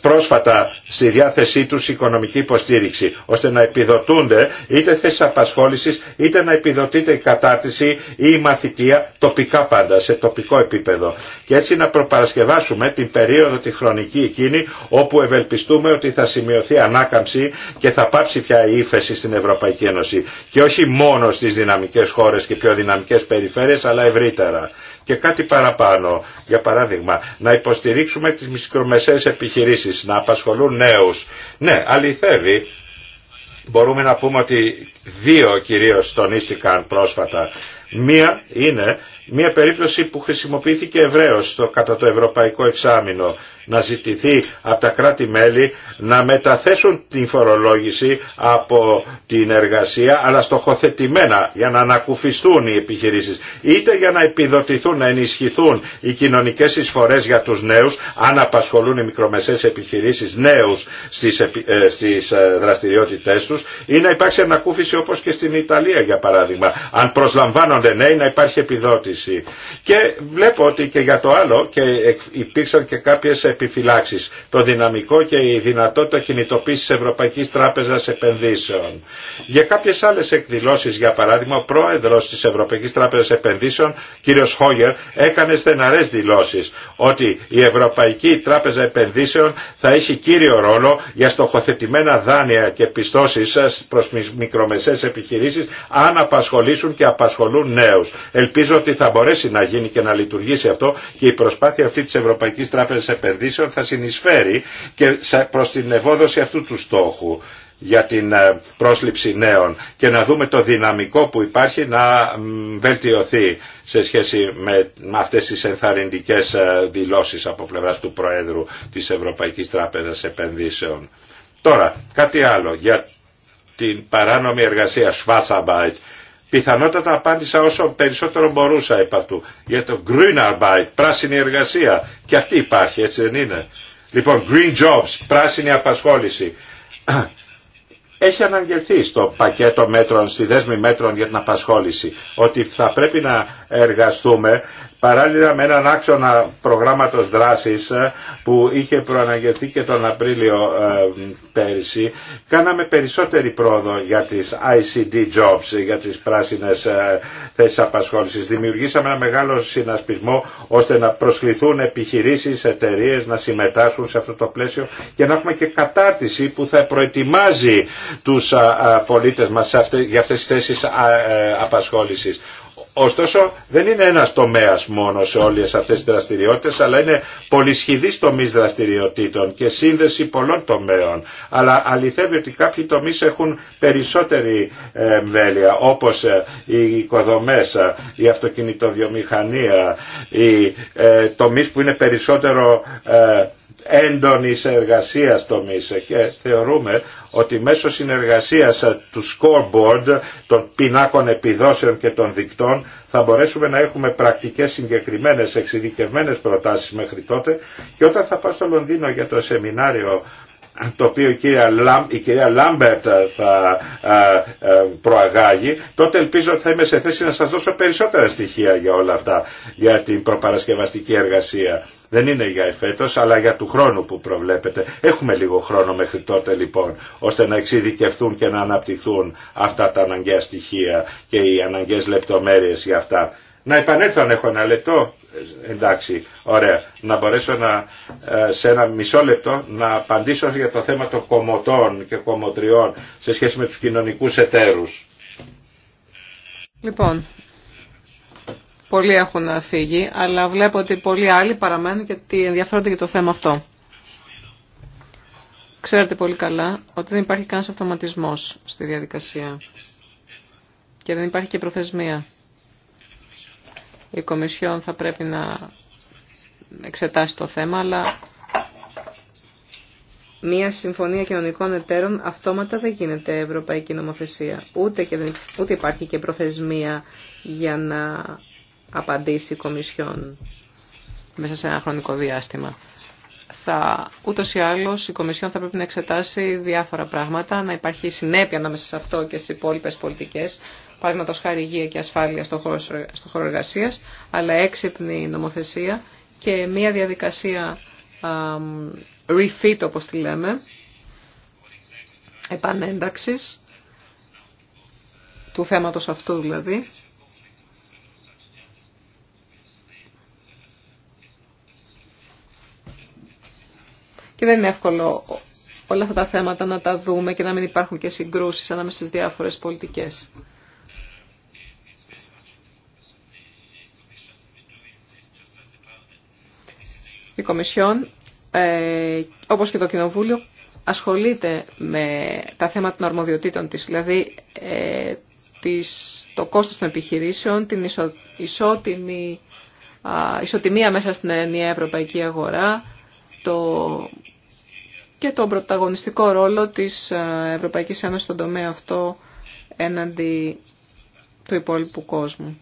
A: πρόσφατα στη διάθεσή τους οικονομική υποστήριξη ώστε να επιδοτούνται είτε θέσεις απασχόλησης είτε να επιδοτείται η κατάρτιση ή η μαθητεία τοπικά πάντα σε τοπικό επίπεδο και έτσι να προπαρασκευάσουμε την περίοδο τη χρονική εκείνη όπου ευελπιστούμε ότι θα σημειωθεί ανάκαμψη και θα πάψει πια η ύφεση στην Ευρωπαϊκή Ένωση και όχι μόνο στις δυναμικές χώρες και πιο δυναμικές περιφέρειες αλλά ευρύτερα. Και κάτι παραπάνω, για παράδειγμα, να υποστηρίξουμε τις μικρομεσαίες επιχειρήσεις, να απασχολούν νέους. Ναι, αληθεύει, μπορούμε να πούμε ότι δύο κυρίως τονίστηκαν πρόσφατα. Μία είναι μια περίπτωση που χρησιμοποιήθηκε ευρέως στο, κατά το ευρωπαϊκό εξάμεινο να ζητηθεί από τα κράτη-μέλη να μεταθέσουν την φορολόγηση από την εργασία αλλά στοχοθετημένα για να ανακουφιστούν οι επιχειρήσεις είτε για να επιδοτηθούν, να ενισχυθούν οι κοινωνικές εισφορές για τους νέους αν απασχολούν οι μικρομεσαίες επιχειρήσεις νέους στις, ε, στις ε, δραστηριότητές τους ή να υπάρξει ανακούφιση όπως και στην Ιταλία για παράδειγμα αν προσλαμβάνονται νέοι να υπάρχει επιδότηση και βλέπω ότι και για το άλλο και υπήρξαν και κάποιες ε, επιφυλάξεις, το δυναμικό και η δυνατότητα κινητοποίησης Ευρωπαϊκής Τράπεζας Επενδύσεων. Για κάποιες άλλες εκδηλώσεις, για παράδειγμα, ο πρόεδρος της Ευρωπαϊκής Τράπεζας Επενδύσεων, κύριος Χόγερ, έκανε στεναρές δηλώσεις ότι η Ευρωπαϊκή Τράπεζα Επενδύσεων θα έχει κύριο ρόλο για στοχοθετημένα δάνεια και πιστώσεις σας προς μικρομεσαίες επιχειρήσεις αν απασχολήσουν και απασχολούν νέους. Ελπίζω ότι θα μπορέσει να γίνει και να λειτουργήσει αυτό και η προσπάθεια αυτή της Ευρωπαϊκής Τράπεζας Επενδύσεων θα συνεισφέρει και προς την ευόδοση αυτού του στόχου για την ε, πρόσληψη νέων και να δούμε το δυναμικό που υπάρχει να βελτιωθεί σε σχέση με αυτές τις ενθαρρυντικές ε, δηλώσεις από πλευράς του Προέδρου της Ευρωπαϊκής Τράπεζας Επενδύσεων. Τώρα, κάτι άλλο για την παράνομη εργασία Schwarzarbeit Πιθανότατα απάντησα όσο περισσότερο μπορούσα επ' αυτού. Για το green arbeit, πράσινη εργασία. Και αυτή υπάρχει, έτσι δεν είναι. Λοιπόν, green jobs, πράσινη απασχόληση. Έχει αναγγελθεί στο πακέτο μέτρων, στη δέσμη μέτρων για την απασχόληση, ότι θα πρέπει να εργαστούμε παράλληλα με έναν άξονα προγράμματος δράσης ε, που είχε προαναγγελθεί και τον Απρίλιο ε, πέρυσι, κάναμε περισσότερη πρόοδο για τις ICD jobs, για τις πράσινες ε, θέσεις απασχόλησης. Δημιουργήσαμε ένα μεγάλο συνασπισμό ώστε να προσκληθούν επιχειρήσεις, εταιρείε να συμμετάσχουν σε αυτό το πλαίσιο και να έχουμε και κατάρτιση που θα προετοιμάζει τους πολίτες μας για αυτές τις θέσεις απασχόλησης. Ωστόσο δεν είναι ένας τομέας μόνο σε όλες αυτές τι δραστηριότητε, αλλά είναι πολυσχηδή τομή δραστηριοτήτων και σύνδεση πολλών τομέων. Αλλά αληθεύει ότι κάποιοι τομείς έχουν περισσότερη ε, εμβέλεια όπως ε, οι οικοδομέ, ε, η αυτοκινητοβιομηχανία, οι τομεί που είναι περισσότερο Έντονη εργασία στο ΜΙΣΕ και θεωρούμε ότι μέσω συνεργασίας του scoreboard των πινάκων επιδόσεων και των δικτών θα μπορέσουμε να έχουμε πρακτικές συγκεκριμένες εξειδικευμένες προτάσεις μέχρι τότε και όταν θα πάω στο Λονδίνο για το σεμινάριο το οποίο η κυρία, Λαμ, η κυρία Λάμπερτ θα προαγάγει, τότε ελπίζω ότι θα είμαι σε θέση να σας δώσω περισσότερα στοιχεία για όλα αυτά, για την προπαρασκευαστική εργασία. Δεν είναι για εφέτος αλλά για του χρόνου που προβλέπετε. Έχουμε λίγο χρόνο μέχρι τότε λοιπόν ώστε να εξειδικευθούν και να αναπτυχθούν αυτά τα αναγκαία στοιχεία και οι αναγκαίες λεπτομέρειες για αυτά. Να επανέλθω αν έχω ένα λεπτό. Εντάξει, ωραία. Να μπορέσω να, ε, σε ένα μισό λεπτό να απαντήσω για το θέμα των κομμωτών και κομμωτριών σε σχέση με τους κοινωνικούς εταίρους.
B: Λοιπόν, Πολλοί έχουν φύγει, αλλά βλέπω ότι πολλοί άλλοι παραμένουν και ότι ενδιαφέρονται για το θέμα αυτό. Ξέρετε πολύ καλά ότι δεν υπάρχει κανένας αυτοματισμός στη διαδικασία και δεν υπάρχει και προθεσμία. Η Κομισιόν θα πρέπει να εξετάσει το θέμα, αλλά μια συμφωνία κοινωνικών εταίρων αυτόματα δεν γίνεται ευρωπαϊκή νομοθεσία. Ούτε, και δεν, ούτε υπάρχει και προθεσμία για να απαντήσει η Κομισιόν μέσα σε ένα χρονικό διάστημα. Θα, ούτως ή άλλως η Κομισιόν θα πρέπει να εξετάσει διάφορα πράγματα, να υπάρχει συνέπεια ανάμεσα σε αυτό και στι υπόλοιπε πολιτικές, παραδείγματο χάρη υγεία και ασφάλεια στον χώρο, στο χώρο εργασία, αλλά έξυπνη νομοθεσία και μια διαδικασία refit όπως τη λέμε, επανένταξης του θέματος αυτού δηλαδή, και δεν είναι εύκολο όλα αυτά τα θέματα να τα δούμε και να μην υπάρχουν και συγκρούσεις ανάμεσα στις διάφορες πολιτικές. Η Κομισιόν, ε, όπως και το Κοινοβούλιο, ασχολείται με τα θέματα των αρμοδιοτήτων της, δηλαδή ε, της, το κόστος των επιχειρήσεων, την ισο, ισότιμη, ισοτιμία μέσα στην ενιαία ευρωπαϊκή αγορά, το και τον πρωταγωνιστικό ρόλο της ε, Ευρωπαϊκής Ένωσης στον τομέα αυτό έναντι του υπόλοιπου κόσμου.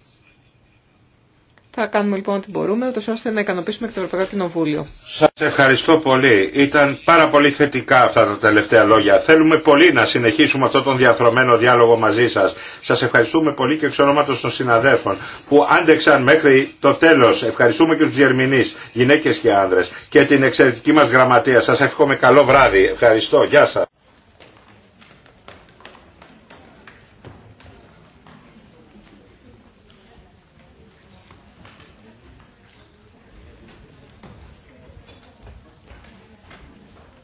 B: Θα κάνουμε λοιπόν ό,τι μπορούμε, ούτως ώστε να ικανοποιήσουμε και το Ευρωπαϊκό Κοινοβούλιο.
A: Σας ευχαριστώ πολύ. Ήταν πάρα πολύ θετικά αυτά τα τελευταία λόγια. Θέλουμε πολύ να συνεχίσουμε αυτόν τον διαθρωμένο διάλογο μαζί σας. Σας ευχαριστούμε πολύ και εξ ονόματος των συναδέλφων που άντεξαν μέχρι το τέλος. Ευχαριστούμε και τους διερμηνείς, γυναίκες και άνδρες και την εξαιρετική μας γραμματεία. Σας εύχομαι καλό βράδυ. Ευχαριστώ. Γεια σας.